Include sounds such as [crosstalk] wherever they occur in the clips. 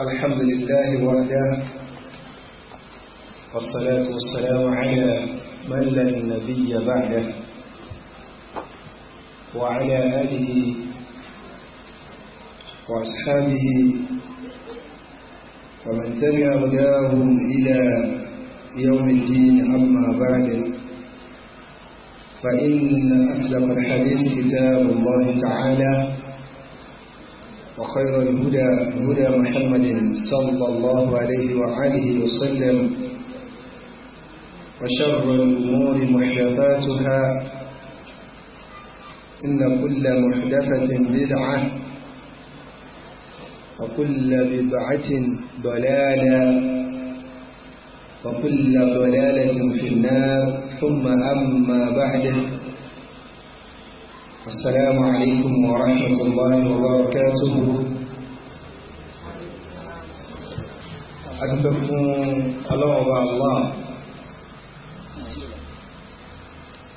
الحمد لله وحده والصلاة والسلام على من لا نبي بعده وعلى آله وأصحابه ومن تبع هداهم إلى يوم الدين أما بعد فإن أسلم الحديث كتاب الله تعالى وخير الهدى هدى محمد صلى الله عليه وآله وسلم وشر الأمور محدثاتها إن كل محدثة بدعة وكل بدعة ضلالة وكل ضلالة في النار ثم أما بعده السلام عليكم ورحمة الله وبركاته أكبفون الله وبا الله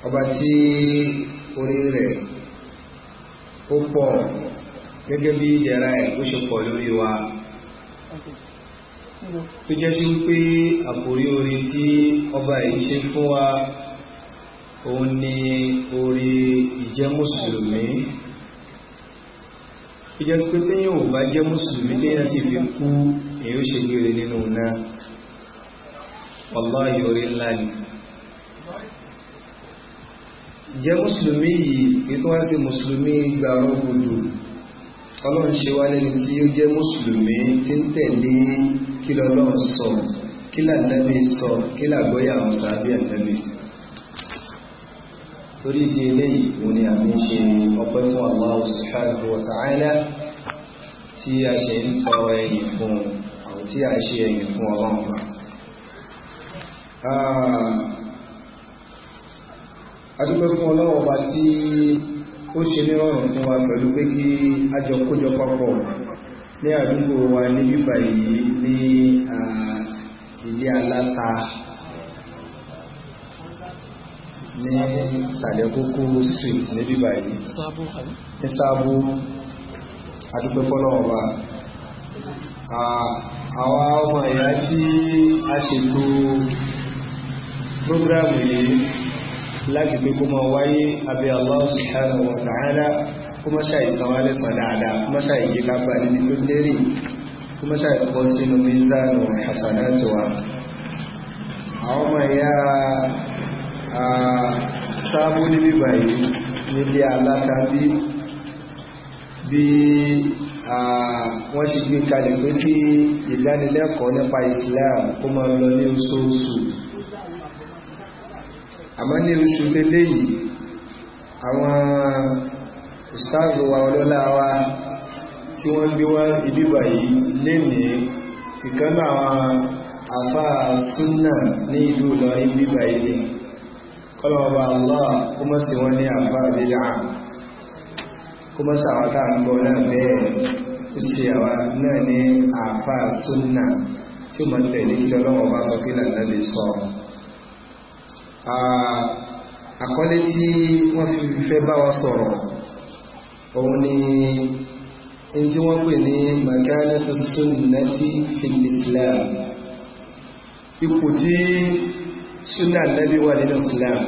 ọbàtí orí rẹ̀ ó pọ̀ gẹ́gẹ́ bí ìdẹ̀ra ẹ̀ ó ṣe pọ̀ lórí wa tó jẹ́ sí wípé àkórí orí tí ọba yìí ṣe fún wa òun ni orí ìjẹ́ mùsùlùmí ìjẹ́ sí pé téyàn ò bá jẹ́ mùsùlùmí téyàn sì fi kú èyí ó ṣe gbére nínú náà wallahi orí ńlá ni jẹ́ mùsùlùmí yìí ètò wá sí mùsùlùmí gbàrọ̀ gbòdò ọlọ́run ṣe wá lẹ́ni tí ó jẹ́ mùsùlùmí tí ń tẹ̀lé kí lọ́lọ́run sọ kí lànàbí sọ kí làgbọ́yà àwọn sàábí ànàbí torí di eléyìí òun ni a fi ń ṣe ọpẹ́ fún Allah subhanahu wa ta'ala tí a ṣe ń fọ ẹ̀yìn fún àwọn tí a ṣe ẹ̀yìn fún ọlọ́run wa adúgbẹ́ ah, fún ọlọ́run ọba tí ó ṣe ní ọ̀rùn fún wa pẹ̀lú pé kí a jọ kójọ papọ̀ ní àdúgbò wa níbí báyìí ní ah, ilé aláta ní ìsàlẹ̀ kókó street níbí báyìí ní sáàbù adúpẹ́ fọ́lọ́wọ́ bá àwa ọmọ ìyá tí a ṣètò prógrámù yìí láti pé kó máa wáyé abẹ́ Allah subhanahu wa ta'ala kó máa ṣàìsàn wá lẹ́sàn dáadáa kó máa ṣàìjẹ́ lágbà níbi tó lérè kó máa ṣàìkọ́ sínú mizanu hasanati wa àwọn ọmọ ìyá a sáàbò níbi báyìí nílé aláta bí bí a wọ́n ṣe gbé kalẹ̀ pé kí ìdánilẹ́kọ̀ọ́ nípa Islam kó máa lọ ní oṣooṣù àmọ́ ní oṣù lélé yìí àwọn ìsáàbò wa ọlọ́lá wa tí wọ́n gbé wá ibi báyìí lè ní ìkánná àwọn àfáà súnnà ní ìlú Ìlọrin bíbáyìí kọlọ̀ọ̀bà Allah kó mọ́ sí wọ́n ní àfá àbílá kó mọ́ sàwọn tá ń bọ́ náà bẹ́ẹ̀ ó sì àwa náà ní àfá súnnà tí ó mọ́ tẹ̀lé kí lọ́wọ́ bá sọ kí lànà lè sọ àkọlé tí wọ́n fi fẹ́ bá wa sọ̀rọ̀ òun ni in tí wọ́n pè ní makanatu sunnati fil Islam ipò tí Suna nẹ́bí wà nínú islam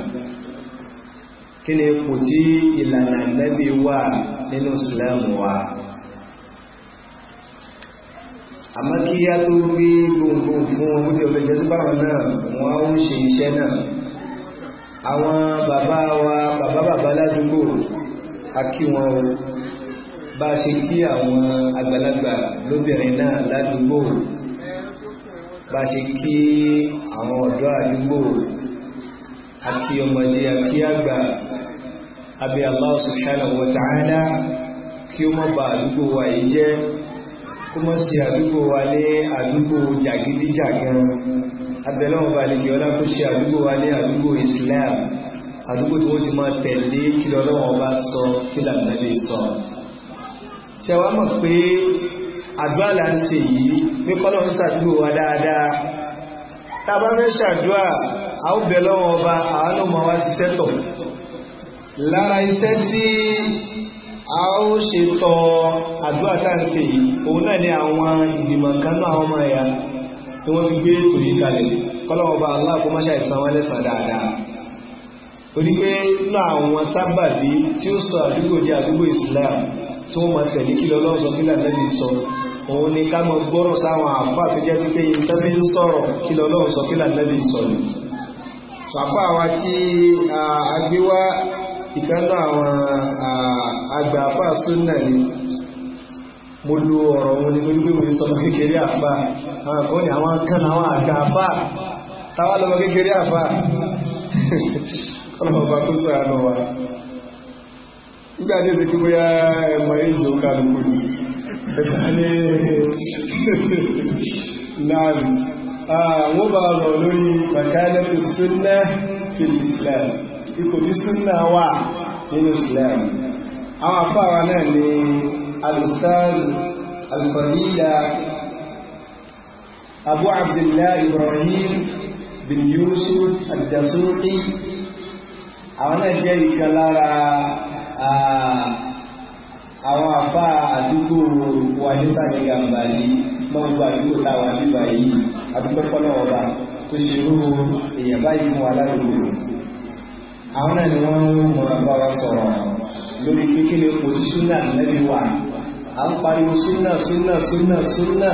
kí ni kò tí ìlànà nẹ́bí wà nínú islam wa, àmá kí yá tó gbé gbogbo fún ohun tí ọ̀fẹ́ jẹ́ sí báwọn náà wọ́n ń ṣe iṣẹ́ náà àwọn bàbá wa bàbá bàbá ládùúgbò akí wọn o bá ṣe kí àwọn àgbàlagbà lóbìnrin náà ládùúgbò bá ṣe kí àwọn ọ̀dọ́ àdúgbò àti ọmọdé àti àgbà abẹ́ Allah subhanahu wa ta'ala kí ó mọ́ bá àdúgbò wa yìí jẹ́ kó mọ́ sí àdúgbò wa lé àdúgbò jàgídíjàgan abẹ́lọ́wọ́ bá lè kí ọlá àdúrà là ń ṣe yìí pé kọ́lọ̀ ń ṣàdúrà wa dáadáa tá a bá fẹ́ ṣàdúrà a ó bẹ̀ lọ́wọ́ ọba àánú mọ́ wá ṣiṣẹ́ tọ̀ lára iṣẹ́ tí a ó ṣe tọ àdúrà tá ń ṣe yìí òun náà ni àwọn ìgbìmọ̀ kan náà àwọn ọmọ ẹ̀yà tí wọ́n fi gbé ètò yìí kalẹ̀ kọ́lọ̀ ọba Allah kó má ṣàìsàn wọn lẹ́sàn dáadáa torí pé nínú àwọn sábàbí tí ó sọ àdúgbò di àdúgbò Islam tí wọ́n máa tẹ̀lé kí lọ́lọ́sọ kí lànà òun ni ká mọ gbọ́rọ̀ sáwọn àfà tó jẹ́ sí pé ìtẹ́bí ń sọ̀rọ̀ kí lọ́lọ́run sọ pé lànàbí sọ̀rọ̀ sàpá wa tí agbéwá ìkánná àwọn àgbà àfà súnà ni mo lo ọ̀rọ̀ wọn nítorí pé mo sọmọ kékeré àfà àwọn kan ní àwọn kan àwọn àgbà àfà táwa lọmọ kékeré àfà ọlọ́ọ̀bá kó sàánú wa nígbà tí ó ti pé bóyá ẹ̀mọ̀ èjì ó kálukú ni Na'am. Àwọn bá rọ̀ lórí Makalatu Sunna fil Islam. Ipò tí Sunna wà nínú Islam. Àwọn àfáwà náà ni Al-Ustaz Al-Fadila Abu Abdullah Ibrahim bin Yusuf Al-Dasuqi. Àwọn náà jẹ́ ìkan lára àwọn àfá àdúgbò wa ní sàgbéga ń bà àdúgbò táwà bíbà yìí adúgbẹ́kọ́nà ọba tó ṣe rú èèyàn báyìí fún aládùúgbò àwọn ń wa lórí pé kí ni kò súnà à ń pariwo súnà súnà súnà súnà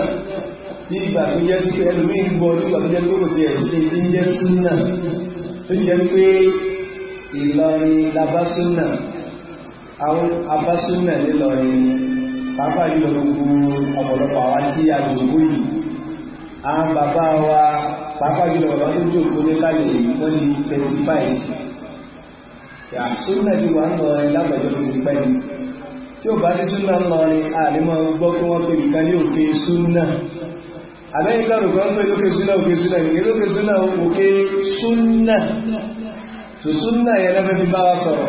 ìgbà tó jẹ́ sí pé ẹlòmíì ń gbọ́ nígbà tó jẹ́ pé kò tiẹ̀ ṣe ti ń jẹ́ súnà tó jẹ́ àwọn abásúnmẹ̀ nílọrin pàápàá yíò gbogbo ọ̀pọ̀lọpọ̀ àwọn tí a jòkó yìí àwọn bàbá wa pàápàá yíò bàbá tó jòkó ní kálẹ̀ wọ́n di 35 súnmẹ̀ ti wà ń lọrin lágbàjọ́ tó ti pẹ́ ni tí ó bá sí súnmẹ̀ ń lọrin àrímọ̀ gbọ́ kí wọ́n pèbì kan ní òkè súnmẹ̀ àbẹ́yìnká rògbọ́n ń pè lókè súnmẹ̀ òkè súnmẹ̀ ìgbé lókè súnmẹ̀ òkè súnmẹ̀ tó súnmẹ̀ yẹn lẹ́fẹ́ fi bá wa sọ̀rọ̀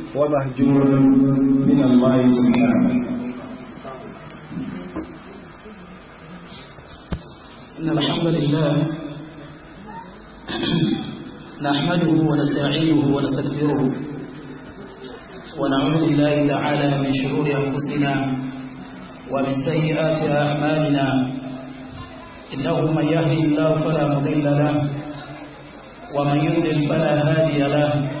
ومهجور من الله سبحانه إن الحمد لله نحمده ونستعينه ونستغفره ونعوذ بالله تعالى من شرور أنفسنا ومن سيئات أعمالنا إنه من يهدي الله فلا مضل له ومن يضلل فلا هادي له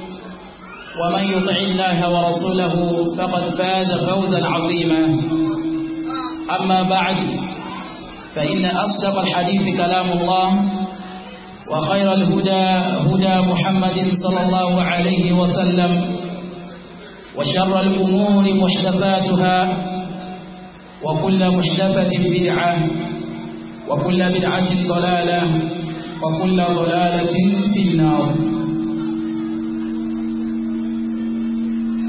ومن يطع الله ورسوله فقد فاز فوزا عظيما أما بعد فإن أصدق الحديث كلام الله وخير الهدى هدى محمد صلى الله عليه وسلم وشر الأمور محدثاتها وكل محدثة بدعة وكل بدعة ضلالة وكل ضلالة في النار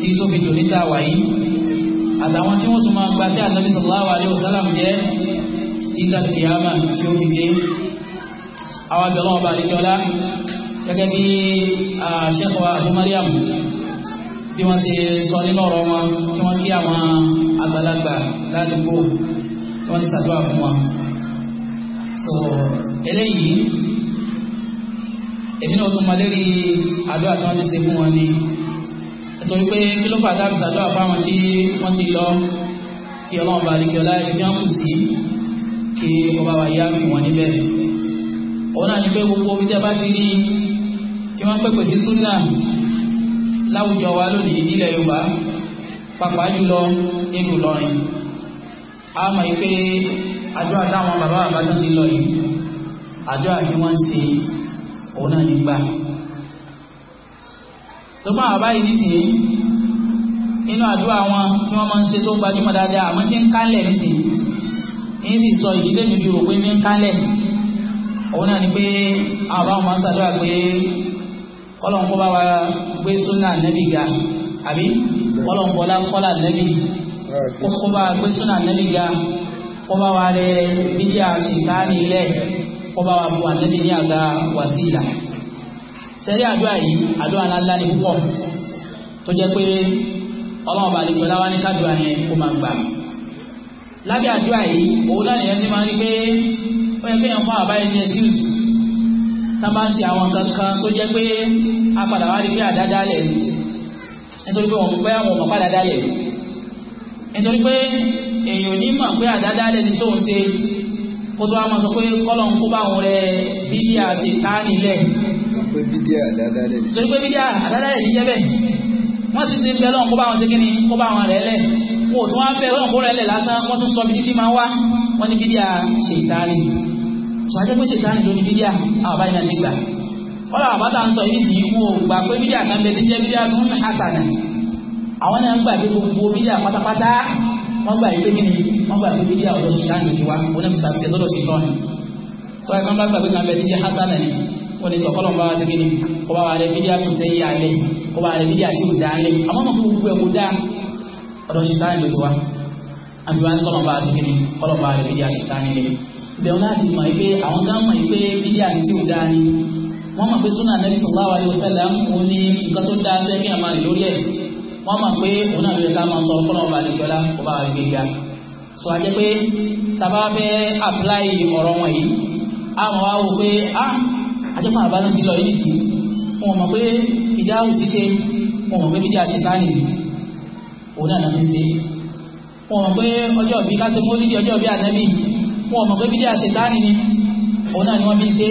tí tó fi dòní tá a wà yìí àtàwọn tí wọ́n tún máa gba sí ànábì sallallahu alaihi wasallam jẹ́ títà kìámà tí ó fi dé àwọn abẹ́rẹ́ ọba àdéjọ́lá gẹ́gẹ́ bí àṣẹ́kọ̀ọ́ àdúmáríàmù bí wọ́n ṣe sọ nínú ọ̀rọ̀ wọn tí wọ́n kí àwọn àgbàlagbà ládùúgbò tí wọ́n ti ṣàdúrà fún wọn. so eléyìí èmi náà tún mọ lérí àdúrà tí wọ́n ti ṣe fún wọn ni torí pé kí ló fà dáàbì sàdọ́ àfáwọn tí wọ́n ti lọ kí ọlọ́run bá àríkẹ́ ọlá ibi tí wọ́n kù sí kí ọba wa yá fi wọ́n níbẹ̀ òun ni pé gbogbo omi tí a bá ti rí kí wọ́n pèpè sí súnà láwùjọ wa lónìí nílẹ̀ Yorùbá pàpà jùlọ nínú Ìlọrin a mọ̀ yìí pé àjọ àtàwọn bàbá bàbá ti lọ yìí àjọ àti wọ́n ń ṣe òun náà ní tó bá wà báyìí nísìnyí inú àdúrà wọn tí wọ́n máa ń ṣe tó gbajúmọ̀ dáadáa àmọ́ tí ń kálẹ̀ nísìnyí ń sì sọ ìdí tèmi fi rò pé ní ń kálẹ̀ òun náà ni pé àwọn àwọn máa ń ṣàdúrà pé kọ́lọ̀ ń kó bá wa gbé súnà nẹ́bì ga àbí kọ́lọ̀ ń kọ́lá kọ́lá nẹ́bì kó kó bá gbé súnà nẹ́bì ga kó bá wa rẹ bídíà ṣìtáàní ilẹ̀ kó bá wa bu ànẹ́bì ní àga wàsílà sẹ́rí àdúrà yìí àdúrà ńláńlá ni púpọ̀ tó jẹ́ pé ọlọ́run bá dìgbò láwá ní kádùá yẹn kó máa gbà lábẹ́ àdúrà yìí òun náà nìyẹn ti máa rí pé ó yẹ kéèyàn fún àbáyé ní excuse tá bá ń ṣe àwọn kankan tó jẹ́ pé a padà wá rí pé àdáda lẹ̀ nítorí pé wọn pẹ́ àwọn ọmọ padà dálẹ̀ nítorí pé èèyàn ní mọ̀ pé àdáda lẹ̀ ni tóun ṣe kó tó wá máa sọ pé kọ́lọ̀ ń kó bá wọn rẹ bídíà sí táàní lẹ̀. pé bídíà àdádálẹ̀. torí pé bídíà àdádálẹ̀ yìí jẹ́ bẹ́ẹ̀ wọ́n sì ti bẹ́ẹ̀ lọ́n kó bá wọn ṣe kí ni kó bá wọn rẹ̀ lẹ̀ wọn ò tún wá bẹ́ẹ̀ lọ́n kó rẹ̀ lẹ̀ lásán wọ́n tún sọ bídí sí máa wá wọ́n ní bídíà ṣe ìtaari sọ ajẹ́ pé ṣe ìtaari ló ní bídíà àwọn àbáyé náà ti gbà wọ́n làwọn àbáta ń sọ yìí sì wọ́n gbà yí pé kí ni wọ́n gbà pé bí díà ọ̀dọ̀ sùdán yìí ti wá onímùsà ti lọ́dọ̀ sí tọ́ni tó ẹ̀kan bá gbà pé kan bẹ dídí hasan ni wọ́n ni tọ́kọ́lọ́ bá wá sí kí ni kó bá wà rẹ bí díà tó ṣe yí alẹ́ kó bá rẹ bí díà tí ò dá alẹ́ àmọ́ mọ̀ kó gbogbo ẹ̀ kó dá ọ̀dọ̀ sùdán yìí ti wá àbí wá ní kọ́lọ́ bá sí kí ni kọ́lọ́ bá rẹ bí díà sùdán yìí bẹ̀rù láti mọ̀ pé àwọn kan mọ̀ pé bídíà ní tí ò wọ́n mọ̀ pé súnà nẹ́bí sallallahu alaihi wasallam òun ní nǹkan tó dáa sẹ́kẹ́ àmà lórí ẹ̀ wọ́n mọ̀ pé òun náà ló yẹ ká máa sọ fọ́nà ọba àdìgbọ́lá kó bá gbé ga sọ àjẹ́ pé tàbá fẹ́ apply ọ̀rọ̀ wọn yìí àmọ́ wá wò pé a àjẹ́ fún àbá náà ti lọ yìí sí wọn mọ̀ pé fìdí àwọn ṣiṣẹ́ wọn mọ̀ pé fìdí àṣetánì òun náà nàá ṣe wọn mọ̀ pé ọjọ́ bí kásẹ̀ mọ́lídìí ọjọ́ bí ànábì wọn mọ̀ pé fìdí àṣetánì òun náà ni wọ́n fi ṣe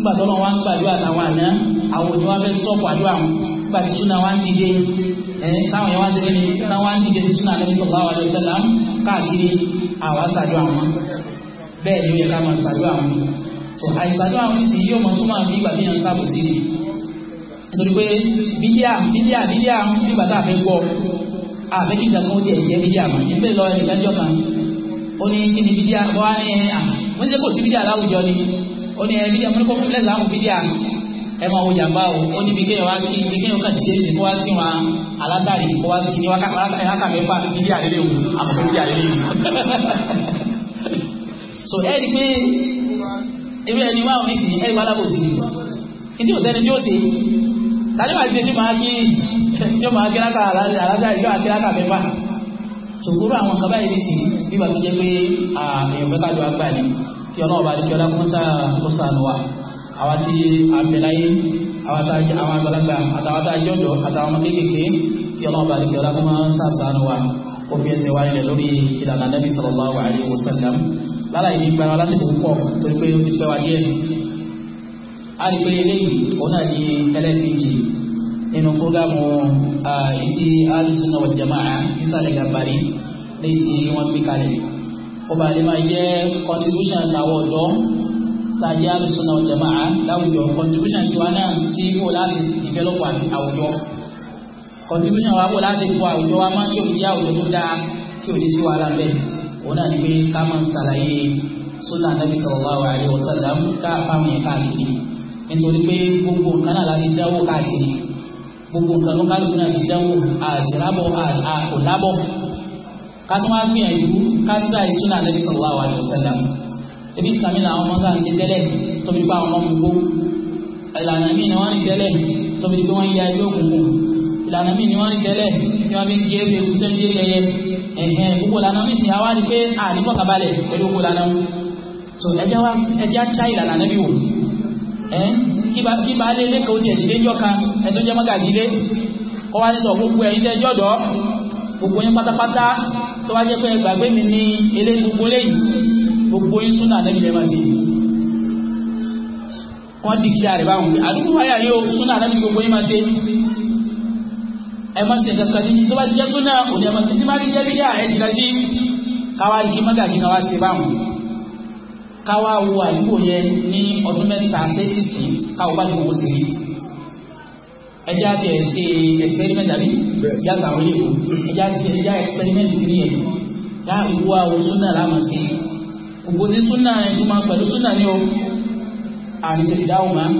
nígbà tó náà wá ń gbàdúrà táwọn àná àwọn òní wá fẹ́ sọ́ọ̀pù àdúrà wọn nígbà tí súnà wá ń dìde ẹ̀ táwọn yẹn wá ń dìde ní táwọn wá ń dìde sí súnà lẹ́yìn sọ̀rọ̀ àwọn àlọ́sẹ̀lá káàkiri àwa ṣàdúrà wọn bẹ́ẹ̀ ni ó yẹ ká máa ṣàdúrà wọn so àìṣàdúrà wọn sì yóò mọ tó máa bí ìgbà tí yẹn ń sábò sí ni nítorí pé bídíà bídíà bídíà ń bí bàtà àfẹ́ gbọ́ àfẹ́ kí nǹkan kan ó tiẹ̀ jẹ́ bídíà mọ́ níbẹ̀ lọ ẹnìkan jọ kan ó ní kí ni bídíà wọ́n á ní ẹ̀ à wọ́n ó ní ẹbí díẹ̀ mo ní kó fún lẹ́sàmù bí díà ẹ máa wo jàmbá o ó níbi kéèyàn wá kí ibi kéèyàn kàn díẹ̀ sí kó wá sí wọn alásàrì kó wá sí ní wákàtí mẹ́fà bí díà lélẹ̀ wò àkókò bí díà lélẹ̀ wò. [laughs] so ẹ rí i pé ewé ẹni wá òní sí ẹ rí i pálábò sí i ìdí òsẹ́ni tí ó ṣe tàbí wà gbé tí máa kí yóò máa kíráka alásàrì yóò máa kíráka mẹ́fà sòkúrò àwọn kaba yìí sí bí wàá tó jẹ́ pé àyànfẹ́ kájọ agbá ni kí ọlọ́wọ́ bá dìkẹ́ ọlákún sáà kó sànù wa àwa tí a bẹ̀ láyé àwa tá àwọn àgbàlagbà àtàwọn tá a jọ̀dọ̀ àtàwọn ọmọ kéékèèké kí ọlọ́wọ́ bá dìkẹ́ wa ó fi ẹsẹ̀ wáyé lẹ̀ lórí ìlànà nàbì sallallahu alaihi wasallam lára ìdí gbara lásìkò púpọ̀ torí pé ó ti pẹ́ wa díẹ̀ a rí pé eléyìí òun náà di ẹlẹ́ẹ̀kejì nínú fúrógámù ètí alùsùnà ó bá lè máa jẹ́ contribution tàwọn ọ̀dọ́ tàbí alùsọ̀nà ọ̀jẹ̀máà láwùjọ contribution tiwa náà sí kó láti develop àwùjọ contribution wa kó láti kó àwùjọ wa máa ń tó bí àwùjọ tó dáa tí ò ní sí wàhálà bẹ́ẹ̀ òun náà ni pé ká máa ń ṣàlàyé sunna nabi sallallahu alayhi wa sallam ká fáwọn yẹn káàkiri nítorí pé gbogbo nǹkan náà láti dáwó káàkiri gbogbo nǹkan ló kálukú náà ti dáwó àṣìrábọ̀ àkòlábọ̀ ká tún wá gbìyànjú ká tíra ìsúná Ànábì sallallahu alaihi wasallam ebi kàmí làwọn ọmọ sáà ti tẹ́lẹ̀ tóbi pa àwọn ọmọ gbogbo ìlànà míì ni wọ́n ń tẹ́lẹ̀ tóbi pé wọ́n ń ya ẹgbẹ́ ìlànà míì ni wọ́n ń tẹ́lẹ̀ tí wọ́n fi ń gé ewu tó ń gé yẹyẹ ẹ̀hẹ́n gbogbo lànà ní ìsìn àwa ni pé àdìbò kàbalẹ̀ pẹ̀lú so ẹja wa ẹja tra ìlànà níbi wò ẹ kí bá lé lẹ́kọ̀ọ́ tiẹ̀ ti dé yọ kan ẹ tó jẹ́ mọ́gàjílé kọ́ wa ní sọ gbogbo tó bá jẹ́ pé gbàgbé mi ní ilé gbogbo léyìí gbogbo yín súnà nẹ́bí lẹ́mọ̀ sí wọ́n di kí àrẹ̀ báwọn àdúgbò wáyà yóò súnà nẹ́bí gbogbo yín máa ṣe ẹ má ṣe kankan ní tó bá jẹ́ súnà òní ẹ má ṣe má jẹ́ bí yà ẹjẹ́ àti ẹ̀ṣẹ́ experiment àbí yàtọ̀ àwọn ilé ìwò ẹjẹ́ àti ẹjẹ́ experiment kiri ẹ̀ yá ìwọ àwọn súnà láàmú sí gbogbo ní súnà ẹ̀ tó máa pẹ̀lú súnà ní o àní ti dáhùn máa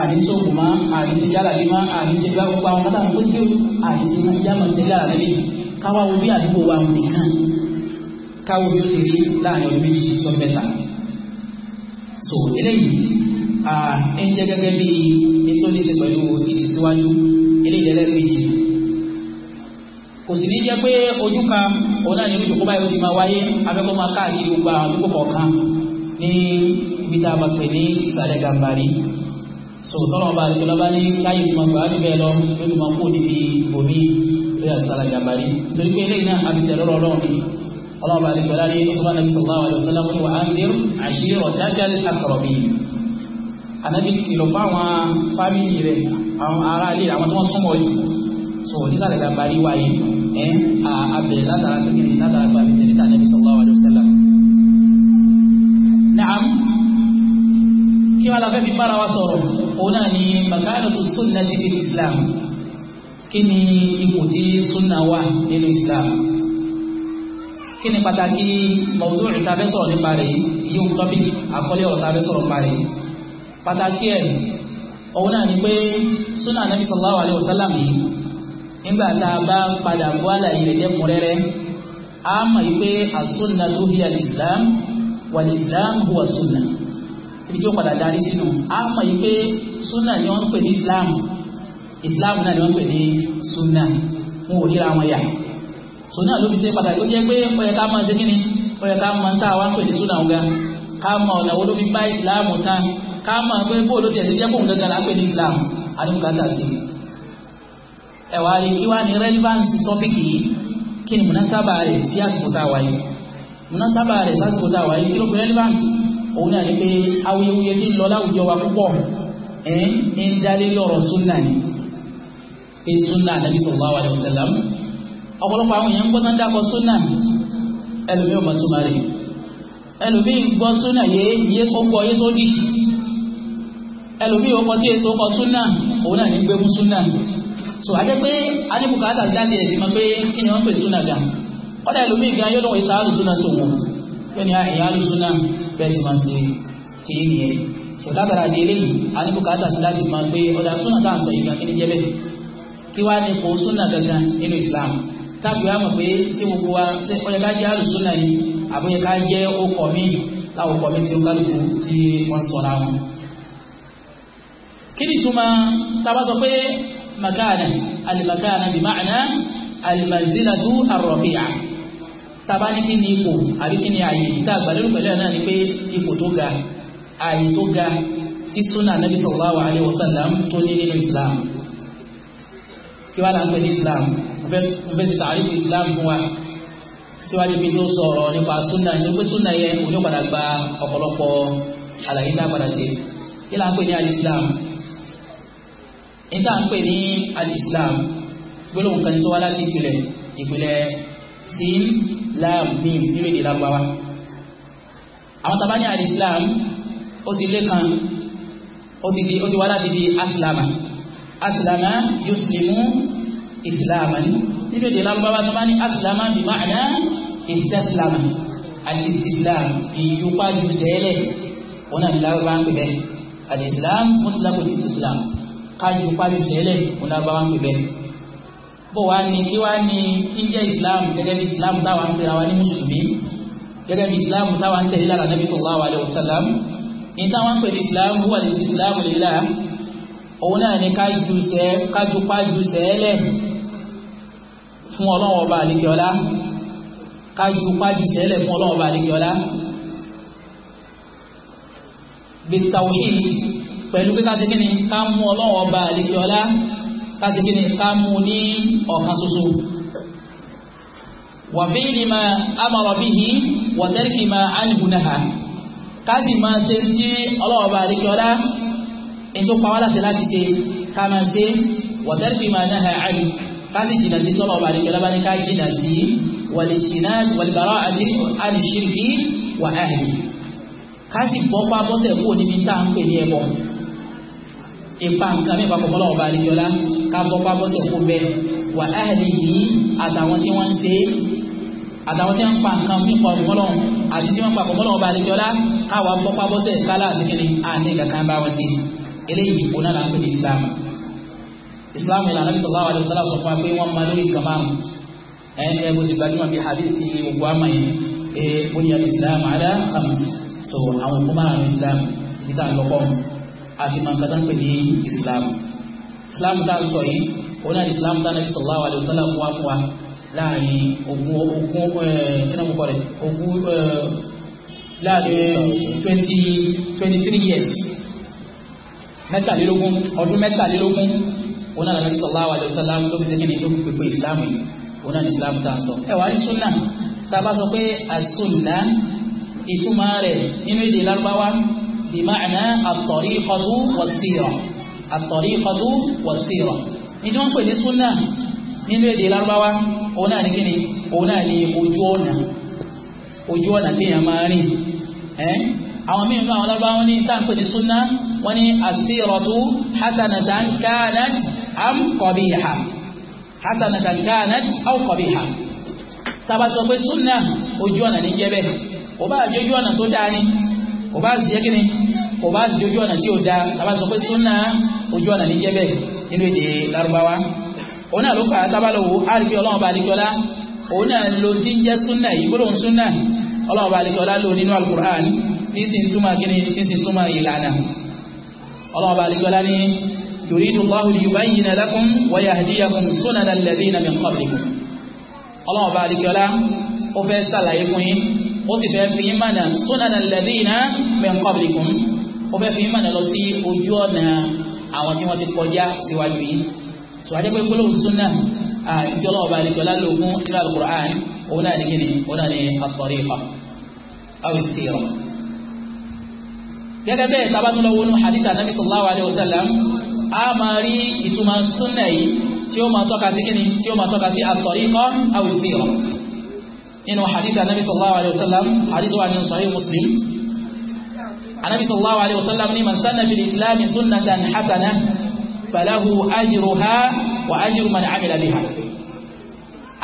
àní sóògùn máa àní ti yára lé máa àní ti gbá gbogbo àwọn mọ́tà tó dé àní ti máa yá máa tẹ̀lé àlẹ́ lé káwá wo bí àdúgbò wa nìkan káwó bí ó ṣe rí láàrin ọdún méjì tó mẹ́ta so eléyìí ẹ ń jẹ́ gẹ́gẹ́ bíi tó ní ṣe pẹ̀lú ìtìsíwájú ilé ìdẹ́lẹ́ kejì kò sì ní jẹ́ pé ojú kan òun náà ní ojú kó báyìí ó ti máa wáyé afẹ́kọ́ máa káàkiri gba àdúgbò kọ̀ọ̀kan ní ibi tá a máa pè ní ìsàlẹ̀ gàmbàrí sòtọ́lọ́ ọba àti ọlọ́ba ní káyé tó máa gbà á níbẹ̀ lọ ló ti máa kó níbi ìbòmí tó yà ìsàlẹ̀ gàmbàrí torí pé eléyìí náà àti tẹ̀lọ́rọ̀ ọlọ́run ni ọlọ́ba àti ọlọ́ba ní ọsùnmọ́ nàbí sallallahu alaihi wasallam wa anzir ashiratakal aqrabin ànábì kìlọ̀ fáwọn fámìlì rẹ̀ àwọn ará ilé àwọn tí wọ́n súnmọ́ yìí so nísàlẹ̀ gàbarí wáyé ẹ̀ abẹ̀ látara kékeré látara gbàmí tẹ̀lé tà ànábì sallallahu alaihi wasallam. naam kí wọn lọ fẹ́ fi bára wa sọ̀rọ̀ òun náà ni makanatu sunnati fil islam kí ni ipò tí sunna wà nínú islam kí ni pàtàkì mawdu' tá a fẹ́ sọ̀rọ̀ nípa rẹ̀ yìí yóò tọ́pì àkọlé ọ̀rọ̀ tá a fẹ́ sọ̀rọ̀ nípa rẹ̀ yìí. pàtàkì ẹ̀ òun náà ni pé súnà nàbí sallallahu alaihi yìí a padà bọ́ àlàyé rẹ̀ jẹ́ kúnrẹ́rẹ́ a mọ̀ yìí pé àsúnà tó hiya al-islam wal-islam huwa súnà ibi tí ó padà darí sínú a mọ̀ yìí súnà ni wọ́n ń pè ní islam islam náà ni wọ́n ń pè ní súnà wọn ò ríra wọn yà súnà ló fi ṣe pàtàkì ó jẹ́ pé ká máa ká máa pé bóòlù ló jẹ́ gẹ́gẹ́ Islam sí ẹ̀wà rí kí wá ní topic yìí kí ni munasaba rẹ̀ sí àsìkò tá a wáyé munasaba rẹ̀ sí àsìkò tá a wáyé kí ló fi relevance òun náà ní pé awuyewuye tí ń lọ láwùjọ wa púpọ̀ ẹ̀ ń dálé lọ́rọ̀ sunna ni pé ọ̀pọ̀lọpọ̀ ẹlòmí ó kọ tí èso kọ súnà òun náà ní gbé súnà so a jẹ́ pé a ní bùkátà láti ẹ̀sì mọ́ pé kí ni wọ́n pè súnà gan kọ́dà ẹlòmí gan yóò lọ́wọ́ ìsáàlù súnà tó wọn yóò ní àìyáàlù súnà bẹ́ẹ̀ sì máa ń ṣe tí ní ẹ̀ so látara di eléyìí a ní bùkátà sí láti mọ̀ pé ọ̀dà súnà tá à ń sọ ìgbà kí ni jẹ́ bẹ́ẹ̀ kí wá ní kò súnà gangan nínú Islam táàbù wa mọ̀ pé sí gbogbo wa ó yẹ ká jẹ́ àlù súnà yìí àbó yẹ ká kí ni túmọ̀ tàbá sọ pé makana alimakana bí ma'ana alimanzilatu arọ̀fíà tàbá ní kí ni ipò àbí kí ni ààyè tá a gbàlérò pẹ̀lú náà ni pé ipò tó ga ààyè tó ga tí súnà nàbí sallallahu alaihi wasallam tó ní nínú islam kí wá là ń islam mo fẹ́ ti tààrífù islam fún wa síwájú bí tó sọ̀rọ̀ nípa súnà ní pé súnà yẹn òní padà gba ọ̀pọ̀lọpọ̀ àlàyé náà padà ṣe kí là al-islam níta ń pè ní al-islam gbólóhùn kan tó wá láti ìpìlẹ̀ ìpìlẹ̀ sí lam mim nínú èdè lágbàwá àwọn tàbá ní al-islam ó ti lé kan ó ti di ó wá láti di aslama aslama yuslimu islaman nínú èdè lágbàwá tàbá ní aslama bí ma'ana istaslama al-istislam ìyúpa jù sẹ́lẹ̀ wọn náà ní ń pè bẹ́ẹ̀ al-islam mutlaqul istislam kájú pálí tẹ́lẹ̀ òun náà bá wá ń pè bẹ́ẹ̀. bó wàá ní kí wàá ní india islam gẹ́gẹ́ bí islam táwa ń pera wa ní mùsùlùmí gẹ́gẹ́ bí islam táwa ń tẹ̀lé lára nàbí sallallahu alaihi wasallam ní táwa ń pè ní islam wúwà ní islam lílá òun náà ní kájú sẹ́ kájú pálí sẹ́lẹ̀ fún ọlọ́wọ́ ọba àlekíọ́lá kájú pálí sẹ́lẹ̀ fún ọlọ́wọ́ ọba àlekíọ́lá bitawhid pẹ̀lú pé káṣe kíni ká mú ọlọ́run ọba àlejòọlá káṣe kíni ká mú ní ọ̀kan ṣoṣo wa fi'li ma amara bihi wa tarki ma anhu naha káṣì máa ṣe tí ọlọ́run ọba àlejòọlá ètò pàwọ́láṣẹ láti ṣe ká máa ṣe wa tarki ma naha anhu káṣì jìnà sí tọ́lọ̀ ọba àlejòọlá bá ní ká jìnà sí wal bara'ati ani shirki wa ahli káṣì bọ́ pa bọ́sẹ̀ kúrò níbi tá à ń pè ní ẹ̀bọ̀n ipa nǹkan mẹ́fà kọ̀kọ́ lọ́wọ́ bá àlejòlá ká bọ́ pa bọ́sẹ̀ kó bẹ́ẹ̀ wà láàlì yìí àtàwọn tí wọ́n ń ṣe àtàwọn tí wọ́n ń pa nǹkan mẹ́fà kọ̀kọ́ lọ́wọ́ àti tí wọ́n ń pa kọ̀kọ́ lọ́wọ́ bá àlejòlá káwa bọ́ pa bọ́sẹ̀ kálá àtìkiri àní kankan bá wọn sí eléyìí ọ̀nà là ń pè Islam Islam ìlànà bí sọ̀rọ̀ àwọn sọ̀rọ̀ sọ fún wa pé wọ́n máa lórí nǹkan márùn ẹ̀ẹ́dẹ́ bó Islam àdá khamis so àwọn òkú márùn Islam níta lọ́kọ́ àti mọ̀nkátà ń pè ní islam islam tá a sọ yìí ó náà islam tá a nàbí sallallahu alaihi wasallam wá fún wa láàrin ogún ogún eh, kíni mo kọ́ rẹ̀ ogún eh, láàrin twenty twenty three years mẹ́tàlélógún ọdún mẹ́tàlélógún ó náà nàbí sallallahu alaihi wasallam ló fi ṣe kíni ló fi pèpè islam yìí ó náà islam tá a sọ ẹ wà á ní sunna tá a bá sọ pé as-sunna ìtumọ̀ rẹ̀ nínú èdè lárúbáwá بمعنى الطريقة wọ̀síọ̀ الطريقة wọ̀síọ̀ ní tí السنة من ní الأربعة nínú èdè lárúbáwá òun náà ní kíni òun náà ní ojú ọ̀nà ojú ọ̀nà tí èèyàn máa rìn ẹ́ àwọn míì nínú àwọn lárúbáwá ní tá à ń pè ní súnà wọ́n ní àsírọ̀tú hasanatan kanat am kọ̀bíhà hasanatan kanat pé súnà ojú ọ̀nà ní jẹ́ bẹ́ẹ̀ tó dáa ni kò bá sì jẹ́ kí ni kò bá sì jẹ́ ojú ọ̀nà tí ó da tàbá sọ pé súnà ojú ọ̀nà ní jẹ́ bẹ́ẹ̀ nínú èdè Lárúbáwá òun náà ló fà á tábà lọ́wọ́ àríkí ọlọ́run bá alikọ́lá òun náà ló ti ń jẹ́ súnà yìí gbólóhùn súnà ọlọ́run bá alikọ́lá lò nínú alukur'an tí sì ń túmọ̀ kí tí sì ń túmọ̀ ìlànà ọlọ́run bá alikọ́lá ní yuridu Allahu liyubayyina lakum wa yahdiyakum sunana alladhina min qablikum ọlọ́run ó sì fẹ́ fi mọ̀nà súnànà lẹ́dínà min qablikum ó fẹ́ fi mọ̀nà lọ sí ojú ọ̀nà àwọn tí wọ́n ti kọjá síwájú yìí sọ adé pé gbólóhùn súnà àti ọlọ́ọ̀bá àlejò alálòkun nínú alukur'an òun náà ní kíni òun náà ní at-tariqa aw as-sira gẹ́gẹ́ bẹ́ẹ̀ sábàtún lọ wọnú sallallahu alayhi wa sallam a máa rí ìtumọ̀ súnà nínú hadith anabi sallallahu alayhi wa sallam hadith wa nínú sahih muslim anabi sallallahu alayhi wa sallam ni man sanna fil islam sunnatan hasana falahu ajruha wa ajru man amila biha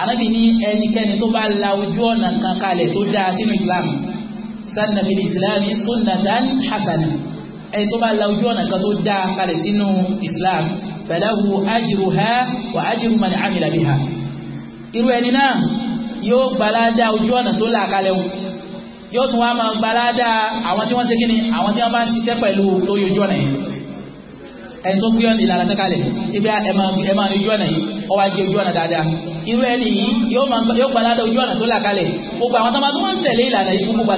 anabi ni ẹnikẹ́ni tó bá la ojú ọ̀nà kan kalẹ̀ tó dáa sínú islam sanna fil islam sunnatan hasana ẹni tó bá la ojú ọ̀nà kan tó dáa kalẹ̀ sínú islam falahu ajruha wa ajru man amila biha irú ẹni yóò gbalada ojú ọ̀nà tó là kalẹ̀ wọn yóò tún wá máa gbalada àwọn tí wọ́n ṣe kíni àwọn tí wọ́n bá ń ṣiṣẹ́ pẹ̀lú lórí ojú ọ̀nà yìí ẹni tó gbé ìlànà kan kalẹ̀ ibi ẹ máa ní ojú ọ̀nà yìí ọ wá jẹ ojú ọ̀nà dáadáa irú ẹni yìí yóò gbalada ojú ọ̀nà tó là kalẹ̀ gbogbo àwọn tó máa tẹ̀lé ìlànà yìí gbogbo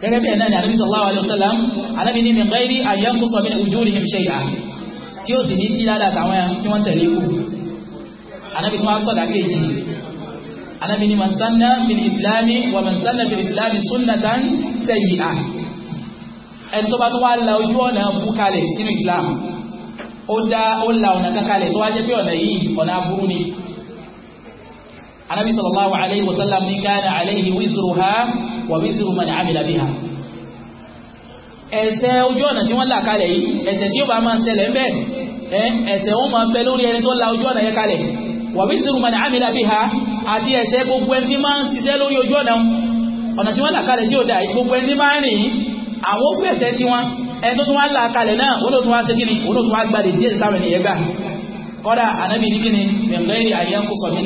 sallallahu alaihi wasallam ànábì ní min ghairi an yanqusa min ujurihim shay'an tí ó sì ní tí ládàá tàwọn tí anábi tí wọ́n sọ̀dá kéjì anábi ni mansanna fil islami wa mansanna fil islami sunnatan sayyi'a ẹni tó bá tó wá la ojú ọ̀nà bú kalẹ̀ sínú islam ó dá ó la ọ̀nà kankalẹ̀ tó wá jẹ́ pé ọ̀nà yìí ọ̀nà aburú ni anábi sallallahu alaihi wasallam ní kana alaihi wizruha wa wizru man amila biha ẹ̀ṣẹ̀ ojú ọ̀nà tí wọ́n là kalẹ̀ yìí ẹ̀ṣẹ̀ tí ó bá máa ṣẹlẹ̀ ń bẹ ẹ̀ṣẹ̀ wọn máa bẹ lórí ẹni tó la ojú ọ̀nà yẹn kalẹ̀ wàbí ìṣirò mọ̀nà àmìlà bí ha àti ẹ̀ṣẹ̀ gbogbo ẹni tí máa ń ṣiṣẹ́ lórí ojú ọ̀nà ọ̀nà tí wọ́n là kalẹ̀ tí ó dà gbogbo ẹni tí máa ń rìn àwọn ó pèsè tí wọ́n ẹni tó tún wá là kalẹ̀ náà ó ló tún wá ṣe kíni ó ló tún wá gbàdé díẹ̀ táwọn ènìyàn gbà kọ́dà ànábì ní kíni mẹ̀mẹ́rì àyẹ́kùsọ̀ ní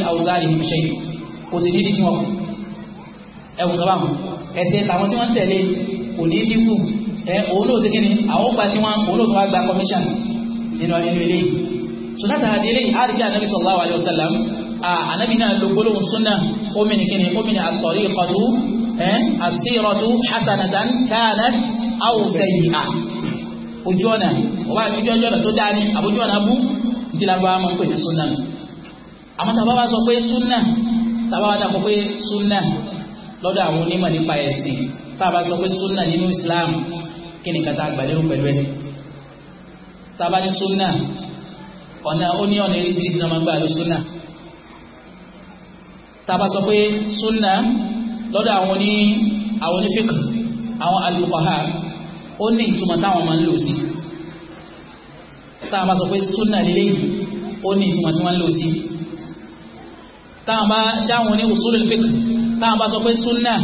àwùzárì ní sunata adele arike anabi sallallahu alayhi wa sallam anabi náà lo gbólóhùn sunna omini kini omini at-tariqatu as-siratu hasanatan kanat aw sayyi'a ojú ọ̀nà ọba ìjọ ọjọ́ ọ̀nà tó dáa ní àbójú ọ̀nà bú ti lábá máa ń pè ní sunna àmọ́ tàbá bá sọ pé sunna tàbá wá dàpọ̀ pé sunna lọ́dọ̀ àwọn onímọ̀ nípa ẹ̀sìn tàbá sọ pé sunna nínú Islam kí ni àgbàlérò pẹ̀lú ẹ̀ ọ̀nà ó ní ọ̀nà eréṣiríṣi náà máa ń gbà lọ súnà tàbá sọ pé súnà lọ́dọ̀ àwọn oní àwọn onífíkà àwọn alùpàá ó ní ìtumọ̀ táwọn máa ń lò sí tàbá sọ pé súnà lílé yìí ó ní ìtumọ̀ tí wọ́n ń lò sí tàbá jáwọn oní usulul fiqh tàbá sọ pé súnà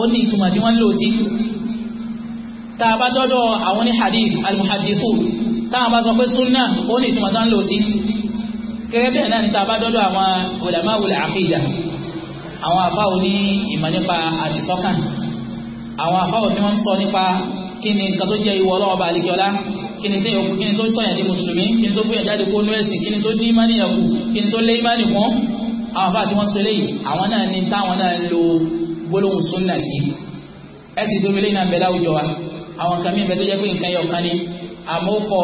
ó ní ìtumọ̀ tí wọ́n ń lò sí tàbá dọ́dọ̀ àwọn oní hadith al-muhaddithun táwọn bá sọ pé súnà ó ní ìtumọ̀ tán lò sí gẹ́gẹ́ bẹ́ẹ̀ náà ni tá a bá dọ́dọ̀ àwọn olàmáwòlẹ̀ àfíìdà àwọn àfáwò ní ìmọ̀ nípa àdìsọ́kàn àwọn àfáwò tí wọ́n ń sọ nípa kí ni nǹkan tó jẹ́ ìwọ ọlọ́wọ́ bá àlekíọ́lá kí ni tó sọ̀yàn di mùsùlùmí kí ni tó gbìyànjú jáde kó nú ẹ̀sìn kí ni tó dín ìmánìyàn kù kí ni tó lé ìmánì kún àwọn àfáà tí wọ́n sọ eléyìí àwọn náà ni táwọn náà lo gbólóhùn súnà sí ẹ̀sìn tó fi léyìn náà bẹ̀ láwùjọ wa àwọn kan mí tó jẹ́ pé nǹkan yẹ ọ̀kan ni àmókọ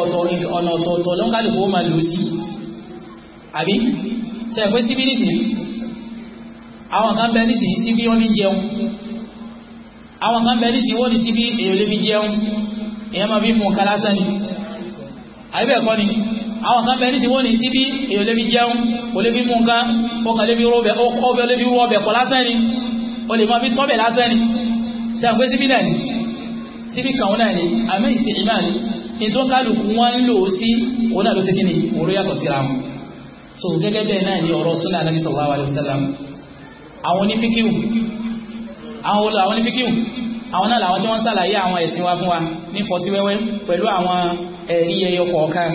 ọ̀nà ọ̀tọ̀ọ̀tọ̀ ló ń kálùkù ó máa lò sí àbí ṣe pé síbí nìsìn àwọn kan bẹ nìsìn síbí wọ́n fi jẹun àwọn kan bẹ nìsìn wọ́n ní síbí èyàn lè fi jẹun èyàn máa fi fún kálásán ni àbí bẹ́ẹ̀ kọ́ ni àwọn kan bẹ nìsìn wọ́n ní síbí èyàn lè fi jẹun kò lè fi mú nǹkan ó kàn lè fi rọ́bẹ̀ ó lè fi wọ́bẹ̀ kọ́ lásán ni ó lè máa fi tọ́bẹ̀ lásán ni ṣe pé síbí náà ni síbí kàwọn náà ni àmì ìsìn ìmáà ni nítorí kálukú wọn ń lò ó sí òun náà so gẹ́gẹ́ bẹ́ẹ̀ ni ọ̀rọ̀ súnà nàbí sallallahu alaihi wasallam àwọn onífíkíù àwọn olú àwọn onífíkíù àwọn náà làwọn tí wọ́n sàlàyé àwọn ẹ̀sìn wa fún wa ní fọ́síwẹ́wẹ́ pẹ̀lú àwọn ẹ̀rí ẹyọ kọ̀ọ̀kan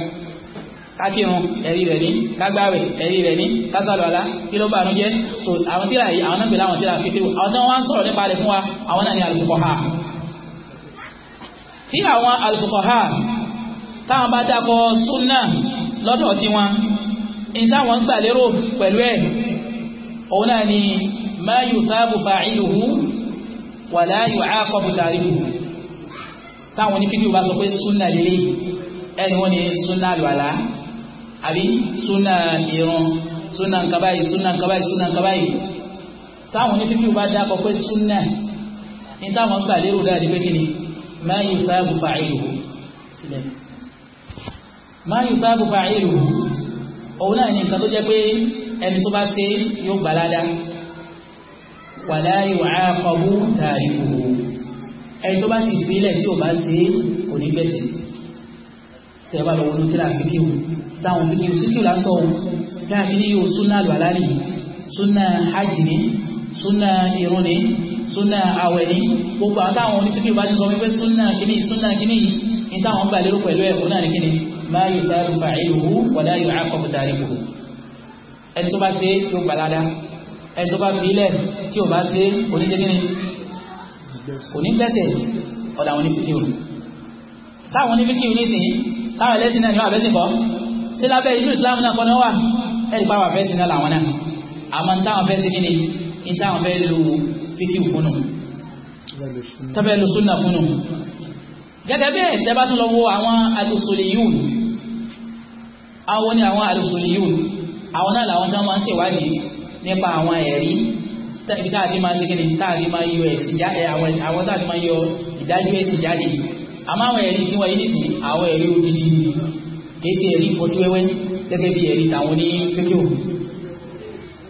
kákírun rẹ̀ ní kágbáwẹ̀ ẹ̀rí rẹ̀ ní kásàlọ́lá kí ló bàánú jẹ́ so àwọn tíra yìí àwọn náà pẹ̀lú àwọn tíra fífíwò àwọn tí wọ́n sọ̀rọ̀ nípa rẹ̀ fún wa àwọn náà ni al-fuqaha tí àwọn táwọn bá dákọ súnà lọ́dọ̀ tí wọn in táwọn gbà lérò pẹ̀lú ẹ̀ òun náà ni ma yusabu fa'iluhu wa la yu'aqabu tarikuhu táwọn onífíkì bá sọ pé súnà lélẹ̀ ẹni wọ́n ni súnà lọ́la àbí súnà irun súnà nkabayi súnà nkabayi súnà nkabayi táwọn onífíkì bá dákọ pé súnà in táwọn gbà lérò dáadé pé kí ni ma yusabu fa'iluhu sílẹ̀ máa yù sáàbù fa ìlú òun náà ní nǹkan tó jẹ́ pé ẹni tó bá ṣe yóò gbà ládá wàlá ìwà àkọ́bù tààrí òwò ẹni tó bá sì fílẹ̀ tí ò bá ṣe kò ní gbèsè tẹ́ bá lọ́wọ́ ní tíra fíkíwù táwọn fíkíwù síkíwù lásọ̀ òun láàfin ní yóò súnà lọ́lá súnà hajj ni súnà irun ni súnà àwẹ̀ ni gbogbo àtàwọn onífíkíwù bá ti sọ wípé súnà kíní súnà kíní yìí ní táwọn gbà pẹ̀lú ẹ̀kọ́ náà ní kíní ما yóò sáré fa'iluhu wala yu'aqabu tarikuhu ẹni tó bá ṣe yóò gbalada ẹni tó bá fi ilẹ̀ tí ò bá ṣe oníṣẹ́gínrin onígbẹ́sẹ̀ ọ̀dà wọn ní fíkíù sáwọn ní fíkíù nísìnyí sáwọn ẹlẹ́sìn náà ni wọ́n àbẹ́sìn kọ́ sí lábẹ́ ìlú Islam náà kọ́nà wà ẹ̀rì pàwà fẹ́ sí náà làwọn náà àmọ́ ní táwọn fẹ́ sí kí ni ní táwọn fẹ́ lu fíkíù fúnnu tẹ́fẹ́ lu súnà fúnnu gẹ́gẹ́ bẹ́ẹ̀ tẹ́bá tún lọ wo àwọn alùsùlìyùn àwọn ni àwọn alùsùlìyùn àwọn náà làwọn tí wọ́n máa ń ṣèwádìí nípa àwọn ẹ̀rí táàtì máa ṣe kíni táàtì máa yọ ẹ̀sìn jáde eh, àwọn táàtì máa yọ ìdájọ́ ẹ̀sìn jáde àmọ́ àwọn ẹ̀rí tí wọ́n yí nìsín àwọn ẹ̀rí odidi ni kìí ṣe ẹ̀rí fọ́síwẹ́wẹ́ gẹ́gẹ́ bí ẹ̀rí tàwọn ní fíkẹ́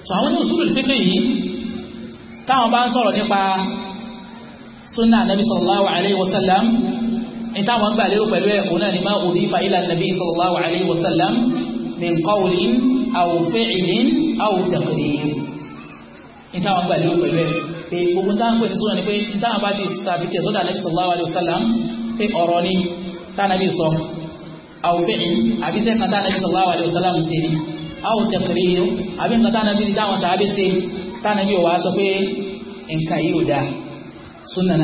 so àwọn ní òṣùlù fíkẹ́ yìí táwọn bá ń nabi sallallahu alayhi wa ìtàwọn gbà lérò pẹ̀lú ẹ̀ òun náà ni máa òdì ìfà ilà nàbí sallallahu alayhi wa sallam min qawlin aw fi'lin aw taqrir ìtàwọn gbà lérò pẹ̀lú ẹ̀ pé ogun táwọn pè ní súnà ni pé ìtàwọn bá ti sàbìtì ẹ̀sọ́dà nàbí sallallahu alayhi pé ọ̀rọ̀ ni tánàbí sọ aw fi'lin àbí sẹ́kàn tánàbí sallallahu alayhi wa ni aw àbí nǹkan tánàbí ni táwọn sàábì tánàbí ò wá sọ pé nǹkan yìí ò dáa súnà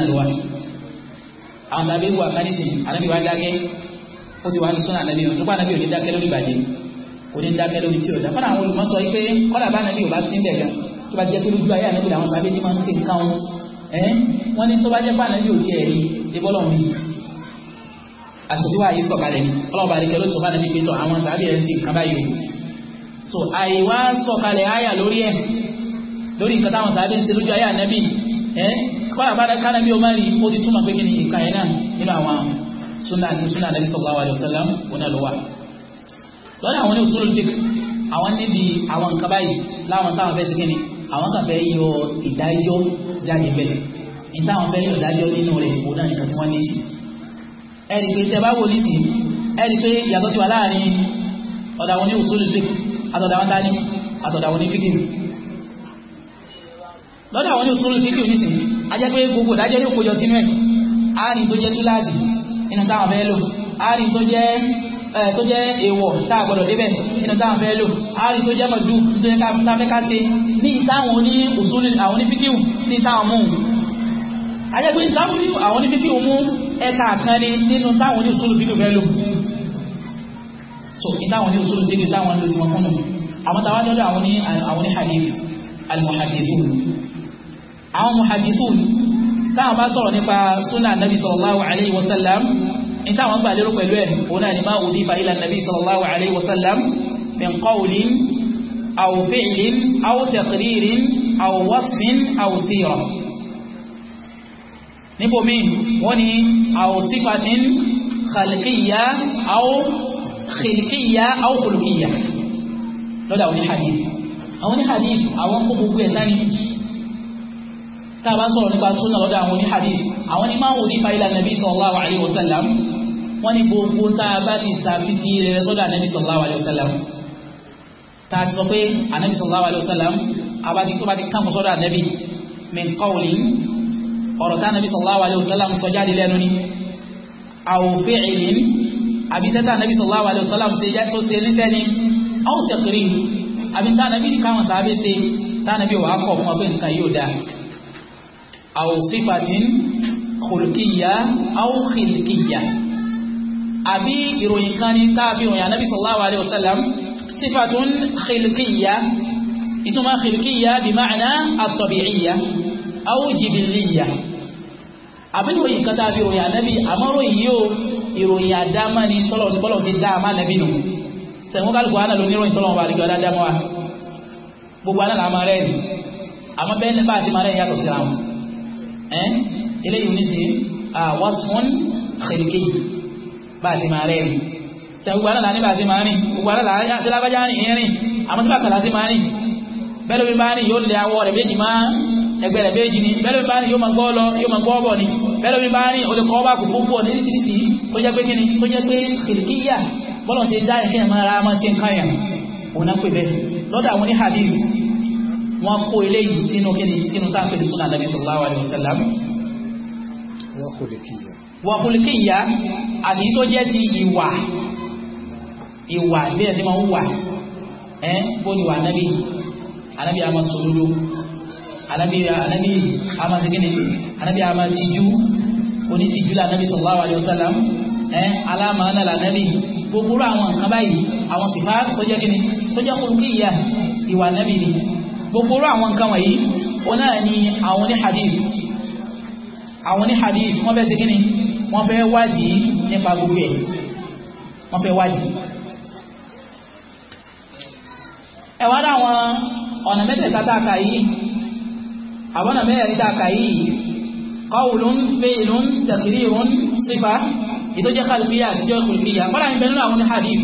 àwọn sàbí wà kánísì anábì wá dákẹ́ ó ti wà ní sọ́nà anábì ọ̀tún pa anábì ò ní dákẹ́ lórí ìbàjẹ́ ò ní dákẹ́ lórí tí ò dá fọ́nà àwọn olùmọ́sọ yìí pé kọ́lá bá anábì ò bá sí bẹ̀ gan tó bá jẹ́ pé lójú ayé anábì làwọn sàbí ti máa ń ṣe nǹkan wọn ẹ́ wọ́n ní tó bá jẹ́ pé anábì ò tiẹ̀ rí ebọ́lọ̀ mi àsìkò tí wàá yìí sọ̀kalẹ̀ ni ọlọ́ọ̀bà rẹ̀ kẹ́ló sọ̀kalẹ̀ ní pẹ̀tọ̀ àwọn sàbí ẹ̀ ń ṣe nǹkan báyìí so àìwá sọ̀kalẹ̀ àyà lórí ẹ̀ lórí nǹkan táwọn sàbí ń ṣe lójú ayé anábì ẹ́ kọ́nà bá dákàrà bí o má rí ó ti túmọ̀ pé kí ni ìka ẹ̀ náà nínú àwọn súnà ní súnà nàbí sallallahu alaihi wasallam òun àlọ́ wà. lọ́nà àwọn ní usulul fiqh àwọn níbi àwọn nǹkan báyìí láwọn táwọn fẹ́ sí kí ni àwọn kan fẹ́ yọ ìdájọ́ jáde bẹ́ẹ̀ ní táwọn fẹ́ yọ ìdájọ́ nínú rẹ̀ òun náà nìkan tí wọ́n ní sí. ẹ rí pé tẹ bá wò nísì ẹ rí pé ìyàtọ̀ ti wà láàrin ọ̀dà àwọn ní usulul fiqh àtọ̀dà àwọn tání àtọ̀dà àwọn ní fíkì lọ́dọ̀ àwọn ní usulul fiqh nísìnyí ajẹ́ pé gbogbo ìdájọ́ ní òkójọ sínú ẹ̀ àárín tó jẹ́ túláàsì nínú táwọn fẹ́ lò àárín tó jẹ́ tó jẹ́ èèwọ̀ tá a gbọ́dọ̀ débẹ̀ nínú táwọn fẹ́ lò àárín tó jẹ́ mọ̀dú tó yẹ ká fẹ́ ká ṣe ní ìtàwọn oní òṣùlù àwọn onífíkìwù ní ìtàwọn mú ajẹ́ pé ìtàwọn àwọn onífíkìwù mú ẹ̀ka kan ní nínú táwọn oníṣòlù fíkìwù fẹ́ lò so ìtàwọn oníṣòlù fíkìwù táwọn lò tí wọ́n fún mi àwọn táwọn lọ́dọ̀ àwọn ní hadith al-muhaddithun àwọn muhadithun táwọn bá sọ̀rọ̀ nípa sunnah nabi sallallahu alayhi wa sallam ní táwọn gbà lérò pẹ̀lú ẹ̀ òun náà ni ma udifa ila nabi sallallahu alayhi wa sallam min qawlin aw fi'lin aw taqririn aw wasfin aw sira níbòmí wọ́n ni aw sifatin khalqiyya tá a bá sọ̀rọ̀ nípa súnà lọ́dọ̀ àwọn oní hadith àwọn ni máa ń wò ní fàílà nàbí sallallahu alaihi wasallam wọ́n ní gbogbo tá a bá ti sàfitì rẹ̀ sọ́dọ̀ ànàbí sallallahu alaihi wasallam tá a ti sọ pé ànàbí sallallahu alaihi wasallam abati tó bá ti kàn sọ́dọ̀ ànàbí min qawlin ọ̀rọ̀ tá ànàbí sallallahu alaihi wasallam sọ jáde lẹ́nu ni aw fi'lin àbí sẹ́tà ànàbí sallallahu alaihi wasallam aw sifatin khulqiyya aw khilqiyya àbí ìròyìn kan ní táàfin òyìn anábì sallallahu alayhi wa sallam sifatun khilqiyya ìtumọ̀ khilqiyya bí ma'ana at-tabi'iyya aw jibiliyya àbí ìròyìn kan táàfin òyìn anábì àmọ́ròyìn yóò ìròyìn àdámá ni tọ́lọ̀ sí dáàmá nàbí nù sẹ̀wọ́n kálùkù ánà ló níròyìn tọ́lọ̀ wà lẹ́kọ̀ọ́ dáadáa mọ́ wa gbogbo ánà làmà rẹ̀ ni àmọ́ ní bá a ti ẹ́ eh? eléyìí ní sí àwọ̀sùn xèrèké bá a sì máa rẹ̀ rí ṣe gbogbo aláàlá ní bá a sì máa rìn gbogbo aláàlá ní aṣọ lábájá rìn ìrìn àmọ́ sí bá kàlá sí máa rìn bẹ́ẹ̀ ló fi máa rìn yóò lè awọ rẹ̀ méjì máa ẹgbẹ́ rẹ̀ méjì ni bẹ́ẹ̀ ló fi máa rìn yóò máa gbọ́ lọ yóò máa gbọ́ bọ̀ ni bẹ́ẹ̀ ló fi rìn olè kọ́ bá kò gbogbo ọ̀nà oríṣiríṣi tó jẹ́ pé kíni tó jẹ́ pé xèrèké yà bọ́lọ̀ wọ́n kó eléyìí sínú kíni sínú táàpẹ̀ ní súnà nàbí sallallahu alaihi wasallam wàkùlùkìyà àti tó jẹ́ ti ìwà ìwà bí ẹ̀sìn máa ń wà ẹ́ bó ni wà nábì anábì àmà sòrò anábì àmà síkìnì anábì àmà tìjú oní tìjú lànàbì sallallahu alaihi wasallam ẹ́ alámàánà lànàbì gbogbo àwọn nǹkan báyìí àwọn sìfá tó jẹ́ kíni tó jẹ́ kùlùkìyà ìwà nábì ni gbogbo àwọn nǹkan wọ̀nyí o náà ni àwọn ní hadith àwọn ní hadith wọ́n fẹ́ ṣe kí ni wọ́n fẹ́ wádìí nípa gbogbo ẹ̀ wọ́n fẹ́ wádìí ẹ̀wá dáwọn ọ̀nà mẹ́tẹ̀ẹ̀ta tààkà yìí àbọ̀nà mẹ́rin tààkà yìí qawlun fi'lun takrirun sífà ìtọ́jẹ́ kàlùfíà àtijọ́ ìkùlùfíà kọ́lá ìbẹ̀rún àwọn ní hadith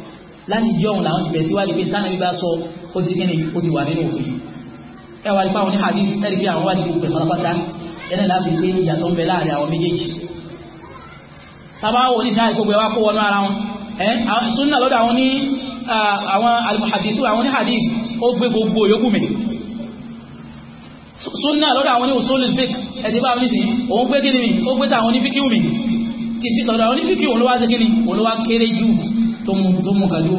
láti jọun làwọn ti bẹ̀rẹ̀ síwájú pé tánàbí bá sọ ó ti kíni ó ti wà nínú òfin ẹ wà nípa àwọn oníhàdí ẹni pé àwọn wádìí gbogbo pátápátá ẹni láti pé ìyàtọ̀ ń bẹ láàrin àwọn méjèèjì tábà wọ oníṣẹ́ àti gbogbo ẹ wá kó wọnú ara wọn ẹ súnà lọ́dọ̀ àwọn ní àwọn alùpàdésù àwọn oníhàdí ó gbé gbogbo yòókù mi súnà lọ́dọ̀ àwọn ní òṣòlù fake ẹ̀sìn bá wọn nísìn òun gbé kíni mi ó gbé tàwọn onífíkíù mi ti fi lọ́dọ̀ àwọn onífíkíù òun ló wá ṣe kíni òun ló wá kéré jù tó mú kàlú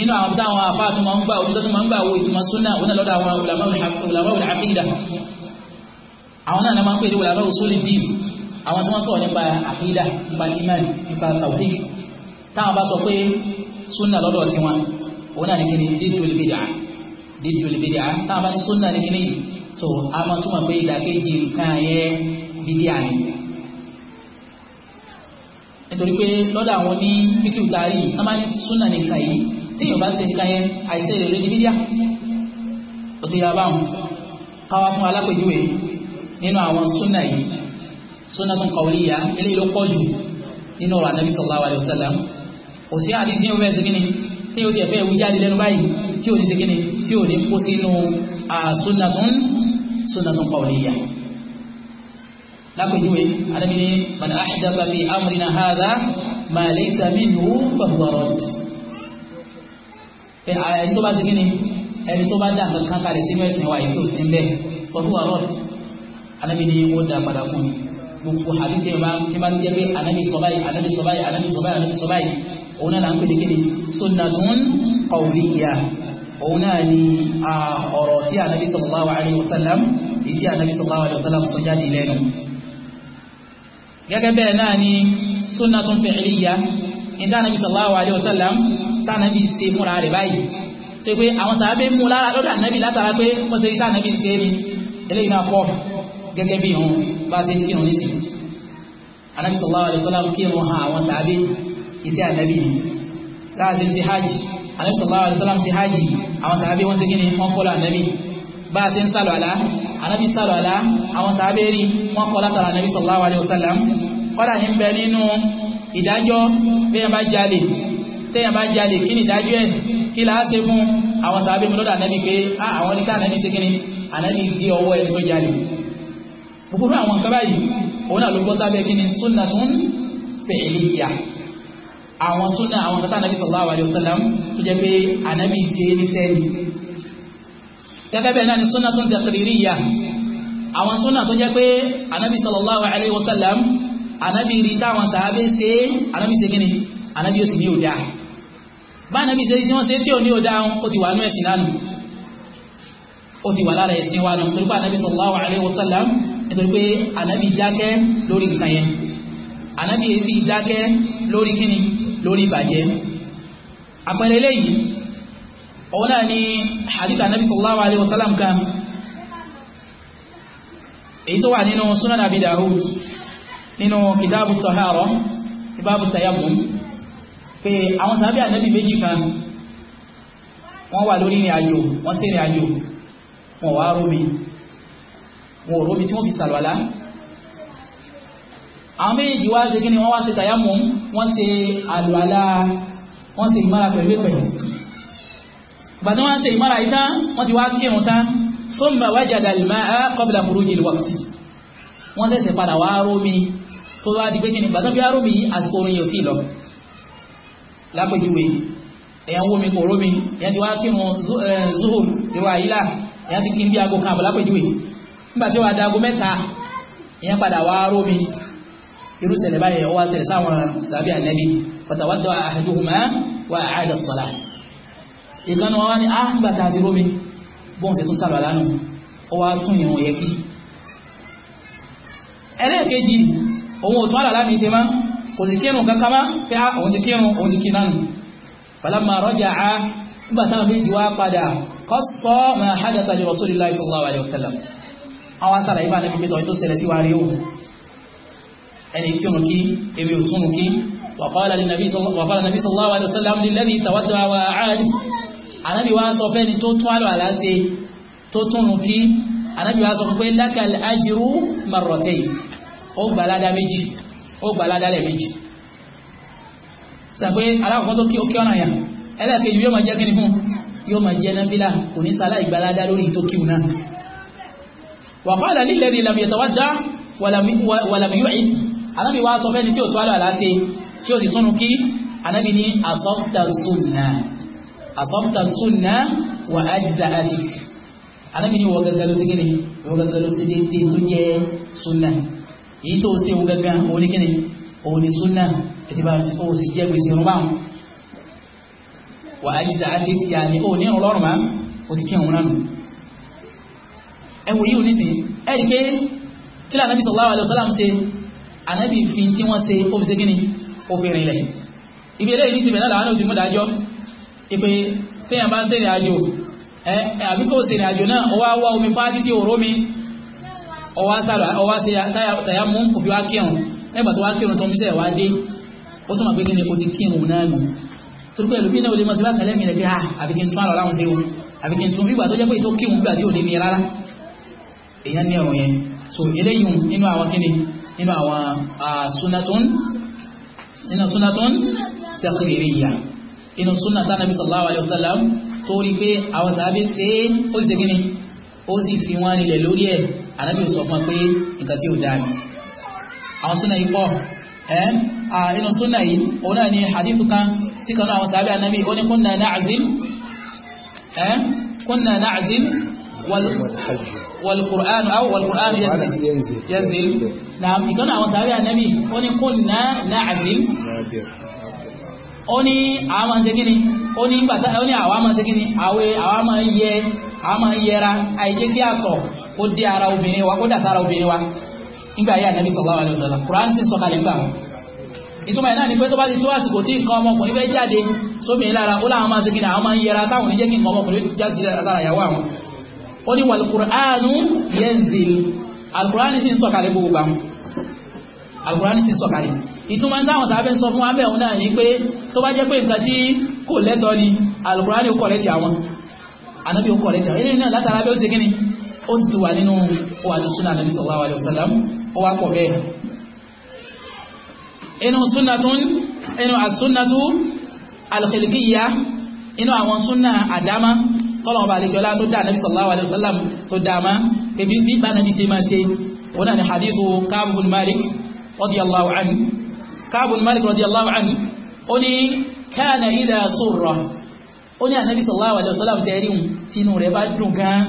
inú àwọn táwọn afáà tó máa ń gbà òtútọ́ tó máa ń gbà wo ìtumọ̀ súnà òun náà lọ́dọ̀ àwọn ulama al-aqida àwọn náà máa ń pè ní ulama usul al-din àwọn tí wọ́n sọ̀rọ̀ nípa àkídà nípa iman nípa tawhid táwọn bá sọ pé súnà lọ́dọ̀ tiwọn òun náà ní kíni dídùl bid'ah dídùl táwọn bá ní súnà ní kíni nítorí pé lọ́dọ̀ àwọn ní fíkì ìtaari tá máa ní súnà nìkan yìí téèyàn bá ṣe nìkan yẹn àìsè rẹ̀ lórí bídíà ó sì yára báwọn káwá fún alápèjúwe nínú àwọn súnà yìí súnà tó ń kọ̀wé yá eléyìí ló pọ̀ jù nínú ọ̀rọ̀ anábì sallallahu alaihi wasallam kò sí àdíjì ní ọ̀fẹ́ ṣẹ́gínì tí ó ti ẹ̀fẹ́ ìwú jáde lẹ́nu báyìí tí ò ní ṣẹ́gínì tí ò ní kó sínú sunnatun sunnatun qawliyyah lápèjúwe anábìíní man ahdatha fi amrina hadha ma laysa minhu fahuwa radd ẹni tó bá ti kíni ẹni tó bá dà kankan kalẹ̀ sínú ẹ̀sìn wa èyí tó sí bẹ́ẹ̀ fahuwa radd anábìíní ó dá padà fún mi gbogbo hadith yẹn máa ti máa ń jẹ́ pé anábì sọ báyìí anábì sọ báyìí anábì sọ báyìí anábì sọ báyìí òun náà là ń pè ní kíni sunnatun qawliya òun náà ni ọ̀rọ̀ tí anábì sallallahu alaihi wasallam ìdí anábì sallallahu alaihi wasallam sọ jáde lẹ́nu gẹ́gẹ́ bẹ́ẹ̀ náà ni sunnatun fi'liya ìdá nàbí sallallahu alayhi wa sallam tá nàbí ṣe fúnra rẹ̀ báyìí tó pé àwọn sàábé mú lára lọ́dọ̀ ànábì látara pé wọ́n ṣe tá nàbí ṣe ni eléyìí náà pọ̀ gẹ́gẹ́ bí hàn bá ṣe kírun ní sí ànábì sallallahu alayhi kírun hàn àwọn sàábé iṣẹ́ ànábì láti ṣe hajj ànábì sallallahu alayhi wa hajj àwọn sàábé wọ́n ṣe kí ni wọ́n fọ́lọ́ ànábì bá a ṣe ń sàlọ̀ àlá anábì sàlọ̀ àlá àwọn sàábẹ́rì wọ́n kọ́ látara anábì sallallahu alaihi wasallam kọ́dà ní bẹ nínú ìdájọ́ téèyàn bá jalè téèyàn bá jalè kí ni ìdájọ́ ẹ̀ kí láá ṣe fún àwọn sàábẹ́ mi lọ́dọ̀ anábì pé àwọn ní àwọn nǹkan báyìí òun náà ló sunnatun fi'liya àwọn súnà àwọn tata anábì sallallahu alaihi wasallam tó jẹ́ pé anábì ṣe é ní gẹ́gẹ́ bẹ́ẹ̀ náà ni súnà tó ń taqririyya àwọn súnà tó jẹ́ pé anábì sallallahu alayhi wa sallam anábì rí táwọn sàábé ṣe anábì ṣe kíni anábì ó sì ní òdà bá anábì ṣe tí wọ́n ṣe tí ò ní òdà ó ti wà nú ẹ̀sìn náà ó ti wà lára ẹ̀sìn wa nù nítorí pé anábì dákẹ́ lórí nǹkan yẹn anábì èsì dákẹ́ lórí kíni lórí ìbàjẹ́ àpẹẹrẹ eléyìí òun náà ni hadith anabi sallallahu alayhi wa sallam kan èyí tó wà nínú sunan abi dawud nínú kitabu tahara kitabu tayammum pé àwọn sàbí anabi méjì kan wọ́n wà lórí ìrìn àjò wọ́n sí ìrìn àjò wọ́n wá rómi wọ́n rómi tí wọ́n fi sàlọ́lá àwọn méjì wá ṣe kí wọ́n wá ṣe tayammum wọ́n ṣe àlọ́lá wọ́n ṣe ìmára pẹ̀lú pẹ̀lú bàtí wọ́n ṣe ìmára ìtàn wọ́n ti wá kírun tán thumma wajada al-ma'a qabla khuruji al-waqt wọ́n ṣẹ̀ṣẹ̀ padà wá rómi tó wá di pé kíni bàtí wọ́n fi rómi àsìkò orin yóò tí lọ lápèjúwe èèyàn wómi kò rómi èèyàn ti wá kírun zuhur ìrọ̀ àyílà èèyàn ti kí bí aago kan àbọ̀ lápèjúwe nígbà tí ó dago mẹ́ta èèyàn padà wá rómi irú ṣẹlẹ̀ báyìí ó sáwọn sàbí ànẹ́bí fatawadda ahaduhuma wa a'ada as-salah ìkànnì wọn wá ní áńgbà ah, tá a ti rómi bóun ṣe tún sàlọ̀ àlánù ó wá tún ìwọ̀n yẹ kí ẹlẹ́ẹ̀kejì òun ò tún àlàlá mi ṣe má kò sì kírun kankan má pé á ah, òun ti kírun òun ti kí nánu falamma raja'a nígbà táwọn méjì wá padà qassa ma hadatha li rasulillahi sallallahu alaihi wasallam àwọn asàlàyé bá níbi pẹ́tọ̀ tó ṣẹlẹ̀ sí wa rí òun ẹni tí òun kí ebi òtún kí wa qala nabi sallallahu alaihi wasallam lilladhi tawadda'a wa a'ad ànábì wá sọ fẹ́ni tó tún àlọ́ àláṣe tó tún nù kí ànábì wá sọ pé lákàlì ájírú marratayn ó gbàládá méjì ó gbàládá lẹ̀ méjì sàpé alákọ̀ọ́ tó kí ó kí ọ̀nà yà ẹlẹ́kẹ̀ẹ́ yóò máa jẹ́ ni fún yóò máa jẹ́ náfílà kò ní sálá ìgbàládá lórí tó kí náà wa qala lilladhi lam yatawadda wa lam yu'id asọ́pútà súnà wà ájíza àtìk anábì ní wọ́n gangan ló sí kíni wọ́n gangan ló sí déédéé tó jẹ́ súnà èyí tó ṣe òun gangan òun ní kíni òun ní súnà ètí bá òun sì jẹ́ gbèsè rúbà wọn wà ájíza àtìk yà ní òun ní ọlọ́run máa ó ti kí òun nánu ẹwù yíò nísìn ẹ̀rì pé kí lè anábì sallallahu alaihi wasallam ṣe anábì fi tí wọ́n ṣe ó fi ṣe kíni ó fi rìnlẹ̀ ibi eléyìí nísìn bẹ̀rẹ̀ láwọn ó ti mú dájọ́ ìpè téèyàn bá ń sèrìn àjò ẹ àbí kò sèrìn àjò náà ó wá wá omi fáti tí òró mi ó wá sàlọ ó wá ṣe tàyà mú kò fi wá kírun nígbà tó wá kírun tó ń bísẹ̀ wá dé ó tún mọ̀ pé kí ni o ti kírun náà nù torí pé ẹlòmíín náà ó lè mọ̀ sí bá kàlẹ́ mi rẹ̀ pé ah àbí kí n tún àlọ́ láwọn ṣe o àbí inú súnà tá nàbí sallallahu alayhi wa sallam torí pé àwọn sàábé ṣe é ó sì ṣe kí ni ó sì fi wọ́n rinlẹ̀ lórí ẹ̀ ànábì sọ fún wa pé nǹkan tí ò dáa ni àwọn súnà yìí pọ̀ ẹ́ inú súnà yìí òun náà ni hadith kan tí kan náà àwọn sàábé ànábì ó ní kunna na'zil ẹ́ kunna na'zil والقرآن أو والقرآن ينزل ينزل نعم يكون أو سابع النبي ونكون نعزل ó ní àwọn máa ń ṣe kíni ó ní gbàtà ó ní àwọn máa ń ṣe kíni àwẹ àwọn máa ń yẹ àwọn máa ń yẹra àìjẹ́ kí àtọ̀ kó dé ara obìnrin wa kó dà sára obìnrin wa nígbà yà nàbí sallallahu alaihi wasallam Kùránì sì ń sọ̀kalẹ̀ nígbà wọn ìtumọ̀ ẹ̀ náà ni pé tó bá ti tó àsìkò tí nǹkan ọmọkùnrin fẹ́ jáde sóbìnrin lára ó láwọn máa ń ṣe kíni àwọn máa ń yẹra táwọn oníjẹ́ kí nǹkan ọmọkùnrin já sí sára ìyàwó àwọn ó ní wàlùkùránù yanzil alùkùránì sì ń sọ̀kalẹ̀ gbogbo àwọn Al-Qur'ani sì sọ̀kalẹ̀ ìtumọ̀ táwọn sábẹ́ sọ fún wa bẹ́ẹ̀ náà ni pé tó bá jẹ́ pé nǹkan tí kò lẹ́tọ̀ọ́ ni Al-Qur'ani ó kọ̀rẹ́tì àwọn anábì ó kọ̀rẹ́tì àwọn eléyìí náà látara bẹ́ẹ̀ ó ṣe kí ni ó sì ti wà nínú wàlú súnà nàbí sallallahu alaihi wasallam ó wá pọ̀ bẹ́ẹ̀ inú súnnatún inú àsúnnatú alkhilkiyya inú àwọn súnnà àdámá sallallahu alaihi wasallam tó dáa má kẹbí bí bá ni hadithu Ka'b bin radiyallahu anhu káàbùn malik radiyallahu anhu ó ní kana idha surra ó ní ànábì sallallahu alaihi wasallam tẹ́rí tínú rẹ̀ bá dùn gan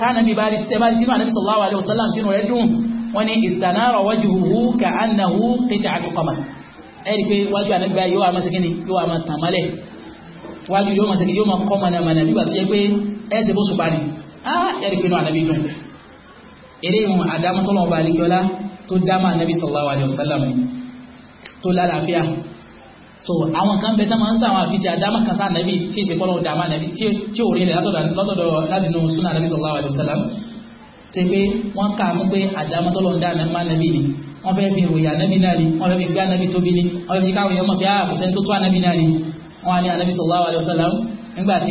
tánàbí bá rí tẹ́ bá tínú ànábì sallallahu alaihi wasallam tínú rẹ̀ dùn wọ́n ní istanara wajhuhu ka'annahu qit'atu qamar ẹ̀rí pé wájú ànábì yóò wá mọ́sẹ̀kí ni yóò wá mọ́ tàmálẹ̀ wájú yóò mọ́sẹ̀kí yóò mọ́ kọ́ mọ́nàmọ́nà bí eléyìn àdámọ́tọ́lọ̀ ọba alikiola tó dámà nabi sallallahu alayhi wa sallam tó lálàáfíà so àwọn kan bẹ tán máa ń sá àwọn àfitì àdámà kan sáà nabi tí èsì fọlọ́ dàmà nabi tí ò rí rẹ̀ látọ̀dọ̀ láti nù súnà nabi sallallahu alayhi wa sallam tó pé wọ́n kà mú pé àdámọ́tọ́lọ̀ ń dá ni wọ́n fẹ́ fi ròyìn ànábì náà ni wọ́n fẹ́ fi gbé ànábì tóbi ni wọ́n fẹ́ fi káwọn èèyàn bí ààbò ah, tó tó ànábì náà ni wọ́n á ní ànábì sallallahu alayhi wa sallam nígbà tí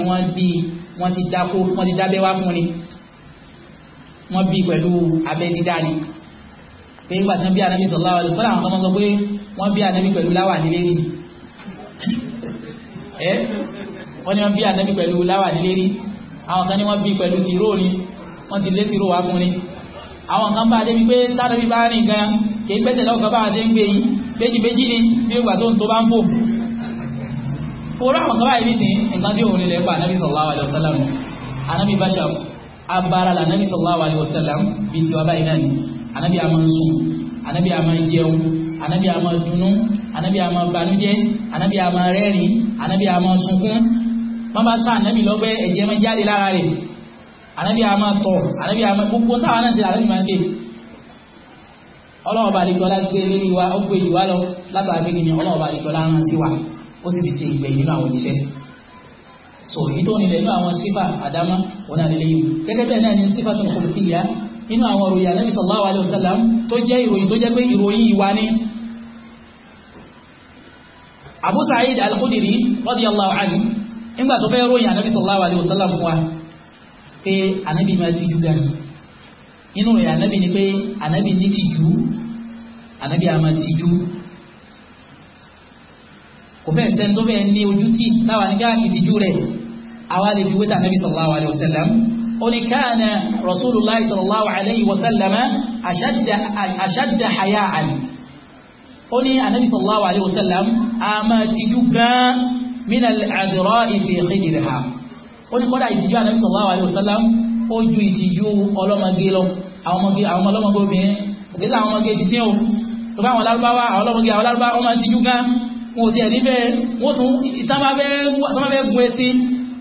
wọ́n ti dákó wọ́n ti dábẹ́ wá fún ni wọ́n bí pẹ̀lú abẹ́ dídá ni pé ìgbà tán bí anabi sallallahu alaihi wasallam àwọn kan sọ pé wọ́n bí anabi pẹ̀lú láwà nílé rí [laughs] ẹ́ wọ́n ní wọ́n bí anabi pẹ̀lú láwà nílé rí àwọn kan ní wọ́n bí pẹ̀lú tìró ni wọ́n ti lé tìró wá fún ni àwọn kan bá débi pé sáré bá rìn gan kìí pẹ́sẹ̀ lọ́kọ̀ bá ṣe ń gbé yìí béjìbéjì ni bí ó gbà tó ń tó bá ń fò orá àwọn kan báyìí nìsín nǹkan tí òun nílẹ̀ pa anábì sallallahu alaihi wasallam anábì bashar abara la anabi sallallahu alayhi wa sallam bíi tiwa báyìí náà ni anabi a máa anabi a máa anabi a máa anabi a máa anabi a máa anabi a máa sunkún wọn bá sá anabi lọ́gbẹ́ ẹ̀jẹ̀ máa jáde lára rẹ̀ anabi a máa anabi a máa gbogbo táwọn náà ṣe anabi máa ṣe ọlọ́wọ́ bá dìgbọ́ la gbé lórí wa ó gbé ìwà lọ látàrí pé kí ni ọlọ́wọ́ bá dìgbọ́ la ń sí wa ó sì fi ṣe ìgbẹ̀yìn nínú àwọn òṣìṣẹ́ so èyí tó nílẹ̀ inú àwọn sífà àdámá òun náà lélẹ́yìn gẹ́gẹ́ bẹ́ẹ̀ náà ni sífà tó kò fi yá inú àwọn ìròyìn anábì sallallahu alaihi wasallam tó jẹ́ ìròyìn tó jẹ́ pé ìròyìn ìwà ni Abu Sa'id al-Khudri radiyallahu anhu nígbà tó fẹ́ ròyìn anábì sallallahu alaihi wasallam fún wa pé anábì máa ti jù gan inú rẹ̀ anábì ni pé anábì ní ti jù kò fẹ́ sẹ́ni tó fẹ́ ní ojú tì táwa nígbà ìtìjú rẹ̀ àwa lè fi wé tà nàbí sallallahu alayhi wa sallam ó ní káàna rasulullah sallallahu alayhi wa sallam ashadda haya'an ó ní anabi sallallahu alayhi wa sallam a máa tijú gan min al-adra'i fi khidriha ó ní kọ́dà ìtìjú anabi sallallahu alayhi wa sallam ó ju ìtìjú ọlọ́mọge lọ àwọn ọmọge àwọn ọlọ́mọge obìnrin òkè láwọn ọmọge ti sí o tó bá àwọn alárúbáwá àwọn ọlọ́mọge àwọn alárúbáwá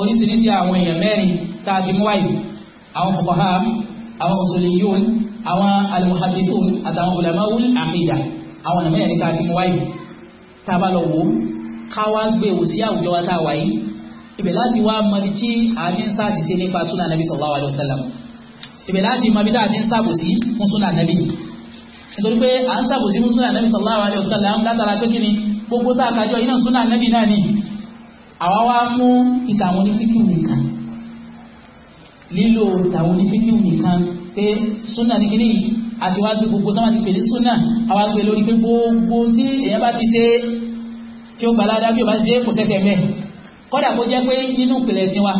oríṣiríṣi àwọn èèyàn mẹ́rin tá a ti mú wáyé àwọn fuqaha àwọn usuliyun àwọn al-muhaddithun àtàwọn ulama'ul aqida àwọn ọ̀nà mẹ́rin tá a ti mú wáyé tá a bá lọ wò ó ká wá gbé wò sí àwùjọ wa tá a wáyé ibẹ̀ láti wá mọbi tí a ti ń sáàsìsẹ́ nípa súnà nàbí sallallahu alaihi wasallam ibẹ̀ láti mọbi tá a ti ń sáàbòsí fún súnà nàbí nítorí pé à ń sáàbòsí fún súnà nàbí sallallahu alaihi wasallam látara pé kíni gbogbo tá a kájọ iná súnà nàbí náà ni àwa wá mú títa àwọn onífíkì nìkan lílo tàwọn onífíkì nìkan pé súnà ní kíní yìí àti wá gbé gbogbo sáwọn ti pè ní súnà àwa gbé lórí pé gbogbo tí èèyàn bá ti ṣe tí ó gbalada bí ó bá ṣe kò ṣẹ̀ṣẹ̀ mẹ́ kódà kó jẹ́ pé nínú ìpìlẹ̀ ẹ̀sìn wa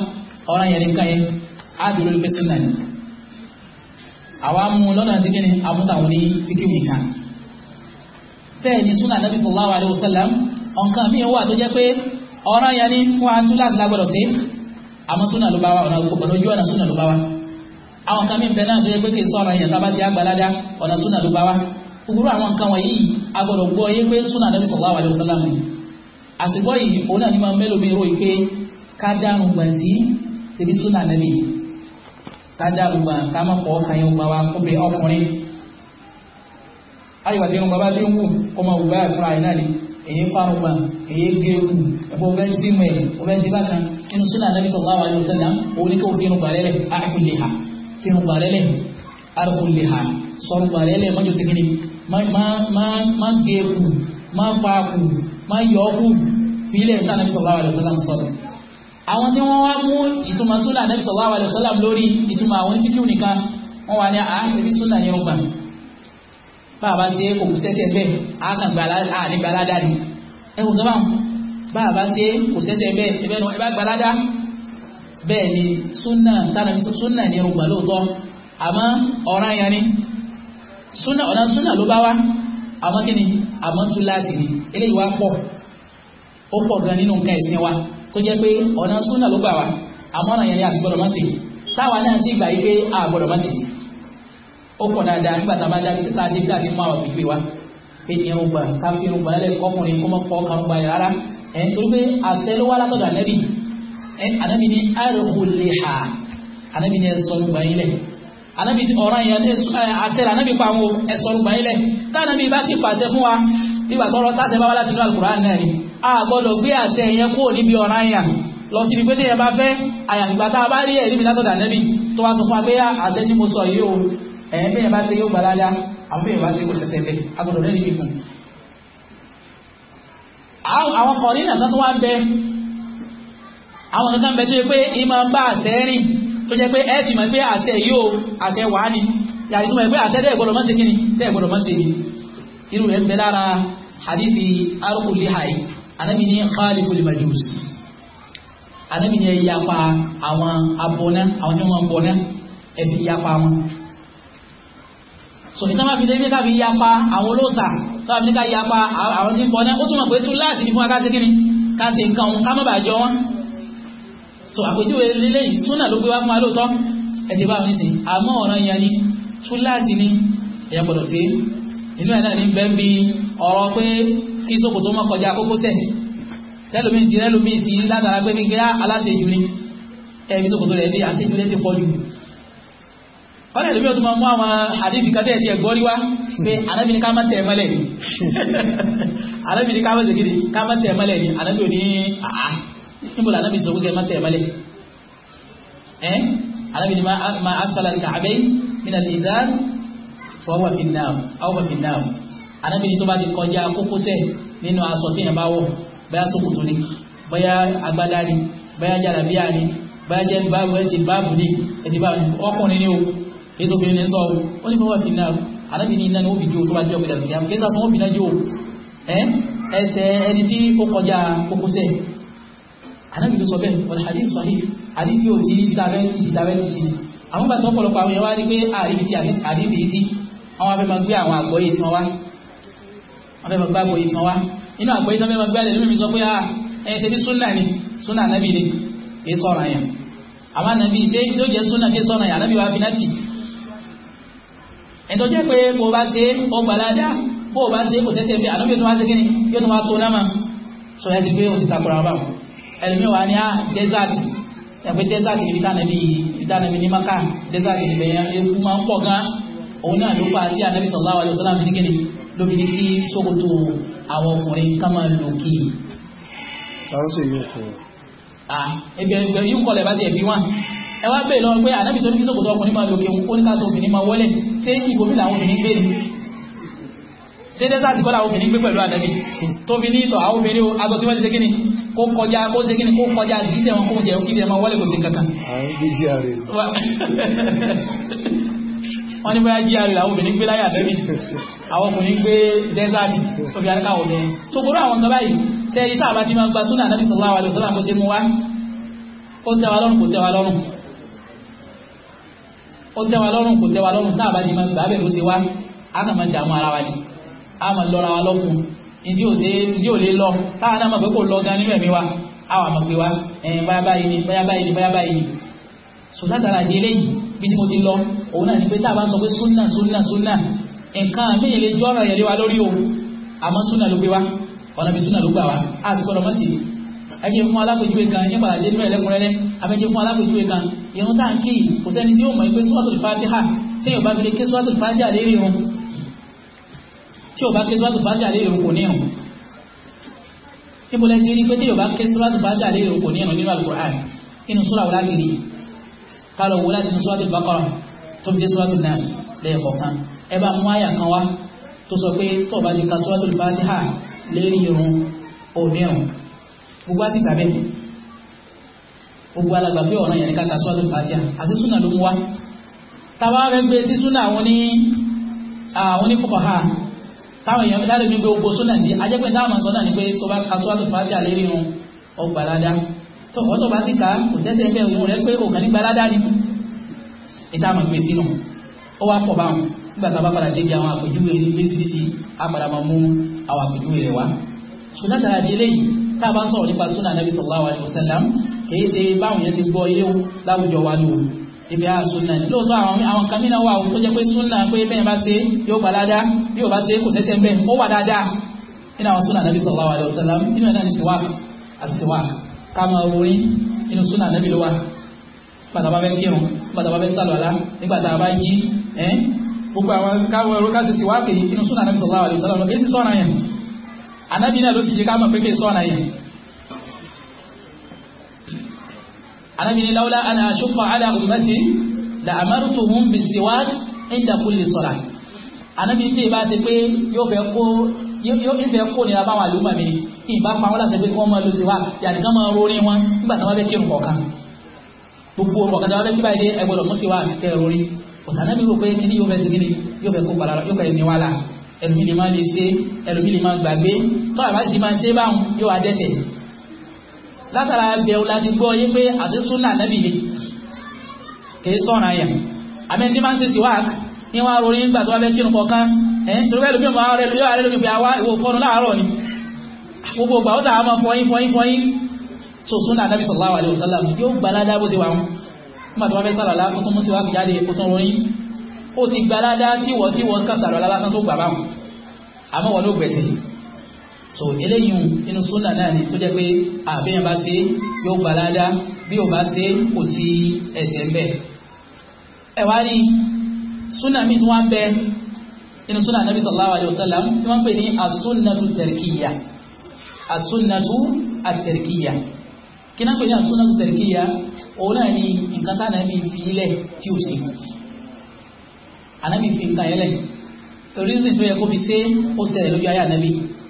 ọ̀ràn yẹn nìkan yẹn á dúró lórí pé súnà ni àwa mú lọ́nà tí kíni àmútàwọn onífíkì nìkan bẹ́ẹ̀ ni súnà nàbí sallallahu alaihi wasallam ọ̀nkan mi wà tó jẹ́ pé ọ̀ràn ya ni fún atú láti lágbọ́dọ̀ sí àmọ́ súnà ló bá wa ọ̀nà ojú ọ̀nà súnà ló bá wa àwọn kan mi bẹ náà tó yẹ pé kì í sọ̀rọ̀ yẹn tábà sí àgbàládá ọ̀nà súnà ló bá wa gbogbo àwọn nǹkan wọ̀nyí agbọ́dọ̀ gbọ́ yé pé súnà nàbí sallallahu alaihi wasallam àsìkò yìí òun náà ni mi rò yìí pé ká gbà sí súnà nàbí ká gbà èyí fárúgbà èyí gẹ́rù ẹ̀bọ̀ bẹ́ẹ̀ sí mẹ́ ọbẹ̀ sí bákan nínú súnà nàbí sallallahu alaihi wasallam òun ní kò fi irun gbàrẹ́lẹ̀ àkùnlẹ̀hà fi irun gbàrẹ́lẹ̀ àkùnlẹ̀hà sọ̀rọ̀ gbàrẹ́lẹ̀ mọ́jọ sẹ́kìnì má gẹ́rù má fàákù má yọ̀ọ́kù fílẹ̀ tá nàbí sallallahu alaihi wasallam sọ̀rọ̀ àwọn tí wọ́n wá mú ìtumọ̀ súnà nàbí sallallahu alaihi wasallam lórí ìtumọ̀ àwọn fíkíù nìkan wọ́n wà ní àásìbí súnà bá a bá ṣe kò sẹ́sẹ̀ bẹ́ẹ̀ a kàn gbalada ni ẹ kò sọ́mọ́ bá a bá ṣe kò sẹ́sẹ̀ bẹ́ẹ̀ ẹbẹ́ nu ẹ bá gbalada bẹ́ẹ̀ ni súnà tánàbí súnà ni ẹrù gbà àmọ́ ọ̀ràn yẹn ni súnà ọ̀ràn súnà ló bá wá àmọ́ kí ni àmọ́ tún láàsì ni eléyìí wá pọ̀ ó pọ̀ gan nínú nǹkan ẹ̀sìn wa tó jẹ́ pé ọ̀nà súnà ló gbà wá àmọ́ ọ̀nà yẹn ni àsìgbọ́dọ̀ má sí táwa náà sì gbà yí pé àgbọ́dọ̀ má sí ó pọ̀ dáadáa nígbà tá a bá dá tá a dé bí láti mú àwọn àpèjúwe wa pé ìyẹn ògbà káfíń ògbà lẹ́lẹ̀ kọkùnrin kó mọ́ kọ́ kan gba yàrá rárá ẹ̀ ń torí pé àṣẹ ló wá látọ̀dọ̀ ànẹ́bì ànẹ́bì ní àrùkùlẹ̀hà ànẹ́bì ní ẹ̀sọ́ lùgbà yín lẹ̀ ànẹ́bì ọ̀ràn yẹn àṣẹ rẹ̀ ànẹ́bì pa àwọn ẹ̀sọ́ lùgbà yín lẹ̀ tànàbì bá sì pàṣẹ fún wa nígbà tọrọ táṣẹ bá wá láti inú àlùkùrán náà ni a ẹ̀yìn bẹ́ẹ̀ bá ṣe yóò gbà ládá àwọn bẹ́ẹ̀ bá ṣe kò ṣẹṣẹ bẹ́ẹ̀ agbọ̀dọ̀ lẹ́ni bí fún. àwọn kọ̀ọ̀rí náà tó wá ń bẹ àwọn kankan bẹ tó yẹ pé ìmọ̀ ń bá àṣẹ rìn tó jẹ́ pé ẹ ti mọ̀ pé àṣẹ yóò àṣẹ wà ní yàrá tó mọ̀ pé àṣẹ dẹ́gbọ̀dọ̀ mọ́ ṣe kí ni dẹ́gbọ̀dọ̀ mọ́ ṣe irú rẹ̀ ń bẹ lára hadithi arkulihai anabi ní khaliful majus anabi ní wọn so ìtàn máa fi débi yapa àwọn olóòsà yapa àwọn tí ń bọ náà ó túmọ̀ pé túláàsì ní fún wa ká ṣe kíni ká so àpèjúwe lélẹ́yìn súnà ló gbé wá fún wa lóòótọ́ ẹ̀sẹ̀ báwọn nísìn àmọ́ ọ̀ràn yẹn ni túláàsì ni èèyàn gbọ́dọ̀ ṣe inú ẹ̀ náà ní bẹ́ẹ̀ bí ọ̀rọ̀ pé kí sókòtò mọ́ kọjá kókósẹ̀ tẹ́lómi ti rẹ́lómi sí látara pé kíkẹ́ aláṣejù ni ẹ̀mí sókòtò rẹ̀ ní àṣejù rẹ̀ pọ̀ jù kọ́lẹ̀ lómi ọ̀tún máa mú àwọn àdífi kan tẹ́ẹ̀ tí ẹ gbọ́rí wá pé anábì ní ká má tẹ̀ mọ́lẹ̀ ni anábì [laughs] ní ká má segiri ká má tẹ̀ mọ́lẹ̀ ni anábì ò ní àá níbo la ní ma asala ní mina lizan fọwọ́ fi náà awọ́ fi náà anábì ní tó bá ti kọjá kókósẹ̀ nínú aṣọ tí yẹn bá wọ̀ bóyá ṣòkòtò ni bóyá agbádá ni bóyá jàlábíyà ni bóyá jẹ́ báàbù ẹ̀ ti báàbù ni ẹ̀ ti báàbù ọkùnrin ni o kéésì obìnrin ní sọ ó ní fọwọ́ fi náà anábì ní iná ni ó fi jó tó bá jẹ́ ọ̀gbẹ̀dẹ̀ kìá kéésì àsán ó fi náà jó ẹsẹ̀ ẹni tí ó kọjá kókósẹ̀ anábì ló sọ bẹ́ẹ̀ wọ́n hadith sahih hadith yóò sí ìtàbẹ́ntì ìtàbẹ́ntì àwọn gbàtọ́ ọ̀pọ̀lọpọ̀ àwọn èèyàn wá rí pé àríbi tí hadith yìí sí àwọn afẹ́ máa gbé àwọn àgbọ́yé tí wọ́n wá afẹ́ máa gbé àgbọ́yé tí wọ́n wá inú àgbọ́yé tí wọ́n máa gbé àlẹ́ lómi sọ pé à ẹ̀yìn ṣe bí súnà ni súnà ànábì ni kì í sọ̀rọ̀ àyàn àwọn ànábì ṣe tó jẹ́ súnà kì í sọ̀rọ̀ àyàn ànábì wá fi náà tì ẹ̀tọ́ jẹ́ pé bó bá ṣe ó gbàládá bó bá ṣe kò sẹ́sẹ̀ bí àdúgbò tó wá ṣe kí ni yóò tó wá tó náà sọ ẹ́ ti pé ó ti takora ọba ẹlòmíì wà ní á ah, desert ẹ̀pẹ́ desert níbi tánàbí ìdánàbí ní maka desert níbẹ̀ ewu máa ń pọ̀ gan òun náà ló fà á tí ànábì sallallahu alaihi wasallam ní kíni ló fi ní kí ẹ wá bèèrè lọ pé ànábì tó ní kí sòkòtò ọkùnrin máa lòkè ó ní ká sọ obìnrin máa wọlé ṣé ìbomi làwọn obìnrin gbé ni ṣé dẹ́sàtì kọ́ làwọn obìnrin gbé pẹ̀lú ànábì tóbi ní ìtọ̀ àwọn obìnrin aṣọ tí wọ́n ti ṣe kíni kó kọjá kó ṣe kíni kó kọjá ìṣẹ́ wọn kó jẹ kí ìṣẹ́ máa wọlé kò sí kankan. wọ́n ní bóyá jíàrí làwọn obìnrin gbé láyé ànábì àwọn ọkùnrin gbé dẹ́sàtì tóbi àríkà ọ̀dẹ́ tó gbọ́dọ̀ àwọn nǹkan báyìí ṣe ẹni tá a bá ti máa gba súnà ànábì alaihi wasallam kó ṣe mú wa ó tẹ́wa lọ́rùn kò tẹ́wa lọ́rùn ó tẹ́ wa lọ́rùn kò tẹ́ wa lọ́rùn táà bá ti máa gbà bẹ́ẹ̀ ló ṣe wá a kàn máa dààmú ara wa ni a máa lọ́ra wa lọ́fun ìdí ò lè lọ táà náà máa pé kò lọ gan nínú ẹ̀mí wa a wà máa pé wa ẹ̀yìn báyá báyìí ni báyá báyìí ni báyá báyìí ni sùnà tààrà di eléyìí bí tí mo ti lọ òun náà ni pé táà bá ń sọ pé súnà súnà súnà nǹkan àmìyàn lè jọ́ràn yẹn lé wa lórí o àmọ́ súnà ló gbé wa ọ̀nà bí súnà ló gbà ìrun tá ń kí kò sẹ́ni tí ó mọ̀ pé suratul fatiha tí yóò bá fi lè ké suratul fatiha lérí irun tí yóò bá ké suratul fatiha lérí irun kò ní irun níbolẹ́ ti rí pé tí yóò bá ké suratul fatiha lérí irun kò ní irun nínú alukur'an inú sura wo láti rí kálọ̀ wo láti inú suratul baqara tó fi dé suratul nas lẹ́ẹ̀kọ̀ọ̀kan ẹ bá mú àyà kan wá tó sọ pé tó bá ti ka suratul fatiha lérí irun òní irun gbogbo àti tàbí gbogbo alàgbà pé ọ̀ràn yẹn ní káta sọ́ọ́tù fàtíà àti súnà ló mú wá táwa fẹ́ gbé sí súnà àwọn ní àwọn ní fọkàn ha táwọn èèyàn fi sáré mi gbé gbogbo súnà sí ajẹ́pẹ́ táwọn máa sọ ni pé tó bá ka sọ́ọ́tù fàtíà lérí wọn ọgbà ládá tó kọ́ tó bá sì ká kò sẹ́sẹ́ bẹ́ẹ̀ òun rẹ̀ pé òkàn nígbà ládá ni ìta àmọ̀ gbé sínú ó wá pọ̀ báwọn nígbà tá a bá padà débi àwọn àpèjúwe ní gbèsìdìsì á padà máa mú àwọn àpèjúwe rẹ̀ wá ṣùgbọ́n tàbí eléyìí tá a bá sọ̀rọ̀ nípa súnà nàbì sallallahu alaihi wasallam kìí ṣe báwọn yẹn ṣe gbọ́ ilé o láwùjọ wa ni o ibi a sunna ni lóòótọ́ àwọn àwọn kan mìíràn wà ó tó jẹ́ pé sunna pé bẹ́ẹ̀ bá ṣe yóò gbà dáadáa bí yóò bá ṣe kò sẹ́sẹ́ bẹ́ẹ̀ ó wà dáadáa nínú àwọn sunna nabi sallallahu alayhi wa sallam nínú ẹ̀dá ni siwak asiwak ká máa wọrí nínú sunna nabi ló wà bàtà bá fẹ́ kírun bàtà bá fẹ́ sàlọ́lá nígbà tá a bá jí ẹ́ gbogbo àwọn káwọn ẹ̀rọ káṣí siwak nínú sunna nabi sallallahu alayhi wa sallam kì í sì sọ́ọ̀nà anábìnrin láwọ́lá àná àṣùkọ̀ àdá ummati la amartuhum bis-siwak inda kulli salah anábìnrin tí ìbá ṣe pé yóò fẹ́ kó yóò fẹ́ kó nira báwọn àlùmọ̀ mi ìbá pa wọn láṣẹ pé kí wọ́n máa lo siwak yàtì kan máa rorin wọn nígbà tí wọ́n fẹ́ kírun kọ̀ọ̀kan gbogbo ọ̀kan tí wọ́n fẹ́ kí báyìí dé ẹgbẹ̀rún mú siwak kẹ́ rorin ọ̀tà náà mi látara bẹ̀rù láti gbọ́ yé pé àti súnà nẹ́bì ni kìí sọ̀rọ̀ àyà àmì ní máa ń ṣe sí wáàkì ní wọ́n arorí nígbà tó wá fẹ́ kírun kọ̀ọ̀kan ẹ̀ torí pé lómi máa rẹ̀ yóò rẹ̀ lómi pé àwa ìwò fọ́nu láàárọ̀ ni gbogbo ìgbà ó sàá máa fọyín fọyín fọyín so súnà nẹ́bì sallallahu alaihi wasallam yóò gbà ládá bó ṣe wà wọn nígbà tó wá fẹ́ sàrọ̀lá ó tún mú sí wáàkì jáde ó tún ròyìn ó ti gbà ládá tíwọ̀ tíwọ̀ kan sàrọ̀lá lásán tó gbà báwọn àmọ́ wọn ló gbẹ̀sẹ̀ so eléyìí inú súnà náà ni tó jẹ́ pé àbẹ́yàn bá ṣe yóò gbà ládàá bí ò bá ṣe kò sí ẹ̀ṣẹ̀ ń bẹ ẹ wá rí súnà mi tó wá ń bẹ inú súnà nàbí sallallahu alayhi wa tí wọ́n pè ní asúnnàtú tẹ̀rìkìyà asúnnàtú àtẹ̀rìkìyà kí náà pè ní asúnnàtú tẹ̀rìkìyà òun náà ni nǹkan tá ànábì fi ilẹ̀ tí ò sí ànábì fi nǹkan ẹlẹ̀ reason tó yẹ kó fi ṣe ó ṣẹlẹ̀ lójú ayé ànábì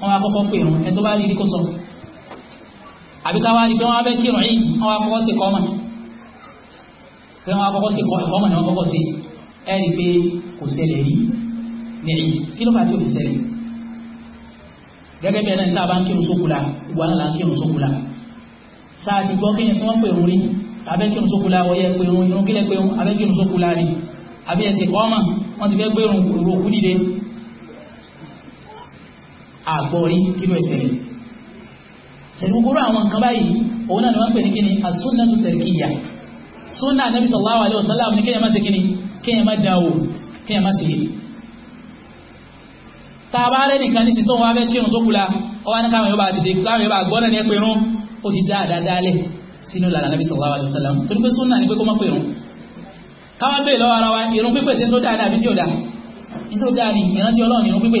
wọ́n akọ́kọ́ pè rún ẹ̀ tó bá rí rí kó sọ àbí káwá rí pé wọ́n abẹ́ kírun yìí wọ́n akọ́kọ́ sí kọ́ ọmọ pé wọ́n akọ́kọ́ sí kọ́ ọmọ ni wọ́n kọ́kọ́ sí ẹ̀ rí pé kò ṣẹlẹ̀ rí ní ẹ̀yìn kí ló fà tí ò fi ṣẹlẹ̀ gẹ́gẹ́ bí ẹ̀nà ìta bá ń kírun sókùlà ìgbà náà là ń kírun sókùlà sáà ti gbọ́ kéèyàn tí wọ́n pè rún rí abẹ́ kírun sókùlà wọ́yẹ pé rún irun kílẹ̀ pé rún abẹ́ kírun sókùlà rí abẹ́ ẹ̀sìn kọ́ ọmọ àgbọ̀rí kínú ẹ̀sẹ̀ rẹ̀ sẹ̀rùgbúrú àwọn nǹkan báyìí òun náà ni wọ́n pè ní kíni asúnnàtù tẹ̀ríkìyà súnnà Ànábì sallallahu alaihi wasallam ní kíyàmá ṣe kíni kíyàmá dáwò kíyàmá ṣe ta bá rẹ̀ nìkan ní sìtọ́ wọn fẹ́ kírun sókùlá ọwá ní káwọn yóò bá dìde káwọn yóò bá gbọ́nà ní ẹpẹrún ó ti dáadáa dálẹ̀ sínú lànà Ànábì sallallahu alaihi wasallam tó ní pé súnnà ní pé kó mọ́ pẹ̀rún káwọn bèè lọ́wọ́ ara wa ìrun pípèsè tó dáadáa bí tí ò dáa ní tó dáa ní ìrántí Ọlọ́run ìrun pípè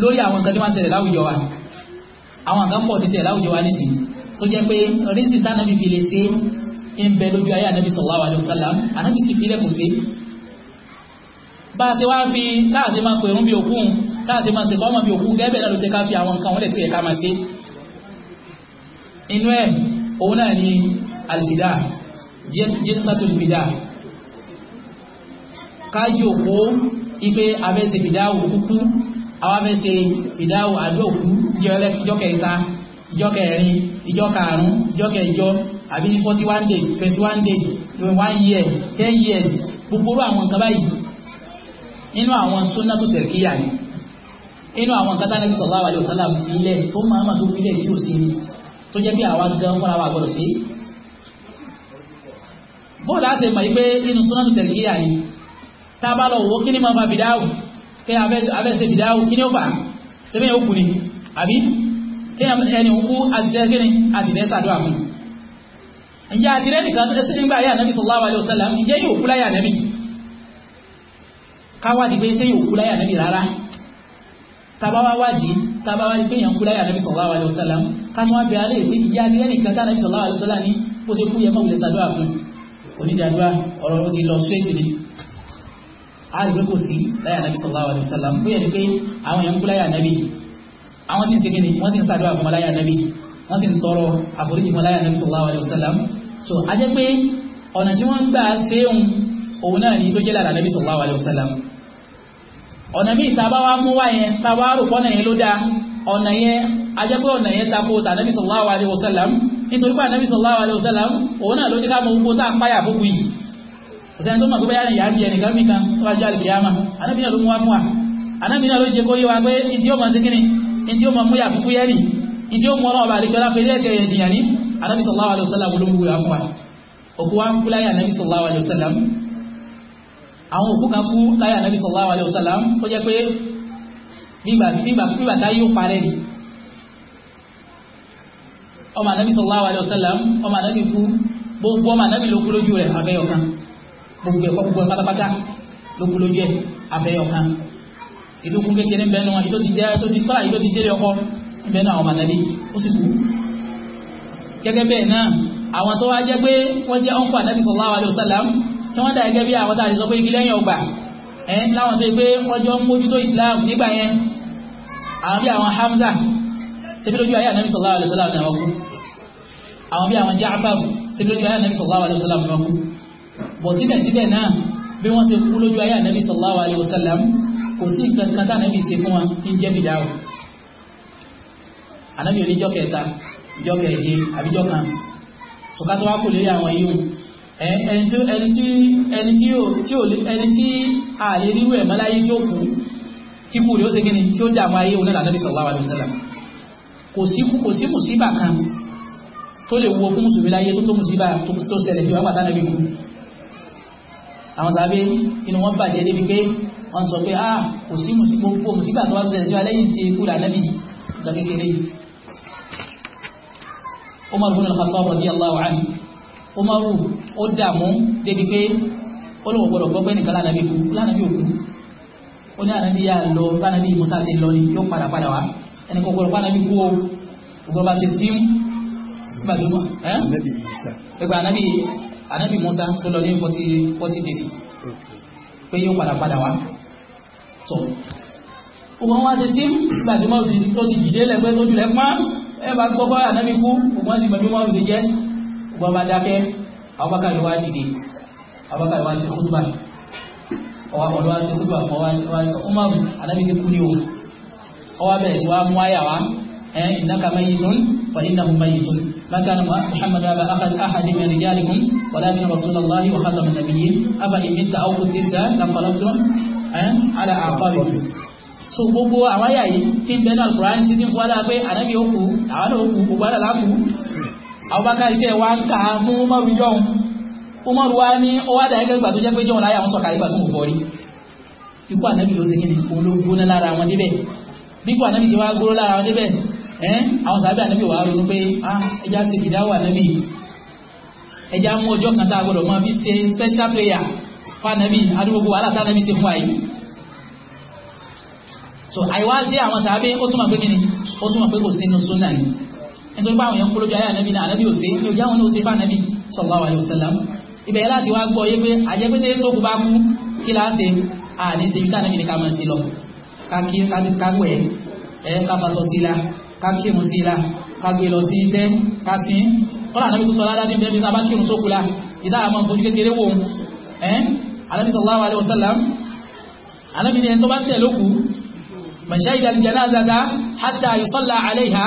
lórí àwọn nǹkan tí wọ́n ń ṣẹlẹ̀ láwùjọ wa àwọn nǹkan pọ̀ ti ṣẹlẹ̀ láwùjọ wa nísìn tó jẹ́ pé rísì tánàbí fi lè ṣe ń bẹ lójú ayé ànábì sallallahu alaihi wasallam ànábì sì fi lẹ́kùn sí bá a ṣe wá fi káàṣe máa pèrún bí òkun káàṣe máa ṣe fọ́mọ̀ bí òkun gẹ́gẹ́ náà ló ṣe ká fi àwọn nǹkan wọlé tí ẹ̀ka máa ṣe inú ẹ̀ òun náà ni alfidà jésàtò fidà káyòkó ipe abẹ́sẹ̀ fidà òkúkú àwa fẹ́ ṣe fìdáwò àbí òkú ìjọ kẹta ìjọ kẹrin ìjọ àbí forty one days twenty one days one year ten years gbogbo àwọn nǹkan báyìí inú àwọn súnà tó tẹ̀lé kíyà ni inú àwọn nǹkan tánà bí sallallahu alaihi wasallam ilẹ̀ tó máa ma tó fílẹ̀ tí ò sí ni tó jẹ́ bí àwa gan fúnra wa gbọ́dọ̀ sí. bóòlù àṣẹ kí abẹ́sẹ̀ fìdáwò kí ní ó fà sẹ́bẹ̀ yóò kú ni àbí kí ẹni òkú àṣìṣẹ́ ní àṣìṣẹ́ sàdúrà fún ìjẹ́ àti rẹ̀ nìkan tó sí nígbà ayé ànábì sallallahu alaihi wasallam ìjẹ́ yóò kú láyé ànábì káwà dìgbé sí yóò kú láyé ànábì rárá tabawa wájì tabawa dìgbé yàn kú láyé ànábì sallallahu alaihi wasallam káwọn abẹ́ alẹ́ ìpé ìjẹ́ àti rẹ̀ nìkan tánàbì sallallahu alaihi wasallam ní bó ṣe kú yẹ mọ́ a rí pé kò sí láyà nàbí sallallahu alaihi wasallam bóyá ni pé àwọn èèyàn ń kú láyà nàbí àwọn sì ń segin ni wọ́n sì ń ṣàdúrà fún wọn láyà nàbí wọ́n sì ń tọrọ àforíjì láyà nàbí sallallahu alaihi wasallam so a jẹ́ pé ọ̀nà tí wọ́n gbà séun òun náà ni tó jẹ́ lára nàbí sallallahu alaihi wasallam ọ̀nà míì tá a bá wá mú wá yẹn tá a bá rò pọ́nà yẹn ló dáa ọ̀nà yẹn a jẹ́ pé ọ̀nà yẹn tako tà nàbí sallallahu alaihi wasallam nítorí pé ànàbí sallallahu alaihi wasallam òun náà ló jẹ́ ká mọ gbogbo tá a páyà fún yìí ọ̀sẹ̀ tó mọ̀ pé báyà nìyà ń bí ẹnìkan mìkan tó wájú àlùkìyàmà anábì náà ló mú wá fún wa anábì náà ló ṣe kó yé wa pé ìdí ó mọ̀ sí kíni ìdí ó mọ̀ mú yàgùn fúyẹ́ nì ìdí ó mú ọlọ́wọ́ bá àlekẹ́lá fẹ́ lẹ́sẹ̀ yẹn jìyàn ní anábì sallallahu alaihi wasallam ló mú wá fún wa òkú wa kú láyà anábì sallallahu alaihi ọmọ anábì sallallahu alaihi ọmọ anábì kú gbogbo ọmọ anábì ló lójú rẹ̀ afẹ́yọ̀kan gbogbo ẹ̀kọ́ gbogbo pátápátá ló kú lójú ẹ̀ abẹ́yọ̀ kan ètò kún kékeré bẹ́ẹ̀ náà ètò ti dé ètò ti kọ́lá ètò ti délé ọkọ bẹ́ẹ̀ náà àwọn màdàlí ó sì kú. gẹ́gẹ́ bẹ́ẹ̀ náà àwọn tó wá jẹ́ pé wọ́n jẹ́ ọ̀npọ̀ ànábì sallallahu alaihi wasallam tí wọ́n dà gẹ́gẹ́ bí àwọn tá a lè sọ pé igi láwọn tó pé wọ́n jọ ń mójútó Islam nígbà yẹn àwọn bí àwọn Hamza ṣebí lójú ayé ànábì sallallahu alaihi wasallam ni wọ́n kú àwọn bí àwọn Ja'far ṣebí lójú ayé ànábì sallallahu alaihi wasallam ni wọ́n kú bọ̀ síbẹ̀síbẹ̀ náà bí wọ́n ṣe kú lójú ayé ànábì sallallahu alayhi wa sallam kò sí nǹkan kan tá ànábì ṣe fún wa tí ń jẹ́ fìdá o ànábì ò ní jọ́ kẹta jọ́ kẹje àbí jọ́ kan ṣùgbọ́n tó wá kò lérí àwọn yìí ẹni tí ẹni tí ẹni tí àlè rírú ẹ̀ mọ́láyé tí ó kú tí kú rẹ̀ ó ṣe kí ni tí ó dààmú ayé òun náà ànábì sallallahu alayhi wa sallam kò sí kò sí mùsíbà kan tó lè wo fún mùsùlùmí láyé tó tó mùsíbà tó ṣẹlẹ̀ fi wá pàtàkì kú àwọn sàbí inú wọn bàjẹ́ débi pé wọ́n sọ pé a ah, kò sí gbogbo mùsíbà tó wá ṣẹlẹ̀ sí wa lẹ́yìn tí ikú là nẹ́bì ìgbà kékeré yìí Umar bin al-Khattab radiyallahu anhu Umaru ó dààmú débi pé olówó gbọdọ̀ gbọ́ pé nìkan lánàbí kú lánàbí òkú ó ní ànàbí yà lọ bánàbí Musa ṣe lọ ni yóò padà padà wá ẹni kò gbọdọ̀ bánàbí kú o gbọdọ̀ bá ṣe sí gbàdúmọ̀ ẹ́ gbàdúmọ̀ anabi musa tó lọ ní forty forty days pé yóò padà padà wá so ògbọ́n wá ṣe sí ìgbà tí wọ́n fi tó ti dìde lẹ́gbẹ́ tó jùlẹ̀ pọ́n ẹ bá gbọ́ bá anabi kú ògbọ́n sì gbẹ̀mí wọ́n ṣe jẹ́ ògbọ́n bá dákẹ́ abubakar yóò wá dìde abubakar yóò wá ṣe kúdùbà ọwọ́ ọ̀dọ́ wá ṣe kúdùbà fún wa ọmọ anabi ti kú ni o ọwọ́ bẹ̀rẹ̀ sí wa mú àyà wa ẹ̀ ìnáka mẹ́yìí tún wà ìnáhùn mẹ́yìí tún ما كان محمد أبا أخذ أحد من رجالكم ولكن رسول الله وخاتم النبيين أبا مت أو قتلت لانقلبتم على أعقابكم so gbogbo àwọn àyà yìí tí ń bẹ náà al tí ń fọ́lá pé ànábì òkú àwọn òkú gbogbo àdàlá kú àwọn bákan iṣẹ́ wa ń kà á fún Umaru Umaru wa ní ó wá dàgẹ́ gbà tó jẹ́ pé jọ̀hún láyà ń sọ̀kà nígbà tó ń bọ̀ rí ẹ́ àwọn sàbí ànábì wàá ronú pé ah, ẹja ṣe fìdáwà ànábì ẹja mú ọjọ́ kan tá a gbọ́dọ̀ máa fi ṣe special prayer fún ànábì adúgbò wàhálà tá ànábì ṣe fún àyè so àìwá sí àwọn sàbí ó túmọ̀ pé kíni ó túmọ̀ pé kò sí inú súnà ni nítorí báwọn èèyàn kólójú ayé ànábì náà ànábì ò sí ní ojú àwọn ní ó ṣe fún ànábì sallallahu alaihi wasallam ibẹ̀ láti wá gbọ́ yé pé àjẹpẹ́tẹ́ tó kú bá kú kí láá ká kí ká wẹ̀ ẹ ká fasọ sí la ká kírun sí ilá ká gbé lọ sí tẹ́ ká sí kọ́lá àdábí tó sọ ládájú bẹ́ẹ̀ bí tá bá kírun sókù la ìdára mọ́ fojú kékeré wò ń ẹ́ àdábí sallallahu alaihi wasallam àdábí ni ẹni tó bá tẹ̀ lókù man shahida al-janazata hatta yusalla alaiha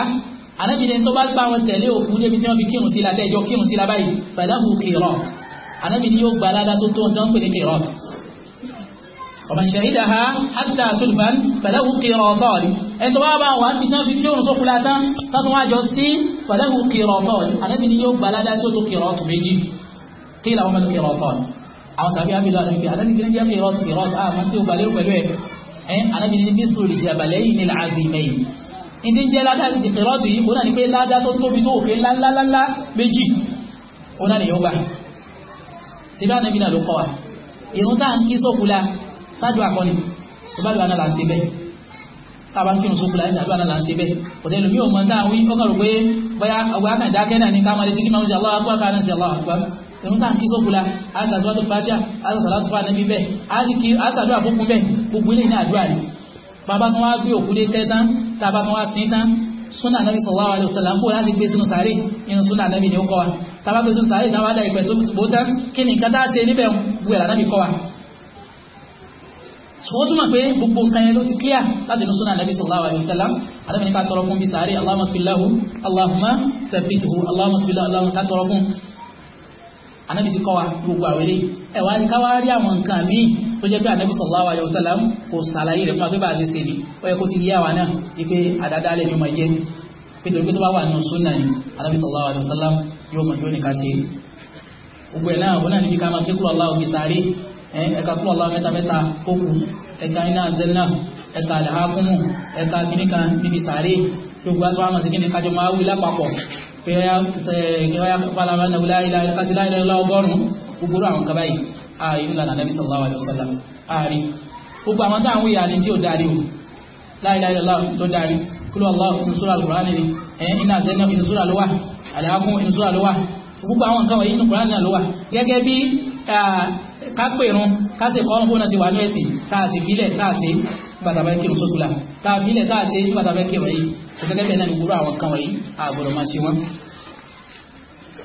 àdábí ni ẹni tó bá gbá wọn tẹ̀lé òkú débi tí wọ́n fi kírun sí ومن شهدها حتى تدفن فله قيراطان ان بابا وان بيتان في كيون سو فلاتا تطوا جوسي فله قيراطان انا بني يوم بلادا سو تو قيراط بيجي قيل وما القيراطان او سابي ابي الله في انا بني دي قيراط قيراط اه ما تيو بالو بالو ايه انا بني دي بيسو الجبلين العظيمين ان دي جلادا دي قيراط يي ونا ني بي لادا تو تو بي تو في لا لا لا لا بيجي ونا ني يوبا سيبا نبينا لو قوا يوم تان كيسو فلاتا ṣáájú àkọ́ni tó bá lù àná là ń ṣe bẹ́ẹ̀ tába ń kírun sókùlà ẹ̀sìn àdúrà náà là ń ṣe bẹ́ẹ̀ ọ̀dẹ́ lómi ò mọ̀ ní àwọn yìí ọkọ̀ rò pé bóyá ọgbà kan dákẹ́ náà ní káwọn létí kí máa ń ṣe aláwọ̀ akọ́ àkàrà ń ṣe aláwọ̀ akọ́ ìrún tá à ń kí sókùlà àtàzọ́tò fàtíà àtàzọ́tò fàtíà níbi bẹ́ẹ̀ àtàdúrà fún bẹ́ẹ̀ gbogbo ilé ní àdúrà ni bàbá tún wá gbé òkú dé tẹ́ tán tàbá tún wá sin tán súnà nàbì sallallahu alaihi wasallam ń bò láti gbé sínú sàárè inú súnà nàbì ni ó kọ́ wa tàbá gbé sínú sàárè náà wá dá ìpẹ́ bó tán kí ni nǹkan ṣe níbẹ̀ wù ẹ̀ lànàbì kọ́ wa wọ́n túnmọ̀ pé gbogbo nǹkan yẹn ló ti clear láti inú súnà nàbí sallallahu alayhi wa sallam alábìnrin ká tọrọ fún bí sàárè allahumma filahu allahumma sabbituhu allahumma filahu allahumma ká tọrọ fún anábì ti kọ́ wa gbogbo àwẹ̀lé ẹ̀wà ní ká wá rí àwọn nǹkan míì tó jẹ́ pé anábì sallallahu alayhi wa sallam kò sàlàyé rẹ̀ fún wa pé bá a ti ṣe ni ó yẹ kó ti yé àwa náà ipe ẹ̀ka fún ọlá mẹ́tamẹ́ta fókù ẹ̀ka iná àzẹ́lá ẹ̀ka àdáhákúnmù ẹ̀ka kìníkan níbi sàárè gbogbo aṣọ àmọ̀ sí kíni kájọ máa wí lápapọ̀ pé ẹ̀yà pàlàmà náà kásí láìlẹ́ ọgọ́rùn-ún gbogbo àwọn kaba yìí ààrin lànà nàbí sallallahu alaihi wasallam ààrin gbogbo àwọn táwọn wíyà ni tí ó darí o láìláìlẹ́ ọlọ́run tó ni ẹ̀yìn iná àzẹ́lá ìnusúra lówà àdáhákún ìnusúra lówà gbogbo àwọn nǹkan wọ̀nyí nínú kùránì náà gẹ́gẹ́ bí ká pèrún ká sì kọ́ ọ́n bóná sí wà ní ẹ̀sìn tá a sì filẹ̀ tá a ṣe nígbàtà bá kírun sókùlà tá a filẹ̀ tá a ṣe nígbàtà bá kírun yìí tó gẹ́gẹ́ bẹ́ẹ̀ náà ní gbúrú àwọn kan wọ̀nyí àgbọ̀dọ̀ máa ṣe wọ́n.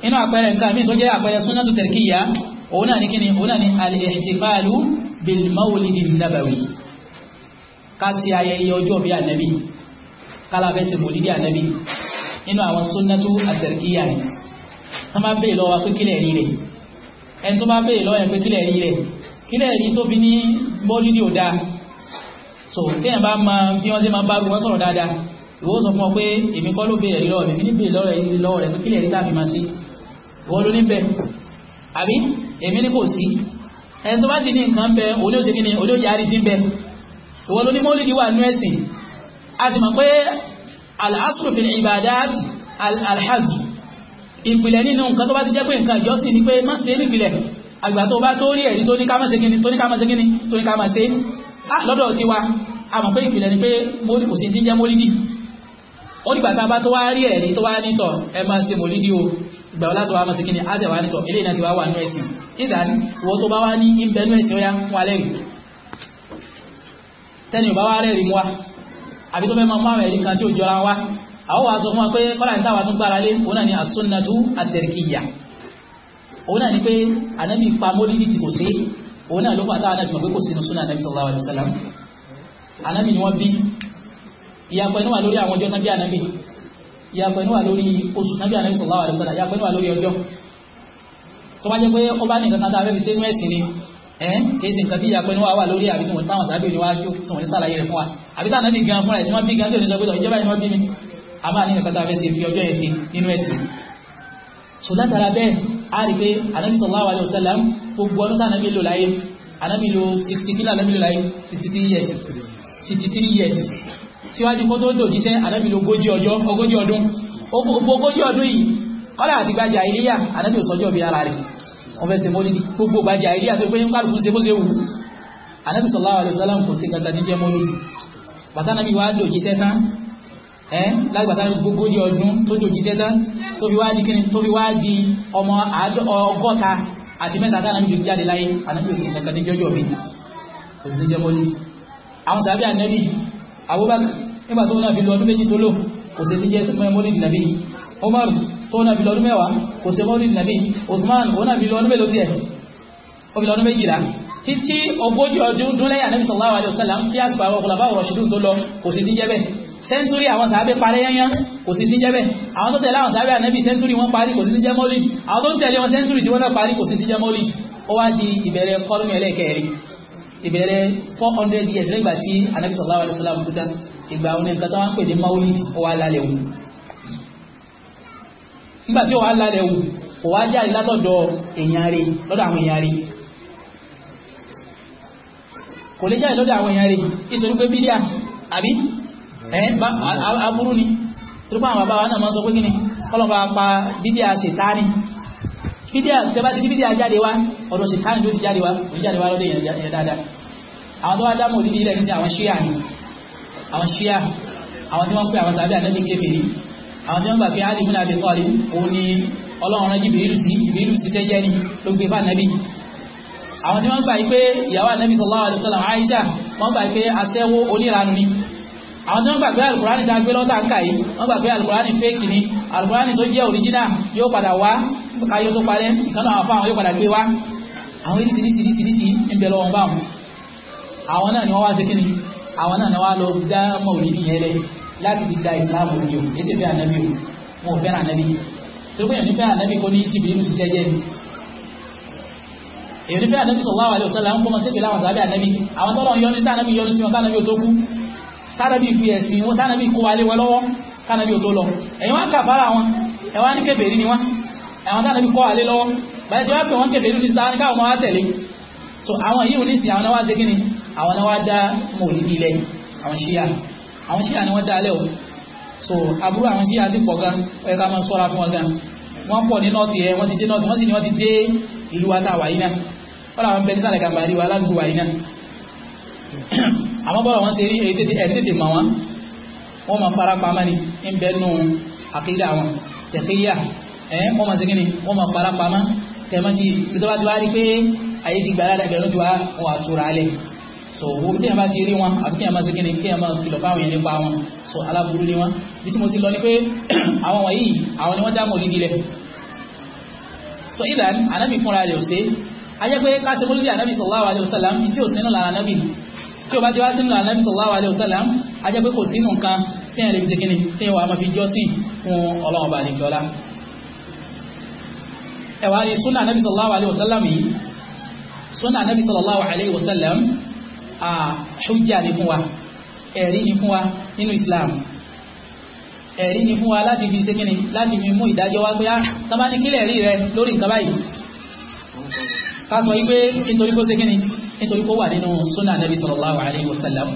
inú àpẹẹrẹ nǹkan míì tó jẹ́ àpẹẹrẹ súnátù tẹ̀rkìyà òun náà ní kíni òun náà ní al-ihtifalu bil mawlidin nabawi ká sí ayẹyẹ ọjọ́ ẹni tó bá bèèrè lọ́yẹ̀ pé kílẹ̀ rí rẹ̀ kílẹ̀ rí tó fi ní mọ́lídì ò dáa so téèyàn bá ma bí wọ́n ṣe máa bá wọn sọ̀rọ̀ dáadáa ìwọ sọ fún ọ pé èmi kọ́ ló bèèrè lọ́wọ́ mi ní bèèrè lọ́rọ̀ yìí lọ́wọ́ rẹ̀ pé kílẹ̀ rí tá a fi máa sí ìwọ ló ní bẹ́ẹ̀ àbí èmi ní kò sí ẹni tó bá sì ní nǹkan bẹ òní ó ṣe kíni òní ó jẹ́ àrísí bẹ ìwọ ló ní mọ́lídì wà nú ẹ̀sìn a sì mọ̀ pé al ibadat al-hajj ìpìlẹ̀ nínú nǹkan tó bá ti jẹ́ pé nǹkan ìjọsìn ni pé má ṣe nípìlẹ̀ àgbà tó bá tó rí ẹ̀rí tó ní ká má ṣe kíni tó ní ká má ṣe kíni tó ní ká má ṣe ah! lọ́dọ̀ ti wa a mọ̀ pé ìpìlẹ̀ ni pé mórí kò sí ti jẹ́ mólídì ó dìgbà tá a bá tó wá rí ẹ̀rí tó wá nítọ̀ ẹ má ṣe mólídì o ìgbà wọn láti wá má ṣe kíni á sì wá nítọ̀ ilé wa àbí tó fẹ́ máa mú àwọn ẹ̀rí kan àwọn wa sọ fún wa pé kọ́lá ní táwa tún gbára lé òun náà ni asúnnatu àtẹ̀ríkìyà òun náà ni pé anábì pa mólídì tí kò sí òun náà ló fà táwa anábì mọ̀ kò sínú súnà anábì sallallahu alaihi wasallam anábì ni wọ́n bí ìyàpọ̀ inú wa lórí àwọn ọjọ́ tábí anábì ìyàpọ̀ inú wa lórí oṣù tábí anábì sallallahu alaihi wasallam ìyàpọ̀ inú wa lórí ọjọ́ tó bá jẹ́ pé ó bá ní nǹkan tàbí ṣe inú ẹ̀sìn ni kìí sí nǹkan tí ìyàpẹ́ níwá wà lórí àbí tí wọ́n táwọn sábẹ́ òníwájú tí wọ́n ní sàlàyé rẹ̀ fún wa àbí táwọn náà gan fúnra ẹ̀ tí wọ́n bí gan tí ò pé ìjọba ìjọba bí mi a máa ní nǹkan tá a fẹ́ ṣe fi ọjọ́ yẹn ṣe nínú ẹ̀sìn so látara bẹ́ẹ̀ a rí pé anabi sallallahu gbogbo ọdún tá anabi láyé anabi lò sixty kí anabi lò láyé sixty years sixty years síwájú kó tó dòjíṣẹ́ anabi lò ogójì ọjọ́ ogójì ọdún ogójì ọdún yìí kọ́lá àti gbájà iléyà anábì òsọjọ́ bí ara rẹ̀ wọ́n fẹ́ ṣe mọ́lídì gbogbo gbájà iléyà tó pé ń kálùkù ṣe bó ṣe wù anábì sallallahu kò sí gata jíjẹ mọ́lídì bàtà wá dò jíṣẹ́ tán ẹ́ lágbàtà ní ogójì ọdún tó jò jíṣẹ́ tán tó fi wá di kíni tó fi wá di ọmọ ọgọ́ta àti mẹ́ta tán ànábì jáde láyé ànábì òsì ìṣẹ̀kà ní jọjọ́ mi òsì ní jẹ́mọ́lé àwọn sàbí ànábì Abubakar nígbà tó náà fi lọ ọdún méjì tó lò kò sí jẹ́ mọ́lé nàbí Umar tó náà fi lọ ọdún mẹ́wàá kò sí mọ́lé nàbí Usman ó náà fi lọ ọdún mélòó tiẹ̀ ó fi lọ ọdún méjìlá títí ogójì ọdún dúnlẹ́yà ànábì sallallahu alaihi wasallam tí àsìkò àwọn ọkùnrin àbáwọ̀ rọ̀ṣìdún tó lọ kò sí ti jẹ́ bẹ́ẹ̀ sẹ́ńtúrì àwọn sàábé parẹ́ yányán kò sí ti jẹ́ bẹ́ẹ̀ àwọn tó tẹ̀lé àwọn sàábé ànábì sẹ́ńtúrì wọ́n parí kò sí ti jẹ́ mọ́lìd àwọn tó ń tẹ̀lé wọn sẹ́ńtúrì tí wọ́n parí kò sí ti jẹ́ mọ́lìd ó wá di ìbẹ̀rẹ̀ years lẹ́gbà tí ànábì sallallahu alaihi wasallam kúta ìgbà òun nǹkan tó wá ń pè ní mọ́lìd ó wá lálẹ́ wù nígbà tí ó wá lálẹ́ wù ó wá jáde látọ̀dọ̀ àbí aburú ni torípa àwọn bàbá náà máa sọ pé kí ni kọ́lọ̀bà pa bídíà ṣètáni bídíà tẹ́bá ti bídíà jáde wá ọ̀dọ̀ ṣètáni ló ti jáde wá ó jáde wá lọ́dọ̀ yẹn dáadáa àwọn tó wá dámọ̀ òdídí ilẹ̀ ní àwọn ṣíà ni àwọn ṣíà àwọn tí wọ́n pè àwọn sàbí àlẹ́bí kéfèrí àwọn tí wọ́n gbà pé Ali bin Abi Talib òun ni ọlọ́run rán jìbìrìlù àwọn tí wọ́n gbà pé alukurani tá a gbé lọ́tà ń kà yìí wọ́n gbà pé alukurani fake ni alukurani tó jẹ́ original yóò padà wá káyọ tó parẹ́ ìkànnà àwọn afáwọn yóò padà gbé wá àwọn irisirisirisirisi ń bẹ lọ́wọ́ báwọn àwọn náà ni wọ́n wá sí kíni àwọn náà ni wọ́n lọ dá mọ̀lìdì yẹn lẹ láti fi da ìsìláàmù ní o èsì fẹ́ ànábì o wọn ò fẹ́ràn ànábì tó gbé ìrìnfẹ́ ànábì kó ní síbi inú ṣiṣẹ́ jẹ́ ni ìrìnfẹ́ ànábì sallallahu alaihi wasallam ń kọ́ mọ́ síbi láwọn sàbẹ̀ ànábì àwọn tọ́lọ́ yọ́nu sí ànábì yọ́nu sí wọn bá ànábì ò tó kú tánàbí fi ẹ̀sìn wọn tánàbí kó alé wọn lọ́wọ́ tánàbí ò tó lọ ẹ̀yin wá kàfàrà wọn ẹ̀wá ní kèbèrí ni wọn àwọn tánàbí kó alé lọ́wọ́ báyìí tí wọ́n pè wọ́n kèbèrí ní sáà so àwọn yìí ní sí àwọn náà wá ṣe kíni àwọn náà wá dá ni wọ́n so aburú àwọn ṣíyà sì pọ̀ gan ẹ ká máa sọ́ra fún wọn gan wọ́n pọ̀ ní nọ́ọ̀tì ẹ wọ́n ti wa tá a wà yìí náà wọ́n wa aládùúgbò [clears throat] àmọ́ bọ́rọ̀ wọ́n ṣe rí ẹ̀rí tètè mọ̀ wọ́n wọ́n máa fara pamọ́ ni ń bẹ́ nù àkídà wọn tẹ̀kíyà ẹ̀ wọ́n máa ṣe kí ni wọ́n máa fara pamọ́ tẹ̀mọ́tì ìjọba ti wá rí pé ayé ti gbà ládàá ìbẹ̀rún ti wá wọn àtúrà alẹ̀ so wọ́n tí a bá ti rí wọn àbí kí a máa ṣe kí ni kí a máa kìlọ̀ fáwọn èèyàn nípa wọn so aláburú ni wọn bí tí mo ti lọ ni pé [clears throat] àwọn wọ̀nyí àwọn ni wọ́n dá mọ̀lídìí lẹ̀ so ìdá anábì fúnra rẹ̀ ò ṣe ajẹ́ pé ká ṣe mọ̀lídìí anábì sallallahu alaihi wasallam tí ò sínú lára anábì tí ó bá jẹ́ wá sínú ànábì sallallahu alaihi wasallam a jẹ́ pé kò sínú nǹkan tí ẹ̀rẹ́ fi ṣe kíni tí wàá máa fi jọ́sìn fún ọlọ́run ọba àlejò ọlá ẹ̀wà ni súnà ànábì sallallahu alaihi wasallam yìí súnà ànábì sallallahu alaihi wasallam a hujja ni fún wa ẹ̀rí ni fún wa nínú Islam ẹ̀rí ni fún wa láti ká sọ wípé nítorí kó ṣe kíni nítorí kó wà nínú sunnah nabi sallallahu alayhi wa sallam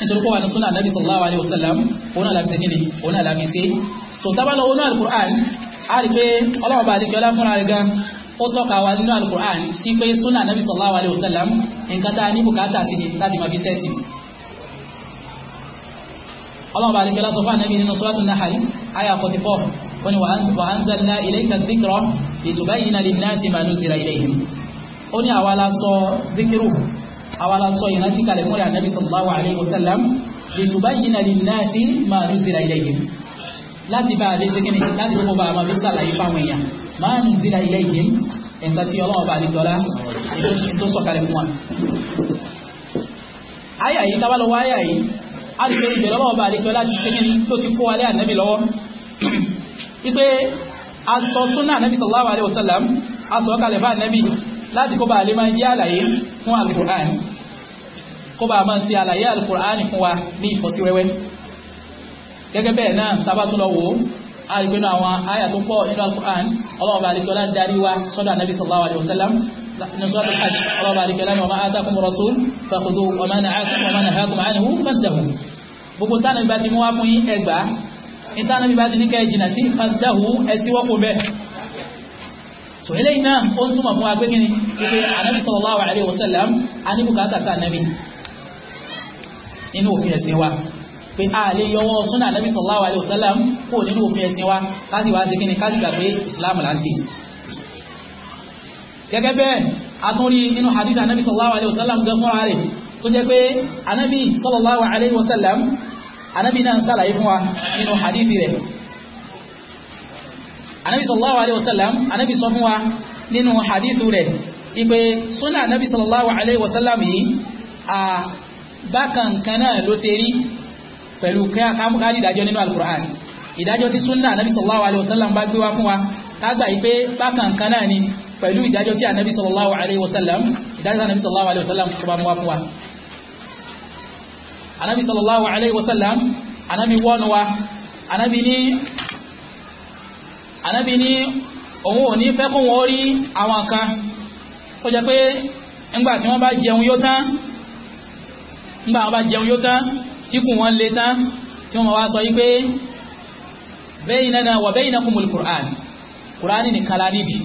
nítorí kó wà nínú sunnah nabi sallallahu alayhi wa sallam òun náà làbí ṣe kíni òun so tábàlọ́ òun náà a rí pé ọlọ́wọ́ bá àdékẹ́ ọlá ó tọ́ka wa nínú alukur'an sí pé sunnah nabi sallallahu alayhi 44 wọ́n ni wa anzalna ilayka dhikra litubayyina linnasi ma nuzila ilayhim ó ní àwa la sọ zikiru àwa la sọ ìrántí kalẹ̀ fún ànábì sallallahu alayhi wa sallam litubayyina linnasi ma nuzila ilayhim láti bá a ṣe kíni láti gbogbo bá a sàlàyé fáwọn èèyàn ma nuzila ilayhim ẹ̀ka tí ọlọ́wọ́ bá a lè tọ́lá sọ̀kalẹ̀ fún wa. àyà yìí tábàlọ́wọ́ àyà yìí a lè ṣe ìbẹ̀lọ́wọ́ bá a ti ṣe kíni tó ti kó alẹ́ ànábì lọ́wọ́ wípé aṣọ súnà nẹ́bí sallallahu alaihi wasallam aṣọ kalẹ̀ bá nẹ́bí láti kó bá lè máa jẹ́ àlàyé fún alukur'an kó bá máa ṣe àlàyé alukur'an fún wa ní ìfọ́síwẹ́wẹ́ gẹ́gẹ́ bẹ́ẹ̀ náà tábà tún lọ wò ó àrígbénu àwọn àyà tó pọ̀ nínú alukur'an ọlọ́ọ̀bà الحج الله بارك لنا وما آتاكم الرسول فخذوه وما نعاكم وما نهاكم عنه فانتهوا gbogbo tánà ìgbà tí ìtànàbí bá ti ní kẹ́ jìnà sí fàjáhù ẹsíwọ́pò bẹ́ẹ̀ so eléyìí náà ó ń túmọ̀ fún agbé kíni wípé anábì sallallahu alaihi wasallam a ní bùkátà sí anábì nínú òfin ẹ̀sìn wa pé a lè yọwọ́ súnà anábì sallallahu alaihi wasallam kò nínú òfin ẹ̀sìn wa kásì wá sí kíni kásì gbà pé islam là ń sìn gẹ́gẹ́ bẹ́ẹ̀ a tún rí anábì náà sàlàyé fún wa nínú hadithi rẹ̀ anábì sallallahu alaihi wasallam anábì sọ fún wa nínú hadithu rẹ̀ ipe súnà anábì sallallahu alaihi wasallam yìí a bákan kan náà ló ṣe rí pẹ̀lú káàkiri ìdájọ́ nínú al-Qur'an ìdájọ́ tí súnà anábì sallallahu alaihi wasallam bá gbé wá fún wa kágbà ipe bákan kan náà ni pẹ̀lú ìdájọ́ tí anábì sallallahu alaihi wasallam ìdájọ́ anábì sallallahu alaihi wasallam tó bá mú wá fún wa anábi sallallahu alaihi wasallam anábi wọ́nu wa anábi ní anábi ní òun ò ní fẹ́ kún wọ́n rí àwọn kan tó jẹ́ pé ńgbà tí wọ́n bá jẹun yó tán ńgbà wọ́n bá jẹun yó tán tí kùn wọ́n le tán tí wọ́n wá sọ yí pé baynana wa baynakumul Qur'an Qur'an nìkan la nídìí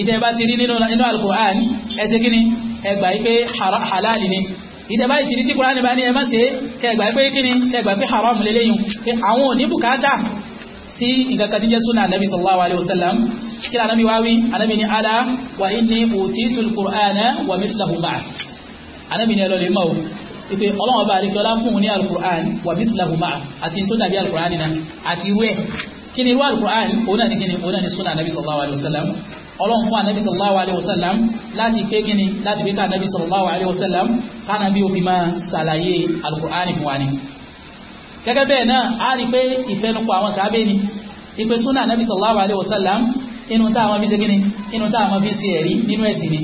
ìdẹ́ bá ti rí nínú al-Qur'an ẹsẹ̀ kí ni ẹgbà yí pé halal ni ìdẹ̀bá ìtìrí tí kùránì bá ní ẹmá sí kẹgbà pé kíni kẹgbà pé haram lélẹ́yìn àwọn òní bùkátà sí ìgakaníjẹ́ súnà anábi sallallahu alaihi wasallam kí anábi wáwí anábi ni ala wa inni utitul qur'ana wa mithlahu ma'a anábi ni ẹlọ́lẹ̀ mọ́ ipe ọlọ́wọ́ bá ọlọ́run fún anabi sallallahu alayhi wa sallam láti pé kíni láti pé ká anabi sallallahu alayhi wa sallam kánabi ó fi máa ṣàlàyé alukur'ani fún wa ni. gẹ́gẹ́ bẹ́ẹ̀ náà a rí pé ìfẹnukọ àwọn sábẹ́ ni ìpè súnà anabi sallallahu alayhi wa sallam inú tá àwọn fi ṣe kíni inú tá àwọn fi ṣe ẹ̀rí nínú ẹ̀sìn ni.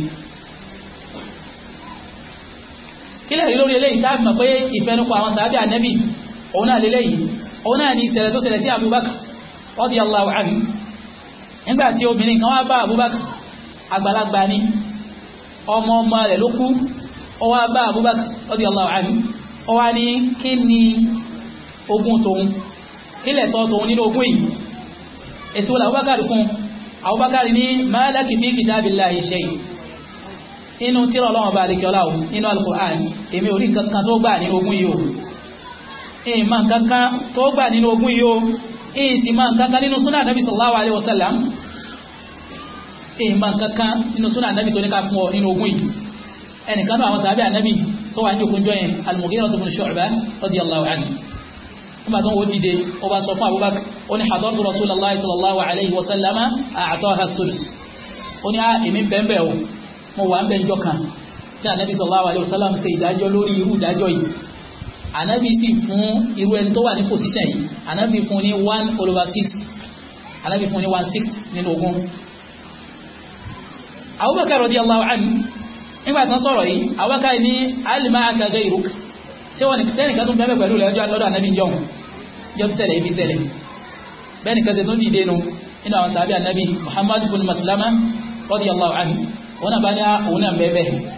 kílẹ̀ rí lórí eléyìí tá nígbàtí obìnrin kan wá bá Abubakar àgbàlagbà ni ọmọ ọmọ rẹ̀ ló kú ó wá bá Abubakar radiyallahu anhu ó wá ní kí ni ogún tòun kí lẹ̀tọ́ tòun nínú ogún yìí èsì wọ́n Abubakar fún Abubakar ní ma laki fi kitabillahi shay inú tíra ọlọ́wọ́n bá àdékẹ́ ọláwọ́ inú al-Qur'an èsì máa kankan nínú súnà ànábì sallallahu alaihi wasallam èyí máa kankan nínú súnà ànábì tó ní ká fún ọ nínú ogun yìí ẹnìkan náà àwọn sàábì ànábì tó wà ní òkúnjọ yẹn al-Mughirah ibn Shu'bah radiyallahu anhu nígbà tó ń wo dìde ó bá sọ fún Abubakar ó ní hadartu Rasulullahi sallallahu alaihi wasallam a'taha as-sudus ó ní ah, èmi jọ kan tí ànábì sallallahu alaihi anabi sì fún irú ẹni tó wà ní position yìí anabi fún ní one over six anabi fún ní one sixth nínú ogún abubakar radiyallahu anhu nígbà tán sọ̀rọ̀ yìí abubakar ní alima akagẹ́ ìrúk tí wọ́n sẹ́ni kan tún bẹ́ẹ̀ pẹ̀lú lẹ́jọ́ lọ́dọ̀ anabi jọun yọ fi ṣẹlẹ̀ ibi ṣẹlẹ̀ bẹ́ẹ̀ ni kẹsẹ̀ tún dìde nu nínú àwọn sàbí anabi muhammadu bin maslama radiyallahu anhu wọn náà bá ní àwọn ah, náà bẹ́ẹ̀ bẹ́ẹ̀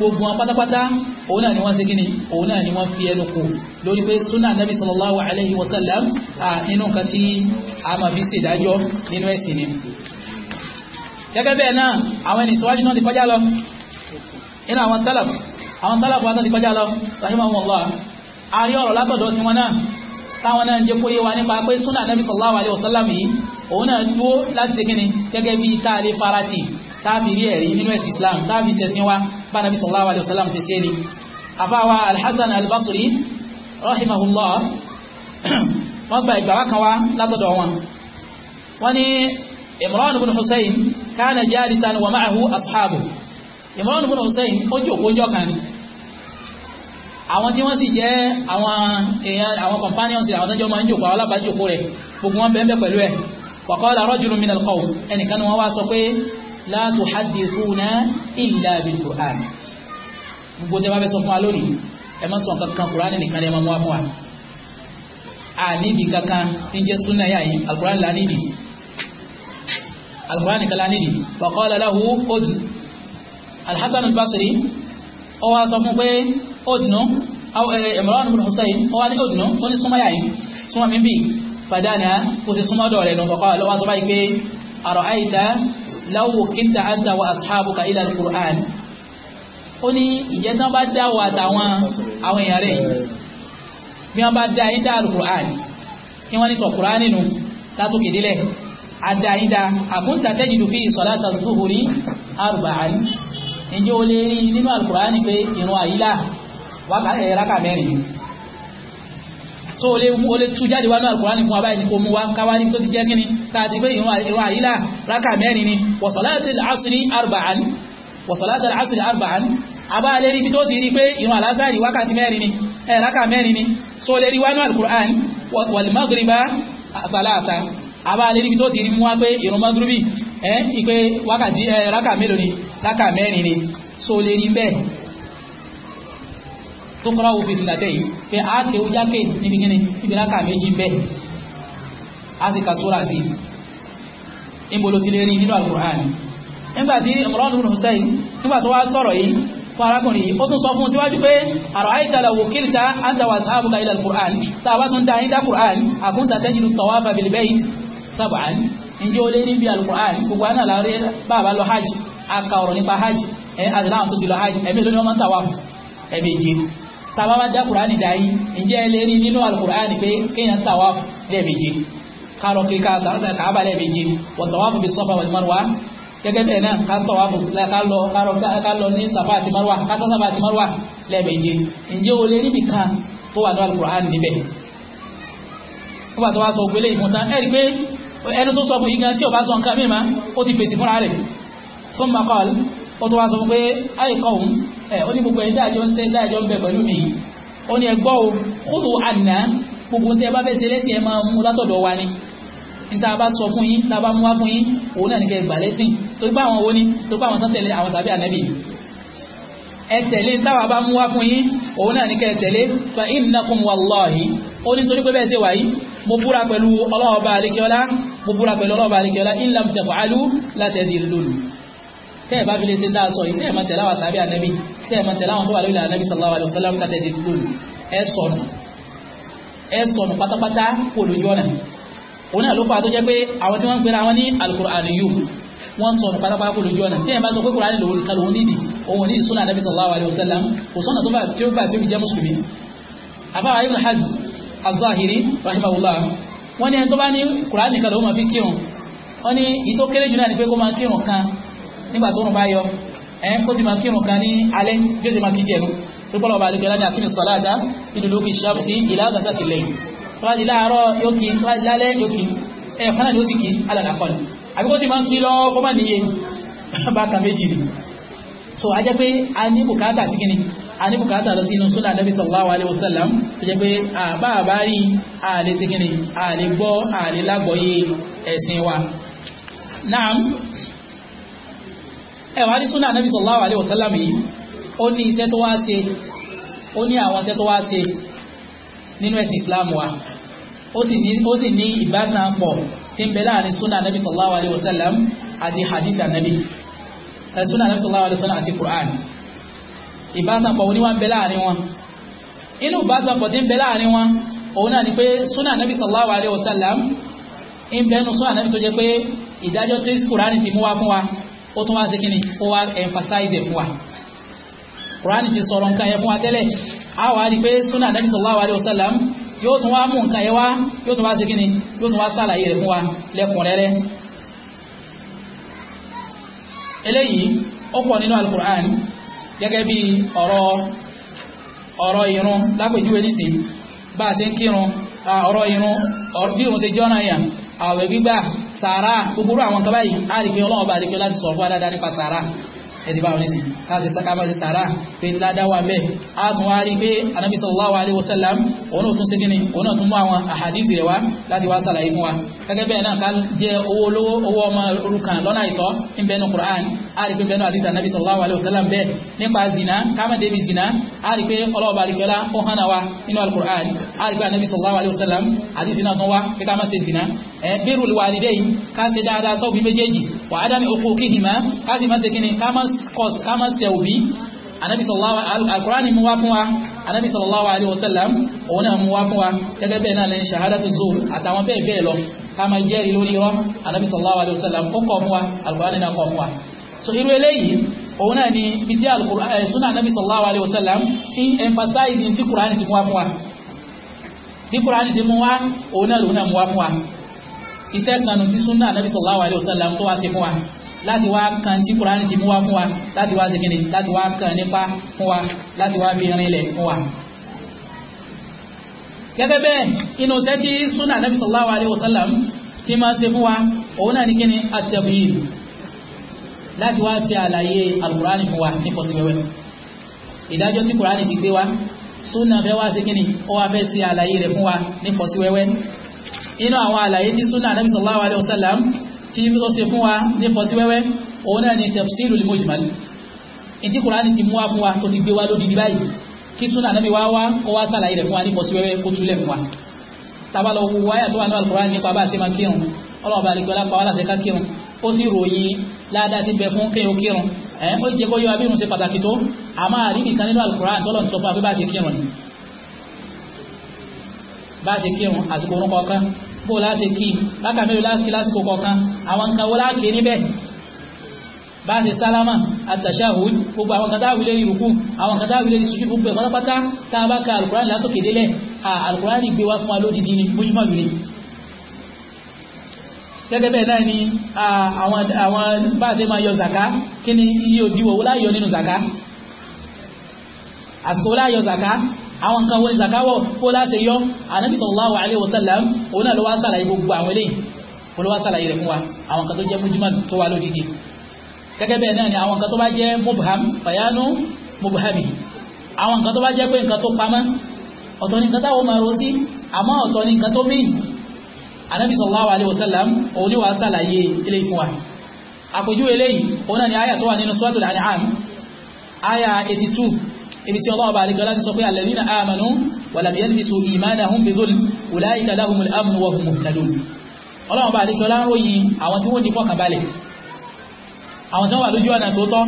gbogbo wọn pátápátá òun náà ni wọ́n ṣe kí ni òun náà ni wọ́n fi ẹnu kò lórí pé súnà nabi sallallahu alayhi wa sallam nínú nǹkan tí a máa fi ṣèdájọ́ nínú ẹ̀sìn ni gẹ́gẹ́ bẹ́ẹ̀ náà àwọn ẹni ìsọ́wájú náà ti kọjá lọ inú àwọn sálàf àwọn sálàf wa náà ti kọjá lọ rahimahumullah a rí ọ̀rọ̀ látọ̀dọ̀ tiwọn náà táwọn náà jẹ́ kóyé wa nípa pé súnà nabi sallallahu alayhi farati táàfi rí ẹ̀rí nínú ẹ̀sìn islam táàfi sẹ̀sìn wa bá nàbí sallallahu alaihi wasallam ṣe ṣe ni àfáwa alhassan albasri rahimahullah [clears throat] wọ́n gba ìgbà wákan wá látọ̀dọ̀ wọn wọ́n ní imran ibn hussein kana jalisan wa ma'ahu ashabu imran ibn hussein ó jókòó ọjọ́ kan ni àwọn tí wọ́n sì jẹ́ àwọn èèyàn àwọn companions àwọn tó jọ máa ń jókòó àwọn alábàájókòó rẹ̀ gbogbo wọn bẹ́ẹ̀ pẹ̀lú ẹ̀ wa qala rajulun min alqawm ẹnìkan ni wọ́n wá sọ pé la tuhaddithuna illa bil Qur'an gbogbo tẹ́ bá fẹ́ sọ fún wa lónìí ẹ má sọ kankan Qur'an nìkan ẹ má mú wa fún wa ànídìí kankan tí ń jẹ́ súnà yá yìí Al-Qur'an la nídìí Al-Qur'an nìkan la nídìí wa qala lahu udnu Al-Hasan al-Basri ó wá sọ fún pé udnu Imran ibn Husayn ó wá ní udnu ó ní súnmọ́ yá yìí súnmọ́ mi bì fàdánà kò sì súnmọ́ dọ̀ọ̀rẹ̀ nù wa qala láwò kíta àǹtà wa ashabuka ila al-Qur'an ó ní ìjẹ́ tán bá dá wa àtàwọn àwọn èèyàn rẹ̀ bí wọ́n bá dá yín dá al-Qur'an kí wọ́n ní tọ̀ Qur'an nínú látòkè délẹ̀ àdáyídá àkúntà tajidu fi salata zuhuri arba'an ǹjẹ́ o lè rí nínú al-Qur'an pé ìrun àyílà wákàtí ẹ̀ráka mẹ́rin so o lè mú o lè tú jáde wá náà Al-Qur'ani fún abáyé ní kò mú wá káwárí tó ti jẹ́ kíni tààtì pé ìwọ̀n àyílà rákà mẹ́rin ni wa salatul asri arba'an wa salatul asri arba'an abá lè rí bí tó ti rí pé ìwọ̀n alásàrí wákàtí mẹ́rin ni ẹ̀ rákà mẹ́rin ni so lè rí wá náà al tó ti rí wá pé ìrun magrubi ẹ́ tó kọ́ra òfin ìtìlátẹ́ yìí pé a kè ó jákè níbi kíni níbi láka méjì bẹ́ẹ̀ a sì ka sóra sí i níbo ló ti lè rí nínú alukur'ani nígbà tí Imran ibn Husayn nígbà tó wá sọ̀rọ̀ yìí fún arákùnrin yìí ó tún sọ fún síwájú pé àrọ̀ àìtàlà wò kílìta àtàwà sáàbùkà ilẹ̀ alukur'ani tá a bá tún da ayé dá kur'ani àkúntà tẹ́jú tawafa bil bayt sábàá ǹjẹ́ ẹ̀mí lónìí wọ́n máa ń ẹ̀mí jẹ́ sábàbá já kùránì dáyí ǹjẹ́ lè rí nínú alkùránì pé kéèyàn tàwáfù lẹ́ẹ̀mejì kárọ̀ kí káàbà lẹ́ẹ̀mejì wọ́n tàwáfù bí sọ́fà wal marwa gẹ́gẹ́ bẹ́ẹ̀ náà ká tàwáfù ká lọ ní sàfà àti marwa ká sàfà àti marwa lẹ́ẹ̀mejì ǹjẹ́ o lè rí nìkan tó wà ní alkùránì níbẹ̀ nígbà tó wá sọ gbélé ìfúntán ẹ̀rí pé ẹni tó sọ fún igan tí ò sọ nǹkan mímá ó ti fèsì fúnra rẹ̀ fún makọ́ọ̀lù ó tó wá sọ pé àìkọ́ òun ẹ̀ ó ní gbogbo ẹ̀ dáàjọ́ ń ṣe dáàjọ́ ń bẹ pẹ̀lú mi ó ní ẹgbọ́ o kúrò àná gbogbo tẹ́ bá fẹ́ ṣe lẹ́sìn ẹ máa mú látọ̀dọ̀ wa ni níta bá sọ fún yín tá a bá mú wá fún yín òun náà ní gbà lẹ́sìn torí pé àwọn wo ni torí pé àwọn tán tẹ̀lé àwọn sàbí ànábì ẹ tẹ̀lé táwa bá mú wá fún yín òun náà ní tẹ̀lé fa innakum wallahi ó ní torí pé bẹ́ẹ̀ ṣe wà yìí mo búra pẹ̀lú ọlọ́ọ̀bá àríkẹ́ọ́lá mo búra pẹ̀lú ọlọ́ọ̀bá àríkẹ́ọ́lá in lam taf'alu la tadillun tẹ́ ẹ̀ bá fi lè ṣe dáa sọ yìí tẹ́ ẹ̀ máa tẹ̀lé àwọn sàbí ànábì tẹ́ máa tẹ̀lé àwọn tó wà lórí ànábì sallallahu alaihi wasallam kàtẹ́ di lónìí ẹ sọnù ẹ sọnù pátápátá kò lójú ọ̀nà òun náà ló fà á tó jẹ́ pé àwọn tí wọ́n ń pera wọn ní al-Qur'aniyun wọ́n sọnù pátápátá kò lójú ọ̀nà tí bá sọ pé Kùránì lòun nídìí òun ní sunnah sallallahu alaihi wasallam kò sọ́nà tó bá tí ó bá tí ó fi jẹ́ mùsùlùmí àbáwá Ibn Hazm az-Zahiri rahimahullah wọ́n ní ẹni ni pé kó nígbà tó rùn bá yọ ẹ̀ kó sì máa kírun kan ní alẹ́ bí ó sì máa kí jẹ̀nu tó pọ́lọ̀ bá alẹ́gbẹ̀ẹ́ láti àkínú sọ̀láàdá ìdúdó kì sàmsì ìlà àgàsà kì lẹ́yìn ni ó sì kí alàdà kọ́ni àbí kó sì máa kí lọ kó má níye [laughs] bákan méjì ni so a jẹ́ pé a ní bùkátà alaihi wasallam tó jẹ́ pé àbáàbá rí ààlè sí kíni ààlè naam ẹ̀wọ̀n ní súnà anábì sallallahu alaihi wasallam yìí ó ní iṣẹ́ tó wá ṣe ó ní àwọn iṣẹ́ tó wá ṣe nínú ẹ̀sìn islam wa ó sì ní ìbátan pọ̀ tí ń bẹ láàrin súnà anábì sallallahu alaihi wasallam àti hadith anábì súnà anábì sallallahu alaihi wasallam àti quran ìbátan pọ̀ oníwà ń bẹ láàrin wọn inú ìbátan pọ̀ tí ń bẹ láàrin wọn òun náà ni pé súnà anábì sallallahu alaihi wasallam ń bẹnu súnà anábì tó jẹ́ pé ìdájọ́ tí kùránì ti mú wá fún wa ó tún wá sí kíni ó wá emphasize fún wa Quran ti sọ̀rọ̀ nǹkan yẹn fún wa tẹ́lẹ̀ a wà rí pé súnà Ànábì sallallahu alaihi wasallam yóò tún wá mú al-Qur'an gẹ́gẹ́ bí ọ̀rọ̀ ọ̀rọ̀ ìrun lápèjúwe nísìn bá a ṣe ń kírun ọ̀rọ̀ ìrun bí òun ṣe jọ́nà yàn àwẹ̀ gbígbà sàárà gbogbo àwọn kan báyìí á rí pé láti sọ fún nípa sàárà ẹ̀dì bá wọn sí káàsì sákàbà sí sàárà pé ládáwà mẹ́ a tún wá rí pé anábi sallallahu alaihi wasallam òun náà tún sí kíni òun náà tún mú àwọn àhàdìsì rẹ̀ wá láti wá sàlàyé fún wa gẹ́gẹ́ bẹ́ẹ̀ náà ká jẹ́ owó olówó owó ọmọ orúkàn lọ́nà ìtọ́ ń bẹnu Qur'an a rí pé bẹnu àdìsì anábi sallallahu alaihi wasallam bẹ́ẹ̀ nípa zina káàmà débi zina a rí pé ọlọ́ọ̀bà àríkẹ́lá ó hànà wa ká má ṣe òbí anabi sallallahu alkurani mú wá fún wa anabi sallallahu alaihi wasallam òun náà mú wá fún wa gẹ́gẹ́ bẹ́ẹ̀ náà lẹ́yìn shahadatu zuur àtàwọn bẹ́ẹ̀ bẹ́ẹ̀ lọ ká máa jẹ́rìí lórí irọ́ anabi sallallahu alaihi wasallam ó kọ̀ fún wa alkurani náà kọ̀ fún wa so irú eléyìí òun náà ni ìtí alkurani eh, sunna anabi sallallahu alaihi wasallam in emphasizing tí kurani ti mú wá fún wa bí kurani ti mú wá òun náà lòun náà mú wá wa iṣẹ́ kanu ti sunna anabi sallallahu alaihi wasallam tó wá ṣe fún wa láti wá kan tí kùránì ti mú wá fún wa láti wá ṣèkìnnì láti wá kan nípa fún wa láti wá fi rinlẹ̀ fún wa gẹ́gẹ́ bẹ́ẹ̀ inú iṣẹ́ tí súnà nàbì sallallahu alaihi wasallam tí máa ṣe fún wa òun náà ni at-tabyin láti wá ṣe àlàyé alkùránì fún wa ní fọ́síwẹ́wẹ́ ìdájọ́ tí kùránì ti gbé wa súnà fẹ́ wá ṣe ni ó wá fẹ́ ṣe àlàyé rẹ̀ fún wa ní fọ́síwẹ́wẹ́ inú àwọn àlàyé tí súnà nàbì sallallahu alaihi wasallam tí ó ṣe fún wa ní fọ́sí wẹ́wẹ́ òun náà ni tafsirul mujmal ìtí kùránì ti mú wá fún wa tó ti gbé wá lódìdí báyìí kí súnà náà mi wá wá kó wá sàlàyé rẹ̀ fún wa ní fọ́sí wẹ́wẹ́ kó túlẹ̀ fún wa tabalọ wo wáyà tó wà ní alukùránì nípa bá a ṣe máa kírun ọlọ́run bá alẹ́gbẹ̀lá pa wá láṣẹ ká kírun ó sì ròyìn ládàá ti bẹ fún kéèyàn kírun ẹ̀ ó jẹ́ kó yọ abírun ṣe pàtàkì tó àmọ́ àríbì kan nínú alukùránì tọ́lọ̀ ti sọ fún wa pé bá a ṣe kírun ni bá a ṣe kírun àsìkò orúkọ kan bó láṣe kí láka mélòó láti lásìkò kọ̀ọ̀kan àwọn nǹkan wọ́n láàkè níbẹ̀ bá ṣe sálámà àtàṣàhùd gbogbo àwọn kan táwílé ìrùkú àwọn kan táwílé ìṣújú gbogbo ẹ̀ pátápátá tá a bá ka alukurani látòkè délẹ̀ alukurani ni bójúmọ́ lulẹ̀ gẹ́gẹ́ bẹ́ẹ̀ náà ni àwọn bá ṣe máa yọ zaka kí àwọn nǹkan wọ́n ìzàkáwọ̀ kó láṣe yọ ànábì sallallahu alaihi wasallam òun náà ló wá sàlàyé gbogbo àwọn eléyìí ó ló wá sàlàyé rẹ̀ fún wa àwọn nǹkan tó jẹ́ mujmal tó wá lódìdí gẹ́gẹ́ bẹ́ẹ̀ náà ni àwọn nǹkan tó bá jẹ́ mubham bayanu mubhami àwọn nǹkan tó bá jẹ́ pé nǹkan ni nǹkan táwọn máa rò sí ni nǹkan tó mìn ànábì sallallahu alaihi wasallam òun ni wá sàlàyé eléyìí fún wa ni àyà tó wà nínú suratul 82 ibi tí ọlọ́wọ́ bá alẹ́kọ́ láti sọ pé alladhina amanu wa lam yalbisu imanahum bidhulm ulaika lahumul amnu wa hum muhtadun ọlọ́wọ́ bá alẹ́kọ́ láńròyìn àwọn tí wọ́n ní fọkànbalẹ̀ àwọn tí wọ́n wà lójú ọ̀nà tó tọ́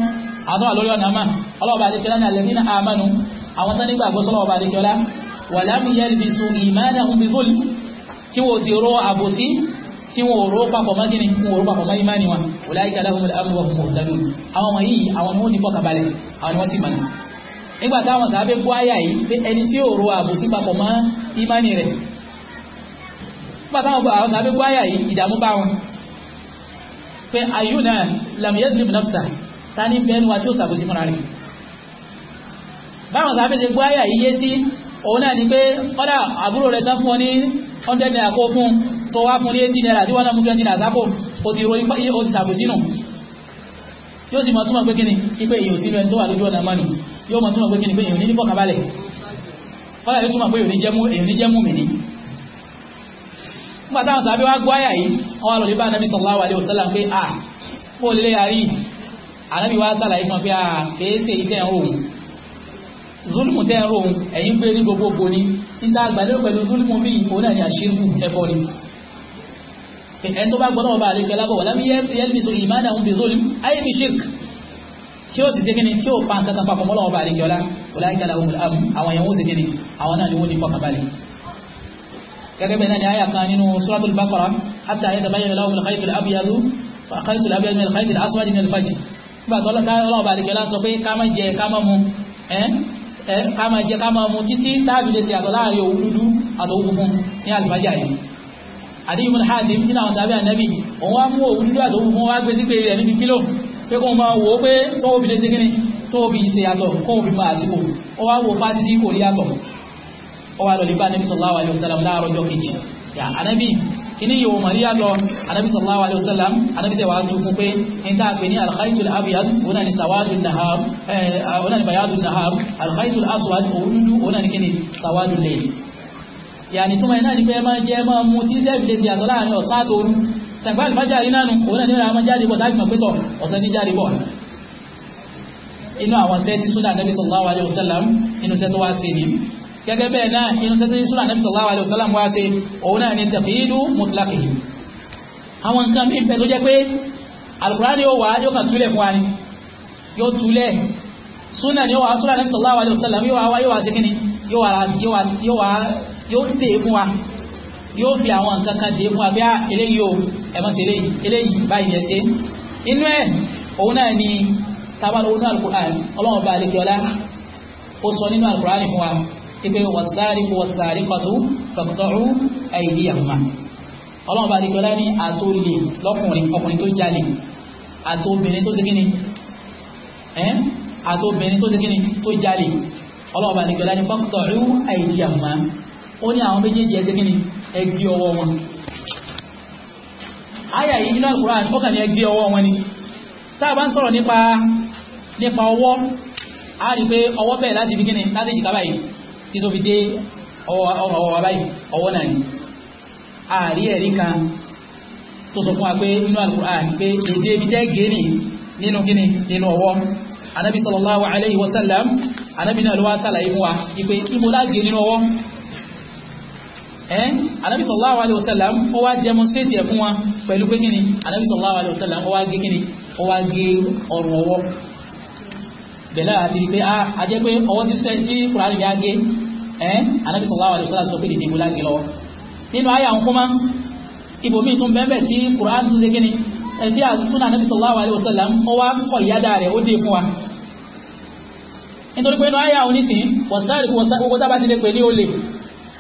nígbà táwọn sàábé gbọ́ àyà yìí pé ẹni tí ò ro àbòsí papọ̀ mọ́ ìmánì rẹ̀ nígbà táwọn sàábé gbọ́ àyà yìí ìdààmú bá wọn pé ayúnà lamiyezlib nafsa ta ní bẹ́ẹ̀ wa tí ó sàbòsí fúnra rẹ̀ báwọn sàábé ṣe gbọ́ àyà yìí yé sí òun náà ni pé kọ́dà àbúrò rẹ̀ tán fún ọ ní 100 naira kó fún tó wá fún ní 80 naira tí wọ́n náà mú 20 naira sápò ó ti sàbòsí nù yóò sì máa túmọ̀ pé kíni ipé èyàn sínú ẹni tó wà lójú ọ̀nà mọ́ni yóò máa túmọ̀ pé kíni pé èyàn ní nífọ̀kàbalẹ̀ kọ́lá yóò túmọ̀ pé èyàn ní jẹ́mú mi ní nígbà táwọn sàbí wá gbọ́ àyà yìí ọwọ́ lọ lè bá anábì sallallahu alaihi wasallam pé à kó lè yàrí anábì wá náà ẹni tó bá gbọ́ náà bá àlékẹ́ lábọ̀ wà lábí yẹ́lbìsọ ìmáàdà ń bè zólim ayébi shirk tí ó sì ṣe kíni tí ó pa nǹkan kan papọ̀ mọ́lọ́wọ́ bá àlékẹ́ ọlá ọlá ìkàlà ohun àbù àwọn èèyàn ó sì kíni àwọn náà ni wọ́n ní fọkàn balẹ̀ gẹ́gẹ́ bẹ́ẹ̀ náà ni àyà kan nínú suratul baqara hatta yatabayyana lahum al-khaytul abyadu wa khaytul abyadu min al-khaytil aswadi min al-fajr nígbà tó ọlọ́wọ́ bá àlékẹ́ ọlá sọ pé ká má jẹ ká má mu ká má jẹ ká má mu títí táàbì lè ṣe àtọ̀ láàrin òwú dúdú àtọ̀ òwú funfun ní àlùfájà yìí àdéyí mọ́ hajji nínú àwọn sàbí ànábì òun wá mú òun dúdú àtòwò fún wá gbé sí pé rẹ̀ níbi kílò pé kóun máa wò ó pé tóun fi lè ṣe kíni tóun fi ṣe yàtọ̀ kóun fi máa síkò ó wá wo fátítí kò rí yàtọ̀ ó wá lọlẹ̀ bá ànábì sallallahu alaihi wasallam láàárọ̀ ọjọ́ kejì yà ànábì kíní yòó mọ̀ rí yàtọ̀ ànábì sallallahu alaihi wasallam yàní túnmọ̀ iná ní pé máa jẹ máa mú tí tẹ́bìlẹ̀ sí àtọ́ láàrin ọ̀sán àtòrú sẹ̀gbá ìfájà rí náà òun náà ní ra máa jáde bọ̀ tàbí mọ̀ pétọ̀ ní jáde bọ̀ inú àwọn sẹ́ tí súnà nẹ́bí alaihi wasallam inú sẹ́ tó wá sí ni gẹ́gẹ́ bẹ́ẹ̀ náà inú sẹ́ tí alaihi wasallam wá sí òun náà ní taqyidu mutlaqi àwọn nǹkan bí ìpẹ́ Al-Qur'ani yóò wá yóò kàn túlẹ̀ fún ni yóò túlẹ̀ súnà ni alaihi wasallam yóò wá yóò wá sí kíni yóò wá yóò dé fún wa yóò fi àwọn nǹkan kan dé fún wa bí ah, eléyìí o ẹ̀mọ́ sí eléyìí eléyìí báyìí ẹ̀ ṣe inú ẹ̀ òun náà ni tábàlù onú alukur'an ọlọ́run bá alẹ́ kíọ́lá ó sọ nínú alukur'an fún wa ipe wasariqu wasariqatu faqta'u aydiyahuma ọlọ́run bá alẹ́ kíọ́lá ní àtòlè lọ́kùnrin ọkùnrin tó jalè àtòbìnrin tó ṣe kíni àtòbìnrin tó ṣe tó jalè ọlọ́run bá alẹ́ kíọ́lá ní faqta'u aydiyahuma ó ní àwọn méjèèjì ẹsẹ̀ kí ni ẹgbẹ́ ọwọ́ wọn àyà yìí nínú Al-Qur'an ó kàn ní ọwọ́ wọn ni tá a bá ń sọ̀rọ̀ nípa nípa ọwọ́ a rí pé ọwọ́ bẹ̀rẹ̀ láti fi kí ni láti jìkà báyìí tí tó fi dé ọmọ ọwọ́ báyìí ọwọ́ náà ni àrí ẹ̀rí kan tó sọ fún wa anabi sallallahu alayhi wa sallam anabi náà ló wá sàlàyé fún wa ipe ibo láti gẹ́ nínú ẹ́ anábì wasallam ó wá demonstrate ẹ̀ fún wa pẹ̀lú pé kíni anábì sallallahu alaihi wasallam ó wá gé kíni ó wá gé ọrùn ọwọ́ bẹ̀lá àti rí pé ah, a jẹ́ pé ọwọ́ ti sẹ́ tí kùránì ní agé ẹ́ anábì sallallahu alaihi wasallam sọ pé dìde múlá gé lọ́wọ́ nínú ayé àwọn kọ́má ibòmí tún bẹ́ẹ̀ tí kùránì tún ṣe kíni ẹ̀tí àtúnà anábì sallallahu alaihi wasallam ó wá kọ̀ ìyádà rẹ̀ ó dé fún wa nítorí pé inú ayé àwọn onísìn wọ̀sáàrì kó wọ́n tá bá ti lè pè ní olè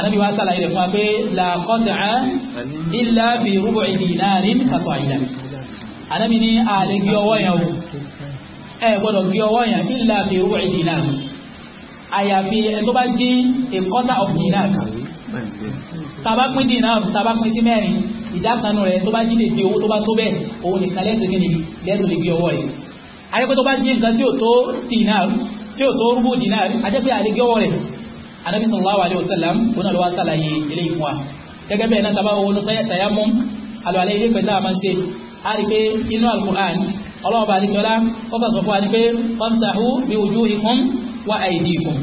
anábì wá sàlàyé rẹ̀ fún wa pé la qat'a illa fi rubu'i dinarin fasa'ida anábì ní ààlè gí ọwọ́ yẹn o ẹ gbọ́dọ̀ gí ọwọ́ yẹn illa fi rubu'i dinar àyàfi ẹ tó bá jí a quarter of dinar kan tàbá pín dinar tàbá pín sí mẹ́rin ìdákanu rẹ̀ tó bá jí lè di owó tó bá tó bẹ́ẹ̀ òun nìkan lẹ́tọ̀ọ́ kí ni lẹ́tọ̀ọ́ lè gí ọwọ́ rẹ̀ ayẹ́pẹ́ tó bá jí nǹkan tí ò tó dinar tí ò tó rúbù dinar ajẹ́pẹ́ àlè gí ọwọ́ rẹ̀ anabi sallallahu alayhi wa sallam wọn lọ wá sàlàyé eléyìí fún wa gẹ́gẹ́ bẹ́ẹ̀ náà sábà wọn fẹ́ tàyámú alùpàlẹ́ ilé pẹ̀lú àwọn máa ń ṣe a rí pé inú alukur'an ọlọ́ọ̀bà alikọ́lá ó fà sọ fún wa ni pé famsahu bi wujuhikum wa aydikum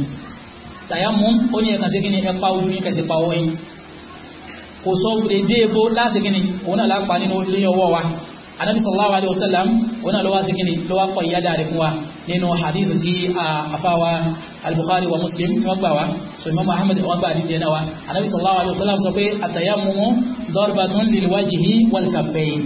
tàyámú ó ní ẹ̀ka ṣẹ́kí ni ẹ pa ojú yín kẹsì pa ọwọ́ yín kò sọ dédé ebo láṣẹ́kí ni òun náà lápá nínú ilé ọwọ́ wa anabi sallallahu alayhi wa sallam wọn lọ wá sí kíni lọ wá kọ ìyáda rẹ̀ fún wa nínú hadithu a afawa. al-bukhari wa muslim tí wọ́n gbà wá so imam ahmed wọ́n gbà àdìsí ẹ̀nà wa anabi sallallahu alayhi wa sallam sọ pé àtàyàmùmù darbatun lil wajhi wal kaffayn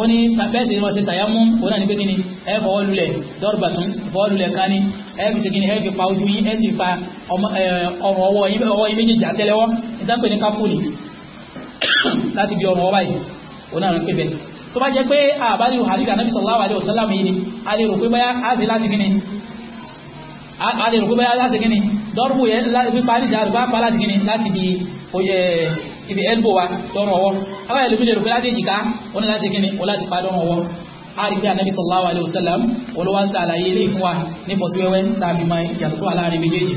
ó ní bẹ́ẹ̀sì ni wọ́n ṣe tàyámú ó náà ní pé kí ni ẹ fọwọ́ lulẹ̀ dọ́rùbà tún fọwọ́ lulẹ̀ ká ní ẹ fi ṣe kí ni ẹ fi pa ojú yín ẹ sì fa ọrùn ọwọ́ yín méjèèjì àtẹ́lẹwọ́ ìtàpẹ̀ ní káfù ni [coughs] láti bí ọrùn ọwọ́ báyìí náà ń pè bẹ́ẹ̀ tó bá jẹ́ pé àbálẹ̀ hadith anabi sallallahu alayhi wa sallam yìí ni a lè rò pé báyà á ṣe láti kíni a lè rò pé báyà á ṣe kíni dọ́rùbù yẹn pípa ní ìṣàlù bá pa láti kíni láti di ibi elbow wa dọ́rùn ọwọ́ àwọn ẹlòmí lè rò pé láti èjìká ó ní láti kíni ó láti pa dọ́rùn a rí pé anabi sallallahu alayhi wa sallam olówó ṣàlàyé ilé ìfún wa ní pọ̀síwẹ́wẹ́ tàbí máa yàtọ̀ àláàrin méjèèjì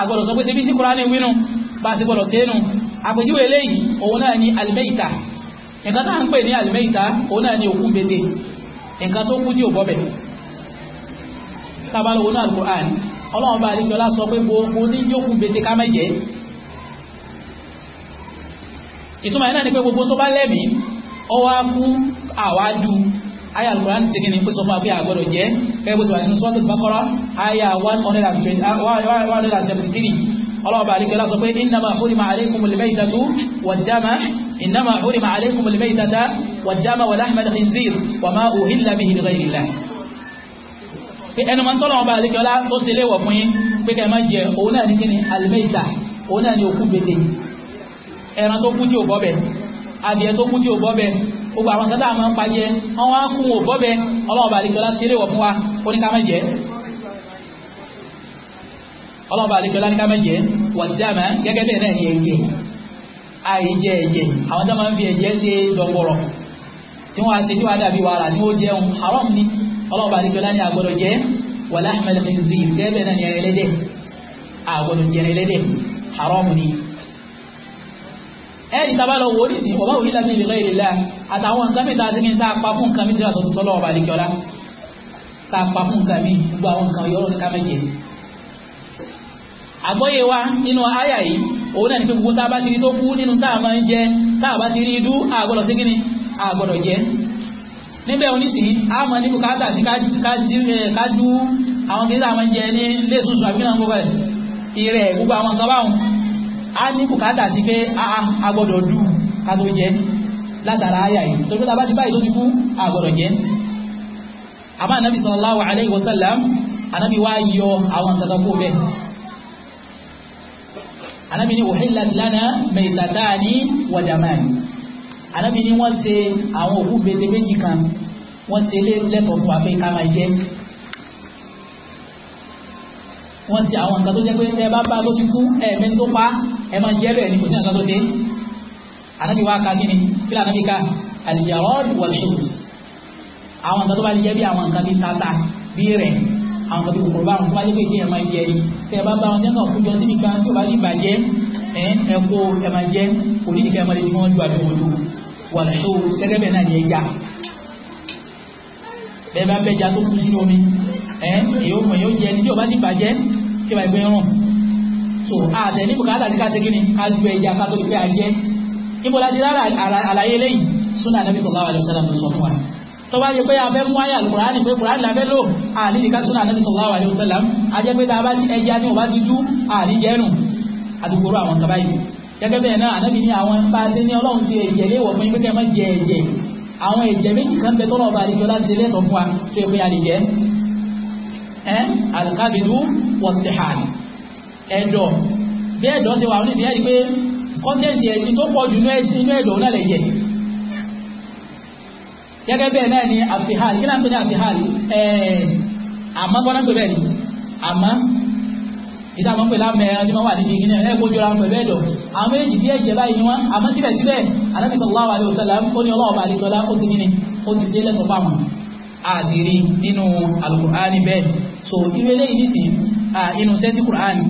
àgbọ̀dọ̀ sọ pé ṣe bí tí kúránì wínú bá ṣe gbọ́dọ̀ sẹ́nu àpèjúwe eléyìí òun náà ni almeita nǹkan tá à ń pè ní almeita òun náà ni òkú bete nǹkan tó kú tí ò bọ́bẹ̀ tábàlù òun náà alukur'an ọlọ́run bá àlejò ọlá sọ pé gbogbo tí ń jókòó bete ká mẹ́jẹ ìtumọ̀ yẹn aya alukurani ṣe kíni pèsè fún abẹ́ àgbọ̀dọ̀ jẹ́ kẹ́kẹ́ bó ṣe wà nínú suratul Baqara aya one hundred and twenty one hundred and seventy three ọlọ́ọ̀bà àríkẹ́lá sọ innama hurima alaykumul maytatu waddama innama hurima wa lahmal khinzir wa ma uhilla bihi lighayrillah pé ẹnu máa ń tọ́lọ̀ ọba àríkẹ́lá tó ṣe léwọ̀ fún yín pé kẹ́ máa jẹ òun náà ní kíni al-mayta òun náà ní òkú gbèdè ẹran tó kú tí ò bọ́bẹ̀ adìẹ tó kú tí ò bọ́bẹ̀ gbogbo àwọn kan táà máa ń pàjẹ́ wọ́n wá kún ò bọ́bẹ̀ ọlọ́ọ̀bà àlejòlá sí ilé wọ̀ fún wa ó ní ká má jẹ ọlọ́ọ̀bà àlejòlá ní ká má jẹ wọ̀dìdáàmà gẹ́gẹ́ bẹ́ẹ̀ náà ni ẹ̀jẹ̀ àìjẹ ẹ̀jẹ̀ àwọn tó máa ń fi ẹ̀jẹ̀ ṣe dọ̀gbọ̀rọ̀ tí wọ́n á ṣe tí wọ́n á dàbí wàrà tí wọ́n ni ọlọ́ọ̀bà àlejòlá ni ẹ̀rẹ́lẹ́dẹ̀ àgbọ̀dọ̀ ẹ̀rì tàbá lọ wò nísì ọba òyìnlá mi lè rẹ̀ ìlà àtàwọn nǹkan mìta sí ní tàpá fún nǹkan mìta sọ̀tọ̀ sọ́lọ́ ọba àlekíọ́lá tàpá fún nǹkan mi gbogbo àwọn nǹkan yọrọ ní kámẹ́jẹ àgbọ́yé wa nínú àyà yìí òun náà ní pé gbogbo tá a bá ti rí tó kú nínú tá a máa ń jẹ tá a bá ti rí idú a gbọ́dọ̀ sí kíni a gbọ́dọ̀ jẹ níbẹ̀ onísì a mọ̀ ní bùkátà sí ká dú máa a ní bùkátà sí pé a gbọ́dọ̀ dù ká tó jẹ látara àyà yìí tó tó bá ti báyìí tó ti kú a gbọ́dọ̀ jẹ àmọ́ anabi sallallahu alayhi wa anabi wá yọ àwọn kankan kó bẹ́ẹ̀ anabi ni uhillat lana maytatani wa damani anabi ni wọ́n ṣe àwọn òkú kan wọ́n ṣe lẹ́tọ̀ọ́ fún wa wọ́n ṣe àwọn nǹkan tó jẹ́ pé ẹ bá bá tó ti kú ẹ̀ẹ́mẹ́ni tó pa ẹ máa jẹ́ bẹ́ẹ̀ ni kò sí nǹkan tó ṣe ànábì wá ka kí ni kí lànà bí ká al-jarad wal-hubs àwọn nǹkan tó bá jẹ́ bí àwọn nǹkan bí tata bí rẹ̀ àwọn nǹkan bí kòkòrò bá àwọn tó bá jẹ́ pé kí ẹ máa jẹ ni tẹ bá bá wọn jẹ́ náà kújọ síbi kan tí ò bá ní ìbàjẹ́ ẹ kó ẹ máa jẹ onídìí kẹ́ ẹ máa lè fi wọ́n ju àdúgbò ni ẹja bẹ́ẹ̀ bá bẹ́ẹ̀ ja tó kú tí wàá gbé so àtẹ ní bùkátà ti ká ṣe kíni ká ju ẹja ká tó la ti rárá àlàyé lẹ́yìn súnà nàbí sallallahu alaihi wasallam sọ fún wa tó bá yẹ pé abẹ́ mú àyà kùránì pé kùránì lábẹ́ lò alaihi wasallam a jẹ́ pé tá a bá ti ẹja tí wọ́n bá ti dú àlìjẹ́rùn àdúgbòrò àwọn kaba yìí gẹ́gẹ́ bẹ́ẹ̀ náà ànábì ní àwọn ń bá a ṣe ní ọlọ́run ti ẹ̀jẹ̀ léwọ̀ fún yín pé alikabidu wọ̀tẹ̀hàn ẹ̀dọ̀ bí ẹ̀dọ̀ ṣe wà ní ìsìn ẹ́rí pé kọ́ntẹ́ntì ẹ̀sìn tó pọ̀ jù inú ẹ̀dọ̀ náà lẹ̀yẹ̀ gẹ́gẹ́ bẹ́ẹ̀ náà ni àfihàn kí náà ń pè ní àfihàn àmọ́ bọ́lá ń pè bẹ́ẹ̀ ni àmọ́ ìdá mọ́ pẹ̀lú àmẹ́ ẹran tí wọ́n wà níbi ìgbìnà ẹgbẹ́ ojú ara pẹ̀lú ẹ̀dọ̀ àwọn méjì bí ẹ̀jẹ̀ báyìí ni wọ́n àmọ́ síbẹ̀síbẹ̀ anábì sallallahu alaihi wasallam àṣírí nínú alukur'ani bẹ́ẹ̀ so irú eléyìí nìsín inú sẹ́tì kur'ani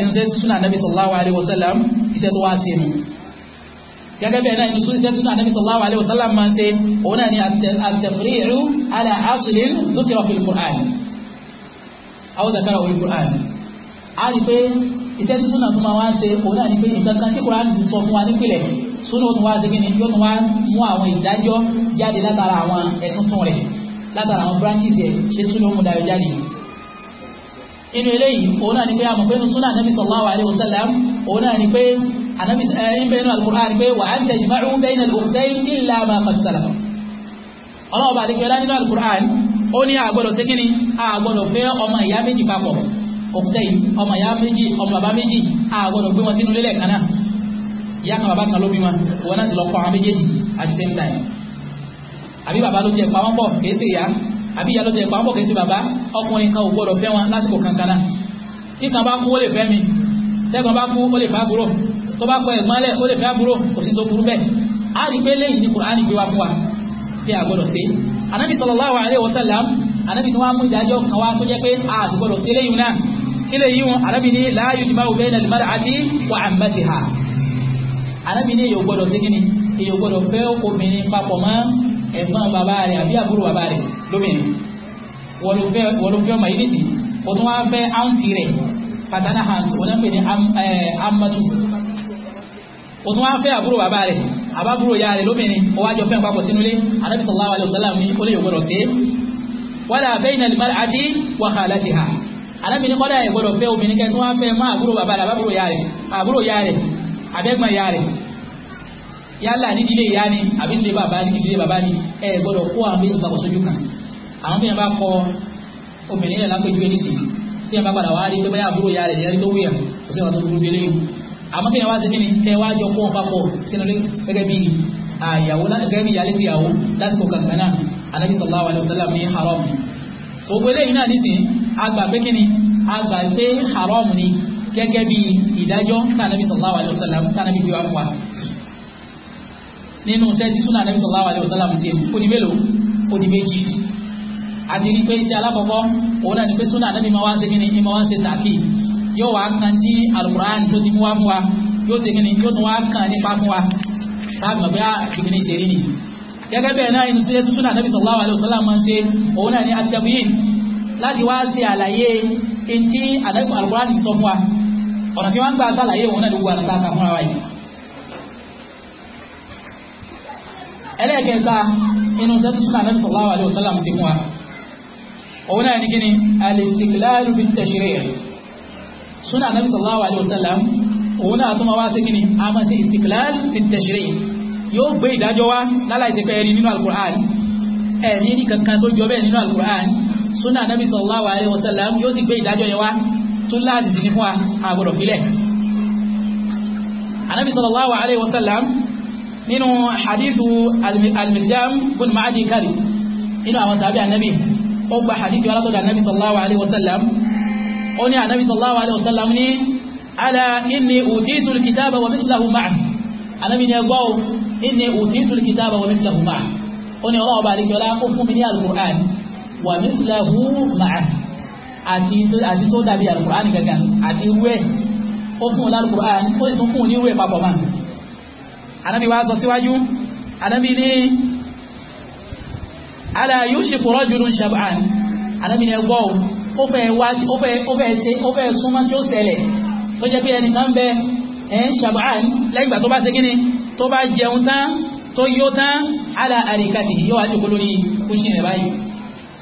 inú sẹ́tì súnà nàbí sallallahu alayhi wa sallam iṣẹ́ tó wá sí nu gẹ́gẹ́ bẹ́ẹ̀ náà inú sẹ́tì súnà nàbí sallallahu alayhi wa ń ṣe òun ni àtẹ̀fúríru ala aslin dhukira fil kur'ani àwọn zakara orí kur'ani a rí pé iṣẹ́ tó máa wá ń ni pé ìkankan tí kòrán ti sọ fún wa nípìnlẹ̀ súnà tó wá ṣe kí ni yóò tó wá látara àwọn branches ẹ̀ ṣe tún ló mú dayọ̀ jáde inú eléyìí òun náà ni pé àmọ̀ pé nu súnà anábì sallallahu alaihi wasallam òun náà ni pé anábì ẹ̀yìn bẹ́ẹ̀ nínú al-Qur'an pé wa an tajma'u bayna al-ukhtayni illa ma qad salafa ọlọ́wọ́ bá dékẹ́ nínú al-Qur'an ó ní àgbọ̀dọ̀ sí kíni àgbọ̀dọ̀ fẹ́ ọmọ ìyá méjì papọ̀ òkútẹ́yìn ọmọ ìyá méjì ọmọ bàbá méjì àgbọ̀dọ̀ gbé wọn sínú lélẹ̀ kan ìyá kan bàbá kan ló bí wọn wọn náà sì lọ kọ́ àwọn méjèèjì at the same time àbí bàbá ló jẹ pa wọ́n pọ̀ kìí ṣe ìyá àbí ìyá ló jẹ pa wọ́n pọ̀ kìí ṣe bàbá ọkùnrin kan ò gbọ́dọ̀ fẹ́ wọn lásìkò kankan náà tí kan bá kú ó lè fẹ́ mi tẹ́gbọ́n bá kú ó lè fẹ́ àbúrò tó bá kọ ẹ̀gbọ́n lẹ̀ ó lè fẹ́ àbúrò kò sí tó burú bẹ́ẹ̀ á rí pé lẹ́yìn ní Kùránì gbé wa fún wa bí a gbọ́dọ̀ ṣe anábì sallallahu alaihi wasallam anábì tí wọ́n mú ìdájọ́ kan wá tó jẹ́ pé a ti gbọ́dọ̀ ṣe lẹ́yìn náà kí lè yíwọn anábì ní la yujma'u bayna al-mar'ati wa 'ammatiha anábì ní èyí ò gbọ́dọ̀ ṣe kí ni èyí ò gbọ́dọ̀ fẹ́ obìnrin papọ̀ mọ́ ẹ̀gbọ́n bàbá rẹ̀ àbí àbúrò bàbá rẹ̀ lóbìnrin wọ́n ló fẹ́ ọmọ yìí nìsí ó tún wá fẹ́ áùntì rẹ̀ patana hands wọ́n pè ní amatu ó tún wá fẹ́ àbúrò bàbá rẹ̀ àbábúrò ya rẹ̀ lóbìnrin ó wájọ fẹ́ papọ̀ sínú ilé Ànábì sallallahu alaihi wasallam ní ó lè yóò wa khalatiha Ànábì ní kọ́dà ẹ̀ gbọ́dọ̀ fẹ́ obìnrin kẹ́ tún wá fẹ́ má àbúrò bàbá rẹ̀ àbábúrò ya rẹ̀ àbúrò ya rẹ̀ yálà nídìílé ìyá ni àbí nílé bàbá ni ìdílé bàbá ni ẹ gbọ́dọ̀ kó àwọn méjì papọ̀ sójú kan àwọn bí wọn bá kọ obìnrin náà lápẹjú ẹni sí bí wọn bá padà wá rí pé báyà àbúrò ìyá rẹ̀ yẹn tó wúyà kò sí ọ̀nà tó burú délé yìí àmọ́ kí wọn wá sí kí ni kẹ wá jọ kó wọn papọ̀ sínú gẹ́gẹ́ bí àyàwó gẹ́gẹ́ bí ìyálé ti yàwó lásìkò kankan náà anabi sallallahu alayhi sallam ni tó gbélé yìí náà nísìn àgbà pé kí ni àgbà pé haram ni gẹ́gẹ́ bí sallam tànàbí gbé wá nínú iṣẹ́ tí súnà Ànábì sallallahu alaihi wasallam ṣe ó di mélòó ó di méjì àti ní pé iṣẹ́ alákọ̀ọ́kọ́ òun náà ni pé súnà Ànábì máa wá ṣe kíni ìmọ̀ wá ṣe tàkì yóò wá kan tí alukur'an tó ti mú wá fún wa yóò ṣe kíni yóò tún wá kan nípa fún wa láti mọ̀ bí a ah, kíni ṣe rí ni gẹ́gẹ́ bẹ́ẹ̀ náà inú iṣẹ́ tí súnà Ànábì sallallahu alaihi wasallam máa ń ṣe òun náà ni atabiyin láti wá ṣe àlàyé ntí alukur'an sọ fún wa ọ̀nà tí wọ́n ń gbà ṣàlàyé òun wà látàkà fúnra ẹlẹ́ẹ̀kẹta inú sẹ́tùsùn náà nẹ́bí sallallahu alaihi wasallam sí fún wa òun náà ní gíní al-istiqlalu bit-tashri' súnà nẹ́bí sallallahu alaihi wasallam òun náà tó ma wá sí gíní a máa sí istiqlal bit-tashri' yóò gbé ìdájọ́ wá láláìsí pé ẹni nínú al-Qur'an ẹni ní kankan tó jọ bẹ́ẹ̀ nínú nínú hadithu al-mikdam bin ma'adi kari nínú àwọn sàbí annabi ó gba hadithu alátọ́dà annabi sallallahu alaihi wasallam ó ní annabi sallallahu alaihi wasallam ní ala inni utitu al-kitaba wa mislahu ma'a annabi ni ẹgbọ́ inni utitu kitaba wa mislahu ma'a ó ní ọlọ́wọ́ bá alikiola ó fún mi ní al-qur'an wa mislahu ma'a àti tó dàbí al-qur'an gangan àti irú ẹ̀ ó fún un lálùkùrán ó sì tún fún un ní irú ẹ̀ papọ̀ máa anábi wá sọ síwájú anábi ní ala yushiku rajulun shab'an anábi ní ẹgbọ́ ó fẹ́ wá ó fẹ́ ó fẹ́ ṣe ó fẹ́ súnmọ́ tí ó ṣẹlẹ̀ tó jẹ́ pé ẹnìkan bẹ ẹ̀ shab'an lẹ́yìnbà tó bá ṣe kíni tó bá jẹun tán tó yó tán ala àríkàtì yóò wá jòkó lórí kúṣin rẹ̀ báyìí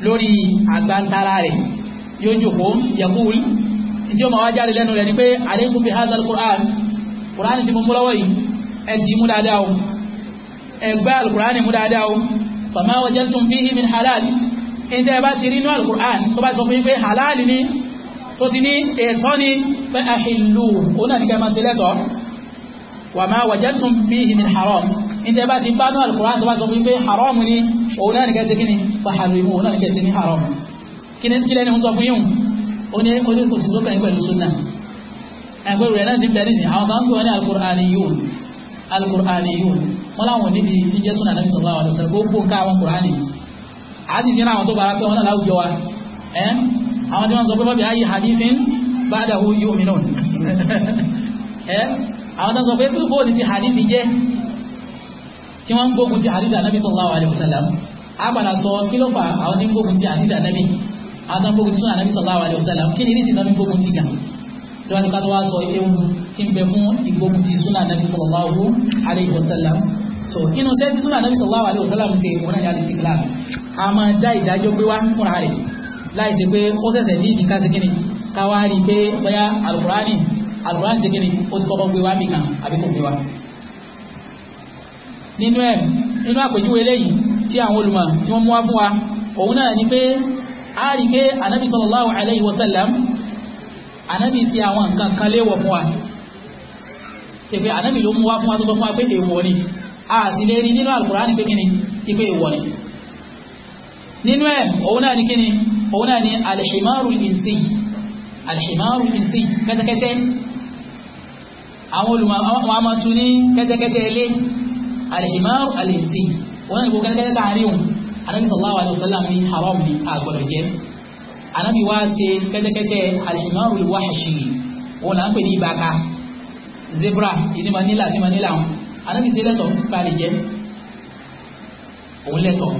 lórí àgbántara rẹ̀ yóò jòkó yakul tí ó ma jáde lẹ́nu rẹ̀ ni pé alaykum bi hadha al-Qur'an Qur'an ti mú mú lọ́wọ́ yìí ẹ̀dì mú dáadáa o ẹgbẹ́ alukur'ani mú dáadáa o fama wajadtum fihi min halal in tẹ́ bá ti rí inú alukur'ani tó bá sọ fún yín pé halal ni tó ti ní ẹ̀tọ́ ni fa ahillu ó náà ní kẹ́ máa ṣe lẹ́tọ̀ọ́ wa ma wajadtum fihi min haram in tẹ́ bá ti bá ẹgbẹ́ rẹ̀ bẹ̀rẹ̀ sí àwọn kan ń gbọ́ ní alukur'ani yóò alukur'ani yìí wọn làwọn níbi tí jésù náà nàbì sallallahu alaihi wasallam gbogbo nǹkan àwọn kur'ani a sì ti ní àwọn tó bára pé wọn náà láwùjọ wa ẹ àwọn tí wọn sọ pé bọ́bí ayé hadithin ba'dahu yu'minun [laughs] ẹ àwọn tó sọ pé tó bóòlì ti hadithi jẹ tí wọn ń gbógun ti hadith ànábì sallallahu alaihi wasallam a padà sọ kí ló fà àwọn tí ń gbógun ti hadith ànábì àwọn tó ń gbógun ti sunnah ànábì sallallahu alaihi kí ni ní tí wọ́n ní ká tó wá sọ ewu tí ń bẹ fún ìgbógun ti súnà nàbí sallallahu alayhi so inú sẹ́ tí súnà nàbí sallallahu alayhi wa sallam ṣe wọn náà yàrá ìsìnkú láàrin a máa dá ìdájọ́ pé wá fúnra rẹ̀ láì ṣe pé ó ṣẹ̀ṣẹ̀ ní ìdíkà sí kíni ká wá rí i pé bóyá alukurani alukurani ṣe kíni ó ti kọ́kọ́ gbé wá nìkan àbí kò gbé wá. nínú ẹ̀ nínú àpèjúwe eléyìí tí àwọn olùmọ̀ tí wọ́n mú wá fún wa òun náà ni pé a rí i pé anabi sallallahu alayhi ànábì sí àwọn nǹkan kan léwọ̀ fún wa tẹ̀pẹ́ ànábì ló mú wá fún wa tó sọ fún wa pé èèwọ̀ ni a sì lè rí nínú Al-Qur'ani pé kíni ipé èèwọ̀ ni nínú ẹ̀ òun náà ni kíni òun náà ni al-himaru al-insi al-himaru al-insi kẹ́tẹ́kẹ́tẹ́ àwọn olùmọ̀ àwọn amatu ní kẹ́tẹ́kẹ́tẹ́ ilé al-himaru òun náà ni kò kẹ́tẹ́kẹ́tẹ́ anábì wá ṣe kẹ́tẹ́kẹ́tẹ́ alihimarul wahashi òun là ń pè ní ìbaka zebra ìdí manila àti manila wọn anábì ṣe lẹ́tọ̀ nípa lè jẹ́ òun lẹ́tọ̀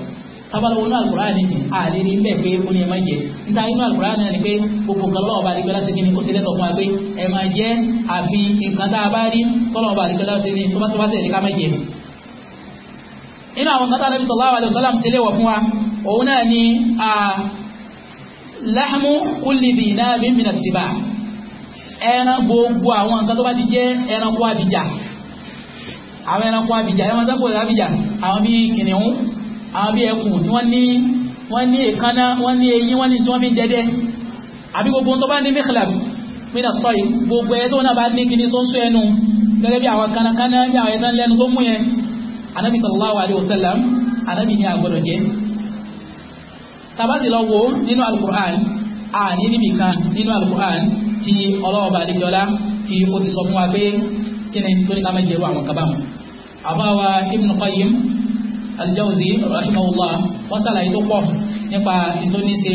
tábàlọ́wọ́ inú alukùránì ní sìn àlè ní bẹ́ẹ̀ pé ó ní ẹ máa jẹ níta inú alukùránì náà ni pé gbogbo nǹkan lọ́wọ́ bá àdìgbẹ́lá ṣe kíni ó ṣe lẹ́tọ̀ fún wa pé ẹ máa jẹ àfi nǹkan tá a bá rí tọ́lọ́wọ́ bá àdìgbẹ́lá ṣe ní tó bá tó bá ká máa jẹ inú àwọn nǹkan tá a nàbí sallallahu alaihi wasallam ṣe léwọ̀ fún wa òun náà ni láhàmú kúlìdì náà bí mìíràn síbà ẹran gbogbo àwọn nǹkan tó bá ti jẹ́ ẹranko àbíjà àwọn ẹranko àbíjà ẹran tó kòrò àbíjà àwọn bí kìnìún àwọn bí ẹkùn tí wọ́n ní wọ́n ní èkánná wọ́n ní eyín wọ́n ní tí wọ́n fi dẹ́dẹ́ àbí gbogbo tó bá ní mẹ́kìlàbí mínà tọ́yì gbogbo ẹ̀ tó náà bá ní kìíní só ẹnu gẹ́gẹ́ bí àwọn kanakana bí àwọn ẹ̀tàn lẹ́nu tó mú yẹn anábi sallallahu alaihi wasallam anábi ní àgbọ̀dọ̀ jẹ́ tabasi lọ wo nínú alukur'an a ní níbi kan nínú alukur'an tí ọlọ́wọ́ bá adéjọ́lá tí ó ti sọ fún wa pé kí ni tó ní ká mẹ́jẹ̀rú àwọn kábàmù àbáwa ibn qayyim aljawzi rahimahullah wọ́n sàlàyé tó pọ̀ nípa ètò ní ṣe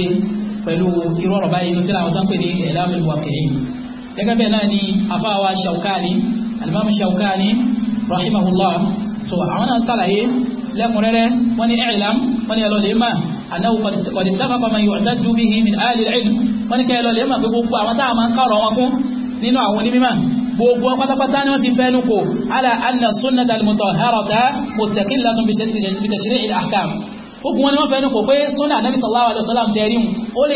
pẹ̀lú irú ọ̀rọ̀ báyìí tí làwọn sàn pè ní ẹ̀lámù ìwàkẹ́yìn gẹ́gẹ́ bẹ́ẹ̀ náà ni àfáwa shaukani alimami shaukani rahimahullah so àwọn náà sàlàyé lẹ́kùnrẹ́rẹ́ wọ́n ní ẹ̀lám wọ́n ní ẹlọ́lẹ́ anáwó kọ̀dìtàkọ̀ máa yọ̀ dájú bí i min áàlì ẹ̀lú wọ́n ní kẹ́lọ lè mọ̀ pé gbogbo àwọn táà máa ń kọ̀rọ̀ wọn kún nínú àwọn onímọ̀ gbogbo pátápátá ni wọ́n ti fẹ́ lóko ala anna sunnata al-mutahharata mustaqillatun bi tashri'il ahkam ogun wọn ni wọ́n fẹ́ lóko pé sunna anabi sallallahu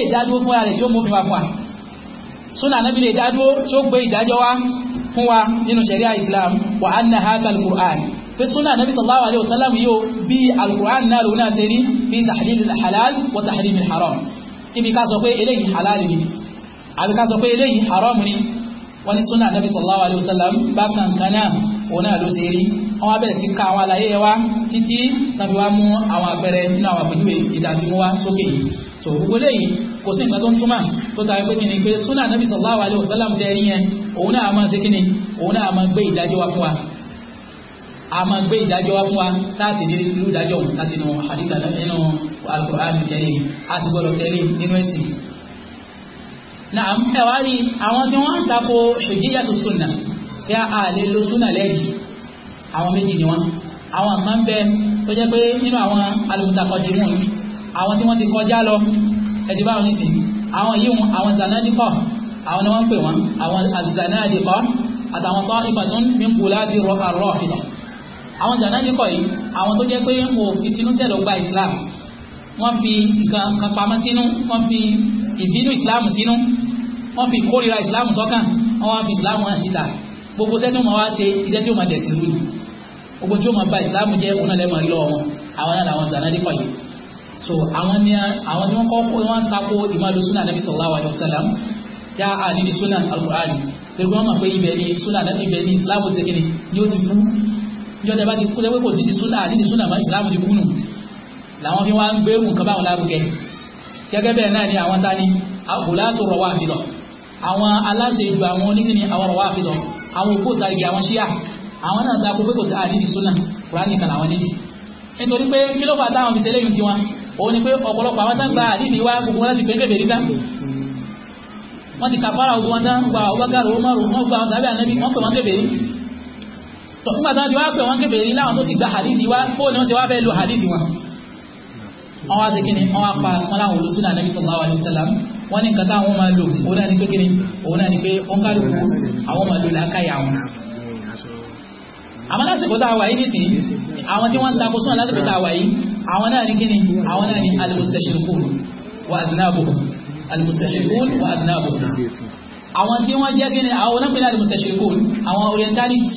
alaihi wasallam pé súnà nàbí sallallahu alayhi wa sallam yóò bí alukur'an náà lòun náà ṣe rí bí tahlil halal wa tahlil haram ibi ká sọ pé eléyìí halal ni àbí ká sọ pé eléyìí haram ni wọ́n ní súnà nàbí sallallahu alayhi wa sallam bá kankan náà òun náà ló ṣe rí wọ́n ka àwọn àlàyé yẹn wá títí tàbí wá mú àwọn àpẹẹrẹ nínú àwọn àpèjúwe ìdàtìmú wá sókè yìí so gbogbo lẹ́yìn kò sí nǹkan tó ń túmọ̀ tó tàbí pé kìnnì pé súnà nàbì sallallahu alaihi wasallam tẹ́ ẹ̀rí yẹn òun náà máa ṣe kìnnì òun náà máa gbé ìdájọ́ wá fún wa a máa gbé ìdájọ́ wá fún wa láti ní irú ìdájọ́ òun láti nù hadith nínú al-Qur'an al-Karim a sì gbọ́dọ̀ tẹ̀lé nínú ẹ̀sìn. naam ẹ wá rí àwọn tí wọ́n ń tako hujjatu sunnah bí a lè lo sunna lẹ́ẹ̀kì àwọn méjì ni wọ́n àwọn àmọ́ ń bẹ tó jẹ́ pé nínú àwọn al-mutaqaddimun àwọn tí wọ́n ti kọjá lọ ẹ̀dí báwọn nìsín àwọn yìí àwọn zanadikọ àwọn ni wọ́n ń pè wọ́n àwọn zanadikọ àtàwọn tó ìfàtún min qulati ar-rafida àwọn jàǹdàkọ̀ yìí àwọn tó jẹ́ pé wọn ò fi gba islam wọ́n fi nǹkan kan pamọ́ sínú wọ́n fi ìbínú islam sínú wọ́n fi kórìíra islam sọ́kàn wọ́n wá fi islam wọn síta gbogbo sẹ́tún wọn wá ṣe iṣẹ́ tí ó máa dẹ̀sìn lóyún gbogbo tí ó máa ba islam jẹ́ òun náà lẹ́mọ̀ lọ́wọ́ wọn àwọn náà làwọn jàǹdàkọ̀ yìí so àwọn ni àwọn tí wọ́n kọ́ kó wọ́n tako ìmọ̀lú sunnah nabi sallallahu alayhi wa sallam yá àdídì sunnah al-Qur'an torí wọ́n pé ibẹ̀ ni sunnah ibẹ̀ ni islam ti kiri ni ó ti kú yọ́dẹ̀ bá ti kú lẹ́wẹ́ kò sí ti súnà àti ti súnà máa ìsìláàmù ti kúnnù làwọn fi wá ń gbé nǹkan báwọn lárugẹ gẹ́gẹ́ bẹ́ẹ̀ náà ni àwọn tani àkùlátò rọwà àfilọ̀ àwọn aláṣẹ ìlú àwọn oníkìní àwọn rọwà àfilọ̀ àwọn òkú òtàrí àwọn ṣíà àwọn náà ta kó pé kò sí àti ti súnà kùránì kan làwọn nídìí nítorí pé kí ló fà táwọn fi ṣe lẹ́yìn tiwọn òun ni pé ọ̀pọ̀lọpọ̀ àwọn tán gba àdìdì wá gbogbo wọn láti pé kébèrè tán wọ́n ti kàfàrà ogun tán gba ọgbàgàrò ó mọ̀rò gba àwọn ànábì wọ́n pè wọ́n kébèrè tọ̀ nígbà tí wọ́n ti wá pè wọ́n kébèrè láwọn tó sì gba hadithi ni wọ́n ti wá fẹ́ lo hadithi wọn wọ́n wá sí kí ni wọ́n wá pa wọ́n láwọn olùsúnà nàbí sallallahu alaihi wasallam wọ́n ní nǹkan táwọn máa lò òun náà ni pé kí ni òun náà ni pé ó ń kárí kú àwọn máa lò lákàyà wọn. àmọ́ lásìkò tá a wà yìí àwọn tí wọ́n ń takò sún lásìkò tá àwọn náà ni kí ni àwọn náà ni al wa adnabuhum al wa adnabuhum àwọn tí wọ́n ni àwọn náà pè ní orientalist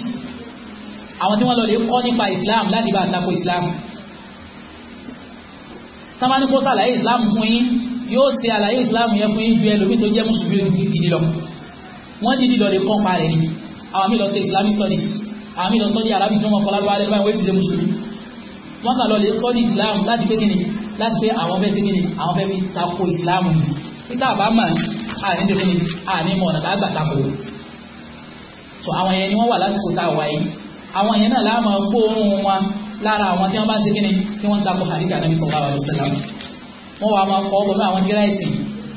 àwọn tí wọ́n lọ lè kọ́ nípa islam láti bá àtakò islam tọ́mọ́ ní kó sàlàyé islam fún yín yóò ṣe àlàyé islam yẹn fún yín ju ẹlòmí tó jẹ́ mùsùlùmí gidi lọ pa rẹ̀ ni àwọn mi lọ ṣe islamic studies àwọn mi lọ study arabic tí wọ́n kọ́ lábẹ́ alẹ́ islam láti pé kíni láti pé àwọn fẹ́ ṣe kíni àwọn fẹ́ fi tako islam nígbà bá mà àní ṣe kíni àní mọ̀ ọ̀nà lágbà so àwọn yẹn ni wọ́n wà lásìkò tá a wáyé àwọn yẹn náà láàmà kó oorun wọn lára àwọn tí wọ́n bá ṣe kíni tí wọ́n takò hadith anabi sallallahu alaihi wasallam wọ́n wà máa kọ́ ọgbọ̀nú àwọn tíra ẹ̀sìn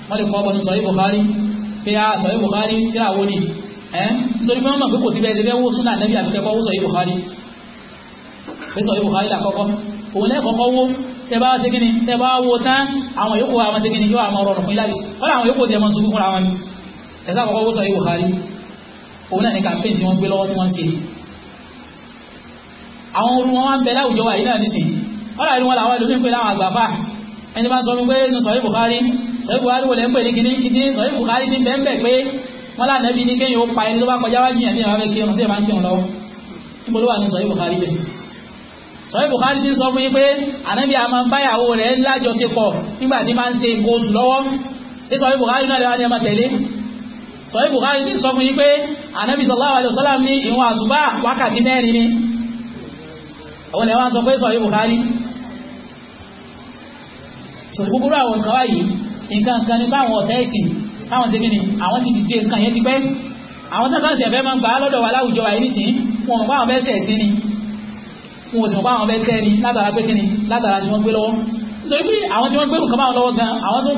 wọ́n lè kọ́ ọgbọ̀nú sọ̀rọ̀ Bukhari pé a ah, sọ̀rọ̀ Bukhari tíra wo ni ẹ́ nítorí pé wọ́n mọ̀ pé kò sí bẹ́ẹ̀ ṣe fẹ́ wó súnà nẹ́bí àfikẹ́kọ́ wó sọ̀rọ̀ Bukhari pé sọ̀rọ̀ Bukhari là kọ́kọ́ òun lẹ́ kọ́kọ́ wó tẹ bá ṣe kíni tẹ bá wo tán àwọn yòókù àwọn ṣe kíni yóò àwọn rọrùn fún iláyé wọ́n àwọn yòókù tẹ mọ́ sunkún fúnra wọn ẹ̀sà kọ́kọ́ wó sọ̀rọ̀ Bukhari òun náà ni campaign tí wọ́n gbé lọ́wọ́ tí wọ́n ṣe àwọn orun wọn wá ń bẹ láwùjọ wà yìí náà nísìn wọ́n láàrin wọn làwọn ẹlòmíín pé láwọn àgbàfà ẹni bá sọ fún pé nù sọ̀rí Bukhari sọ̀rí Bukhari wọlé ń pè ní kíní kíní sọ̀rí Bukhari ti bẹ́ẹ̀ bẹ́ẹ̀ pé wọ́n láàrin ẹbí ní kéyìn ó pa ẹni ló bá kọjá wájú yẹn tí ìyàwó fẹ́ kí ọ̀nà tí ìyàwó ń kírun lọ́wọ́ níbo ló wà ní sọ̀rí Bukhari bẹ́ẹ̀ sọ̀rí Bukhari ti sọ fún àwọn ẹ̀wà sọ pé sọ̀yí Bukhari so gbogbo àwọn nǹkan wáyìí nǹkan kan ní báwọn ọ̀tẹ́ ìsìn táwọn ti gíní àwọn ti dìde nǹkan yẹn ti pẹ́ àwọn tàbí ẹ̀fẹ́ máa ń gbà lọ́dọ̀ wà láwùjọ wà ní sìn wọn mọ̀ báwọn bẹ́ẹ̀ sí ni wọn ò sì mọ̀ báwọn bẹ́ẹ̀ tẹ́ ni látara pé kíni látara tí wọ́n gbé lọ́wọ́ nítorí pé àwọn tí wọ́n gbé nǹkan báwọn lọ́wọ́ gan àwọn tó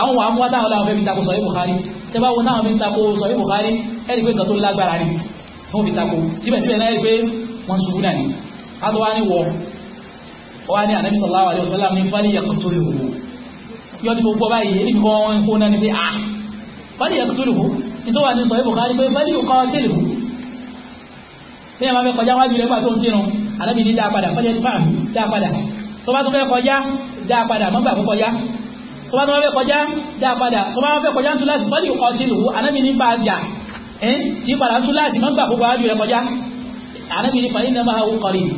ń wà mú wá táwọn làwọn fẹ́ sẹ́bá wọn náà fi ń tako sọ yìí Bukhari ẹ̀rí pé nǹkan tó lágbára ni wọ́n fi tako síbẹ̀síbẹ̀ náà ẹ̀rí pé wọ́n ṣubú náà ni a tó wá ní wọ wá ní anabi sallallahu alayhi wa sallam ní fali yakutulu yọ ti gbogbo báyìí ẹni kọ́ wọn kó náà ni pé ah fali dáa padà fọ́jẹ́ fáàmù dáa padà tó bá tó fẹ́ kọjá dáa padà mọ́gbà kó kọjá tó bá tó bá fẹ́ kọjá dá padà tó bá fẹ́ kọjá ń túláàsì fọ́lì ọkọ̀ tí lòó anábì ní bá jà ẹ́ tí padà ń túláàsì máa ń gbà gbogbo àájú rẹ kọjá anábì ní fàyín náà ó kọrin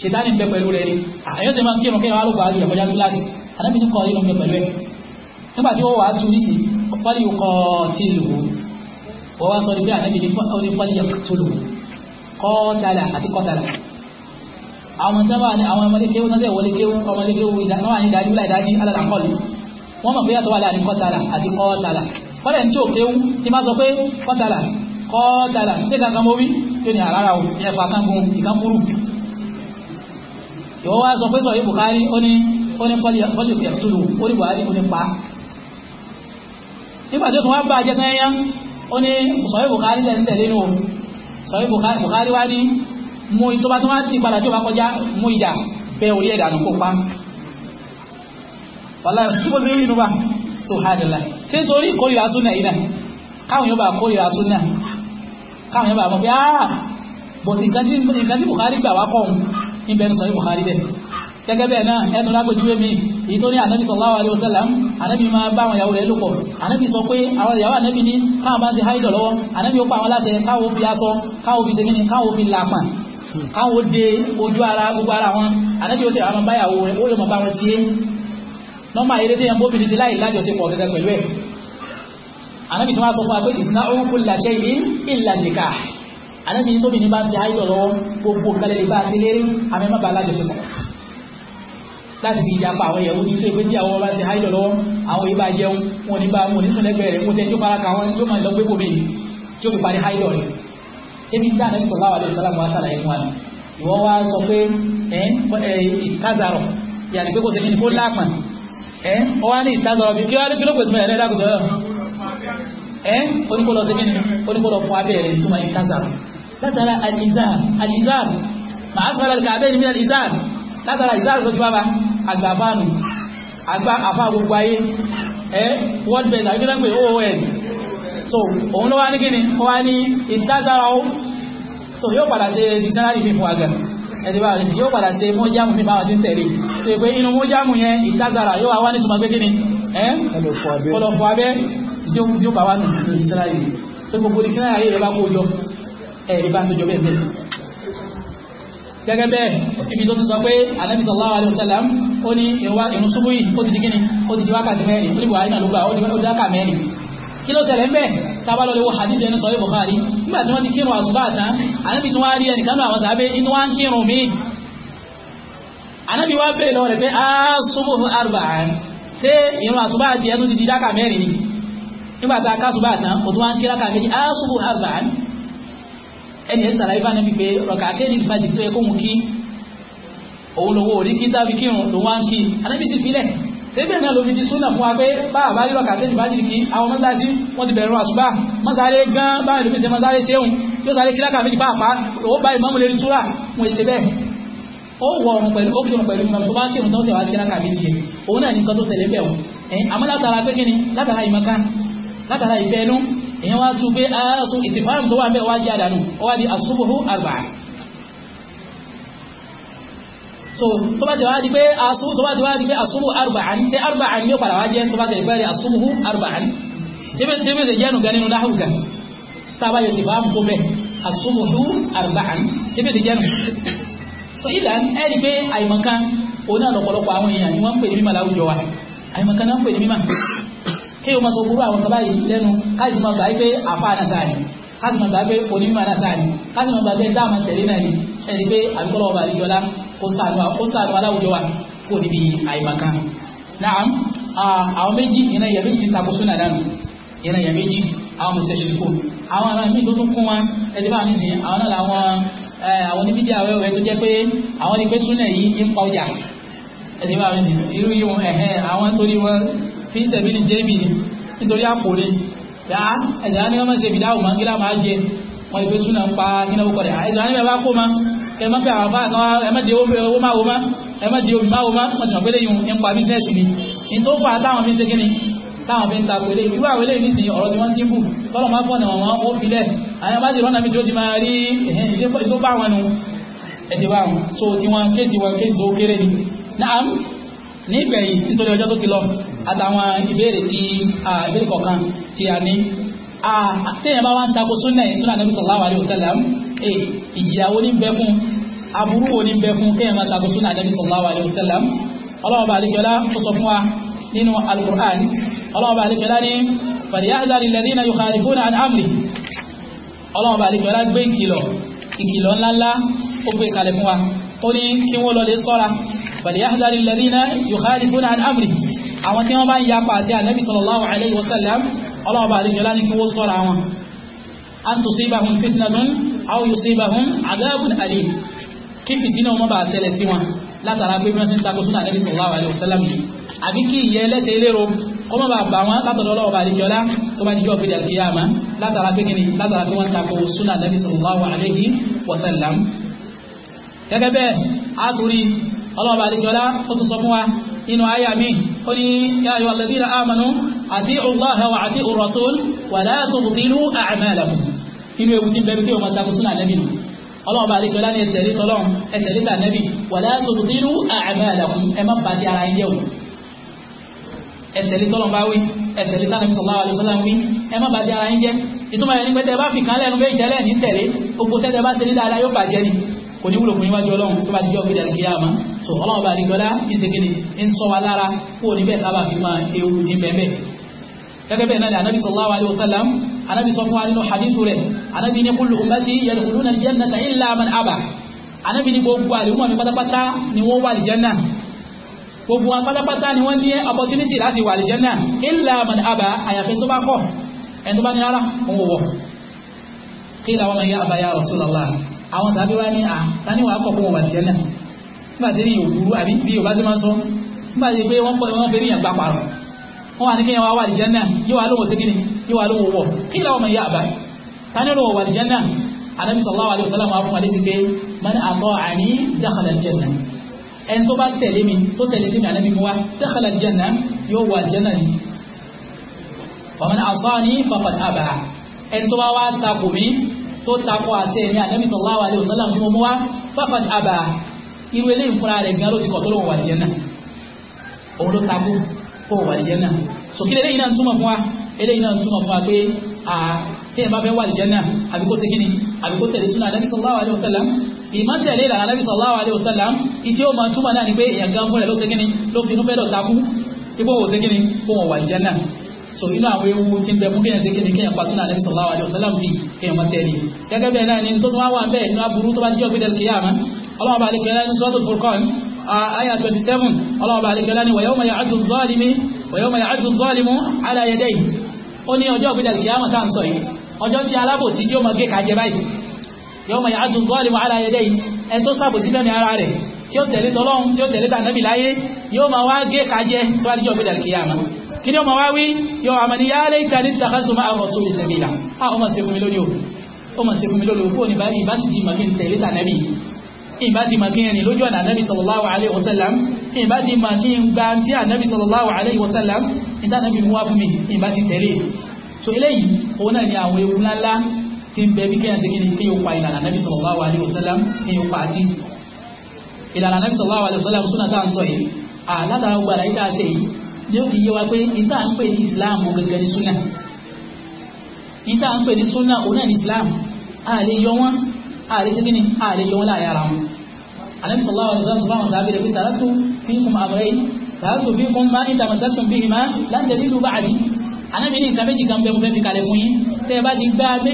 ṣètánì bẹ pẹ̀lú rẹ ni àyọ́ sì máa ń kírun kí wọ́n á lọ́gbà àájú rẹ kọjá túláàsì anábì ní kọrin ló ń bẹ pẹ̀lú ẹ nígbà tí wá sọ ní bí anábì ní fọ́lì ọkọ̀ tó lòó kọ́tàlà àti kọ́tàlà àwọn tábà ní àwọn ọmọlékéwú náà sẹ́ wọlékéwú ọmọlékéwú náà ní ìdájú láìdájí alàlàkọlù wọ́n mọ̀ pé yàtọ̀ wà láàrin kọ́tàlà àti kọ́tàlà kọ́lẹ̀ tí ó kéwú tí má sọ pé kọ́tàlà kọ́tàlà sí kankan mórí tó ní àrárá o ẹ̀fà kankan ìkan burú ìwọ́ wá sọ pé sọ yìí Bukhari ó ní ó ní kọ́lì ẹ̀tùlù ó ní pa nígbà tó tún wá bá ajẹ́ tán yẹn ó ní sọ yìí Bukhari tẹ̀lé nù mú ìtọ́ba tó máa ń ti padà tí ó bá kọjá mú ìjà bẹ́ẹ̀ orí ẹ̀dà nù kó pa wàláhì bó ṣe rí inú bá tó ha dìlà ṣé torí ìkórìíra súnà yìí náà káwọn yóò bá kórìíra súnà káwọn yóò bá mọ̀ pé áà bọ̀tí nǹkan tí Bukhari gbà wá kọ́ òun ibẹ̀ ń sọ ní Bukhari bẹ́ẹ̀ gẹ́gẹ́ bẹ́ẹ̀ náà ẹ̀tún lágbèjúwé mi èyí tó ní ànábì sallallahu alaihi wasallam ànábì máa bá àwọn ìyàwó rẹ̀ lòpọ̀ ànábì sọ pé àwọn ìyàwó ànábì ní káwọn bá ń se háìdọ̀ lọ́wọ́ ànábì ó pa àwọn láṣẹ káwọn fi aṣọ káwọn fi ṣe kíni káwọn fi làpàn káwọn ó de ojú ara gbogbo ara wọn ànábì ó sì àwọn báyàwó rẹ̀ ó yọ mọ̀ bá wọn sí é nọ́mà eré tí yẹn bóbi ní sí láì lájọṣepọ̀ gẹ́gẹ́ pẹ̀lú ẹ̀ ànábì tí wọ́n sọ fún wa pé ìsiná orúkú làṣẹ yìí ìlà nìkà ànábì ní tóbi ní bá ń ṣe àìlọ́ lọ́wọ́ gbogbo kálẹ̀ lè bá a ṣe lérí àmì má ba lájọṣepọ̀ láti fi ìjàpá àwọn ìyẹ̀wò ní tó tí àwọn ọba ṣe háìlọ lọ́wọ́ àwọn ìbá jẹun wọn ní bá wọn ní súnlẹ́gbẹ̀ẹ́ rẹ̀ wọn tẹ́ tó bára ka wọn yóò máa lọ gbé bòmí tí ó fi parí háìlọ rẹ̀ ṣébi tí ànábì sallallahu alaihi wasallam wá sàlàyé fún wa ni ìwọ wá sọ pé ẹ ẹ yàrá pé kò sí kí ni kó lápọn ẹ ọ wá ní ìtazarọ bí kí wá ní kí ló pè tún ẹ lẹ́dàkùn tọ́lọ́ ẹ oníkólọ sí kí ni oníkólọ fún abẹ́ rẹ̀ túmọ̀ ìtazarọ látara alizar alizar màá sọ àlàkà abẹ́ ni mi alizar látara alizar tó ti wá ba àgbàfáànù àgbà àfáà gbogbo ayé ẹ world bank àgbẹ̀dàgbẹ̀ oon so òun ló wá ní kíni ó wá ní ìtázara ó so yóò padà ṣe dictionary mi fún wa gan ẹ̀dẹ̀ bá rìn yóò padà ṣe mọ́jáàmù mi báwọn ti ń tẹ̀lé tó pé inú mọ́jáàmù yẹn ìtázara yóò wá ní túnmọ̀ pé kíni ẹ́ ọlọ́fọ̀ abẹ́ tí ó bá wà nù dictionary tó gbogbo dictionary rẹ̀ bá kó jọ ẹ̀rí bá tó jọ bẹ́ẹ̀ bẹ́ẹ̀ gẹ́gẹ́ bẹ́ẹ̀ ibi tó ti sọ pé Ànábì sallallahu alaihi wasallam ó ní ìrun ṣubú yìí ó ti di kíni ó kí ló ṣẹlẹ̀ mẹ́ tàbá lọ lewó hadith ẹni sọ Bukhari nígbà tí wọ́n ti kírun àsùbá tán anábì tí wọ́n rí ẹnì kanú àwọn sàbẹ́ inú wá ń kírun mí anábì wá bèèrè lọ rẹ̀ pé a súnmù ni nígbà tá a ká àsùbá tán ó tún wá ń kí dáka méjì a súnmù arba'an ẹni ẹ sàlàyé fún anábì pé rọ̀kà akéde ìfàjì tó yẹ kó mú síbẹ̀ náà ló fi di súnà fún wa pé báà bá rírọ̀ kàtẹ́jì bá jìrì kí àwọn mọ́sáàsí wọ́n ti bẹ̀rẹ̀ àṣùbá mọ́sáàrí gan báyìí ló fi ṣe mọ́sáàrí ṣeun yóò sáré kí lákàmì jì pàápàá ó bá ìmọ́mù lérí súrà fún ìṣe bẹ́ẹ̀ ó wọ ọ̀run pẹ̀lú ó kírun pẹ̀lú ìmọ̀ tó bá kírun tó sì wá kíra kàmì jì òun náà ní nǹkan ah, di àṣùbùhù àrùbà so tó bá ti wá di pé asúbù tó bá ti wá di pé asúbù arba'an ṣe arba'an yóò padà wá jẹ́ tó bá ti pẹ́ asúbù arba'an síbẹ̀ síbẹ̀ ṣe jẹ́nu gan nínú so ìlà ẹni pé àìmọ̀kan òun náà lọ́pọ̀lọpọ̀ àwọn ni wọ́n ń pè ní mímọ̀ láwùjọ wa àìmọ̀kan náà ń pè ní mímọ̀ kí o máa sọ burú àwọn kaba yìí lẹ́nu káàsì máa gbà pé àfa ànàsà ni káàsì máa gbà pé onímọ̀ ànàsà ni káàsì kó sàánú aláwùjọ wa kó níbi àìmọ̀kan náà àwọn méjì iná ìyà méjì ti tako súnà dànù iná ìyà méjì àwọn mùsùlùmí àwọn ará mi tó tún kún wa ẹni bá mi sìn àwọn náà làwọn àwọn oníbídí àwẹ rẹ tó jẹ pé àwọn ni pé súnà yìí ń pa ọjà ẹni bá mi sìn irú yìí wọn ẹhẹn àwọn torí wọn fi ń sẹ̀mí ní jẹ́bì nítorí àpò ni yàá ẹ̀dá ni wọ́n máa ń ṣe fìdáwò máa ń gíláà ni wọ́n bá kẹmọ́ pé àwọn afáàkan ẹmọ́dé owó máa wo má ẹmọ́dé omi máa wo má wọ́n ti mọ̀ pẹ́lẹ́ yìí ń pa bísínẹ́sì ni in tó fà táwọn fi ń ṣe kí ni táwọn fi ń takò eléyìí irú àwọn eléyìí nísìnyí ọ̀rọ̀ tí wọ́n sí bù tọ́lọ̀ máa fọ́nà wọn ó filẹ̀ àwọn so tí wọ́n kéèsì wọn kéèsì tó ni naam nígbẹ̀yìn nítorí ọjọ́ tó ti lọ àtàwọn ìbéèrè tí ìbéèrè kọ̀ọ̀kan Ah, téèyàn bá wá ń tako súnà yìí súnà nàbí sallallahu alayhi wa sallam eh, ìjìyàwó ní bẹ fún aburú wo ní bẹ fún kéèyàn máa tako súnà nàbí sallallahu alayhi wa sallam ọlọ́wọ́ bá alẹ́kẹ́lá sọ fún wa nínú al-Qur'an ọlọ́wọ́ ní falyahdhari alladhina yukhalifuna àwọn tí wọ́n bá ń yapa sí ànábì sallallahu alayhi wa ọlọ́ọ̀bá àríkẹ́lá ní kí wọ́n sọ́ra wọn an tusibahum fitnatun aw yusibahum adhabun alim kí fìtínà wọn bá ṣẹlẹ̀ sí wọn látara pé bí wọ́n sì ń takò súnà Nabi sallallahu alaihi wasallam yìí àbí kí ìyẹ́ ẹlẹ́tẹ̀ elérò kó má bàa bà wọn látọ̀dọ̀ ọlọ́ọ̀bá àríkẹ́lá tó bá dijọ́ òfin al-qiyama látara pé kíni látara pé wọ́n takò súnà Nabi sallallahu alaihi wa inú àyà amanu ati'u Allaha wa ati'u Rasul wa la tubtilu a'malakum inú ewu ti bẹ̀rù kí o máa takò súnà nẹ́bì nù ọlọ́ọ̀bá àríkọlá ní ẹ̀tẹ̀lé tọ́lọ́run ẹ̀tẹ̀lé tà nẹ́bì wa la tubtilu a'malakum ẹ má bàtí ara ẹ má bàtí ara kò ní wúlò fún níwájú ọlọ́run tó bá ti jọ́ gbéra kí yáàmá so ọlọ́run bá rí gbọ́lá ìṣègbè ń sọ wa lára kó o níbẹ̀ sábà fi máa ewu jí bẹ́ẹ̀ gẹ́gẹ́ bẹ́ẹ̀ náà ni anábi sallallahu alaihi wasallam anábi sọ fún wa nínú hadithu rẹ̀ anábi ní kullu ummati yadkhuluna aljannata illa man aba anábi ní gbogbo àlùmọ̀ mi pátápátá ni wọ́n wà aljanna gbogbo wọn pátápátá ni wọ́n ní opportunity láti wà aljanna illa man aba àyàfẹ́ tó bá kọ̀ ẹni tó bá ní rárá òun wọ̀ kí làwọn ọmọ yá àbáyá rasulullah àwọn sàbí wá ní à tani wàá kọ̀ fún wọn wà aljanna nígbà tí ní òwúrú àbí bí yorùbá ti máa ń sọ nígbà tí pé wọ́n fẹ́ níyàn gbà pààrọ̀ wọ́n wà ní kí wọ́n wà àlìjẹ́nà yíwà lóhùn sí kíni yíwà lóhùn wọ̀ kí làwọn ọmọ ìyá àbá tani lóhùn wà àlìjẹ́nà anabi sallallahu alayhi wa sallam wa fún wa létí pé man ata'ani dakhala aljanna ẹni tó bá tẹ̀lé mi tó tẹ̀lé tí mi anabi mi wá dakhala aljanna yóò wà àlìjẹ́nà ni wa man fún wà so kí lélẹ́yìn náà túmọ̀ fún wa eléyìn náà túmọ̀ fún wa pé tí ẹ bá fẹ́ wà àlìjẹ́nà àbí kó ṣe kí ni àbí kó tẹ̀lé súnà anábì sallallahu alaihi wasallam ìmọ̀ tẹ̀lé ìlànà anábì sallallahu alaihi wasallam ìtí ó máa túmọ̀ náà ni pé èèyàn gan fún rẹ̀ ló ṣe kí ni so inú àwọn ewu tí ń bẹ fún kéèyàn ṣe kéèyàn kéèyàn pàṣẹ náà sallallahu alaihi wasallam tí kéèyàn máa tẹ̀lé gẹ́gẹ́ bẹ́ẹ̀ náà ni tó tún wá wà bẹ́ẹ̀ inú aburú tó bá jẹ́ aya 27 ọlọ́wọ́ bá alikẹ́lá ni wa yawma ya'addu adh-dhalimu wa yawma ya'addu adh-dhalimu ala yadayhi ó ní ọjọ́ ògbé dàlùkì àmà tá à ń sọ yìí ọjọ́ tí alábòsí tí ó mọ gé kàjẹ báyìí yawma ya'addu adh-dhalimu ala yadayhi ẹni tó sàbòsí lẹ́nu ara rẹ̀ tí ó tẹ̀lé tọlọ́run tí ó tẹ̀lé tànàbì láyé yóò máa wá gé kàjẹ tó wá níjọ́ ògbé dàlùkì àmà kí ìbá ti máa kí ẹni lójú ọ̀nà ànábì sallallahu alaihi wasallam ìbá ti máa kí ń gba tí ànábì sallallahu alaihi wasallam ìtànábì mú wá fún mi ìbá tẹ̀lé so eléyìí òun náà ni àwọn ewu ńláńlá tí ń bẹ bí kéèyàn ṣe kí ni kéèyàn pa ìlànà ànábì sallallahu alaihi wasallam kéèyàn pa àti ìlànà ànábì sallallahu alaihi wasallam súnà tá à ń sọ yìí àlátara gbàdá yìí ààrẹ sí kíni ààrẹ yọ wọn láàyè ara wọn alẹ́ sọ̀lá wa sọ̀rọ̀ sọ̀rọ̀ àwọn sábẹ́ rẹ̀ tààtù fi kún àmúrẹ́ tààtù fi kún máa ń tàmà sẹ́tùn bí ìmá láti ẹ̀rí ìlú báàdì anábì ní nǹkan méjì kan bẹ́ẹ̀ mo fẹ́ fi kalẹ̀ fún yín tẹ́ ẹ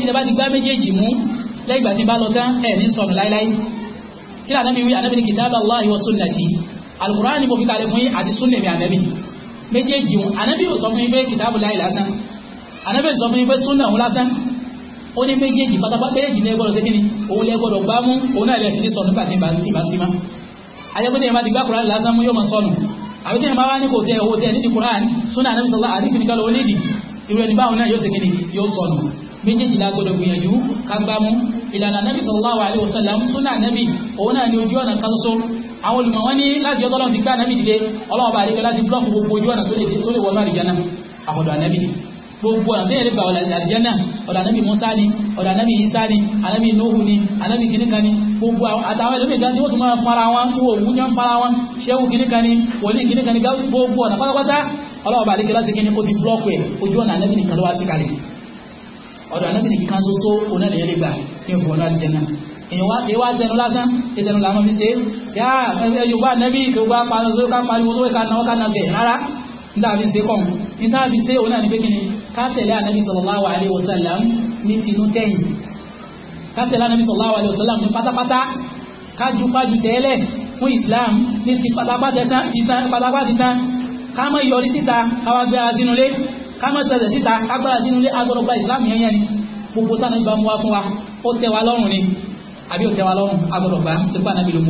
bá ti gbá méjèèjì mú lẹ́yìn tí bá lọ tán ẹ̀ ní sọnù láíláí kí ni anábì wí anábì ní kìtàbà Allahi wa sunnati alukur'an ni mo fi kalẹ̀ fún yín àti sunna mi anábì méjèèjì wọn anábì sọ fún yín pé kìtàbù láì lásán anábì sọ fún yín pé sunna òun lásán ó ní méjèèjì pátápátá méjèèjì ní ẹgbọ́dọ̀ sékìní òun lẹ́gbọ́dọ̀ bá mú òun náà lẹ́fìdí sọ̀nù nígbà tí ìbá sí má ayẹ́gbẹ́dẹ̀ yẹn bá ti gbá kúrán lásán mú yóò máa sọnù àbí tí yẹn bá wá ní kò tẹ owó tẹ nídìí kúrán súnà anábì sọlá àti kìnìkan lọ nídìí irú ẹni báwọn náà yóò sékìní yóò sọnù méjèèjì la gbọ́dọ̀ gbìyànjú ká gbá mú ìlànà anábì sallallahu alaihi wasallam súnà anábì òun náà ni ojú ọ̀nà kan so àwọn olùmọ̀ gbogbo ọ̀nà tí yẹn lè gba àlìjánà ọ̀dà anábì musa ni ọ̀dà anábì isa ni anábì nuhu ni anábì kìnìkan ni gbogbo àtàwọn ẹlòmíì gan tí wọ́n tún máa fara wọn tí wọ́n wúnyán fara wọn ṣẹ́wù kìnìkan ni wòlíì kìnìkan ni gbogbo ọ̀nà pátápátá ọlọ́wọ́ bàálí kíláàsì kìnì ó ti blọ́ọ̀kù ẹ̀ ojú ọ̀nà anábì nìkan ló wá sí kalẹ̀ ọ̀dọ̀ anábì nìkan ṣoṣo onáàlẹ́yẹ lè gbà tí ó gbọ́n láti jẹ́nà èyàn wá ìdáàbí ṣe kọ̀ ìdáàbí ṣe òun náà ní pé kí ni ká tẹ̀lé ànábì sallallahu alaihi wasallam ní tinú tẹ̀yìn ká tẹ̀lé ànábì sallallahu alaihi wasallam ní pátápátá ká ju pájú sẹ́lẹ̀ fún Islam ní ti pátápátá títán ká mọ́ ìyọrí síta káwá gbé ara sínú lé ká mọ́ tẹ̀lẹ̀ síta ká gbára sínú lé agbọ́dọ̀ gba Islam yẹn yẹn ni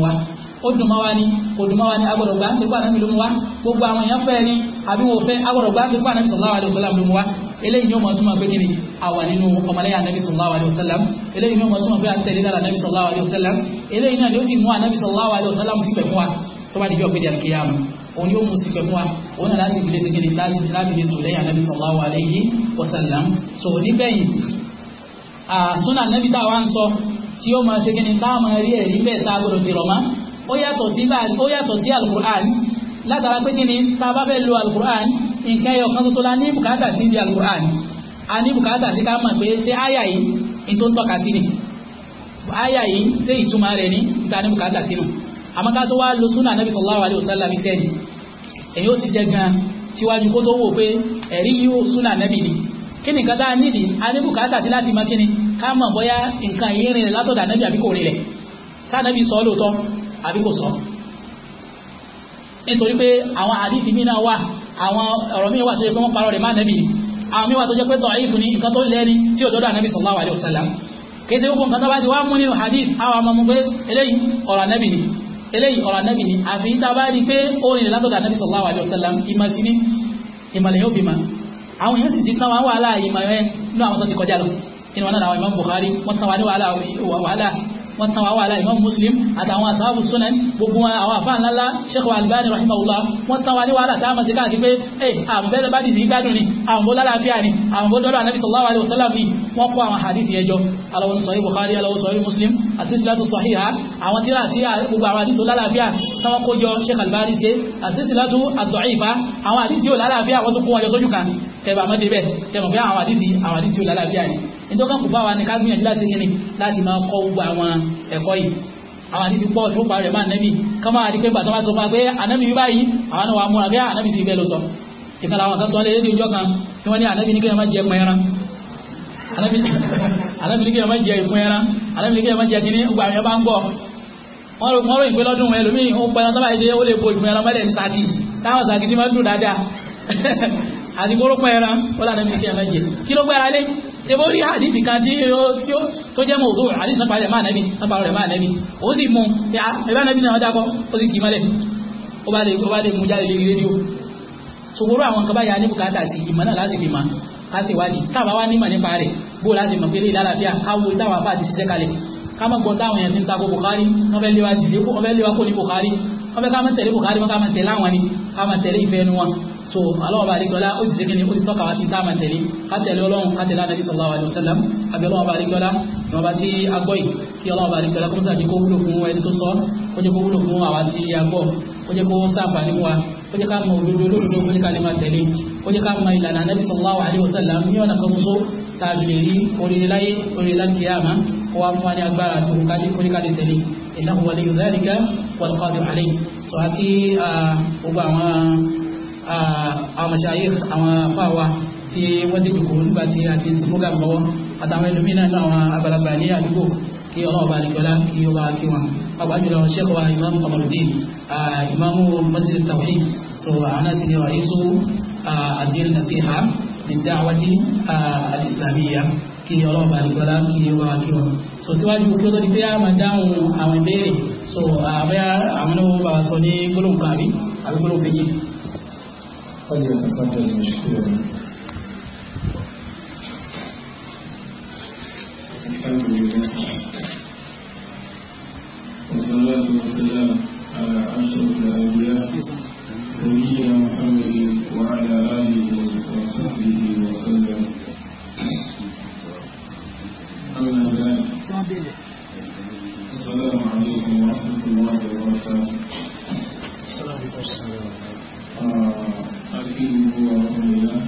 ó dùn mọ́ wa ni kò dùn mọ́ wa ni agbọ̀dọ̀ gbà ṣe kó ànábì ló mú wa gbogbo àwọn èèyàn fẹ́ ni àbí wọ́n fẹ́ agbọ̀dọ̀ gbà ṣe kó ànábì sallallahu alaihi wa eléyìí yóò mọ̀ túmọ̀ pé kí ni àwa nínú ọmọlẹ́yà ànábì sallallahu alaihi wasallam eléyìí yóò mọ̀ túmọ̀ pé àtẹ̀lé lára ànábì sallallahu alaihi wasallam eléyìí náà ni ó sì mú ànábì sallallahu alaihi wasallam sí pẹ̀ fún wa tó bá dìbò ọ̀gbẹ́dẹ̀ so nígbẹ̀yìn àsúnà ànábì táwa ń sọ tí ó máa segin táwa máa rí ẹ̀rí bẹ́ẹ̀ tá a gbọ́dọ̀ ti máa ó yàtọ̀ sí alukur'an látara pé kí ni tá a bá fẹ́ lo alukur'an nǹkan ẹyọ kan tó la ní bùkátà sí di alukur'an a ní bùkátà sí ká mọ̀ pé ṣé àyà yìí ní tó ń tọ́ka sí ni àyà yìí ṣé ìtumọ̀ rẹ̀ ní ìta ní bùkátà sí nu àmọ́ ká tó wá lo súnà nàbì sallallahu alaihi wasallam iṣẹ́ ni èyí ó sì ni kí ni nǹkan tá a nídìí a ní bùkátà sí láti mọ̀ kí ni ká àbí kò sọ nítorí pé àwọn àdífì mí náà wà àwọn ọ̀rọ̀ mí wà tó jẹ́ pé wọ́n parọ́ rẹ̀ má nẹ́bì ni àwọn mí wà tó jẹ́ pé tọ̀ọ̀ífù ni nǹkan tó lẹ́ni tí ò dọ́dọ̀ ànẹ́bì sallallahu alaihi wasallam kìí ṣe gbogbo nǹkan tó bá ti wá mú nínú hadith àwọn ọmọ pé eléyìí ọ̀rọ̀ ànẹ́bì ni eléyìí ọ̀rọ̀ ànẹ́bì ni àfi tá a bá rí sallallahu alaihi wasallam ìmọ̀ sí ní ìmọ̀lẹ̀ yóò bímọ àwọn èèyàn sì ti tán wá wàhálà ìmọ̀ rẹ̀ nínú àwọn tó ti kọjá lọ Imam Bukhari wọ́n tán wá ní wàhálà wọ́n tán wàá wàhálà imam muslim àtàwọn asáàbù sunan gbogbo wọn àwọn àfáà ńláńlá sheikh albani rahimahullah wọ́n tán wàá ní wàhálà tá a máa ṣe káàkiri pé ẹ eh, àwọn bẹ́ẹ̀ bá dìsí gbádùn ni àwọn bó lálàáfíà ni àwọn bó dọ́dọ̀ anabi sallallahu alayhi wa sallam ni wọ́n kó àwọn hadith yẹn jọ alawọn sahih bukhari alawọn sahih muslim asisilatu sahiha àwọn tíra àti gbogbo àwọn hadith tó lálàáfíà táwọn kó jọ sheikh albani ṣe asisilatu ad-da'ifa àwọn hadith yóò lálàáfíà wọ́n tún kó wọn jọ sójú kan tẹ́bà mọ́dé bẹ́ẹ̀ tẹ́mọ̀ pé àwọn àdìsí àwọn àdìsí ò lálàáfíà ni nítorí kan kò bá wa ní ká gbìyànjú láti kíni láti máa kọ́ gbogbo àwọn ẹ̀kọ́ yìí àwọn àdìsí pọ̀ tó parẹ̀ máa nẹ́bì ká máa di pé bàtà wá sọ fún wa pé ànẹ́bì yìí báyìí àwọn náà wà múra pé ah, ànẹ́bì sì bẹ́ẹ̀ ló sọ ìkan làwọn kan sọ lé lédè ọjọ́ kan tí wọ́n ní ànẹ́bì ní kéèyàn má jẹ ẹ̀pọ̀ ẹran ànẹ́bì ní kéèyàn má jẹ ìfún ẹran ànẹ́bì ní kéèyàn má jẹ kíní gbogbo àwọn ẹ̀yàn bá ń gbọ́ wọ́n rò ìpé lọ́dún wọn ẹlòmíì ó pẹ́ ẹran tó ó lè bo ìfún ẹran mọ́lẹ̀ ní sátì táwọn sàkìtì máa dùn dáadáa [laughs] àti mọ́rọ́pọ̀ ẹran wọ́n láti ní kí ẹran jẹ kí ló gbára lé ṣe bó rí àdìsí kan tí ó tó jẹ́ mọ̀ òdó àdìsí náà parẹ̀ máa nẹ́bí náà parẹ̀ máa nẹ́bí ó sì mú ẹ̀bá nẹ́bí náà dákọ́ ó sì kì í mọ́lẹ̀ ó bá lè ó bá lè mú jáde lórí rédíò ṣògbóró àwọn nǹkan báyà ní bùkátà sí ìmọ̀ náà láti fi mọ̀ ká sì wádìí táwa wá nímọ̀ nípa rẹ̀ bó láti mọ̀ pélé ìlàlàfíà káwo táwa bá ti ṣiṣẹ́ kalẹ̀ ká mọ̀ gbọ́n tẹ̀lé Bukhari wọ́n ká mọ̀ tẹ̀lé àwọn ni ká mọ̀ tẹ̀lé ìfẹ́ nu wọn so aláwọ̀ bá àríkọ́lá ó ti sẹ́kẹ́ni ó ti tọ́ka wá sí táàmà tẹ̀lé kátẹ̀lé ọlọ́run kátẹ̀lé ànábì sallallahu alaihi wasallam àbí aláwọ̀ bá àríkọ́lá ìwọ̀n bá tí a gbọ́ yìí kí aláwọ̀ bá àríkọ́lá kó sàjẹ́ kó wúlò fún ẹni tó sọ ó jẹ́ kó wúlò fún àwa tí a gbọ́ ó jẹ́ kó sáàpà ní wa ó jẹ́ ká mọ òdodo olódodo ó jẹ́ ká lè máa tẹ̀lé ó jẹ́ ká mọ ìlànà ànábì sallallahu dhalika wal qadir alayhi sọ àti gbogbo àwọn àwọn mọ̀ṣáyé àwọn afáwa tí wọ́n ti dùkú nígbà tí a ti smoga lọ́wọ́ àtàwọn ẹlòmínà náà àwọn àgbàlagbà ní àdúgbò kí ọlọ́wọ́ bá nìkọ́lá kí ó bá kí wọn pàápàá jùlọ sheikh wa imam kamaludin imam masjid tawhid so àwọn náà sì ni raisu adil nasiha ní dáwàtí alìsàmíyà kí ọlọ́wọ́ bá nìkọ́lá kí ó bá kí wọn so síwájú kí ó tó di pé a máa dáhùn àwọn ìbéèrè so àbẹ́ àwọn náà wọ́n bá sọ ní gbólóhùn kan àbí gbólóhùn méjì فليتفضل مشكورا الحمد لله والصلاة والسلام على أشرف الأنبياء نبينا محمد وعلى آله وصحبه وسلم أما بعد السلام عليكم ورحمة الله وبركاته السلام عليكم ورحمة آه، الله وبركاته أستغفره وأتوب إليه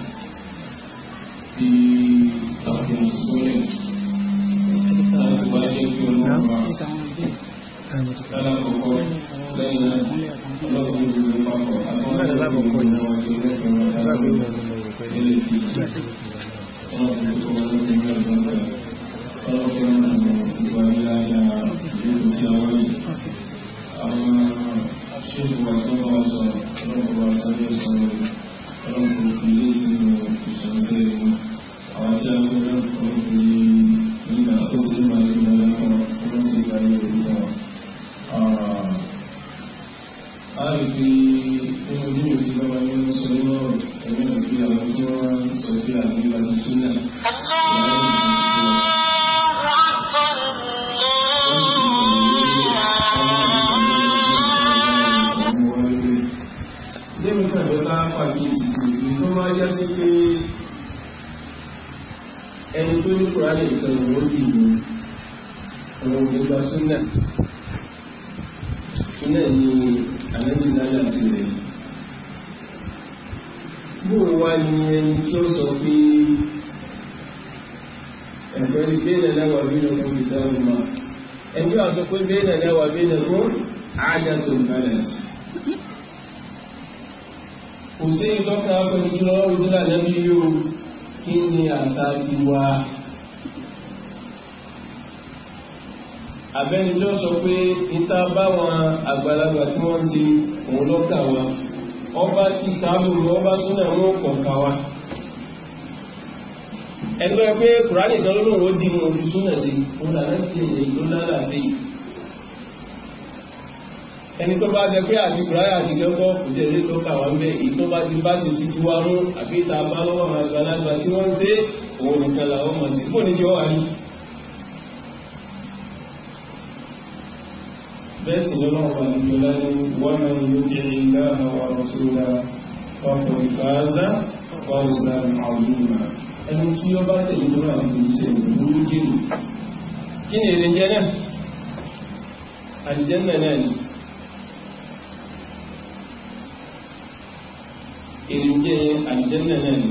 tí tàbí sólẹ̀ láti bá jẹ́ kí ọlọ́pàá lálàkọ̀ọ́kọ́ lẹ́yìn ọlọ́pàá ìlú papọ̀ àtọ́wọ́n lẹ́yìn ìwọ̀n àti lẹ́kọ̀ọ́ ilẹ̀ ìfìdí ọlọ́pàá tó wà lókè mẹ́rin lọ́pàá ọlọ́pàá ìwà ìlàyà ìlú tí a wáyé àwọn aṣèwà tó bá wà sọ̀rọ̀ ọlọ́pàá sáré sọ̀rọ̀ रंग को संदेश में और चाहे रंग bá wọn àgbàlagbà tí wọ́n ti òun lọ́kà wọn ọba ti tábùrù ọba súnà wọn kọ̀ọ̀kà wa ẹgbẹ́ pé kùránì kan lónà ó dì wọn ojú súnà sí òun là náà ti èyí ló lálà sí ẹni tó bá jẹ pé àti kùránì àti kẹ́kọ̀ọ́ kò jẹ́ lé lọ́kà wọn bẹ́ẹ̀ èyí tó bá ti bá sì sí ti wá mú àbí ìta bá lọ́wọ́ àgbàlagbà tí wọ́n ń ṣe òun nìkan làwọn mọ̀ sí fóònù jẹ́ wà ní بس لنعم الجلال ومن يطع الله ورسوله فقد فاز فوزا عظيما ẹni tí ó bá tẹ̀lé tó náà fi ṣe ìlú jìnnì kí ni èrè jẹ́ náà náà ni èrè jẹ́ àlìjẹ́nà náà ni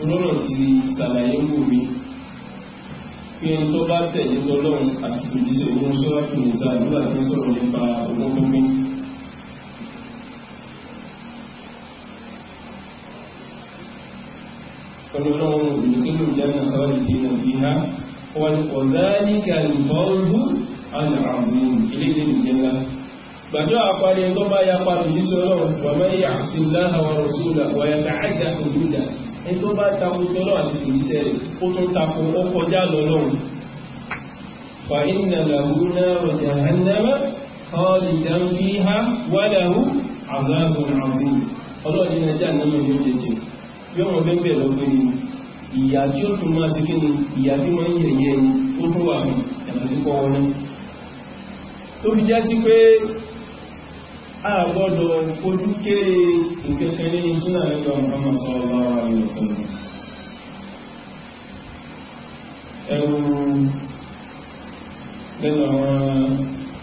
olóòrò ti sàlàyé wò mí kí n tó bá tẹ̀lé lọ́lọ́run àti ìdíṣẹ́ ogun sọ́rọ̀ fún ìta nígbà tí ó sọ̀rọ̀ nípa ogun pínpín ọlọ́run ìdíkínú ìjẹ́nà sọ́rọ̀ ìdínà bí ha wọ́n ọ̀dáníkà ìfọ́ọ̀rù alàrùn ilé ìjẹ́nà gbàjọ́ àpàdé tó bá yapa ìdíṣẹ́ ọlọ́run wà mẹ́yà sí láhàwà rọ̀súlà wà yà ní tó bá takò tọ́lọ́ àti ìrìnsẹ̀ ó tún takò ó kọjá lọ́lọ́run fa inna lahu nara jahannama khalidan fiha wa lahu azabun azim ọlọ́ọ̀dí náà jẹ́ àná mẹ́rin jẹjẹ yóò wọ́n bẹ́ẹ̀ bẹ́ẹ̀ lọ́gbẹ́ ni ìyá tí ó tún máa sí kí ni ìyá tí wọ́n ń yẹ̀yẹ́ wà ní ẹ̀sùn sí kọ́ àgbọ́dọ̀ fojú kéré ìkẹ́kẹ́ ní ìṣúná nípa Muhammad sallallahu alaihi wasallam ẹ̀rù lẹ́nu àwọn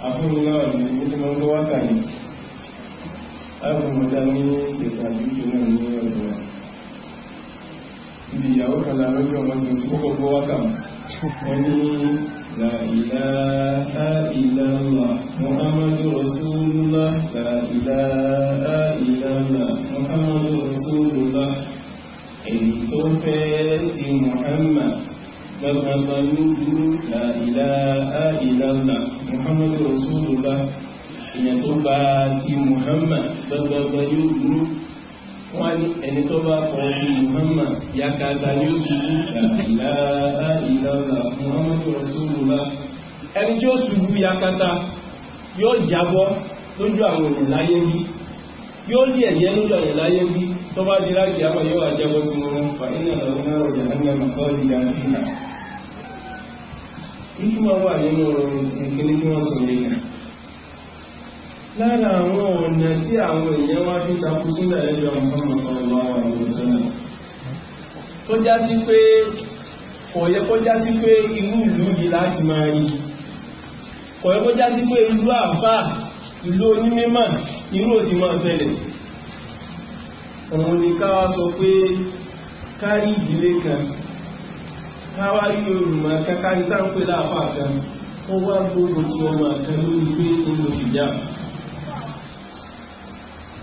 afúnniláwà ní ìdílé ọdún wákàtí aláàbùmọ̀dá ní ìpàdé ìjọba ní ọdún wa ibi ìyàwó kan láàrín ọjọ́ wọn ti kọ́kọ́ gbọ́ wákàtí ẹni la ilaha illallah muhammadu rasulullah la ilaha illallah muhammadu rasulullah èyí tó fẹ́ ti muhammad gbàgbàgbà yóò dúró la ilaha illallah muhammadu rasulullah èyí tó bá ti muhammad gbàgbàgbà yóò dúró wọ́n ní ẹni tó bá fọ́ bí Muhammad yakata ní oṣù ìlàlá ìlàlá Muhammad Rasulullah ẹni tí ó ṣubú yakata yóò jábọ́ lójú àwọn ènìyàn láyé bí yóò lé ẹ̀yẹ lójú àwọn ènìyàn láyé bí tó bá di láti àpá yóò wà jábọ́ sí wọn fa iná lọ́wọ́ náà rọ̀jà ní àmàkọ́ ìyá sí náà. ikú máa wà nínú ọ̀rọ̀ ìsìnkí lára àwọn ọ̀nà tí àwọn èèyàn wá fi takú sílẹ̀ lẹ́yọ Muhammad sallallahu alaihi wasallam tó já sí pé kọ̀yẹ́ kó já sí pé inú ìlú yìí láti máa rí kọ̀yẹ́ kó já sí pé ìlú àfà ìlú onímímà irú òtí máa ṣẹlẹ̀ òun ni káwá wá gbogbo pé olùdíjà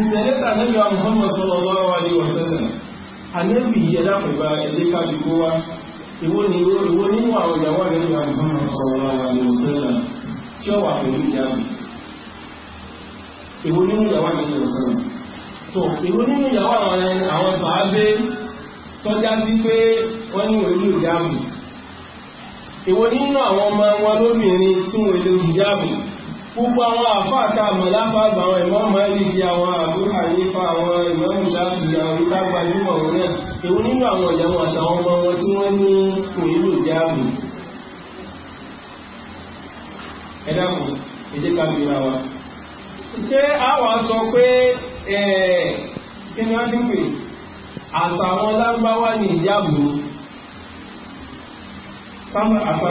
ìṣẹ̀lẹ̀ tàbí àwọn Muhammad sallallahu alaihi wasallam anẹ́bì yẹ lápẹ̀bá ẹ̀lẹ́ kábíkó wá ìwó nínú àwọn ìyàwó anẹ́bì àwọn Muhammad sallallahu alaihi wasallam kí ọ wà pẹ̀lú ìyàwó ìwó nínú ìyàwó anẹ́bì wasallam tó ìwó nínú ìyàwó àwọn sàábé tọ́já sí pé wọ́n ní ìwé ìyàwó ìwó nínú àwọn ọmọ wọn lóbìnrin tí wọ́n èlò ìyàwó gbogbo àwọn àfáàkà àmàláfà àgbàwọn ìmọ̀ọ́mọ̀ ẹ̀lìkì àwọn àbúrò àyífà àwọn ìmọ̀ọ́mù ṣáàtìyà oríta gbajúmọ̀ wọn náà èwo nínú àwọn ìyàwó àtàwọn ọmọ wọn tí wọ́n ní kò nílò jáàbù ẹ dákun èdè ni wọ́n ti pè àṣà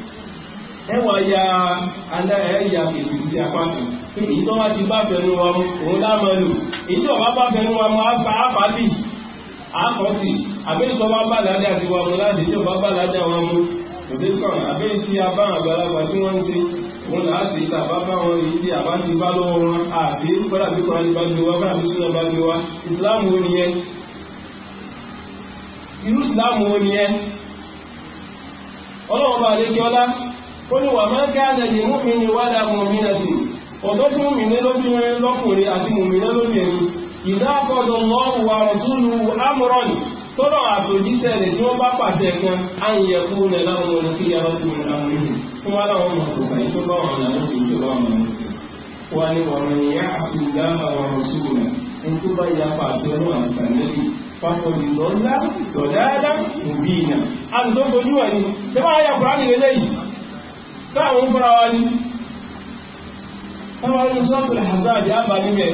ẹwà ya ẹ̀yà pẹ̀lú sí apákan èyí tó wá ti bá fẹ́nu wa mú òun lámọ́lù èyí tó wá bá fẹ́nu wa mú àpàtì àkọ́tì àbẹ́yìn tó wá bá ládé àti wa mú láti tí ó bá bá ládé àwọn mú kò sí a bá àgbàlagbà tí wọ́n ń ṣe wọn là á sì ta bá bá wọn yìí tí a ti bá lọ́wọ́ wọn àti kọ́lá bí kọ́lá ní bá gbé wa kọ́lá bí súnà bá gbé wa ìsìláàmù wo nìyẹn irú ìsìláàmù wo nìyẹn ọlọ́wọ́ bá lé kí ọlá onye ní wà máa káàdà lè mú mi ní wádà mọ̀mínà sí ọ̀dọ́ fún ati lóbìnrin lọ́kùnrin àti mọ̀mínà lóbìnrin ìdáàkọ̀dọ̀ lọ́wọ́ wa rọ̀súlù amúrọ̀n tọ́lọ̀ àtòjíṣẹ́ rẹ̀ tí wọ́n bá kan ya pàṣẹ ọlọ́run àtàlẹ́bí fojú wà kùránì sáwọn fúnra wa ní wọ́n wá ní sọ́pùlẹ̀ hazard yába níbẹ̀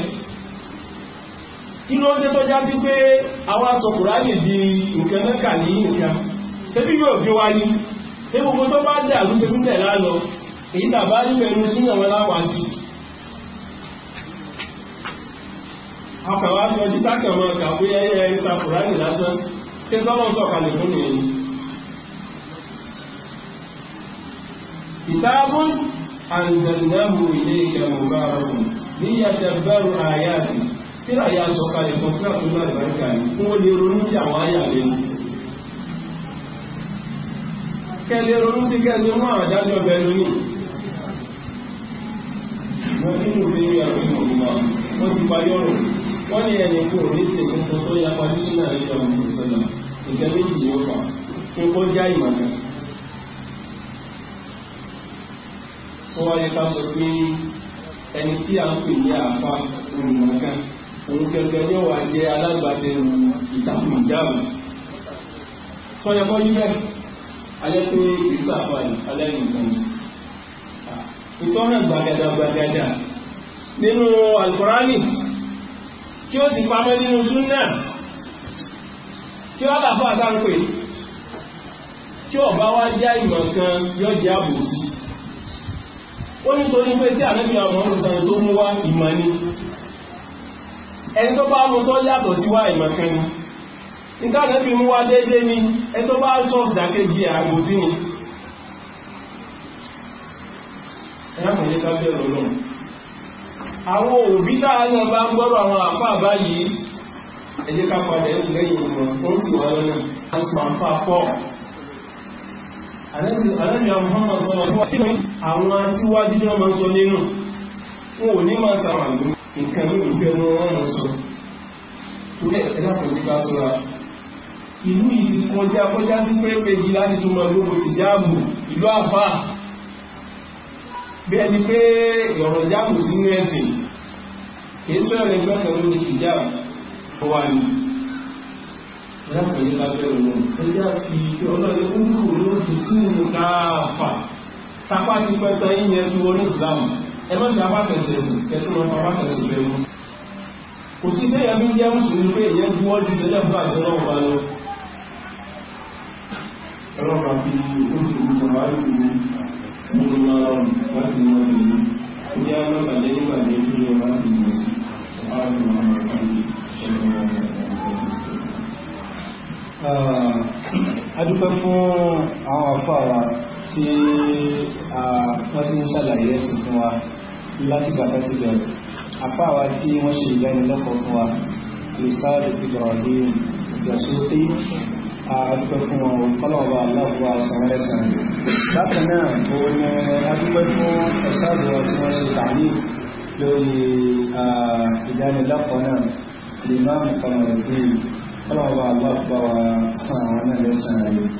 kí ló ń tẹ́ tó já sí pé àwọn asọ̀kùnrà lè di nǹkan mẹ́kà ní nǹkan tẹ́bí yóò fi wá ní ní gbogbo tó bá dẹ̀ àlú ṣe fúnlẹ̀ lálọ èyí tàbá níbẹ̀ ní sí àwọn akàwà sọ ìsàkùnrà nì lásán fún كتاب أنزلناه إليك مبارك ليتدبروا آياته kíra ya sọ kalẹ̀ fún kíra tó bá ìbáríkà yìí fún ó lè ronú sí àwọn àyà lẹ́nu kẹ́lẹ̀ ronú sí kẹ́lẹ̀ mú àwọn àjájọ́ ọbẹ̀ lónìí wọ́n nínú ìbéèrè àwọn ìmọ̀ wọ́n ti parí ọ̀rọ̀ wọ́n ní ẹni kò ní sí ìpínpọ̀ tó yapa sí náà ọmọ ìṣẹ̀lẹ̀ nǹkan méjì yóò fà ń kọjá ìmọ̀ ó wáyé ká sọ pé ẹni tí a ń pè ní àfa olùmọ̀kan òun gẹ́gẹ́ ní ọ̀wà jẹ́ alágbàtẹ̀rù ìtàkùn ìjáàbù sọ́yẹ kọ́ yí bẹ́ẹ̀ alẹ́ pé ìsà àfààní alẹ́ nìkan ìtọ́nà gbàgàdàgbàgàdà nínú alkùránì kí ó sì pamọ́ nínú súnnà kí ó àlàfà wá já ìmọ̀ kan yọ́ jẹ́ àbòsí ó ní torí pé tí ànábì àwọn olùsàn tó mú wá ìmọ̀ ni ẹni tó bá mú tó yàtọ̀ sí wá ìmọ̀ kan ni nígbà ànábì mú wá déédéé ni ẹni tó bá sọ ìdàkejì àgbòsí ni àwọn òbí láàárín bá gbọ́rọ̀ àwọn àfáà báyìí ẹjẹ́ ká padà ẹ̀kùnlẹ́yìn wọn ó sì wọ́n lọ́nà àwọn síwájú jọ máa ń sọ nínú wọn ò ní máa sàrànlú nǹkan ní ìfẹ́ wọn wọ́n mọ̀ sọ tó lẹ́ ẹ̀dàkùn nípa sọ́ra ìlú ìlú kọjá kọjá sí pẹ́pẹ́ yìí láti tó máa gbogbo ti jáàmù ìlú àfà bí ẹni pé ọ̀rọ̀ jáàmù sínú ẹ̀sìn kìí sọ́rọ̀ ẹgbẹ́ kan ló ní ìjáàmù wà ní láti ní lábẹ́ òun ẹjá fi ọlọ́rin kúrò lórí sínú káàfà tapá ti pẹta yíyẹ tí wọ́n ní islam ẹgbẹ́ ti apá tẹ̀sẹ̀ sí ẹ̀tún wọn apá tẹ̀sẹ̀ bẹ̀ wọn kò sí bẹ́ẹ̀ bí jẹ́ mùsùlùmí pé ìyẹn ju wọ́n di sẹ́lẹ̀ fún àṣẹ náà wà lọ ọlọ́pàá fi oṣù ìjọba ètò ìlú márùn láti mọ ìlú ó yá lọ́pàá lẹ́yìn ìgbà lẹ́yìn ìgbà láti mọ̀ sí ọ̀pá ìlú àwọn ọ̀pá ìlú ṣẹlẹ̀ adúpẹ́ ah, [clears throat] fún àwọn afára tí ah, wọ́n ti ń ṣàlàyé ẹ̀sìn fún wa láti bàtà ti bẹ̀rẹ̀ afára tí wọ́n ṣe ìdánilẹ́kọ̀ọ́ fún wa lùsáàdì Ibrahim Dasuki adúpẹ́ fún wọn kọ́lọ̀wà aláwọ̀ sàmẹ́sàn bákan náà o ní adúpẹ́ fún ọ̀sáàdì wọn tí wọ́n ṣe tàbí lórí ah, ìdánilẹ́kọ̀ọ́ náà lè máa ń ọlọ́ọ̀bá aláàbáwa san àwọn náà lẹ́sàn rẹ̀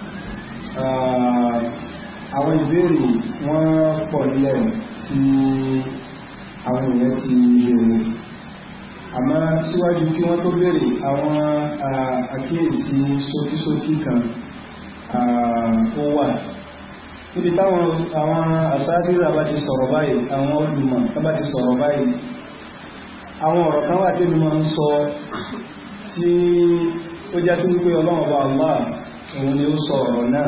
àwọn ìbéèrè wọ́n pọ̀ nílẹ̀ tí àwọn èèyàn ti béèrè àmọ́ síwájú kí wọ́n tó béèrè àwọn àkíyèsí ṣókíṣókí kan ó wà níbi táwọn àwọn àsáàdìrà bá ti sọ̀rọ̀ báyìí àwọn olùmọ̀ bá ti sọ̀rọ̀ báyìí àwọn ọ̀rọ̀ kan wà tí mo máa ń sọ tí ó jẹ́ sí wípé ọlọ́run ọba Allah òun ni ó sọ ọ̀rọ̀ náà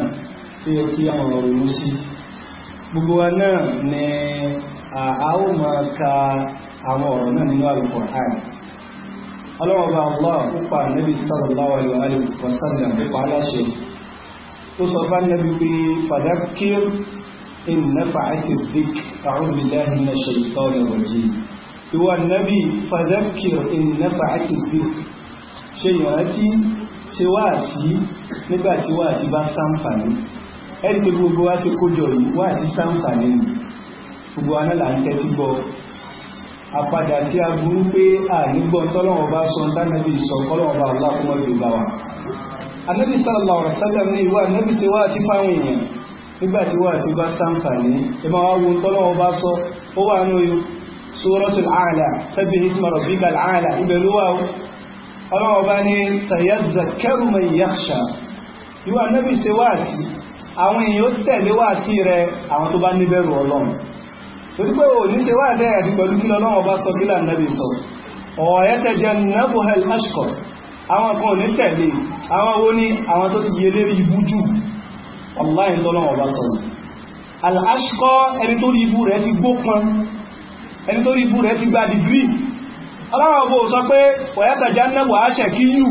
tí ó kí àwọn ọ̀rọ̀ ronú sí gbogbo wa náà ni a ó máa ka àwọn ọ̀rọ̀ náà nínú Al-Qur'an ọlọ́run ọba Allah ó pa Nabi sallallahu alaihi wa sallam pa aláṣẹ Nabi pé in nafa'ati dhikr a'udhu ṣe ìrántí ṣe wáàsí nígbàtí wáàsí bá sáǹfàní ẹni pé gbogbo wá sí kójọ yìí wáàsí sáǹfàní ni gbogbo aná là ń tẹ́tí gbọ́ àpadà sí aburú pé ànígbọ́n tọ́lọ́wọ́ bá sọ tánàbí sọ kọ́lọ́wọ́ bá aláàkúnmọ́ yorùbá wa anábì sallallahu alaihi wasallam ní ìwà anábì ṣe wáàsí fáwọn èèyàn nígbàtí wáàsí bá wà ó ọlọ́wọ́ bá ní sayadzakaru man yakhsha ìwà nẹ́bí ṣe wáàsí àwọn èèyàn tẹ̀lé wáàsí rẹ àwọn tó bá níbẹ̀rù ọlọ́run torí pé ò ní ṣe wáàsí àti pẹ̀lú kí lọ́lọ́wọ́ bá sọ kílà nẹ́bí sọ ọ̀rẹ́ tẹjẹ nẹ́bùhẹ́l ashkọ̀ àwọn kan ò ní tẹ̀lé àwọn wo ní àwọn tó ti yẹlé ibú jù ọláì ẹni tó rí ibú rẹ̀ ti gbópọn ẹni tó rí ibú rẹ̀ ti gba dìgírì ọlọ́wọ́ bó sọ pé wọ̀yẹ́tẹ̀jẹ́ nẹ́bù aṣẹ́ kí yù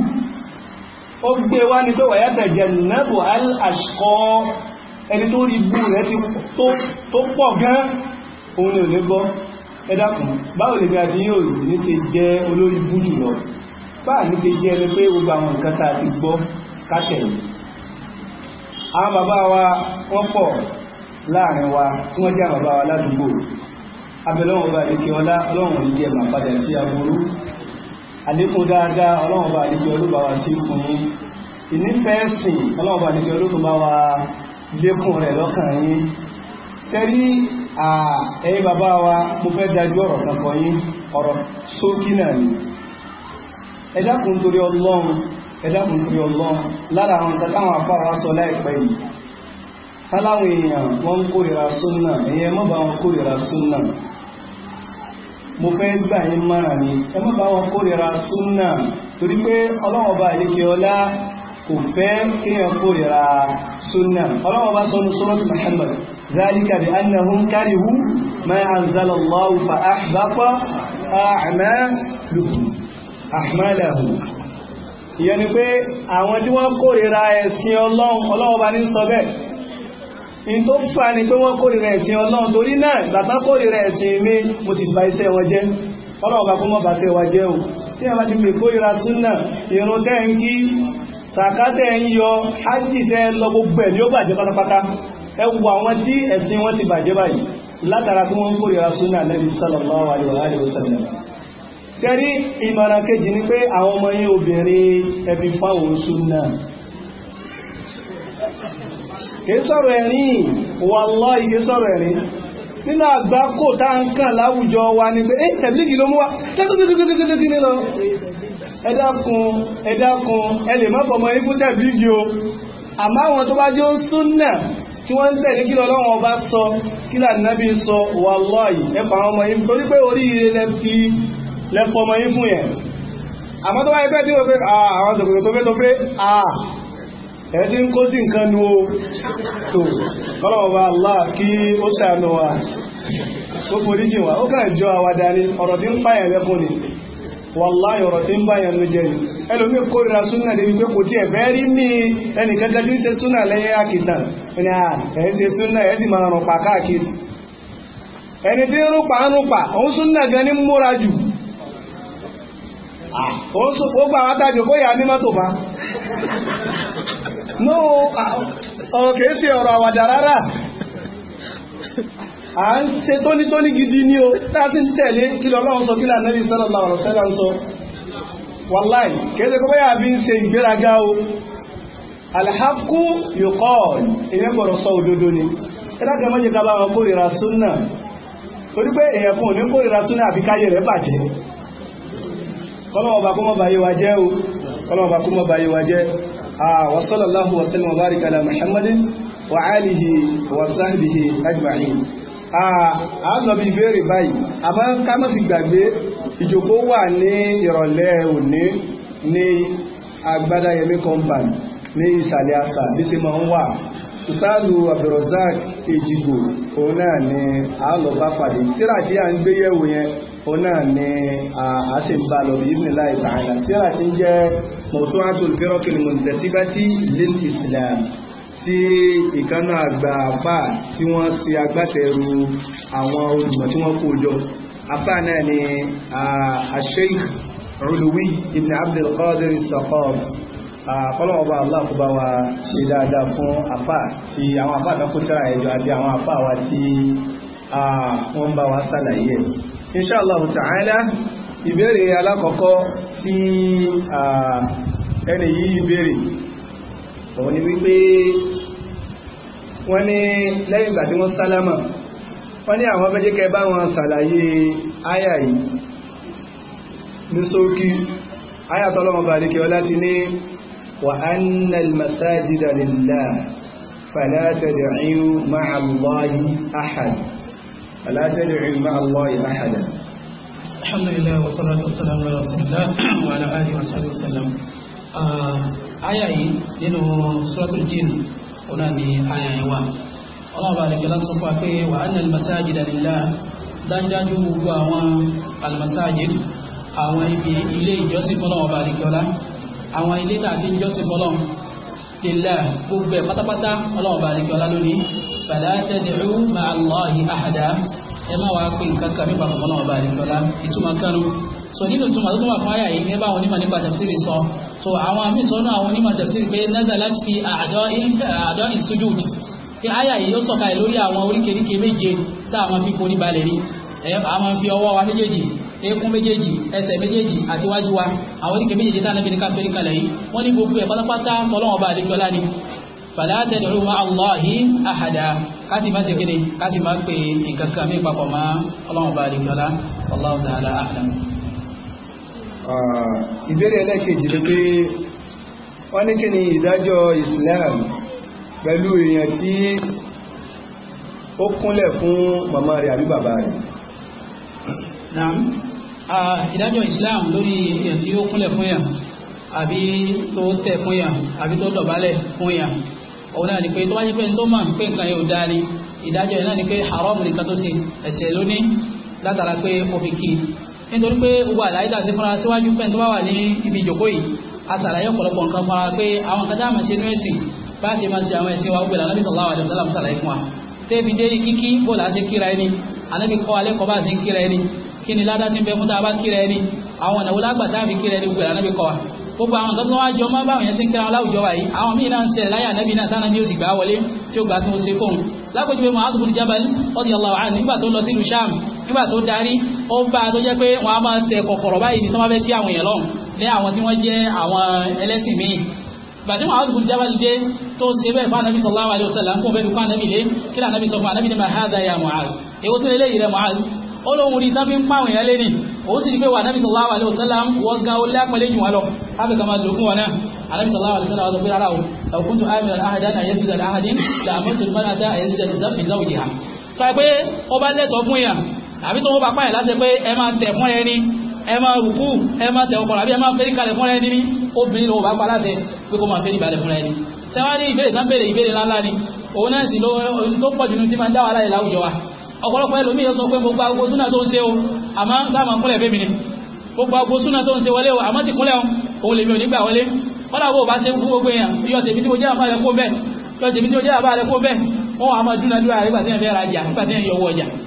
ó gbé wá ní pé wọ̀yẹ́tẹ̀jẹ́ nẹ́bù aṣọ́ ẹni tó rí bú rẹ̀ ti tó pọ̀ gan òun ni ò lè gbọ́ ẹ̀dàkùn báwo lè bí àti yóò ní ṣe jẹ́ olórí bú jùlọ báà ní ṣe abẹ́lọ́wọ̀n bá ìdíkẹ́ ọlá ọlọ́run ní jẹ́ màpadà sí aburú àlékún dáadáa ọlọ́run bá ìdíkẹ́ olúbà wa sí fún yín ìnífẹ́ẹ̀sìn ọlọ́run bá ìdíkẹ́ olúbà wa lékún rẹ̀ lọ́kàn yín sẹ́rí ẹ̀yin bàbá wa mo fẹ́ dájú ọ̀rọ̀ kankan yín ọ̀rọ̀ sókí náà ni ẹ dákun torí ọlọ́run ẹ dákun torí ọlọ́run lára àwọn nǹkan táwọn afárá sọ láìpẹ́ yìí táláwọn èèyàn wọ́n ń kórìíra súnnà ẹ̀yẹ mọ́ bá wọn kórìíra súnnà mo fẹ́ gbà yín mọ́ra ni ẹ má bá wọn kórìíra súnà torí pé ọlọ́wọ́ bá àlékè ọlá kò fẹ́ kéèyàn kórìíra súnà ọlọ́wọ́ sọ́nu sọ́nà Muhammad ذلك بأنهم كرهوا ما أنزل الله فأحبط أعمالهم أعمالهم ìyẹn ni pé àwọn tí wọ́n kórìíra ẹ̀sìn ọlọ́run ọlọ́wọ́ bá ní sọ bẹ́ẹ̀ in tó fà ní pé wọ́n kórìíra ẹ̀sìn ọlọ́run torí náà bàbá kórìíra ẹ̀sìn mi mo sì bà iṣẹ́ wọn jẹ́ ọlọ́run bá fún mọ́ bà iṣẹ́ wa jẹ́ o tí a bá ti pè kórìíra súnà irun tẹ́ ń kí sàkátẹ́ ń yọ sallallahu alaihi wasallam sẹ́rí ìmọ̀ràn kejì ni pé àwọn ọmọ yín kìí sọ̀rọ̀ ẹ̀rin wallahi kìí sọ̀rọ̀ ẹ̀rin nínú àgbá kò tá láwùjọ wa ni pé eh tẹ̀blígì ló mú wa tẹ́kùtùkùtùkùtù nílọ ẹ dákun ẹ dákun ẹ lè má fọmọ ikú tẹ̀blígì o àmọ́ àwọn tó bá jẹ́ ó súnà tí wọ́n ń tẹ̀lé kí lọ́lọ́wọ́n ọba sọ kí lànàbí sọ wallahi ẹ̀fà àwọn ọmọ yìí torí pé oríire ẹ̀ẹ́dí kó nǹkan ní o tó kọ́lọ̀wọ̀wà Allah kí ó ṣàánú wa O forí jì wá ó kàn jọ àwàdà ní ọ̀rọ̀ tí ń lẹ́kùn ni wàláhì ọ̀rọ̀ tí ń páyàn ló jẹ́ ẹlòmí kórìíra súnà débi pé kò tí ẹ̀ fẹ́ rí ní kankan tí ń ṣe súnà lẹ́yìn àkìtàn ẹni à ẹ̀ ń súnà sì máa pa káàkiri ẹni tí ń rúpa ń rúpa òun súnà gan ní múra jù ó gbà kó no ah, oh, ọ̀rọ̀ kìí ọrọ ọ̀rọ̀ rárá à ń ṣe gidi ni o láti ń tẹ̀lé kí lọ́lọ́run sọ kí lànàbí sallallahu alaihi wasallam sọ wàláì kìí kọ́bẹ́ yà ń ṣe ìgbéraga o alhaku yuqal ìyẹn sọ òdodo ni mọ́jẹ́ ká bá wọn súnà torí pé èèyàn súnà rẹ̀ kọlọ̀wọ̀n bá kúmọ̀ báyé wa jẹ́ wa sallallahu wa sallam wa barika ala muhammadin wa alihi wa sahbihi ajma'in a lọ bí ìbéèrè báyìí àmọ́ ká má fi gbàgbé ìjòkó wà ní ìrọ̀lẹ́ òní ní agbádáyẹmí company ní ìsàlẹ̀ àṣà bí ṣe máa ń wà ìsáàlù náà ni a ṣe ń bá lọ bí ibùn láì tààlà tí a ti ń jẹ́ mawsu'atul firqil muntasibati lil islam tí ìkánná àgbà àpá tí wọ́n ṣe agbátẹrù àwọn olùmọ̀ tí wọ́n kó jọ àpá náà ni Sheikh Uluwi ibn Abdul Qadir As-Saqafi kọ́lọ́wọ́ bá Allah kó bá wa ṣe dáadáa fún àfà tí àwọn àfà àtàkùtà ẹ̀jọ àti àwọn àfà wa tí wọ́n bá wa ṣàlàyé ẹ̀ inṣàlọ́hù tààlá ìbéèrè alákọ̀ọ́kọ́ tí ẹni yìí ìbéèrè òun ni wípé wọ́n ní lẹ́yìn ìgbà tí wọ́n sálámà wọ́n ní àwọn fẹ́ jẹ́ kẹ́ bá wọn ṣàlàyé àyà yìí ní ṣókí àyà tọ́lọ́mọ bá ní kí ọlá ti ní wa annal masajida lillah fala tad'u ma'a فلا تدعوا مع الله أحدا الحمد لله والصلاة والسلام على رسول وعلى آله وصحبه وسلم آية nínú suratul jinn ọ̀nà ni àyà ìwà ọlọ́ọ̀bà àlẹ́kẹ́lá sọ fún wa pé wà á nà almasajida lillah dájúdájú gbogbo àwọn almasajid àwọn ibi ilé ìjọsìn fọlọ́ọ̀bà àlẹ́kẹ́lá àwọn ilé tàbí ìjọsìn fọlọ́ọ̀ lillah gbogbo ẹ̀ pátápátá ọlọ́ọ̀bà àlẹ́kẹ́lá lónìí fala tad'u ma'a Allahi ahada ẹ má wàá pé nǹkan kan nípa fún ọlọ́wọ́ bá a lè fi ọlá ìtumọ̀ kánú so nínú ìtumọ̀ tó tó wà fún àyà yìí nígbà àwọn onímọ̀ nípa tafsiri sọ so àwọn àmì sọ́nà àwọn onímọ̀ tafsiri pé nazalat fi àdọ́ ìsújúd pé àyà yìí ó sọ̀ka lórí àwọn oríkèéríkè méje tá àwọn fi forí balẹ̀ rí àwọn fi ọwọ́ wa méjèèjì eékún méjèèjì ẹsẹ̀ méjèèjì àti wájú wa àwọn oríkèé méjèèjì tá ànábìnrin ká fẹ́rí kalẹ̀ yìí wọ́n ní gbogbo ẹ̀ pátápátá tọ́lọ́wọ́n bá àdéjọ́lá ni fala tad'u ma'a Allahi ahada káti má ṣe kéde káti má pè nǹkan kan mí papọ̀ mọ́ ọlọ́run bá rí kọ́lá wallahu ta'ala a'lam. ìbéèrè ẹlẹ́kejì ló pé wọ́n ní kí ni ìdájọ́ Islam pẹ̀lú èèyàn tí ó kúnlẹ̀ fún màmá rẹ̀ àbí bàbá rẹ̀. naam ìdájọ́ Islam lórí àbí tó tẹ̀ fún yàn àbí tó dọ̀bálẹ̀ fún yàn òun náà ni pé tó bá yẹ pé tó máa ń pè nǹkan yóò dáa ni ìdájọ́ yẹn náà ni pé haram nìkan tó ṣe ẹ̀ṣẹ̀ lónìí látara pé omi kì í nítorí pé gbogbo àlàyé dàsí fúnra síwájú pé tó bá wà ní ibi ìjòkó yìí a ọ̀pọ̀lọpọ̀ nǹkan fúnra pé àwọn kan dáhùn ṣe nínú ẹ̀sìn bá ṣe máa ṣe àwọn ẹ̀sìn wa gbẹ̀lá anábì sallallahu alaihi wasallam ṣàlàyé fún wa tẹ́bi dé kíkí bóòlù àṣẹ kíra ẹni anábì kọ́ alẹ́ kọ́ bá ṣe kíra ẹni kí ni ládá ti bẹ fún tá a bá kíra ẹni àwọn ọ̀nà wo lágbàdá àbí kíra ẹni gbẹ̀lá anábì kọ́ wa gbogbo àwọn nǹkan tó wá jọ máa báwọn yẹn sí ń kíra láwùjọ wáyé àwọn míì náà ń ṣẹlẹ̀ láyà nẹ́bí náà tánà bí ó sì gbà wọlé tí ó gbà tó ṣe fóun lápòjúwe Mu'adh bin Jabal radiyallahu anhu nígbà tó lọ sílùú Sham nígbà tó darí ó bá tó jẹ́ pé wọ́n á máa tẹ kọ̀kọ̀rọ̀ báyìí ní tó kí àwọn èèyàn lọ́hùn ní àwọn tí wọ́n jẹ́ àwọn ẹlẹ́sìn míì gbàtí Mu'adh bin Jabal dé tó ṣe bẹ́ẹ̀ fún anábì sallallahu alaihi wasallam kó fẹ́ fún anábì lé kí anábì sọ fún anábì ní ma hadha ya Mu'adh èwo tó lélẹ́yìí rẹ̀ Mu'adh ó lóun rí tán ń pàwọn èèyàn lé nìí òun sì rí pé wà nábì sallallahu alaihi wasallam wọ́n gan ó lápẹ́lẹ́ jù wá lọ láti kama lò fún wọn náà anábì sallallahu alaihi wasallam sọ pé rárá o law kuntu amiran ahadan an yasjuda li ahadin la amartu al-mar'ata an yasjuda li zawjiha sọ pé ó bá lẹ́tọ̀ọ́ fún yàn àbí tó wọ́n bá pààyàn láti pé ẹ máa tẹ̀ fún ẹni ẹ máa rùkú ẹ máa tẹ̀ ọkọ̀ àbí ẹ máa fẹ́rí kalẹ̀ fún ẹni ní obìnrin lọ́wọ́ bá pa láti pé kó tó pọ̀ jù ní ọ̀pọ̀lọpọ̀ ẹlòmí yóò sọ pé gbogbo agbó súnà tó ń ṣe o àmá sáàmà kúnlẹ̀ bẹ́mi ni gbogbo agbó súnà tó ń ṣe wọlé o àmá ti kúnlẹ̀ òun lèmi ò nígbà wọlé wọ́láwọ́ bá ṣe fún gbogbo èèyàn yóò tèmi tí mo jẹ́ àbá rẹ̀ kó bẹ́ẹ̀ yóò tèmi tí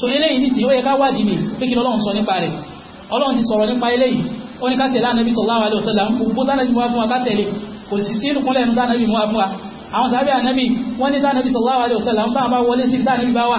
so eléyìí ní sí ó yẹ ni pé kí lọ́lọ́run sọ nípa rẹ̀ Ọlọ́run ti sọ̀rọ̀ nípa eléyìí sallallahu alaihi wasallam gbogbo tánàbí wá fún wa ká tẹ̀lé kò sì sí àwọn sàbẹ̀ ànábì wọ́n ní tánàbí sallallahu alaihi wasallam táwọn bá wọlé sí tánàbí bá wà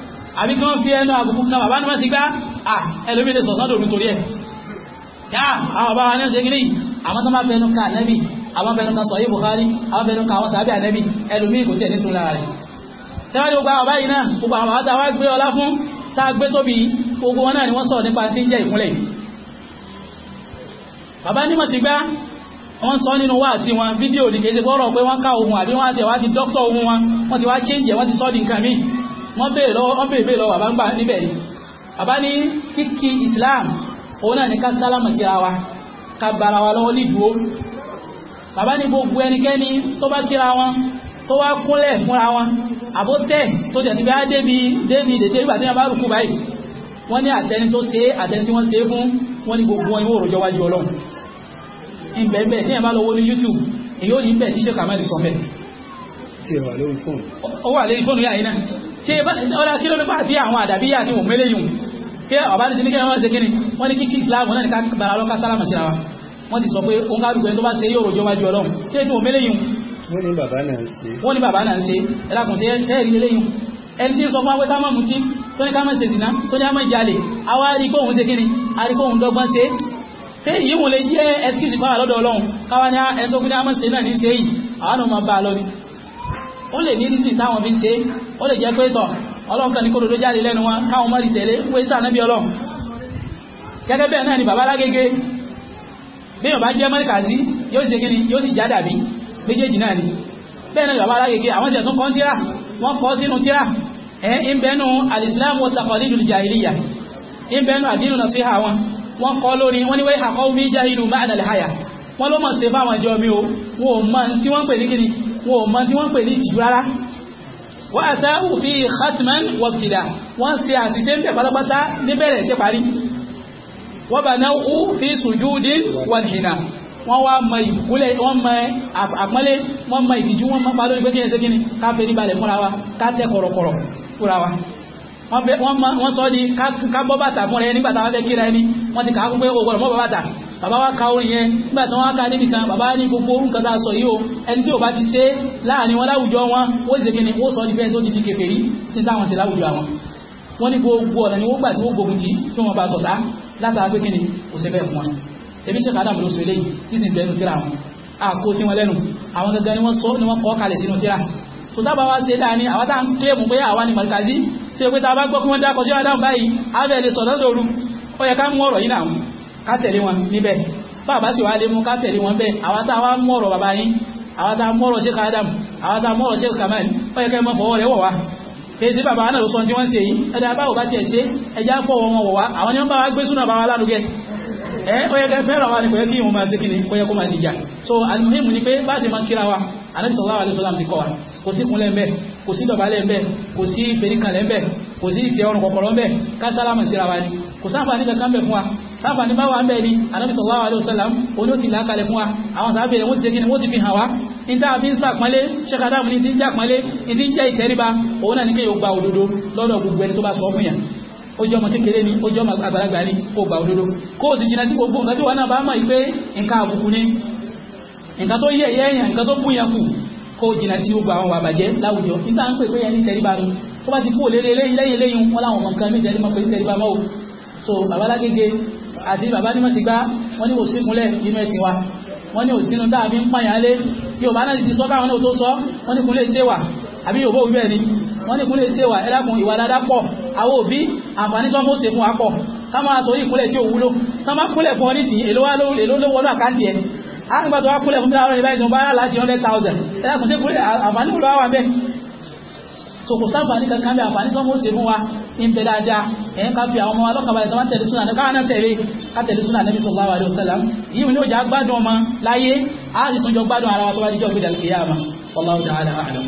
àbí kí wọ́n fi ẹnu àgùnkú kan bàbá ní wọ́n ti gbá à ẹlòmí lè sọ̀sán dòmí torí ẹ̀ yá àwọn bàbá ní ṣe gírí àwọn tó máa fẹnu ka ànẹ́bì àwọn fẹnu ka sọ̀yí Bukhari àwọn fẹnu ka àwọn sàbí ànẹ́bì ẹlòmí kò tiẹ̀ nítorí lára rẹ̀ sẹ́wọ́n gbogbo àwọn báyìí náà gbogbo àwọn àwọn àtàwọn gbé ọlá wọn ni wọ́n sọ̀rọ̀ nípa tí ń jẹ́ ìkúnlẹ̀ bàbá ní mo ti gbá wọ́n sọ nínú wá sí wọn fídíò ní kèsì gbọ́rọ̀ pé wọ́n ká ohun àbí wọ́n ti wá ti dókítà ohun wọn wọ́n ti wá chíńjẹ̀ wọ́n ti sọ́ nǹkan míì wọ́n béèrè lọ́wọ́ bàbá ń gbà níbẹ̀ yìí bàbá ní kíkí Islam òun náà ní ká sálámà síra wa ká bára wa lọ́wọ́ nídùú bàbá ní gbogbo ẹnikẹ́ni tó bá kíra wọn tó wá kúnlẹ̀ fúnra wọn àbótẹ́ tó jẹ̀ níbi á débi débi dèdè ìgbà tí wọ́n bá rùkú báyìí wọ́n youtube èyí ò ní bẹ̀ tí ṣe kàmẹ́lì sọ bẹ́ẹ̀ ó wà lórí fóònù yáyí náà ṣe ọlá kí ló ní pàtí àwọn àdàbíyà tí wọ́n mẹ́lẹ̀ yìí kí ọba ní sinikẹ́ wọ́n ṣe kí ni wọ́n ní kíkí islam náà ní ká bàrà lọ́ka sálàmù wa wọ́n ti sọ pé ó ń kárùkù ẹni tó bá ṣe yóò rojọ́ wájú ọlọ́run ṣe tí wọ́n mẹ́lẹ̀ yìí wọ́n ní bàbá náà ń ṣe wọ́n ní bàbá náà ń ṣe ẹlákùn ṣe ẹ̀rí lẹ́yìn ẹni tí ń sọ fún apẹ́ta mọ́ mú tí tó ni a rí pé òun dọ́gbọ́n lè jẹ́ ẹskìsì fáwà lọ́dọ̀ ọlọ́run káwa ní ah, ẹni tó ní ṣe yìí àwọn ọmọ bá a ó lè ní rísì táwọn fi ń ṣe ó lè jẹ́ pé tọ̀ ọlọ́run kan ní kódodo jáde lẹ́nu wọn káwọn má rí tẹ̀lé wọ́n sàn ọlọ́run gẹ́gẹ́ bẹ́ẹ̀ náà ni bàbá alágége bẹ́ẹ̀ bá jẹ́ mọ́ríkàsí yóò ṣe kíni yóò sì já dàbí méjèèjì náà ni bẹ́ẹ̀ náà bàbá alágége àwọn tẹ̀ tún kọ́ tíra wọ́n kọ́ sínú tíra ẹ̀ ń alìsílámù wọ́n ló mọ̀ ṣe fáwọn ìjọ mi o wọn ò mọ̀ tí wọ́n pè ní kíni wọn ò mọ̀ tí wọ́n pè ní ìtìjú rárá wọ́n àṣà òfin khatman wọ́pìtìdà wọ́n ṣe àṣìṣe ń tẹ̀ pátápátá níbẹ̀rẹ̀ tẹ́ parí wọ́n bá náà ó fi sùjúdì wọ́n hìnà wọ́n wá mọ ìkúlẹ̀ wọ́n mọ àpọ́nlé wọ́n mọ ìtìjú wọ́n mọ balórí pé kí ẹ ṣe kíni ká fẹ́ níbalẹ̀ fúnra wa ká tẹ́ kọ̀rọ̀kọ̀rọ̀ fúnra wa wọ́n sọ di ká bọ́ bàtà fúnra ẹni nígbà táwọn fẹ́ kíra ẹni wọ́n ti kà á kún pé ògbọ́dọ̀ mọ́ bàtà bàbá wa ka orin yẹn nígbà tí wọ́n ká níbi kan bàbá ní gbogbo orúkọ tá a sọ yìí o ẹni tí ò bá ti ṣe láàrin wọn láwùjọ wọn ó sì kí ni ó sọ nífẹ̀ẹ́ tó ti di kèfèrí sí táwọn ṣe láwùjọ àwọn wọ́n ní gbogbo ọ̀nà ni wọ́n gbà tí wọ́n gbógun ti tí wọ́n bá sọ̀tá látara pé kí ni kò ṣe bẹ́ẹ̀ fún wọn ṣebí ṣe kàdà mọ̀ lóṣù eléyìí tí sì tíra wọn àkó sí wọn lẹ́nu àwọn gangan ni wọ́n sọ ni wọ́n kọ́ kalẹ̀ sínú tíra tó dábàá wá ṣe dáa ni àwọn tá à ń kéèmù pé àwa ni màlúkàzí tó yẹ pé tá a bá gbọ́ kí wọ́n dákọ̀ sí wọn báyìí á bẹ̀rẹ̀ sọ̀rọ̀ lóru ó yẹ ká mú ọ̀rọ̀ yìí náà ká tẹ̀lé wọn níbẹ̀ bá àbá sì wá lè mú ká tẹ̀lé wọn bẹ́ẹ̀ àwọn tá a wá ń mọ̀rọ̀ bàbá yín àwọn tá a mọ̀rọ̀ Sheikh Adam àwọn tá a mọ̀rọ̀ Sheikh Kamal ó yẹ kẹ́ mọ́ fọwọ́ rẹ̀ wọ̀ wá èsì bàbá náà ló sọ tí wọ́n ṣe yìí ẹ̀dá báwo bá tiẹ̀ ṣe ẹjá fọwọ́ wọn wọ̀ wá àwọn yẹn bá wá gbé súnà bá wá lálùgẹ́ ẹ ó yẹ kẹ́ fẹ́ràn wa ni kò yẹ kí ìwọ̀n máa ṣe kí ni kò yẹ kó máa ṣe jà so àlùmọ́hìmù ni pé bá ṣe máa kíra wa Ànábì sallallahu alaihi wasallam ti kọ́ wa kò sí kúnlẹ̀ ń bẹ̀ kò sí dọ̀bálẹ̀ ń bẹ̀ kò sí ìfẹ̀ríkànlẹ̀ ń bẹ̀ kò sí ìfẹ́ ọrùn kọ̀kọ̀rọ̀ ń bẹ̀ ká sálámù ni kò sáfàní kankan bẹ̀ fún wa sáfàní bá wà ń bẹ̀ ni Ànábì sallallahu alaihi wasallam ni wọ́n ti fi hàn wá ìdá àbí ń sàpọ́nlé ṣẹ́ka dáàmù ní ti ń jàpọ́nlé ìdí ń jẹ́ ni ó jẹ́ ọmọ àgbàlagbà ni ó gba òdodo kó o sì jìnnà sí gbogbo nǹkan tí wọn náà bá mọ̀ yìí ni nǹkan tó yẹ ẹ̀yẹ́ nǹkan tó bú yẹn kó jìnà sí gbogbo àwọn àbàjẹ́ láwùjọ nígbà ń pè pé ẹni tẹríba nu tó bá ti kú òlé lẹ́yìn lẹ́yìn wọn láwọn nǹkan mí tẹríba pé tẹríba mọ́ o so bàbá lágége àti bàbá ní wọ́n ti gbá wọ́n ní òsínkúnlẹ̀ nínú ẹ̀sìn wa wọ́n ní òsínú dáa fi ń pààyàn lé yorùbá náà ti sọ káwọn náà tó sọ wọ́n ní kúnlẹ̀ ṣéwà àbí yorùbá òbí bẹ́ẹ̀ ni wọ́n ní kúnlẹ̀ ṣéwà ẹ̀dàkùn ìwà dáadáa pọ̀ àwọn òbí àǹfààní tó ń bó ṣe fún wa pọ̀ ká máa sọ yìí kúnlẹ̀ tí ò wúlò ká máa kúnlẹ̀ fún ọ nísìnyí èló wá lówó lówó àkáǹtì ẹ̀ àgbà tó wá kúlẹ̀ fún bíláwọ́ rẹ̀ báyìí tó bá láti 100,000 ẹ̀dá kò sí kúlẹ̀ àǹfààní olówó wà bẹ́ẹ̀ so kò sáǹfààní kankan bí àǹfààní tó mú sí fún wa ní bẹ dáadáa ẹ̀yìn ká fi àwọn ọmọ alọ́kàbalẹ̀ tó bá tẹ̀lé súnà ní káwọn tẹ̀lé ká tẹ̀lé súnà Nabi sallallahu alaihi wasallam yìí ni ó jà gbádùn ọmọ láyé á sì tún jọ gbádùn ara wa tó bá jíjọ gbé dàlùkì yá ma wallahu ta'ala a'lam.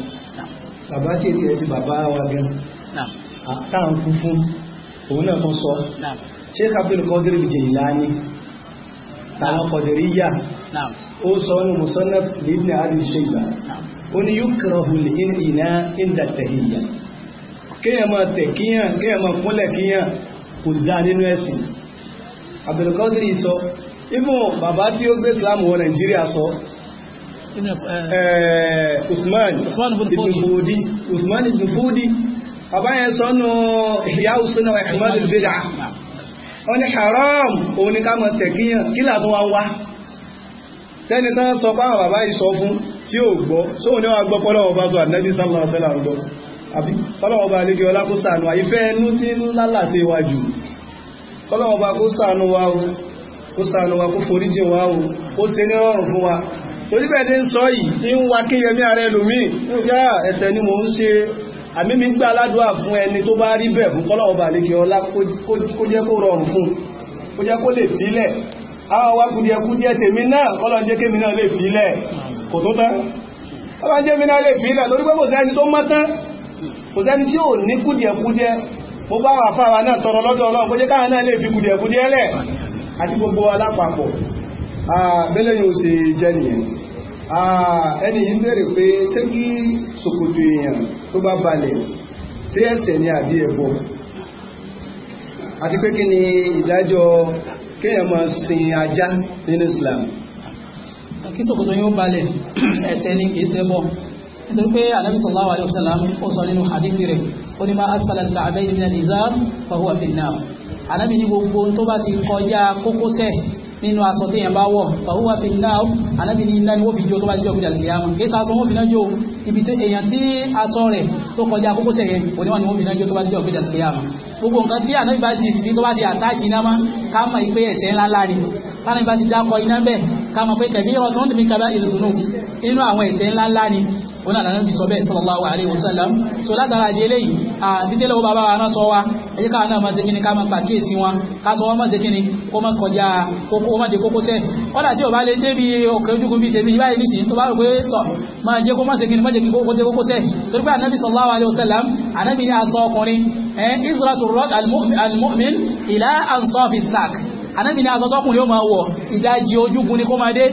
bàbá tí èdè ẹsẹ bàbá wa gan táwọn kú fún òun náà tó sọ ṣé káfíńkọ́ gírí Jilani táwọn Qadiriyya ó sọ ní musannaf ibn abi shayba ó ní yukrahu al-inna inda tahiyya kéèyàn máa tẹ̀ kíyàn kéèyàn máa kúnlẹ̀ kíyàn kò dá nínú ẹ̀sìn Abdul Qadir sọ ibùn bàbá tí ó gbé Islam wọ Nàìjíríà sọ eh, eh, Usman ibn Usman ibn bàbá yẹn sọ nù Ihya Sunna wa Ihmadul Bid'ah wọ́n haram òun ní ká máa tẹ̀ kíyàn kí làtún wá wá sẹ́ni tán sọ páwọn bàbá ìsọ fún tí ó gbọ́ sóhun ní wọ́n gbọ́ pọ́lọ́wọ́ bá sọ ànábì sallallahu alaihi wasallam gbọ́ àbí pọ́lọ́wọ́ bá lè kí ọlá kó sànú àyífẹ́ ẹnu tí ń lálàsẹ̀ iwájú pọ́lọ́wọ́ bá kó sànú wa o kó sànú wa kó foríjì wa o ó ṣe àwọn wa kùdìẹ̀kùdìẹ̀ tèmi náà Ọlọ́run jẹ́ kémi náà lè fílẹ̀ kò tó tán Ọlọ́run jẹ́ mi náà lè fílẹ̀ torí pé kò sẹ́ni tó mọ́ tán kò sẹ́ni tí ò ní kùdìẹ̀kùdìẹ̀ gbogbo àwọn àfáwà náà tọrọ lọ́dọ̀ Ọlọ́run kó jẹ́ káwọn náà lè fi kùdìẹ̀kùdìẹ̀ lẹ̀ àti gbogbo alápapọ̀ bẹ́lẹ̀ yóò ṣe jẹ́ nìyẹn ẹni yìí bẹ̀rẹ̀ pé kéèyàn máa sin ajá nínú Islam. àkísòkòtò yóò balẹ̀ ẹ̀ṣẹ̀ ni kìí ṣe bọ̀ nítorí pé anabi sallallahu alayhi wa sallam ó sọ nínú hadithi rẹ̀ ó ní ma asala ka'abayn min al-izar fa huwa fi an-nar anabi ní gbogbo tó bá ti kọjá kókósẹ̀ nínú aṣọ tí yẹn bá wọ̀ fàwọ́wà fi náà anábì ní iná ni wọ́n fi jó tó bá jẹ́ òkúta ìkìyàmù kìí sọ aṣọ wọ́n fi náà jó ibi tí èèyàn tí aṣọ rẹ̀ tó kọjá kókósẹ̀ yẹn òníwà ni wọ́n fi náà jó tó bá jẹ́ òkúta ìkìyàmù gbogbo nǹkan tí ànábì bá ti fi tó bá ti àtáàkì iná mọ́ ká mọ̀ ìpé ẹ̀ṣẹ̀ ńlá ńlá ni tánàbì bá ti dákọ̀ iná bẹ́ẹ̀ ká mọ̀ pé kẹ̀bí ọ̀rọ̀ ń dìbí kaba ìlùdùnú inú àwọn ẹ̀ṣẹ̀ ńlá ńlá wọn àná bí sọ bẹ́ẹ̀ sallallahu alaihi wasallam so látara di eléyìí àdídélé wọn bàbá wa náà sọ wa ẹjẹ káwọn náà máa ṣe kíni ká máa pàkíyèsí wọn ká sọ wọn máa ṣe kíni kó má kọjá kó má dé kókó sẹ ọ̀dà tí o bá lè débi sallallahu alaihi wasallam ànábì ní aṣọ ọkùnrin ẹ yufurrat al-mu'min ila ansafi sak anábì ní aṣọ tọ́kùnrin ó máa wọ̀ ìdájí ojúgun ní kó máa dé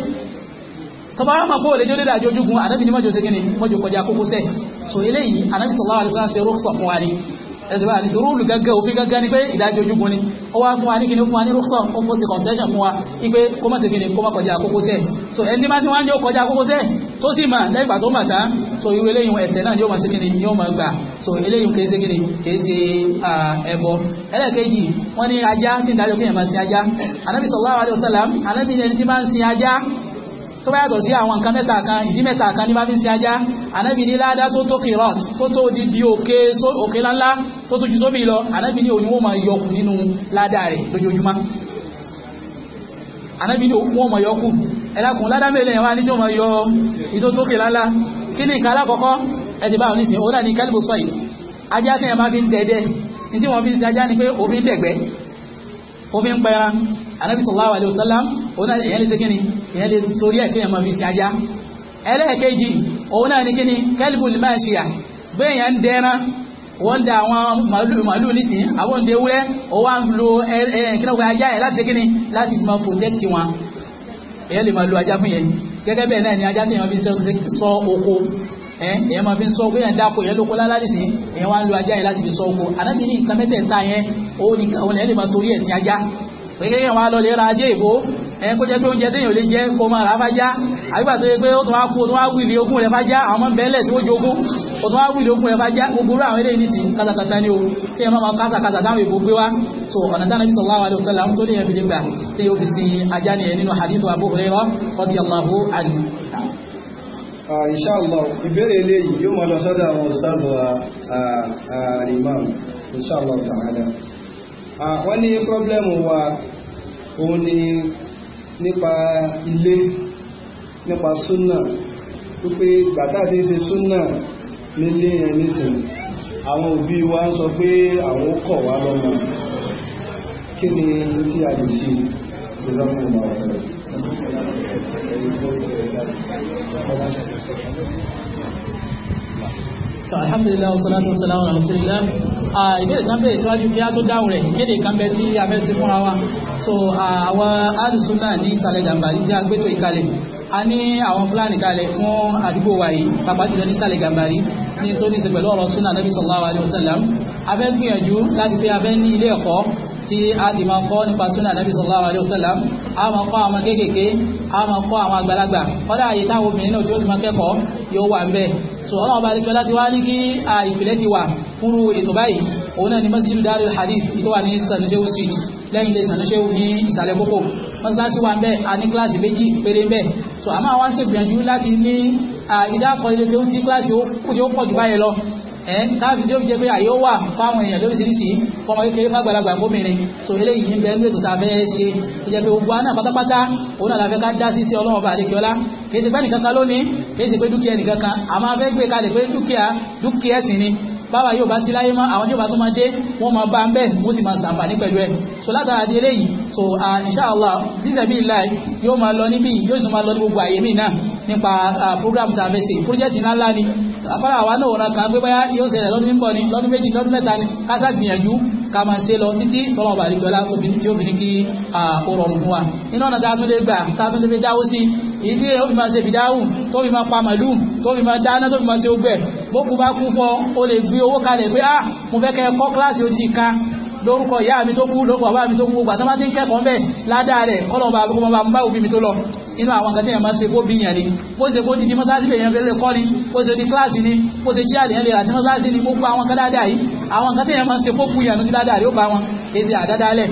tọba yọ́ máa kó lè jọ́dé dájí ojúgun anábì ní mọ́jọ́ sí gíní mọ́jọ́ kọjá kókósẹ̀ so eléyìí anábì sallallahu alaihi wasallam ṣe rọ́ọ̀sọ̀ fún wa ni ẹ̀sìnbá àti rúùlù gẹ́gẹ́ òfin gẹ́gẹ́ ni pé ìdájọ́ ojúgun ni ó wá fún wa ní kíni fún wa ní rúkṣọ́ ó sí concession fún wa ipe kó má ṣe kíni kó má kọjá àkókò sẹ́ẹ̀ so ẹni bá ti wá ní ó kọjá àkókò sẹ́ẹ̀ tó sì mà lẹ́gbà tó mà tán so irú eléyìí ẹ̀ṣẹ̀ náà ni ó máa ṣe kíni ni ó máa gbà so eléyìí kìí ṣe kíni kìí ṣe ẹbọ ẹlẹ́ẹ̀kejì wọ́n ní ajá tí ń dájọ́ kéèyàn máa sin ajá anábì sallallahu alaihi wasallam anábì ní ẹni tí máa tó bá yàtọ̀ sí àwọn nǹkan mẹ́ta kan ìdí mẹ́ta kan ní bá fi ń ṣe ajá ànábì ní ládá tó tó kìrọ̀t tó tó di di òkè lánlá tó tó sóbì lọ ànábì ní òníwó máa yọkù nínú ládá rẹ̀ lójoojúmọ́ ànábì ní òun máa yọkù ẹlákùn ládá mẹ́lẹ̀ wá ní tí ó yọ ìtó tó lánlá kí alákọ̀ọ́kọ́ ẹ̀dì bá òun náà ní kálíbù ajá fi ń omi ń pẹ́ra anábì sallallahu alaihi wasallam òun náà èyàn lè ṣe kíni èyàn lè torí ẹ̀ kéèyàn máa fi ṣe ajá ẹlẹ́ẹ̀kejì òun náà ní kíni kalbul mashiya bẹ́ẹ̀yà ń dẹ́ran wọ́n da àwọn màálù nísìn àwọn òǹdè wúrẹ́ ó wá ń lo kínáwó ajá ẹ̀ láti ṣe kíni láti máa protect wọn èyàn lè máa lo ajá fún yẹn gẹ́gẹ́ bẹ́ẹ̀ náà ni ajá tí èèyàn fi sọ oko Eh, èèyàn máa fi ń sọ oko yẹn dáko yẹn lóko lálá nìsín èèyàn wá ń lo ajá yẹn láti fi sọ oko ànábì ní nǹkan mẹ́tẹ̀ẹ̀ta yẹn òun nìkan òun lẹ́yìn máa torí ẹ̀sìn ajá pé kéèyàn wá lọ lè ra ajé ìbò ẹ kó jẹ́ pé oúnjẹ téèyàn lè jẹ kó máa rà fájá àgbà tó yẹ pé ó tún wá kú ó tún wá wílì ogún rẹ̀ fájá àwọn ọmọ bẹ́ẹ̀lẹ̀ tí ó jogún ó tún wá wílì ogún rẹ̀ fájá gbogbo àwọn eléyìí nìsín kátàkátà ní ooru kí ẹ máa máa kátàkátà táwọn èèbò gbé wá so ọ̀nà tí Ànábì sallallahu alaihi wasallam tó ní ẹ̀ fi lè gbà tí ó fi sin ajá nìyẹn nínú hadith Abu Hurairah radiyallahu anhu Ah, inshallah ìbéèrè eléyìí yóò máa lọ sọ́dọ̀ àwọn òṣàbọ̀ ah, ah, imam inshallah ta'ala wọ́n ní pọ́blẹ́mù wa òun ni nípa ilé nípa súnà wípé gbàtà tí ń ṣe súnà nílé yẹn nísìnyí àwọn òbí wa ń sọ pé àwọn ó kọ̀ wá lọ́mọ kí ni tí a lè ṣe ìjọba ọmọ ọ̀rọ̀ Alhamdulillah alhamdulilayi wasalaatu wasalaamu alhamdulilayi ìbéèrè tán bẹ̀rẹ̀ síwájú kí á tó dáhùn rẹ̀ kéde kan bẹ tí a fẹ́ ṣe fúnra wa so àwa alùsùn náà ní ìsàlẹ̀ Gàmbàrí tí a gbé tó ìkalẹ̀ a ní àwọn pílánì kalẹ̀ fún àdúgbò wa yìí pàpà jùlọ ní sàlẹ̀ Gàmbàrí ní tó ní ṣe pẹ̀lú ọ̀rọ̀ súnà Nabi sallallahu alaihi wasallam a fẹ́ gbìyànjú láti pé a fẹ́ ní ilé ẹ̀kọ́ tí a ti máa kọ́ nípa súnà nàbí sallallahu alaihi wasallam a máa kọ́ àwọn kéékèèké a máa kọ́ àwọn àgbàlagbà kọ́dà àyè táwọn obìnrin náà tí ó ti máa kẹ́kọ̀ọ́ yóò wà ń so ọlọ́wọ́ bá alikọ́lá ti wá ní kí a ìpìlẹ̀ ti wà fúnrú ètò báyìí òun náà ni masjidu darul hadith ìtọ́wà ní sanusewu street lẹ́yìn ilé sanusewu ní ìsàlẹ̀ kókó mọ́sálásí wa ń bẹ a ní kíláàsì méjì péré ń bẹ so àmọ́ àwọn ṣègbìyànjú láti ní ìdákọ̀ ilé tó ti kíláàsì ó pọ̀ jù báyìí lọ ẹ́ táàbí tí ó jẹ́ pé àyó wà fáwọn èèyàn lóríṣiríṣi fọmọ kékeré fàgbàlagbà gómìnir so eléyìí ń bẹ ní ètò tá a fẹ́ ṣe tó jẹ́ pé gbogbo àná pátápátá òun náà la fẹ́ ká dá sí sí ọlọ́run ọba àdékíọ́lá kì í ṣe pé nìkan kan lónìí kì pé dúkìá nìkan bàbá yóò bá sí láyé mọ́ àwọn tí ó bá tó máa dé wọ́n máa bá ń bẹ́ wọ́n sì máa sàǹfààní pẹ̀lú ẹ̀ so látara di eléyìí so insha Allah bísẹ̀bí ìlà yóò máa lọ níbí yóò sì máa lọ ní gbogbo àyè míì náà nípa program tàbẹ́sì project ńlá ńlá ni afárá àwa náà wọ̀nà kan pé báyá yóò ṣẹlẹ̀ lọ́dún níbọ̀ ni lọ́dún méjì lọ́dún mẹ́ta ni kásá gbìyànjú ká máa ṣe lọ títí tọ́lọ́ ọba àdìgbọ́lá tí ó fi ní kí ó rọrùn fún wa iná ọ̀nà tá a tún lè gbà tá a tún lè fi dáwó sí ìdí ó fi máa ṣe fìdáhùn tó fi máa pa màlúù tó fi máa dáná tó fi máa ṣe ogbẹ̀ bó kú bá kú fọ́ ó lè gbé gbé owó kalẹ̀ pé ah mo fẹ́ kẹ́ kọ́ kíláàsì ó ti ka lórúkọ ìyá mi tó kú lórúkọ bàbá mi tó kú gbà tó bá ti ń kẹ́kọ̀ọ́ mẹ́ ládàá rẹ̀ kọ́lọ̀ bá gbogbo bá ń bá òbí mi tó lọ inú àwọn nǹkan tí èèyàn máa ṣe bó bíyàn ni bó ṣe bó didi mọ́sáàsì lè yẹn lè kọ́ ni bó ṣe di kíláàsì ni bó ṣe jíà lèyàn lè àti mọ́sáàsì ni gbogbo àwọn nǹkan dáadáa yìí àwọn nǹkan tí máa ṣe fókù ìyànú sí dáadáa rí ó bá wọn èsì àdádálẹ̀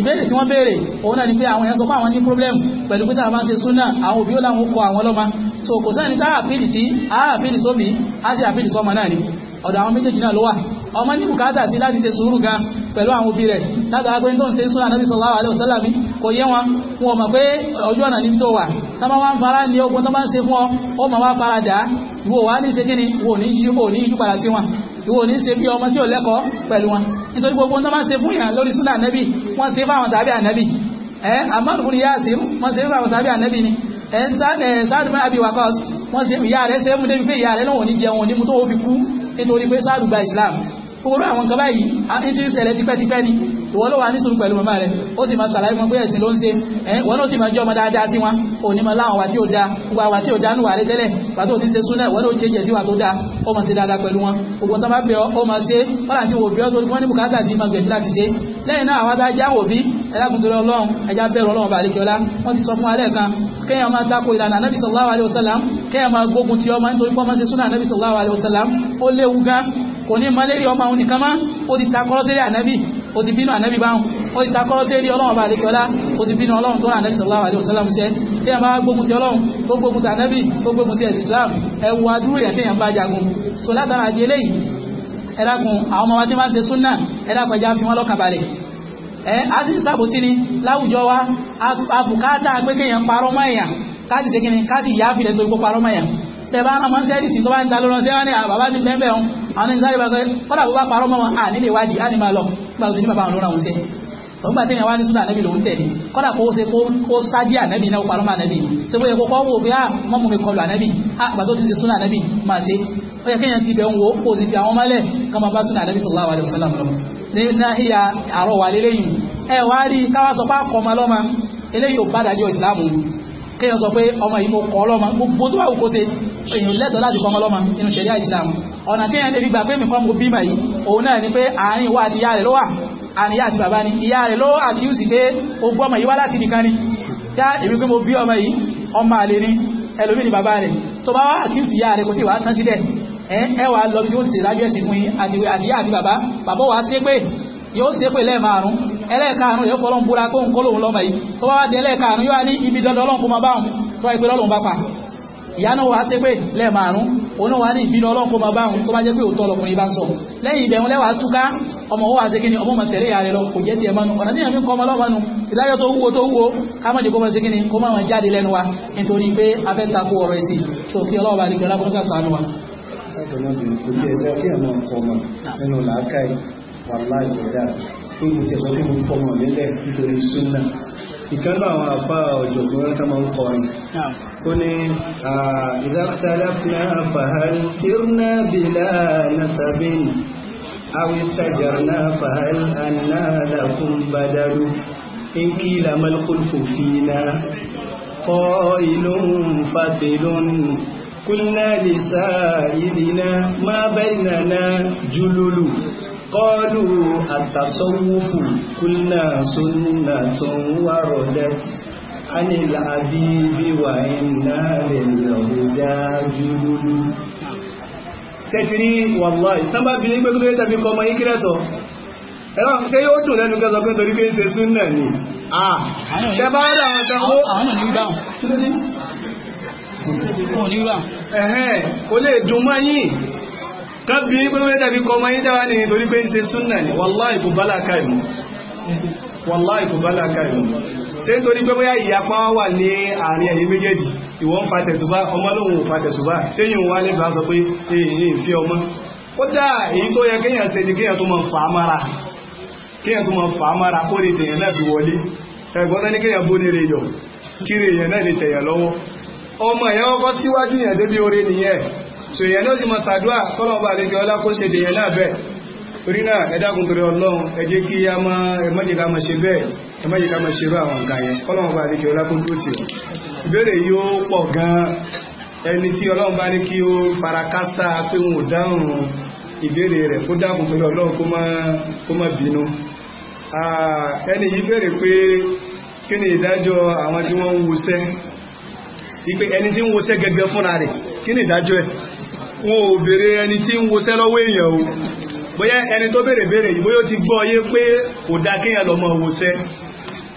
ìbéèrè tí wọ́n béèrè òun náà ni pé àwọn èèyàn sọ pé àwọn ní problem pẹ̀lú pé táwọn máa ń ṣe súnà àwọn òbí ó láwọn kọ àwọn ọlọ́mà so kò sẹ́ni tá àpìlì sí àpìlì sómi á sì àpìlì sọmọ náà ni ọ̀dọ̀ àwọn méjèèjì náà ló wà ọmọ ní bùkátà sí láti ṣe sùúrù gan pẹ̀lú àwọn òbí rẹ̀ látara pé tó ń ṣe súnà nàbí sallallahu alaihi wasallam kò yé wọn mọ̀ pé ọjọ́ ọ̀nà ní tó wà tọ́mọ wá fara ní ogun tó bá ń ṣe fún ọ ó wá fara dà ìwọ wá ní ṣe kíni ìwọ ní yí ò ní yí padà sí wọn ìwọ ní ṣe bí ọmọ tí ò lẹ́kọ̀ọ́ pẹ̀lú wọn nítorí gbogbo tó bá ń ṣe fún yàn lórí súnà nẹ́bì wọ́n ṣe fáwọn tàbí ànẹ́bì ẹ àmọ́dùkún yá sí wọ́n ṣe fáwọn tàbí ànẹ́bì ni ẹ sáàdùmọ́ àbí wakọ́s wọ́n ṣe ìyá rẹ̀ ṣe é débi pé ìyá rẹ̀ lọ́wọ́ ní jẹun ní mú tó fi kú nítorí pé sáàdù gba islam fúgbọ́rọ̀ àwọn kan báyìí àti ìṣẹ̀lẹ̀ tipẹ́tipẹ́ ni ìwọ ló wà ní sùúrù pẹ̀lú màmá rẹ̀ ó sì máa sàlàyé wọn pé ẹ̀sìn ló ń ṣe wọn náà sì máa jẹ́ ọmọ dáadáa sí wọn òní máa láwọn wà tí ó da gbogbo àwà tí ó da nù wà rẹ tẹ́lẹ̀ pàtó ti ṣe súnà wọn náà ó ṣe jẹ̀ sí wa tó da ó máa ṣe dáadáa pẹ̀lú wọn gbogbo tó bá bẹ ọ máa ṣe náà àwọn alẹ́ kan kéèyàn máa sallallahu alaihi wasallam kéèyàn máa gbógun ti ọmọ nítorí pọ́n máa ṣe súnà anábì sallallahu alaihi wasallam ó léwu gan kò ní malérí ọmọ òun nìkan má ó ti takọ́rọ́ sí ànábì ó ti bínú ànábì báhùn ó ti takọ́rọ́ sí ọlọ́run bá àdékọ́lá ó ti bínú ọlọ́run tó rà ànábì sallallahu alaihi wasallam ṣe tí a bá gbógun ti ọlọ́run tó gbógun ti ànábì tó gbógun ti Islam ẹwù adúrú ìyà tí èèyàn bá jagun so látara di eléyìí ẹ̀dàkùn àwọn ọmọ wa ti máa ń ṣe súnà ẹ̀dàkùn fi wọ́n lọ́kàn balẹ̀ a ti sàbòsí ni láwùjọ wa àbùkátà pé kéèyàn parọ́ mọ́ èèyàn káàtì ṣe kí ni káàtì yááfì lẹ́tọ́ ikú parọ́ mọ́ èèyàn tẹ̀bá ọmọ sẹ́rìsì tó bá ń dalọ́rọ̀ sí wọ́n ní àbàbá ah, ti bẹ́ẹ̀ bẹ́ẹ̀ àwọn ní sáré bàbá kọ́dà bó bá parọ́ mọ́ wọn à nílé wájì á ní máa lọ nígbà tó ti ní bàbá àwọn lóra òun ṣe tọ́gbà tí ìyàwó ní súnà ànẹ́bì lòún tẹ̀lé kọ́dà kó ṣe kó sájí ànẹ́bì náà parọ́ mọ́ ànẹ́bì ah, ah, ṣe bóyá kó kọ́wọ́ bí wọ́n mú mi kọlu ànẹ́bì àgbà tó kéèyàn sọ pé ọmọ yìí mo kọ́ ọlọ́mọ gbogbo tó bá wù kó ṣe èèyàn lẹ́tọ̀ọ́ láti kọ́ ọmọ ọlọ́mọ nínú ṣẹ̀ríà Islam ọ̀nà kéèyàn lè fi gbà pé mi kọ́ mo bímọ yìí òun náà ni pé àárín ìwọ àti ìyá rẹ̀ ló wà àní ìyá àti bàbá ni ìyá rẹ̀ ló àkíyèsí pé o gbọ́ ọmọ yìí wá láti nìkan ni yá èmi pé mo bí ọmọ yìí ọmọ àlè ni ẹlòmíì ni bàbá rẹ̀ tó bá wá àkíyèsí ìyá rẹ̀ kò sí wàá tán sílẹ̀ ẹ wàá lọ bí wọ́n ti ṣèdájọ́ ẹ̀sìn fún yín àti ìyá àti bàbá bàbá wàá ṣépè yóò ṣe pé lẹ́ẹ̀márùn ẹlẹ́ẹ̀kárùn yóò fọlọ́n búra kó ń kó lòun lọ́mọ yìí tó bá wá di ẹlẹ́ẹ̀kárùn yóò wá ní ibi dandan ọlọ́run kó máa bá òun tó wá ìpè lọ́lọ́run bá pa ìyáná wa ṣe pé lẹ́ẹ̀márùn òun wá ní ìbínú ọlọ́run kó máa bá òun tó bá jẹ́ pé òótọ́ ọlọ́kùnrin bá ń sọ lẹ́yìn ìbẹ̀rún lẹ́wàá túká ọmọ wa ṣe kíni ọmọ mọ̀tẹ̀lẹ́ ìyá rẹ̀ lọ kò jẹ́ tiẹ̀ mọ́nu ọ̀nà tí èèyàn fi ń kọ́ ọmọ lọ́mọnu ìdájọ́ tó wúwo tó wúwo ká mọ̀ jẹ́ kó mọ̀ kó máa jáde lẹ́nu wa nítorí pé abẹ́ ta kó ọ̀rọ̀ ẹ̀sìn so kí ọlọ́run bá ní kí ọlá wàlá ìgbẹ̀dà pé mo ti ẹ̀sọ́ pé mo fọmọ nílẹ̀ nítorí súnà ìkánú àwọn àfá ọ̀jọ̀gbọ́n wọn ká máa ń kọrin ó ní ìdátalẹ́fẹ́ àfàhàn sírnà bìlà nasabin awistajarna fahal anna قالوا التصوف كلنا سنة وردت عن الحبيب وإنا للهدى جبل sẹ́tìrí wàláì tán bá bílé pẹ́kú lórí tàbí kọmọ yí kírẹ́ sọ ẹ̀rọ ṣe yóò dùn lẹ́nu kẹsọ pé torí pé ń ṣe súnnà ní àà tẹbá rẹ̀ àwọn tẹ́kọ́ àwọn ní ìdáhùn kò lè dùn mọ́ yìí kan bí pé wé dàbí kọmọ yí dáwà ní torí pé ń ṣe súnnà wàláì kò bá láàká wàláì kò bá láàká ṣe pé wà ní àárín méjèèjì pé èyí fi ọmọ ó dá èyí tó yẹ kéèyàn ṣe ni kéèyàn tó mọ fà á mára kéèyàn tó mọ fà á mára kó lè tẹ̀yàn náà fi wọlé ní kéèyàn bó ní yọ kí so èyàn náà sì mọ sàdúà kọ́lọ̀ọ̀bà àlejò ọlá kó ṣe dèyàn náà bẹ́ẹ̀ torí náà ẹ dákun torí ọlọ́run ẹ jẹ́ kí a máa ẹmọ́jì ká máa ṣe bẹ́ẹ̀ ẹmọ́jì ká máa ṣe rú àwọn nǹkan yẹn kọ́lọ̀ọ̀bà àlejò ọlá kó dúró tì ọ́ ìbéèrè yìí ó pọ̀ gan ẹni tí ọlọ́run bá ní kí ó fara kásá pé wọn ò dáhùn ìbéèrè rẹ̀ kó dákun torí ọlọ́run kó má bínú ẹni tí ń wusẹ́ ipe gẹ́gẹ́ fúnra rẹ̀ kí ni ìdájọ́ ẹ̀ wọn ò bèèrè ẹni tí ń wosẹ́ lọ́wọ́ èèyàn o bóyá ẹni tó bèèrè bèèrè yìí bóyá ó ti gbọ́ yé pé kò dá kéèyàn lọ́mọ wosẹ́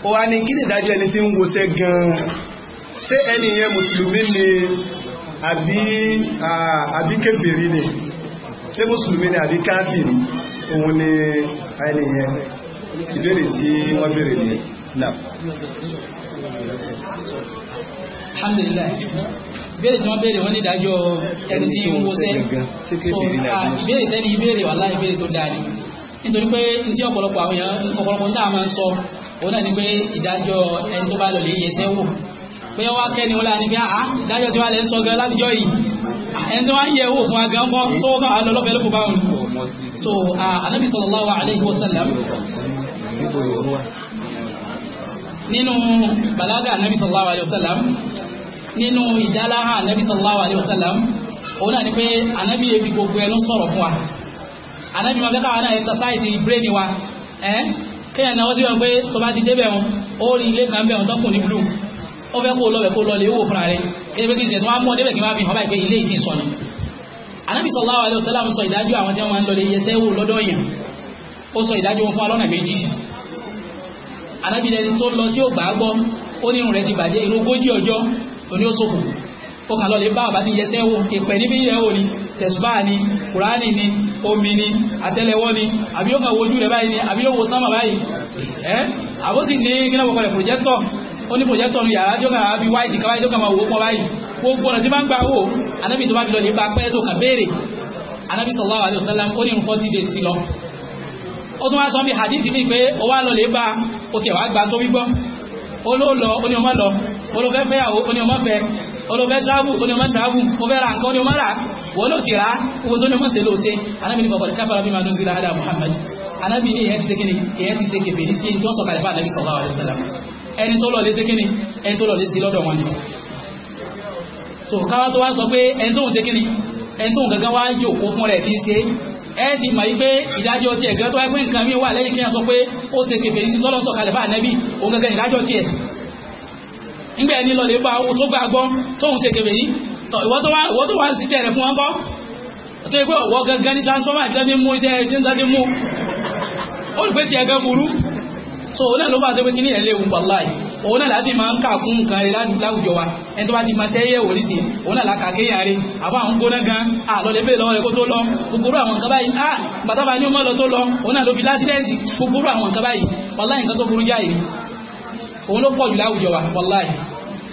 ó wá ní kí ni ìdájọ́ ẹni tí ń wosẹ́ gan-an ṣé ẹni yẹn mùsùlùmí ni àbí àbí kèfèrí ni ṣé mùsùlùmí ni àbí káfìrí òun ni ẹni yẹn ìbéèrè tí wọ́n bèèrè ni náà. alhamdulillah ìbéèrè tí wọ́n béèrè wọ́n ní ìdájọ́ ẹni tí ó wọ́sẹ́ ìbéèrè tẹ́ni ìbéèrè wà láì ìbéèrè tó dáa ni nítorí pé tí ọ̀pọ̀lọpọ̀ àwọn èèyàn ọ̀pọ̀lọpọ̀ sáà máa ń sọ òun náà ni pé ìdájọ́ ẹni tó bá lọ lè yẹsẹ́ wò pé wá kẹ́ni wọ́n láà ní pé àá ah, ìdájọ́ tí wà lẹ́ ń sọ gan látijọ́ yìí ẹni tó wá ń yẹ owó fún aga ń kọ́ tó wọ́n máa lọ lọ́fẹ̀ẹ́ lóko báwọn so anabi sallallahu alaihi wasallam nínú balaga anabi sallallahu alaihi wasallam nínú ìjáláhà anabi sallallahu alayhi wa sallam òun náà ni pé anabi yẹ fi gbogbo ẹnu sọ̀rọ̀ fún wa anabi máa fẹ́ káwọn náà exercise brain wa ẹ́ kéèyàn náà wọ́n ti wọ́n pé tó bá ti débẹ̀ wọn ó rí ilé kan bẹ̀ wọn tọ́kùn ní blue ó fẹ́ kó lọ́bẹ̀ kó lọ́lẹ̀ owó fúnra rẹ̀ kéde pé kí n ṣe tó wá mú ọ kí n wá fi hàn báyìí pé ilé ìtì sọnù anabi sallallahu alayhi wa sallam sọ ìdájọ́ àwọn tí wọ́n máa ń lọ lè yẹsẹ́ wò lọ́dọ̀ anabi lẹni tó lọ tí ó gbàgbọ́ ó ní irun rẹ̀ oní òṣòfò ó kà lọ́lẹ̀ bá àbá ti yẹsẹ́ wò ìpẹ̀ níbi ìyẹ̀wò ni tẹ̀sùbá ni kùránì ni omi ni àtẹ́lẹwọ́ ni àbí ó kà wojú rẹ̀ báyìí ni àbí ó wo sánmà báyìí ẹ́ àbóṣì ní gínáwọ̀kọ̀ rẹ̀ pòjẹ́tọ̀ ó ní pòjẹ́tọ̀ ní yàrá tó kà bí wáìtì káwáì tó kà máa wò ó pọ̀ báyìí gbogbo ọ̀nà tí máa ń gbà wò olóòlọ oníọmọ lọ olófẹ́fẹ́yàwó oníọmọ fẹ́ olófẹ́ sáàbù oníọmọ sáàbù obẹ́ra nǹkan oníọmọ rà wọ́n ló sì rá owó tó níọmọ sí ló ṣe anábì ní bàbá káfàrà bí màánú zira adá Muhammad anábì ní ìyẹn ti ṣe kíni ìyẹn ti ṣe kèfè ní sí tó sọ̀kalẹ̀ fún anábì sallallahu so káwá tó wá sọ pé ẹni tó ń ṣe ẹ ti mọ̀ wípé ìdájọ́ tiẹ̀ gẹ́gẹ́ tó wáyé pé nǹkan míì wà lẹ́yìn kí wọ́n sọ pé ó ṣe kèfèrí sí tọ́lọ́sọ̀ kalẹ̀ bá ànẹ́bì òun gẹ́gẹ́ ìdájọ́ tiẹ̀ nígbà ẹni lọlẹ̀ bá owó tó gbàgbọ́ tóun ṣe kèfèrí ìwọ́ tó ń tàbí mú ó rí so ó náà ló bá tó pé kí ní ẹ̀ léwu òun náà láti máa ń kà fún nǹkan rẹ láwùjọ wa ẹni tó bá ti máa ṣe yẹ̀wò nísìn òun náà láka kéèyàn rẹ àbá àwọn gbóná gan àlọ́lẹ̀ bẹ́ẹ̀ lọ́wọ́ rẹ kó tó lọ gbogbo àwọn nǹkan báyìí ah bàtàbà ní ọmọ lọ tó lọ òun náà ló fi gbogbo àwọn nǹkan báyìí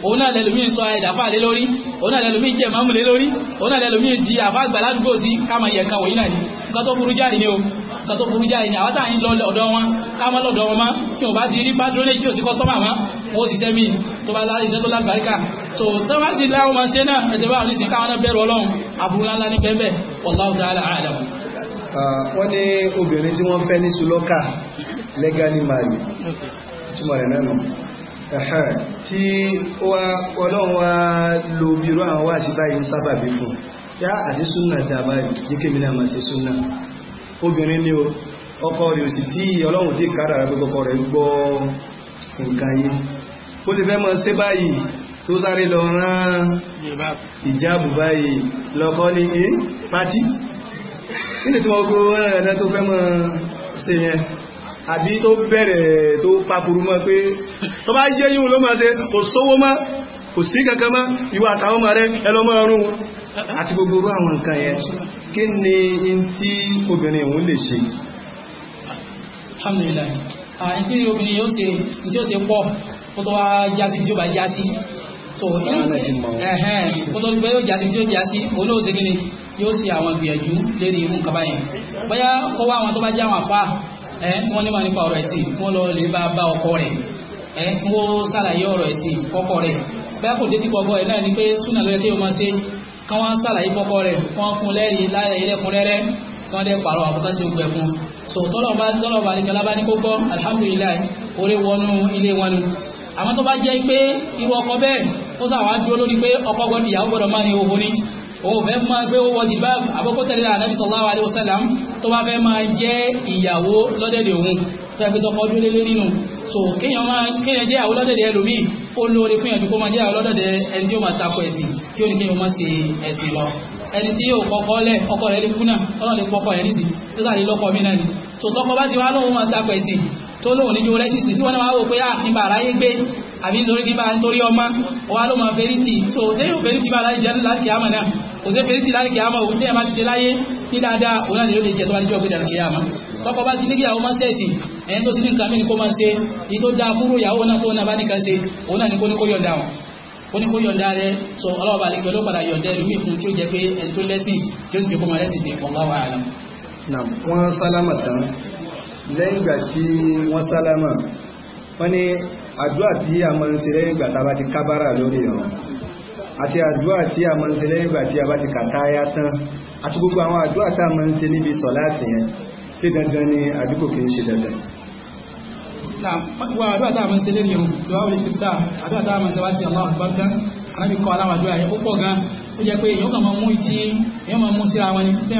òun náà lẹ́lòmí sọ ẹ̀dàfà lé lórí òun náà lẹ́lòmí jẹ́ mọ́mù lé lórí òun náà lẹ́lòmí di àfà àgbàládùgbò sí káàmà yẹ̀kan wòyí náà ni nǹkan tó burú jáde ni o nǹkan tó burú jáde ni àwọn táà ń lọ ọ̀dọ̀ wọn káàmà lọ́dọ̀ wọn má tí wọ́n bá ti rí pátrónì tí ò sí kọ́sọ́mà má wọ́n sì sẹ́mi tó bá iṣẹ́ tó lágbàríkà so tó bá sì láwọn máa ṣe náà ẹ̀tẹ̀ bá ní sí káwọn náà bẹ̀rù ọlọ́run àbúrú ńlá ní bẹ́ẹ̀ bẹ́ẹ̀ wallahu ta'ala a'lam wọ́n ní obìnrin tí wọ́n fẹ́ ní tí ọlọ́run wá lo bírú àwọn wá sí báyìí sábà bí fún yá àti súnà dàbà jíkèmí máa ṣe súnà obìnrin ni o ọkọ rẹ̀ òsì tí ọlọ́run tí kára rẹ̀ gbogbo rẹ̀ gbọ́ nǹkan yìí ó ti fẹ́ mọ́ sí báyìí tó sáré lọ rán ìjáàbù báyìí lọ́kọ́ ní pátí nílẹ̀ tí wọ́n kó ẹ̀rẹ̀ tó fẹ́ mọ́ sí yẹn àbí tó bẹ̀rẹ̀ tó papòrò mọ́ pé tó bá jẹ́ yíò ló máa ṣe kò sówó mọ́ kò sí kankan mọ́ ìwà àtàwọn ọmọ rẹ ẹlọmọ ọrún àti gbogbo orú àwọn nǹkan yẹn kí ni in tí obìnrin òun lè ṣe yóò ṣe so ẹ̀hẹ́n kó tó gbé yóò jásí tí ó jásí olóòṣèkínni yóò ṣe àwọn ìgbìyànjú lérí irú nǹkan báyìí bóyá kó wá àwọn tó bá já àwọn àfáà ẹ tí wọ́n ní máa nípa ọ̀rọ̀ ẹ̀sìn wọ́n lọ lè bá bá ọkọ rẹ̀ ẹ mo ṣàlàyé ọ̀rọ̀ ẹ̀sìn fọ́kọ rẹ̀ bẹ́ẹ̀ kò détí pọ̀pọ̀ ẹ̀ náà ni pé súnà ló yẹ kí o máa ṣe kán wọ́n ṣàlàyé fọ́kọ rẹ̀ wọ́n fún lẹ́rìí láyà ilẹ̀kùnrẹ́rẹ́ kí wọ́n dẹ́ pàrọ̀ àbúkásí ogun ẹ̀fún so tọ́lọ̀bá tọ́lọ̀bá àríkẹ́lá alhamdulillah orí wọnú ilé wọn àmọ́ tó bá jẹ́ pé irú ọkọ bẹ́ẹ̀ ó sàwájú olórí pé ọkọ gbọ́dọ̀ ìyàwó gbọ́dọ̀ òun fẹ́ máa gbé owó ti bá àkókò tẹ̀lé ànábì sallallahu alaihi wasallam tó bá fẹ́ máa jẹ́ ìyàwó lọ́dẹ̀dẹ̀ òun tó ẹgbẹ́ tọkọ dúró so kéèyàn máa kéèyàn jẹ́ àwọn lọ́dẹ̀dẹ̀ ẹlòmíì ó lóore fún ìyànjú kó máa jẹ́ àwọn lọ́dẹ̀dẹ̀ ẹni tí ó máa takọ ẹ̀sìn tí ó ní kéèyàn máa ṣe ẹ̀sìn lọ ẹni tí yóò kọ́kọ́ lẹ̀ ọkọ rẹ̀ lè ni so tọkọ bá ti wá lóun máa takọ ẹ̀sìn tó lóun níjó rẹ̀ ah, nítorí ọmọ wa ló máa fẹ́rí so ṣé yóò fẹ́rí tì bá láti láti àmà náà kò sí pé títí láríkì àmọ́ òun tí ẹ bá ti ṣe láyé ní dáadáa òun náà ni ó lè jẹ tó bá ní jọ gbé dàrú kìyàmá tọkọ bá ti ní kíyàwó máa ṣẹ̀sìn ẹ̀yìn tó ti ní nǹkan mí ni kó máa ṣe èyí tó dáa fúrú ìyàwó náà tó náà bá ni kó ní kó yọ̀ǹda wọn ó ní kó yọ̀ǹda rẹ sọ ọlọ́ọ̀bà lè pẹ̀lú padà yọ̀ǹda ẹlòmíì fún tí ó jẹ pé ẹni tó lẹ́sìn tí ó ń gbé kó máa lẹ́sìn sí ọ̀gáwà àlàm. wọ́n sálámà tán lẹ́yìn àti àdúrà tí a máa ń ṣe lẹ́yìn ìgbà tí a bá ti kàtáyá tán àti gbogbo àwọn àdúrà tá a máa ń ṣe níbi sọ̀láàtì yẹn ṣé dandan ni àdúgbò kì í ṣe dandan. wà àdúrà tá a máa ń ṣe lẹ́yìn o tó wá wọlé síta àdúrà tá a máa ń ṣe wá sí Allahu Akbar tán anábì kọ́ aláwọ̀ àdúrà yẹn ó pọ̀ gan ó jẹ́ pé èèyàn kàn máa mú ìtì èèyàn máa mú síra wọn ni bí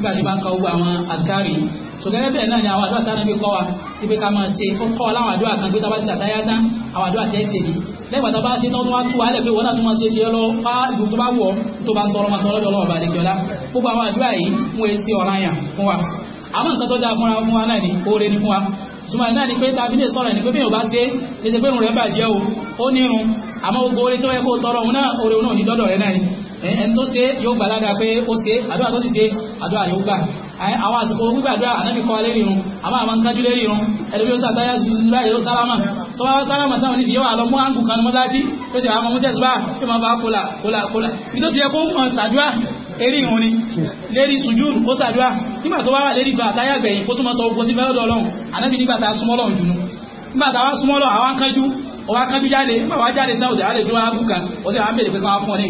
wọ́n bá fẹ́ sọgẹ́gẹ́ bẹ́ẹ̀ náà ni àwọn àdúrà tánà bí kọ́ wa ibi ká máa ṣe ó kọ́ láwọn àdúrà kan pé tá a bá ti ṣàtáyá tán àwọn àdúrà tẹ́ ṣe ni lẹ́gbàá tá a bá ṣe tán tó wá tú wa lẹ̀ pé wọ́n náà tó máa ṣe ti ọlọ́ bá ìlú tó bá wọ̀ tó bá ń tọrọ máa tọrọ lọ́wọ́ balẹ̀ jọlá gbogbo àwọn àdúrà yìí mú e ṣe ọ̀ranyàn fún wa àmọ́ nǹkan tó dáa fúnra fún wa náà ni oore ni fún wa tuma náà ni pé tàbí lè sọ̀rọ̀ ní pé bí o bá ṣe lè ṣe pé òun rẹ̀ bàjẹ́ o ó nírun àmọ́ gbogbo orí tó yẹ kó tọrọ òun náà orí òun náà ní dọ́dọ̀ rẹ̀ náà ni ẹni tó ṣe yóò gbà ládàá pé ó ṣe àdúrà tó sì ṣe àdúrà yóò gbà àwọn àsìkò gbígbàdúrà ànábì kọ́ alẹ́ rírun àmọ́ àwọn nǹkan jùlẹ̀ rírun ẹlẹ́bí ó sàtáyà sí báyìí ó sálámà tó wá sálámà táwọn oníṣẹ́ yóò wà lọ fún àǹkù kan mọ́dájí tó ti àwọn ọmọdé ẹ̀sùbá tó máa bá kólà kólà kólà ibi tó ti yẹ kó mọ̀ sàdúà eré ìhun ni lérí sùjúd ó sàdúà nígbà tó wá wà lérí àtáyà gbẹ̀yìn kó tó mọ́ tọ ogun tí bẹ́ẹ̀ lọ́lọ́run ànábì nígbà tá a súnmọ́ lọ́run jùnú nígbà tá a súnmọ́ lọ àwọn kanjú ọwá kanjú jáde nígbà wá jáde sáwọ́sẹ̀ á lè dúró ábùkà ó sì wá ń bèèrè pé káwọn fún ọ ní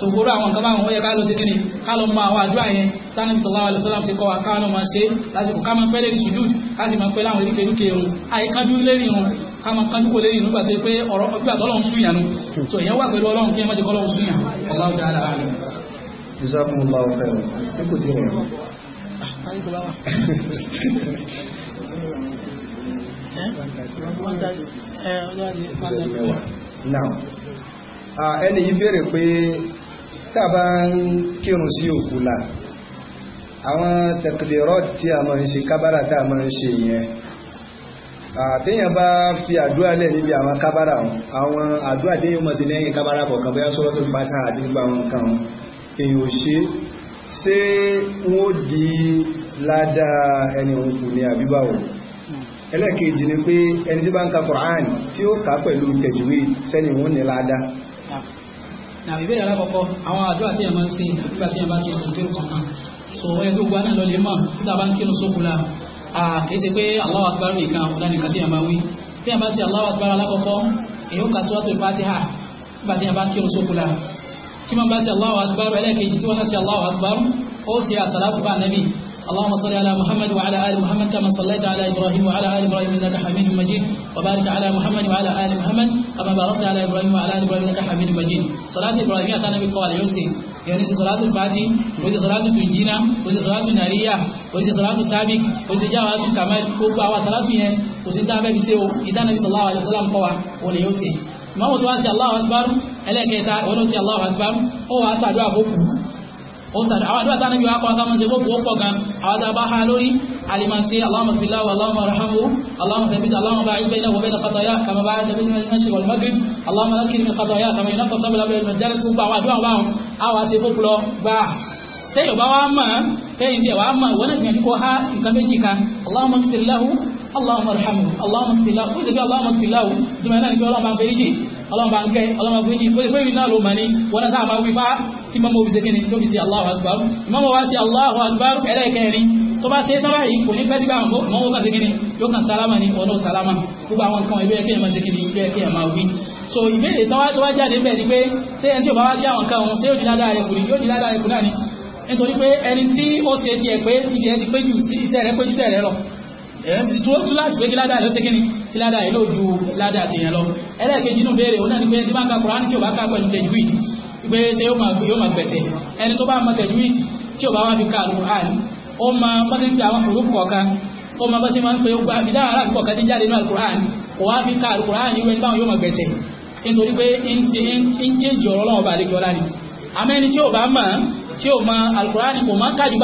sògbóró àwọn nǹkan báwọn yẹ ká lọ sí kí ni ká lọ mọ àwọn àdúrà yẹn tánàbí sallallahu alaihi wasallam ti kọ́ wa káwọn máa ṣe lásìkò ká máa pẹ́lẹ́ ní sùdúd ká sì máa pẹ́lẹ́ àwọn eríkèríkè irun àìkánjú lérí irun ká kánjú kó lérí nígbà tó yẹ pé ọ̀rọ̀ ọgbà tọ́lọ́run sún yànnu ẹni yìí béèrè pé tàbá ń kírun sí òkú là àwọn tẹ̀kìlẹ̀rọ́ọ̀tì tí a máa ń ṣe kábàrà tá a máa ń ṣe yẹn àtẹ́yàn bá fi àdúrà lẹ̀ níbi àwọn kábàrà àwọn àdúrà téèyàn mọ̀ sí lẹ́yìn kábàrà kọ̀ọ̀kan bóyá sọ́rọ́ tó bá sáà àti gbogbo àwọn nǹkan èèyàn ò ṣe ṣé wọ́n di ládàá ẹni òkú ni àbíbáwò ẹlẹ́ẹ̀kejì ni pé ẹni tí bá ń ka Qur'an tí ó kà pẹ̀lú tẹ̀júwì nàbí ìbéèrè alákọ̀ọ́kọ́ àwọn àdúrà tí èèyàn máa ń ṣe nígbà tí èèyàn bá ti rò dérò kankan so ẹ gbogbo àná lọlẹ mọ tí a bá ń kírun sókun la kìí ṣe pé Allahu Akbar nìkan ọ̀dà nìkan tí èèyàn máa wí tí èèyàn bá ṣe Allahu Akbar alákọ̀ọ́kọ́ èèyàn kà sọ́wọ́tò Fatiha nígbà tí èèyàn bá ń kírun sókun la tí wọ́n bá ṣe Allahu Akbar ẹlẹ́ẹ̀kejì tí wọ́n ṣe Allahu Akbar ó ṣe àṣàlátù bá nẹ́bí اللهم صل على محمد وعلى آل محمد كما صليت على إبراهيم وعلى آل إبراهيم إنك حميد مجيد وبارك على محمد وعلى آل محمد كما باركت على إبراهيم وعلى آل إبراهيم إنك حميد مجيد صلاة إبراهيم أتانا بالقوال يوسف يعني صلاة الفاتح وإذا صلاة تنجينا وإذا صلاة نارية وإذا صلاة سابق وإذا جاء كمال وقوة صلاة فيها وإذا دعا بسيو إذا نبي صلى الله عليه وسلم قوة وليوسف ما هو تواسي الله أكبر ألا كيتا ولو سي الله أكبر هو أسعد وأبوكم ó sàdá àwọn àdúrà tánàbí wà kọ́ akáwọn ṣe gbogbo pọ̀ gan àwọn tàbá ha lórí alimasi allahumma fila wa allahumma rahamu allahumma fabit allahumma ba'id bayna wa bayna qadaya kama ba'id bayna al-mashriq wal maghrib allahumma nakir min qadaya kama yunqa sabla bayna al-majalis gbogbo àwọn àdúrà wa àwọn ṣe gbogbo lọ gbà tẹ́yọ̀ bá wá mọ̀ tẹ́yìn tí wá mọ̀ wọ́n náà gbìyànjú kó ha nǹkan méjì kan allahumma Allahumma arhamhu Allahumma filahu ó sì fi Allahumma filahu tó mẹ́rin náà ní pé ọlọ́run bá ń fẹ́ríjì ọlọ́run bá ń kẹ́ ọlọ́run bá ń fẹ́ríjì ó sì pé ìrìn náà ló mà ní wọn náà sáà máa wí fá tí mọ́mọ́ òbí ṣe kíni tó fi ṣe Allahu akbar mọ́mọ́ wá sí Allahu akbar ẹlẹ́ẹ̀kẹrin tó bá ṣe é sábà yìí kò ní pẹ́ sígbà mọ́wọ́ kan ṣe kíni yóò kan sálámà ní ọ̀nà sálámà gbogbo àwọn nǹkan ìbéèrè kéèyàn máa ṣe kíni ìbéèrè kéèyàn máa so ìbéèrè tán wá tó wá jáde bẹ́ẹ̀ ni pé ṣé ẹni tí ò bá wá sí àwọn nǹkan òun ṣé yóò di ládàá rẹ̀ kù ni yóò nítorí pé ẹni tí ó ṣe tiẹ̀ pé ti tiẹ̀ ti péjù iṣẹ́ rẹ̀ péjù iṣẹ́ lọ ẹ̀ẹ́sì tí ó tún láti pé kí ládàá ló ṣe kíni kí ládàá yìí ló ju ládàá ti yẹn lọ ẹlẹ́ẹ̀kejì inú béèrè òun náà ni pé tí máa ka Kùránì tí ò bá ká pẹ̀lú tajwid pé ṣé yóò máa gbẹ̀sẹ̀ ẹni tó bá mọ tajwid tí ò bá wá fi ka Al-Kùránì ó máa bá ti ń pe àwọn fòrúkú kọ̀ọ̀kan ó máa bá ń pe Al-Kùránì kò Al-Kùránì ìwé táwọn yóò máa gbẹ̀sẹ̀ nítorí pé ń chéjì ọ̀rọ̀ ọlọ́wọ́ bá àlejò ọlá ni àmẹ́ni tí ò bá mọ̀ tí Al-Kùránì kò máa ń kájú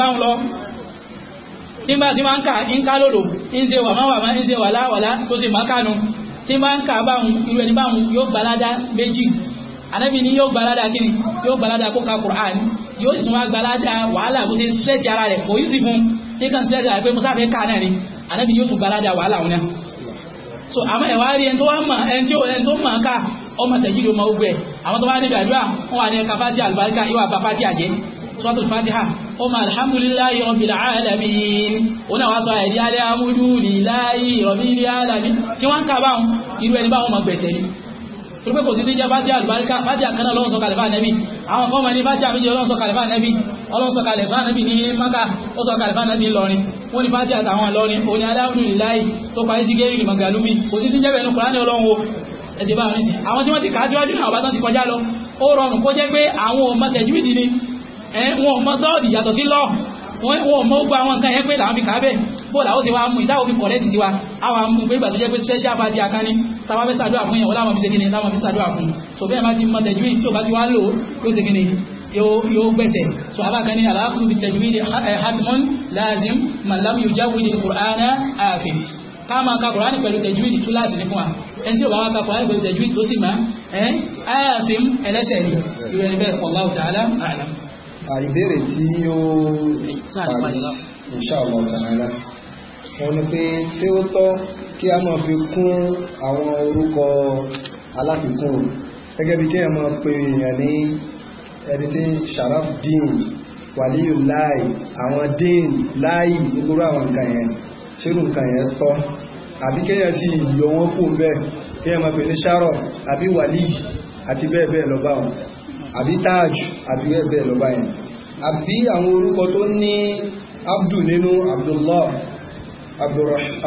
tí bá ti máa ń kà ń ká lòlò ń ṣe wàmá wàmá ń ṣe wàlá wàlá tó ṣe máa kànú tí bá ń kà báhùn irú ẹni báhùn yóò gbalada méjì anábì ní yóò gbalada kíni yóò gbalada kó ka Qur'an yóò sì tún wá gbalada wàhálà bó ṣe ṣẹ́ẹ̀sì ara rẹ̀ kò yí sí fún ní kan ṣẹ́ẹ̀sì ara pé musa fẹ́ ká náà ni anábì yóò tún gbalada wàhálà òun so àmọ́ ẹ̀wà rí ẹni tó wá mọ̀ ẹni tí ó ẹni tó mọ̀ ká ọmọ tẹ̀jìrì ọmọ ogun ẹ̀ àwọn tó wá níbi àdúrà wọn wà ní ẹka fájí àlùbáríkà yóò àbá fájí àjẹ́ sọ́tò fájí ó ma alhamdulillahi rabbil alamin ó náà wá sọ àìdí alẹ́ amúdúlìláyì rabbil alamin tí wọ́n ń kà báhùn irú ẹni ma gbẹ̀ṣẹ̀ ni torípé kò sí díjá fátíà àlùbáríkà fátíà kan náà lọ́wọ́sọ kalẹ̀ bá nẹ́bí àwọn kan ma ní fátíà méjì ọlọ́wọ́sọ kalẹ̀ bá nẹ́bí ọlọ́wọ́sọ kalẹ̀ bá nẹ́bí ní maka ó sọ kalẹ̀ bá nẹ́bí lọrin wọ́n ní fátíà àtàwọn lọrin ó ní alhamdulillahi tó parí sí gẹ́rì magalumi kò sí díjá bẹ̀ẹ́nu kùránì ọlọ́wọ́ ẹ̀dẹ̀bá àwọn tí wọ́n ti kàájúwájú náà ọba tán ti kọjá lọ ó rọrùn kó jẹ́ pé àwọn ọmọ tẹ̀júwìdì ni Eh, wọn ò mọ sọ́ọ̀dì yàtọ̀ sí lọ́ọ̀ wọ́n wọ́n mọ́ gbọ́ àwọn nǹkan yẹn pé làwọn fi kà á bẹ̀ bóòlù àwọn ti wá mú ìdáwò fi kọ̀rẹ́tì tiwa àwọn amú pé ìgbà tó jẹ́ pé special party akáni táwa fẹ́ ṣàdúrà fún yẹn wọ́n láwọn fi ṣe kíni láwọn fi ṣàdúrà fún so bẹ́ẹ̀ bá ti mọ tẹ̀jú tí o bá ti wá lò yóò ṣe kíni yóò gbẹ̀sẹ̀ so abákan ní aláàkùn bi tẹ̀jú eh, hatmon lazim malam yujawid qur'ana ààfin ká máa ka kùránì pẹ̀lú tẹ̀jú túláàsì ní fún wa ẹni tí ò bá wá ka kùránì pẹ̀lú tẹ̀jú tó sì máa ẹ́ eh, ààfin ẹlẹ́sẹ̀ ni ìrẹ̀lẹ́bẹ̀ wallahu ta'ala a'lam ìbéèrè tí ó tàbí ìṣàlọ̀ tààrà wọn ni pé tí ó tọ́ kí a máa fi kún àwọn orúkọ aláfikún gẹ́gẹ́ bí kí a máa pe èèyàn ní ẹni tí sharaf dín wàlíyù láì àwọn dín láì nígboro àwọn nǹkan yẹn ṣírù nǹkan yẹn tọ́ àbí kéèyàn sì yọ wọn kú bẹ́ẹ̀ kéèyàn máa pè ní sharaf àbí wàlíyù àti bẹ́ẹ̀ bẹ́ẹ̀ lọ báwọn àbí táàjù àbí ẹ̀bẹ̀ lọ́ba yẹn àbí àwọn orúkọ tó ní abdu nínú abdullah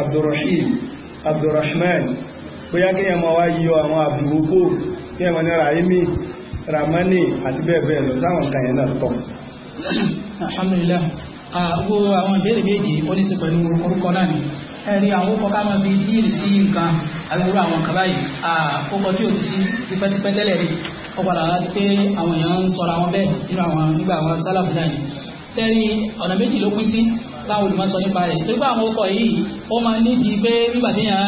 abdulrahim abdulrahman bóyá kí ẹmọ wá yíò àwọn àbúrúkú kí ẹmọ ní rahimi ramani àti bẹ́ẹ̀bẹ́ẹ̀ lọ sáwọn nǹkan yẹn náà tọ́ alhamdulillah àwọn àwọn ìbéèrè méjì ó ní sí pẹ̀lú orúkọ náà ni ẹ̀rí àwọn orúkọ ká máa fi díìrì sí nǹkan àgbòrò àwọn kàbáyì àkókò tí ò ti sí tipẹ́tipẹ́ tẹ́lẹ̀ rí ó padà wá sí pé àwọn èèyàn ń sọra wọn bẹ́ẹ̀ nínú àwọn nígbà àwọn sálàfù náà ni sẹ́ni ọ̀nà méjì ló pín sí láwọn olùmọ̀ sọ nípa rẹ̀ nígbà àwọn ọkọ̀ yìí ó máa nídìí pé nígbà tí yàn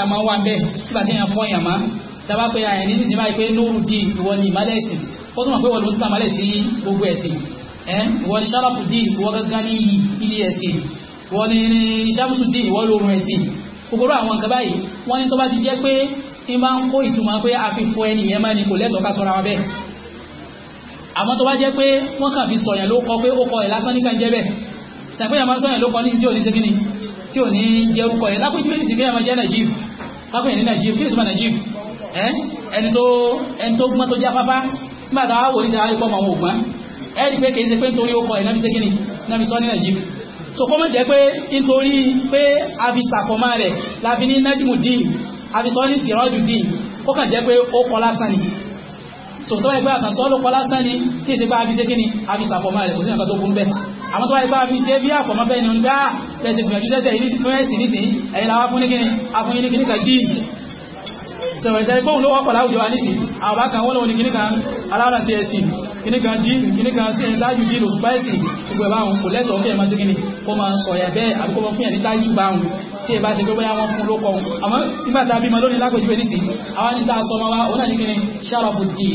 án máa wà bẹ́ẹ̀ nígbà tí yàn fọyàn máa dábàá pé àyàn nínú ìsinmi pé lóru di ìwọ ni ìmálẹ̀ ẹ̀sìn ó tún mọ̀ pé wọ́n ló ń tà málẹ̀ sí gbogbo ẹ̀sìn ẹ̀ ìwọ ni sáràfù di ìwọ gángan ní ilé ẹ̀sìn ìwọ ni sàmùsù di ìwọ lórun ẹ̀sìn gbogbo àwọn nǹkan báyìí wọ́n ní tó bá ti jẹ́ pé tí n bá ń kó ìtumọ̀ pé a fi fọ ẹni yẹn má ni kò lẹ́tọ̀ọ́ ká sọra wa bẹ́ẹ̀ àmọ́ tó bá jẹ́ pé wọ́n kàn fi sọ̀yàn ló kọ pé ó kọ ẹ̀ lásán ní kan jẹ́ bẹ́ẹ̀ ni tó bá Najib ẹni tó ẹni tó gbọ́n tó jáfáfá nígbà tá a wò ní sàárè pọ́ àwọn ògbọ́n ẹni pé kì í ṣe pé nítorí ó kọ ẹ̀ náà fi ṣe kíni náà fi sọ ní Najib so kọ́ mọ̀ jẹ́ pé nítorí pé a fi sàkọ́mọ́ rẹ̀ la fi ní Najimudeen àfisọ́ ní siraju dín ó kàn jẹ́ pé ó kọ́ lásán ni sòtọ́ ẹgbẹ́ àkànṣọ́ ló kọ́ lásán ni tí èsì bá abíṣe kíni abíṣà fọmọ rẹ̀ kò sí nǹkan tó kún bẹ́ẹ̀ àmọ́ tó wáyé bá abíṣe bí ni wọ́n ah, gbá so ẹ̀sẹ̀ gbóhùn ló wọ́pọ̀ láwùjọ wa nísìn àwọn bákan wọ́n lọ́wọ́ ní kíní kan alára sí ẹ̀sìn kíní kan dín kíní kan sí láàyù dín lò spáìsì gbogbo ẹ̀bá àwọn kò lẹ́tọ̀ọ́ kí ẹ̀ máa sí kíní kó máa sọ ẹ̀yà bẹ́ẹ̀ àbí kó máa tí ẹ bá ṣe pé bóyá fún ló kọ àwọn nígbà tá a bímọ lónìí lápèjúwe àwọn ní tá a sọ wa òun náà ní dìí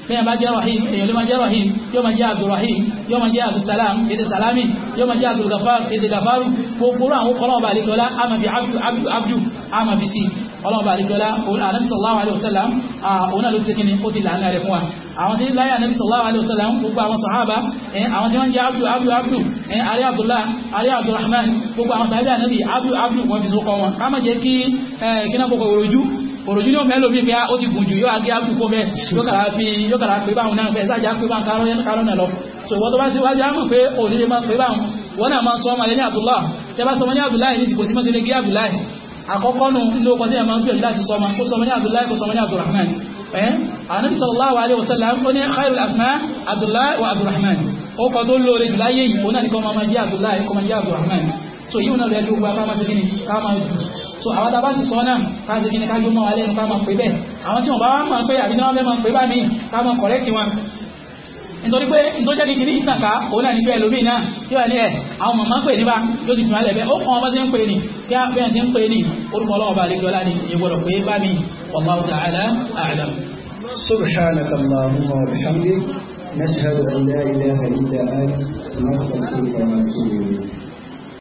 téèyàn bá jẹ́ rahim èèyàn ló máa jẹ́ rahim yóò máa jẹ́ abdulrahim yóò máa jẹ́ abdulsalam èdè salami yóò máa jẹ́ abdulgafar èdè gafaru gbogbo àwọn kọlọ́ọ̀bà àlekọ́lá àmàbí abdu abdu àmàbí sí ọlọ́ọ̀bà àlekọ́lá anabi sallallahu alayhi wa sallam òun náà ló ṣe kíni ó ti lànà rẹ̀ fún wa àwọn tí láyé anabi sallallahu alayhi wa sallam gbogbo àwọn sahaba àwọn tí wọ́n jẹ́ òròjú ní ọ̀fẹ́ lómi pé ah, ó ti gùn jù yóò agé àpò kó fẹ́ yóò kàrà fi yóò kàrà pé báwọn náà fẹ́ sáàjà pé báwọn kárọ́ yẹn kárọ́ náà lọ so ìwọ́n tó bá ti wájú àmọ̀ pé òní lè máa pé báwọn wọn náà máa sọ ọmọ alẹ́ ní Abdullah tẹ bá sọmọ ní Abdullah ní ìsìnkú sí mọ́ sí lè gé Abdullah àkọ́kọ́ nù ilé ọkọ̀ tí ẹ̀ máa ń gbìyànjú láti sọmọ kó sọmọ ní Abdullah kó sọmọ ní Abdulrahman anabi sallallahu alayhi wa sallam ó ní khairul asma abdullahi wa abdurrahman ó kọ tó lóore jù láyé yìí ó náà ní kọ́ máa jẹ́ abdullahi kọ́ máa jẹ́ abdurrahman so yíò náà rẹ̀ tó gba ká máa ti gíní ká máa so àwọn tàbá sì sọ náà ká ṣe kíni ká gbé mọ́ wa lẹ́nu ká máa pè bẹ́ẹ̀ àwọn tí wọ́n bá wá máa pè àbí náà fẹ́ pè bá mi ká máa kọ̀rẹ́tì wọn nítorí pé nítorí jẹ́ kékeré ìtànká òun náà ní pé ẹlòmíì náà yóò wà ní ẹ̀ àwọn màmá pè ní yóò sì fún alẹ́ ó kàn wọ́n bá ṣe ń pè ní kí á bẹ́ẹ̀ ṣe ń pè ní orúkọ ọlọ́wọ́ bá àlejò ọlá ni pé bá mi wallahu ta'ala a'lam.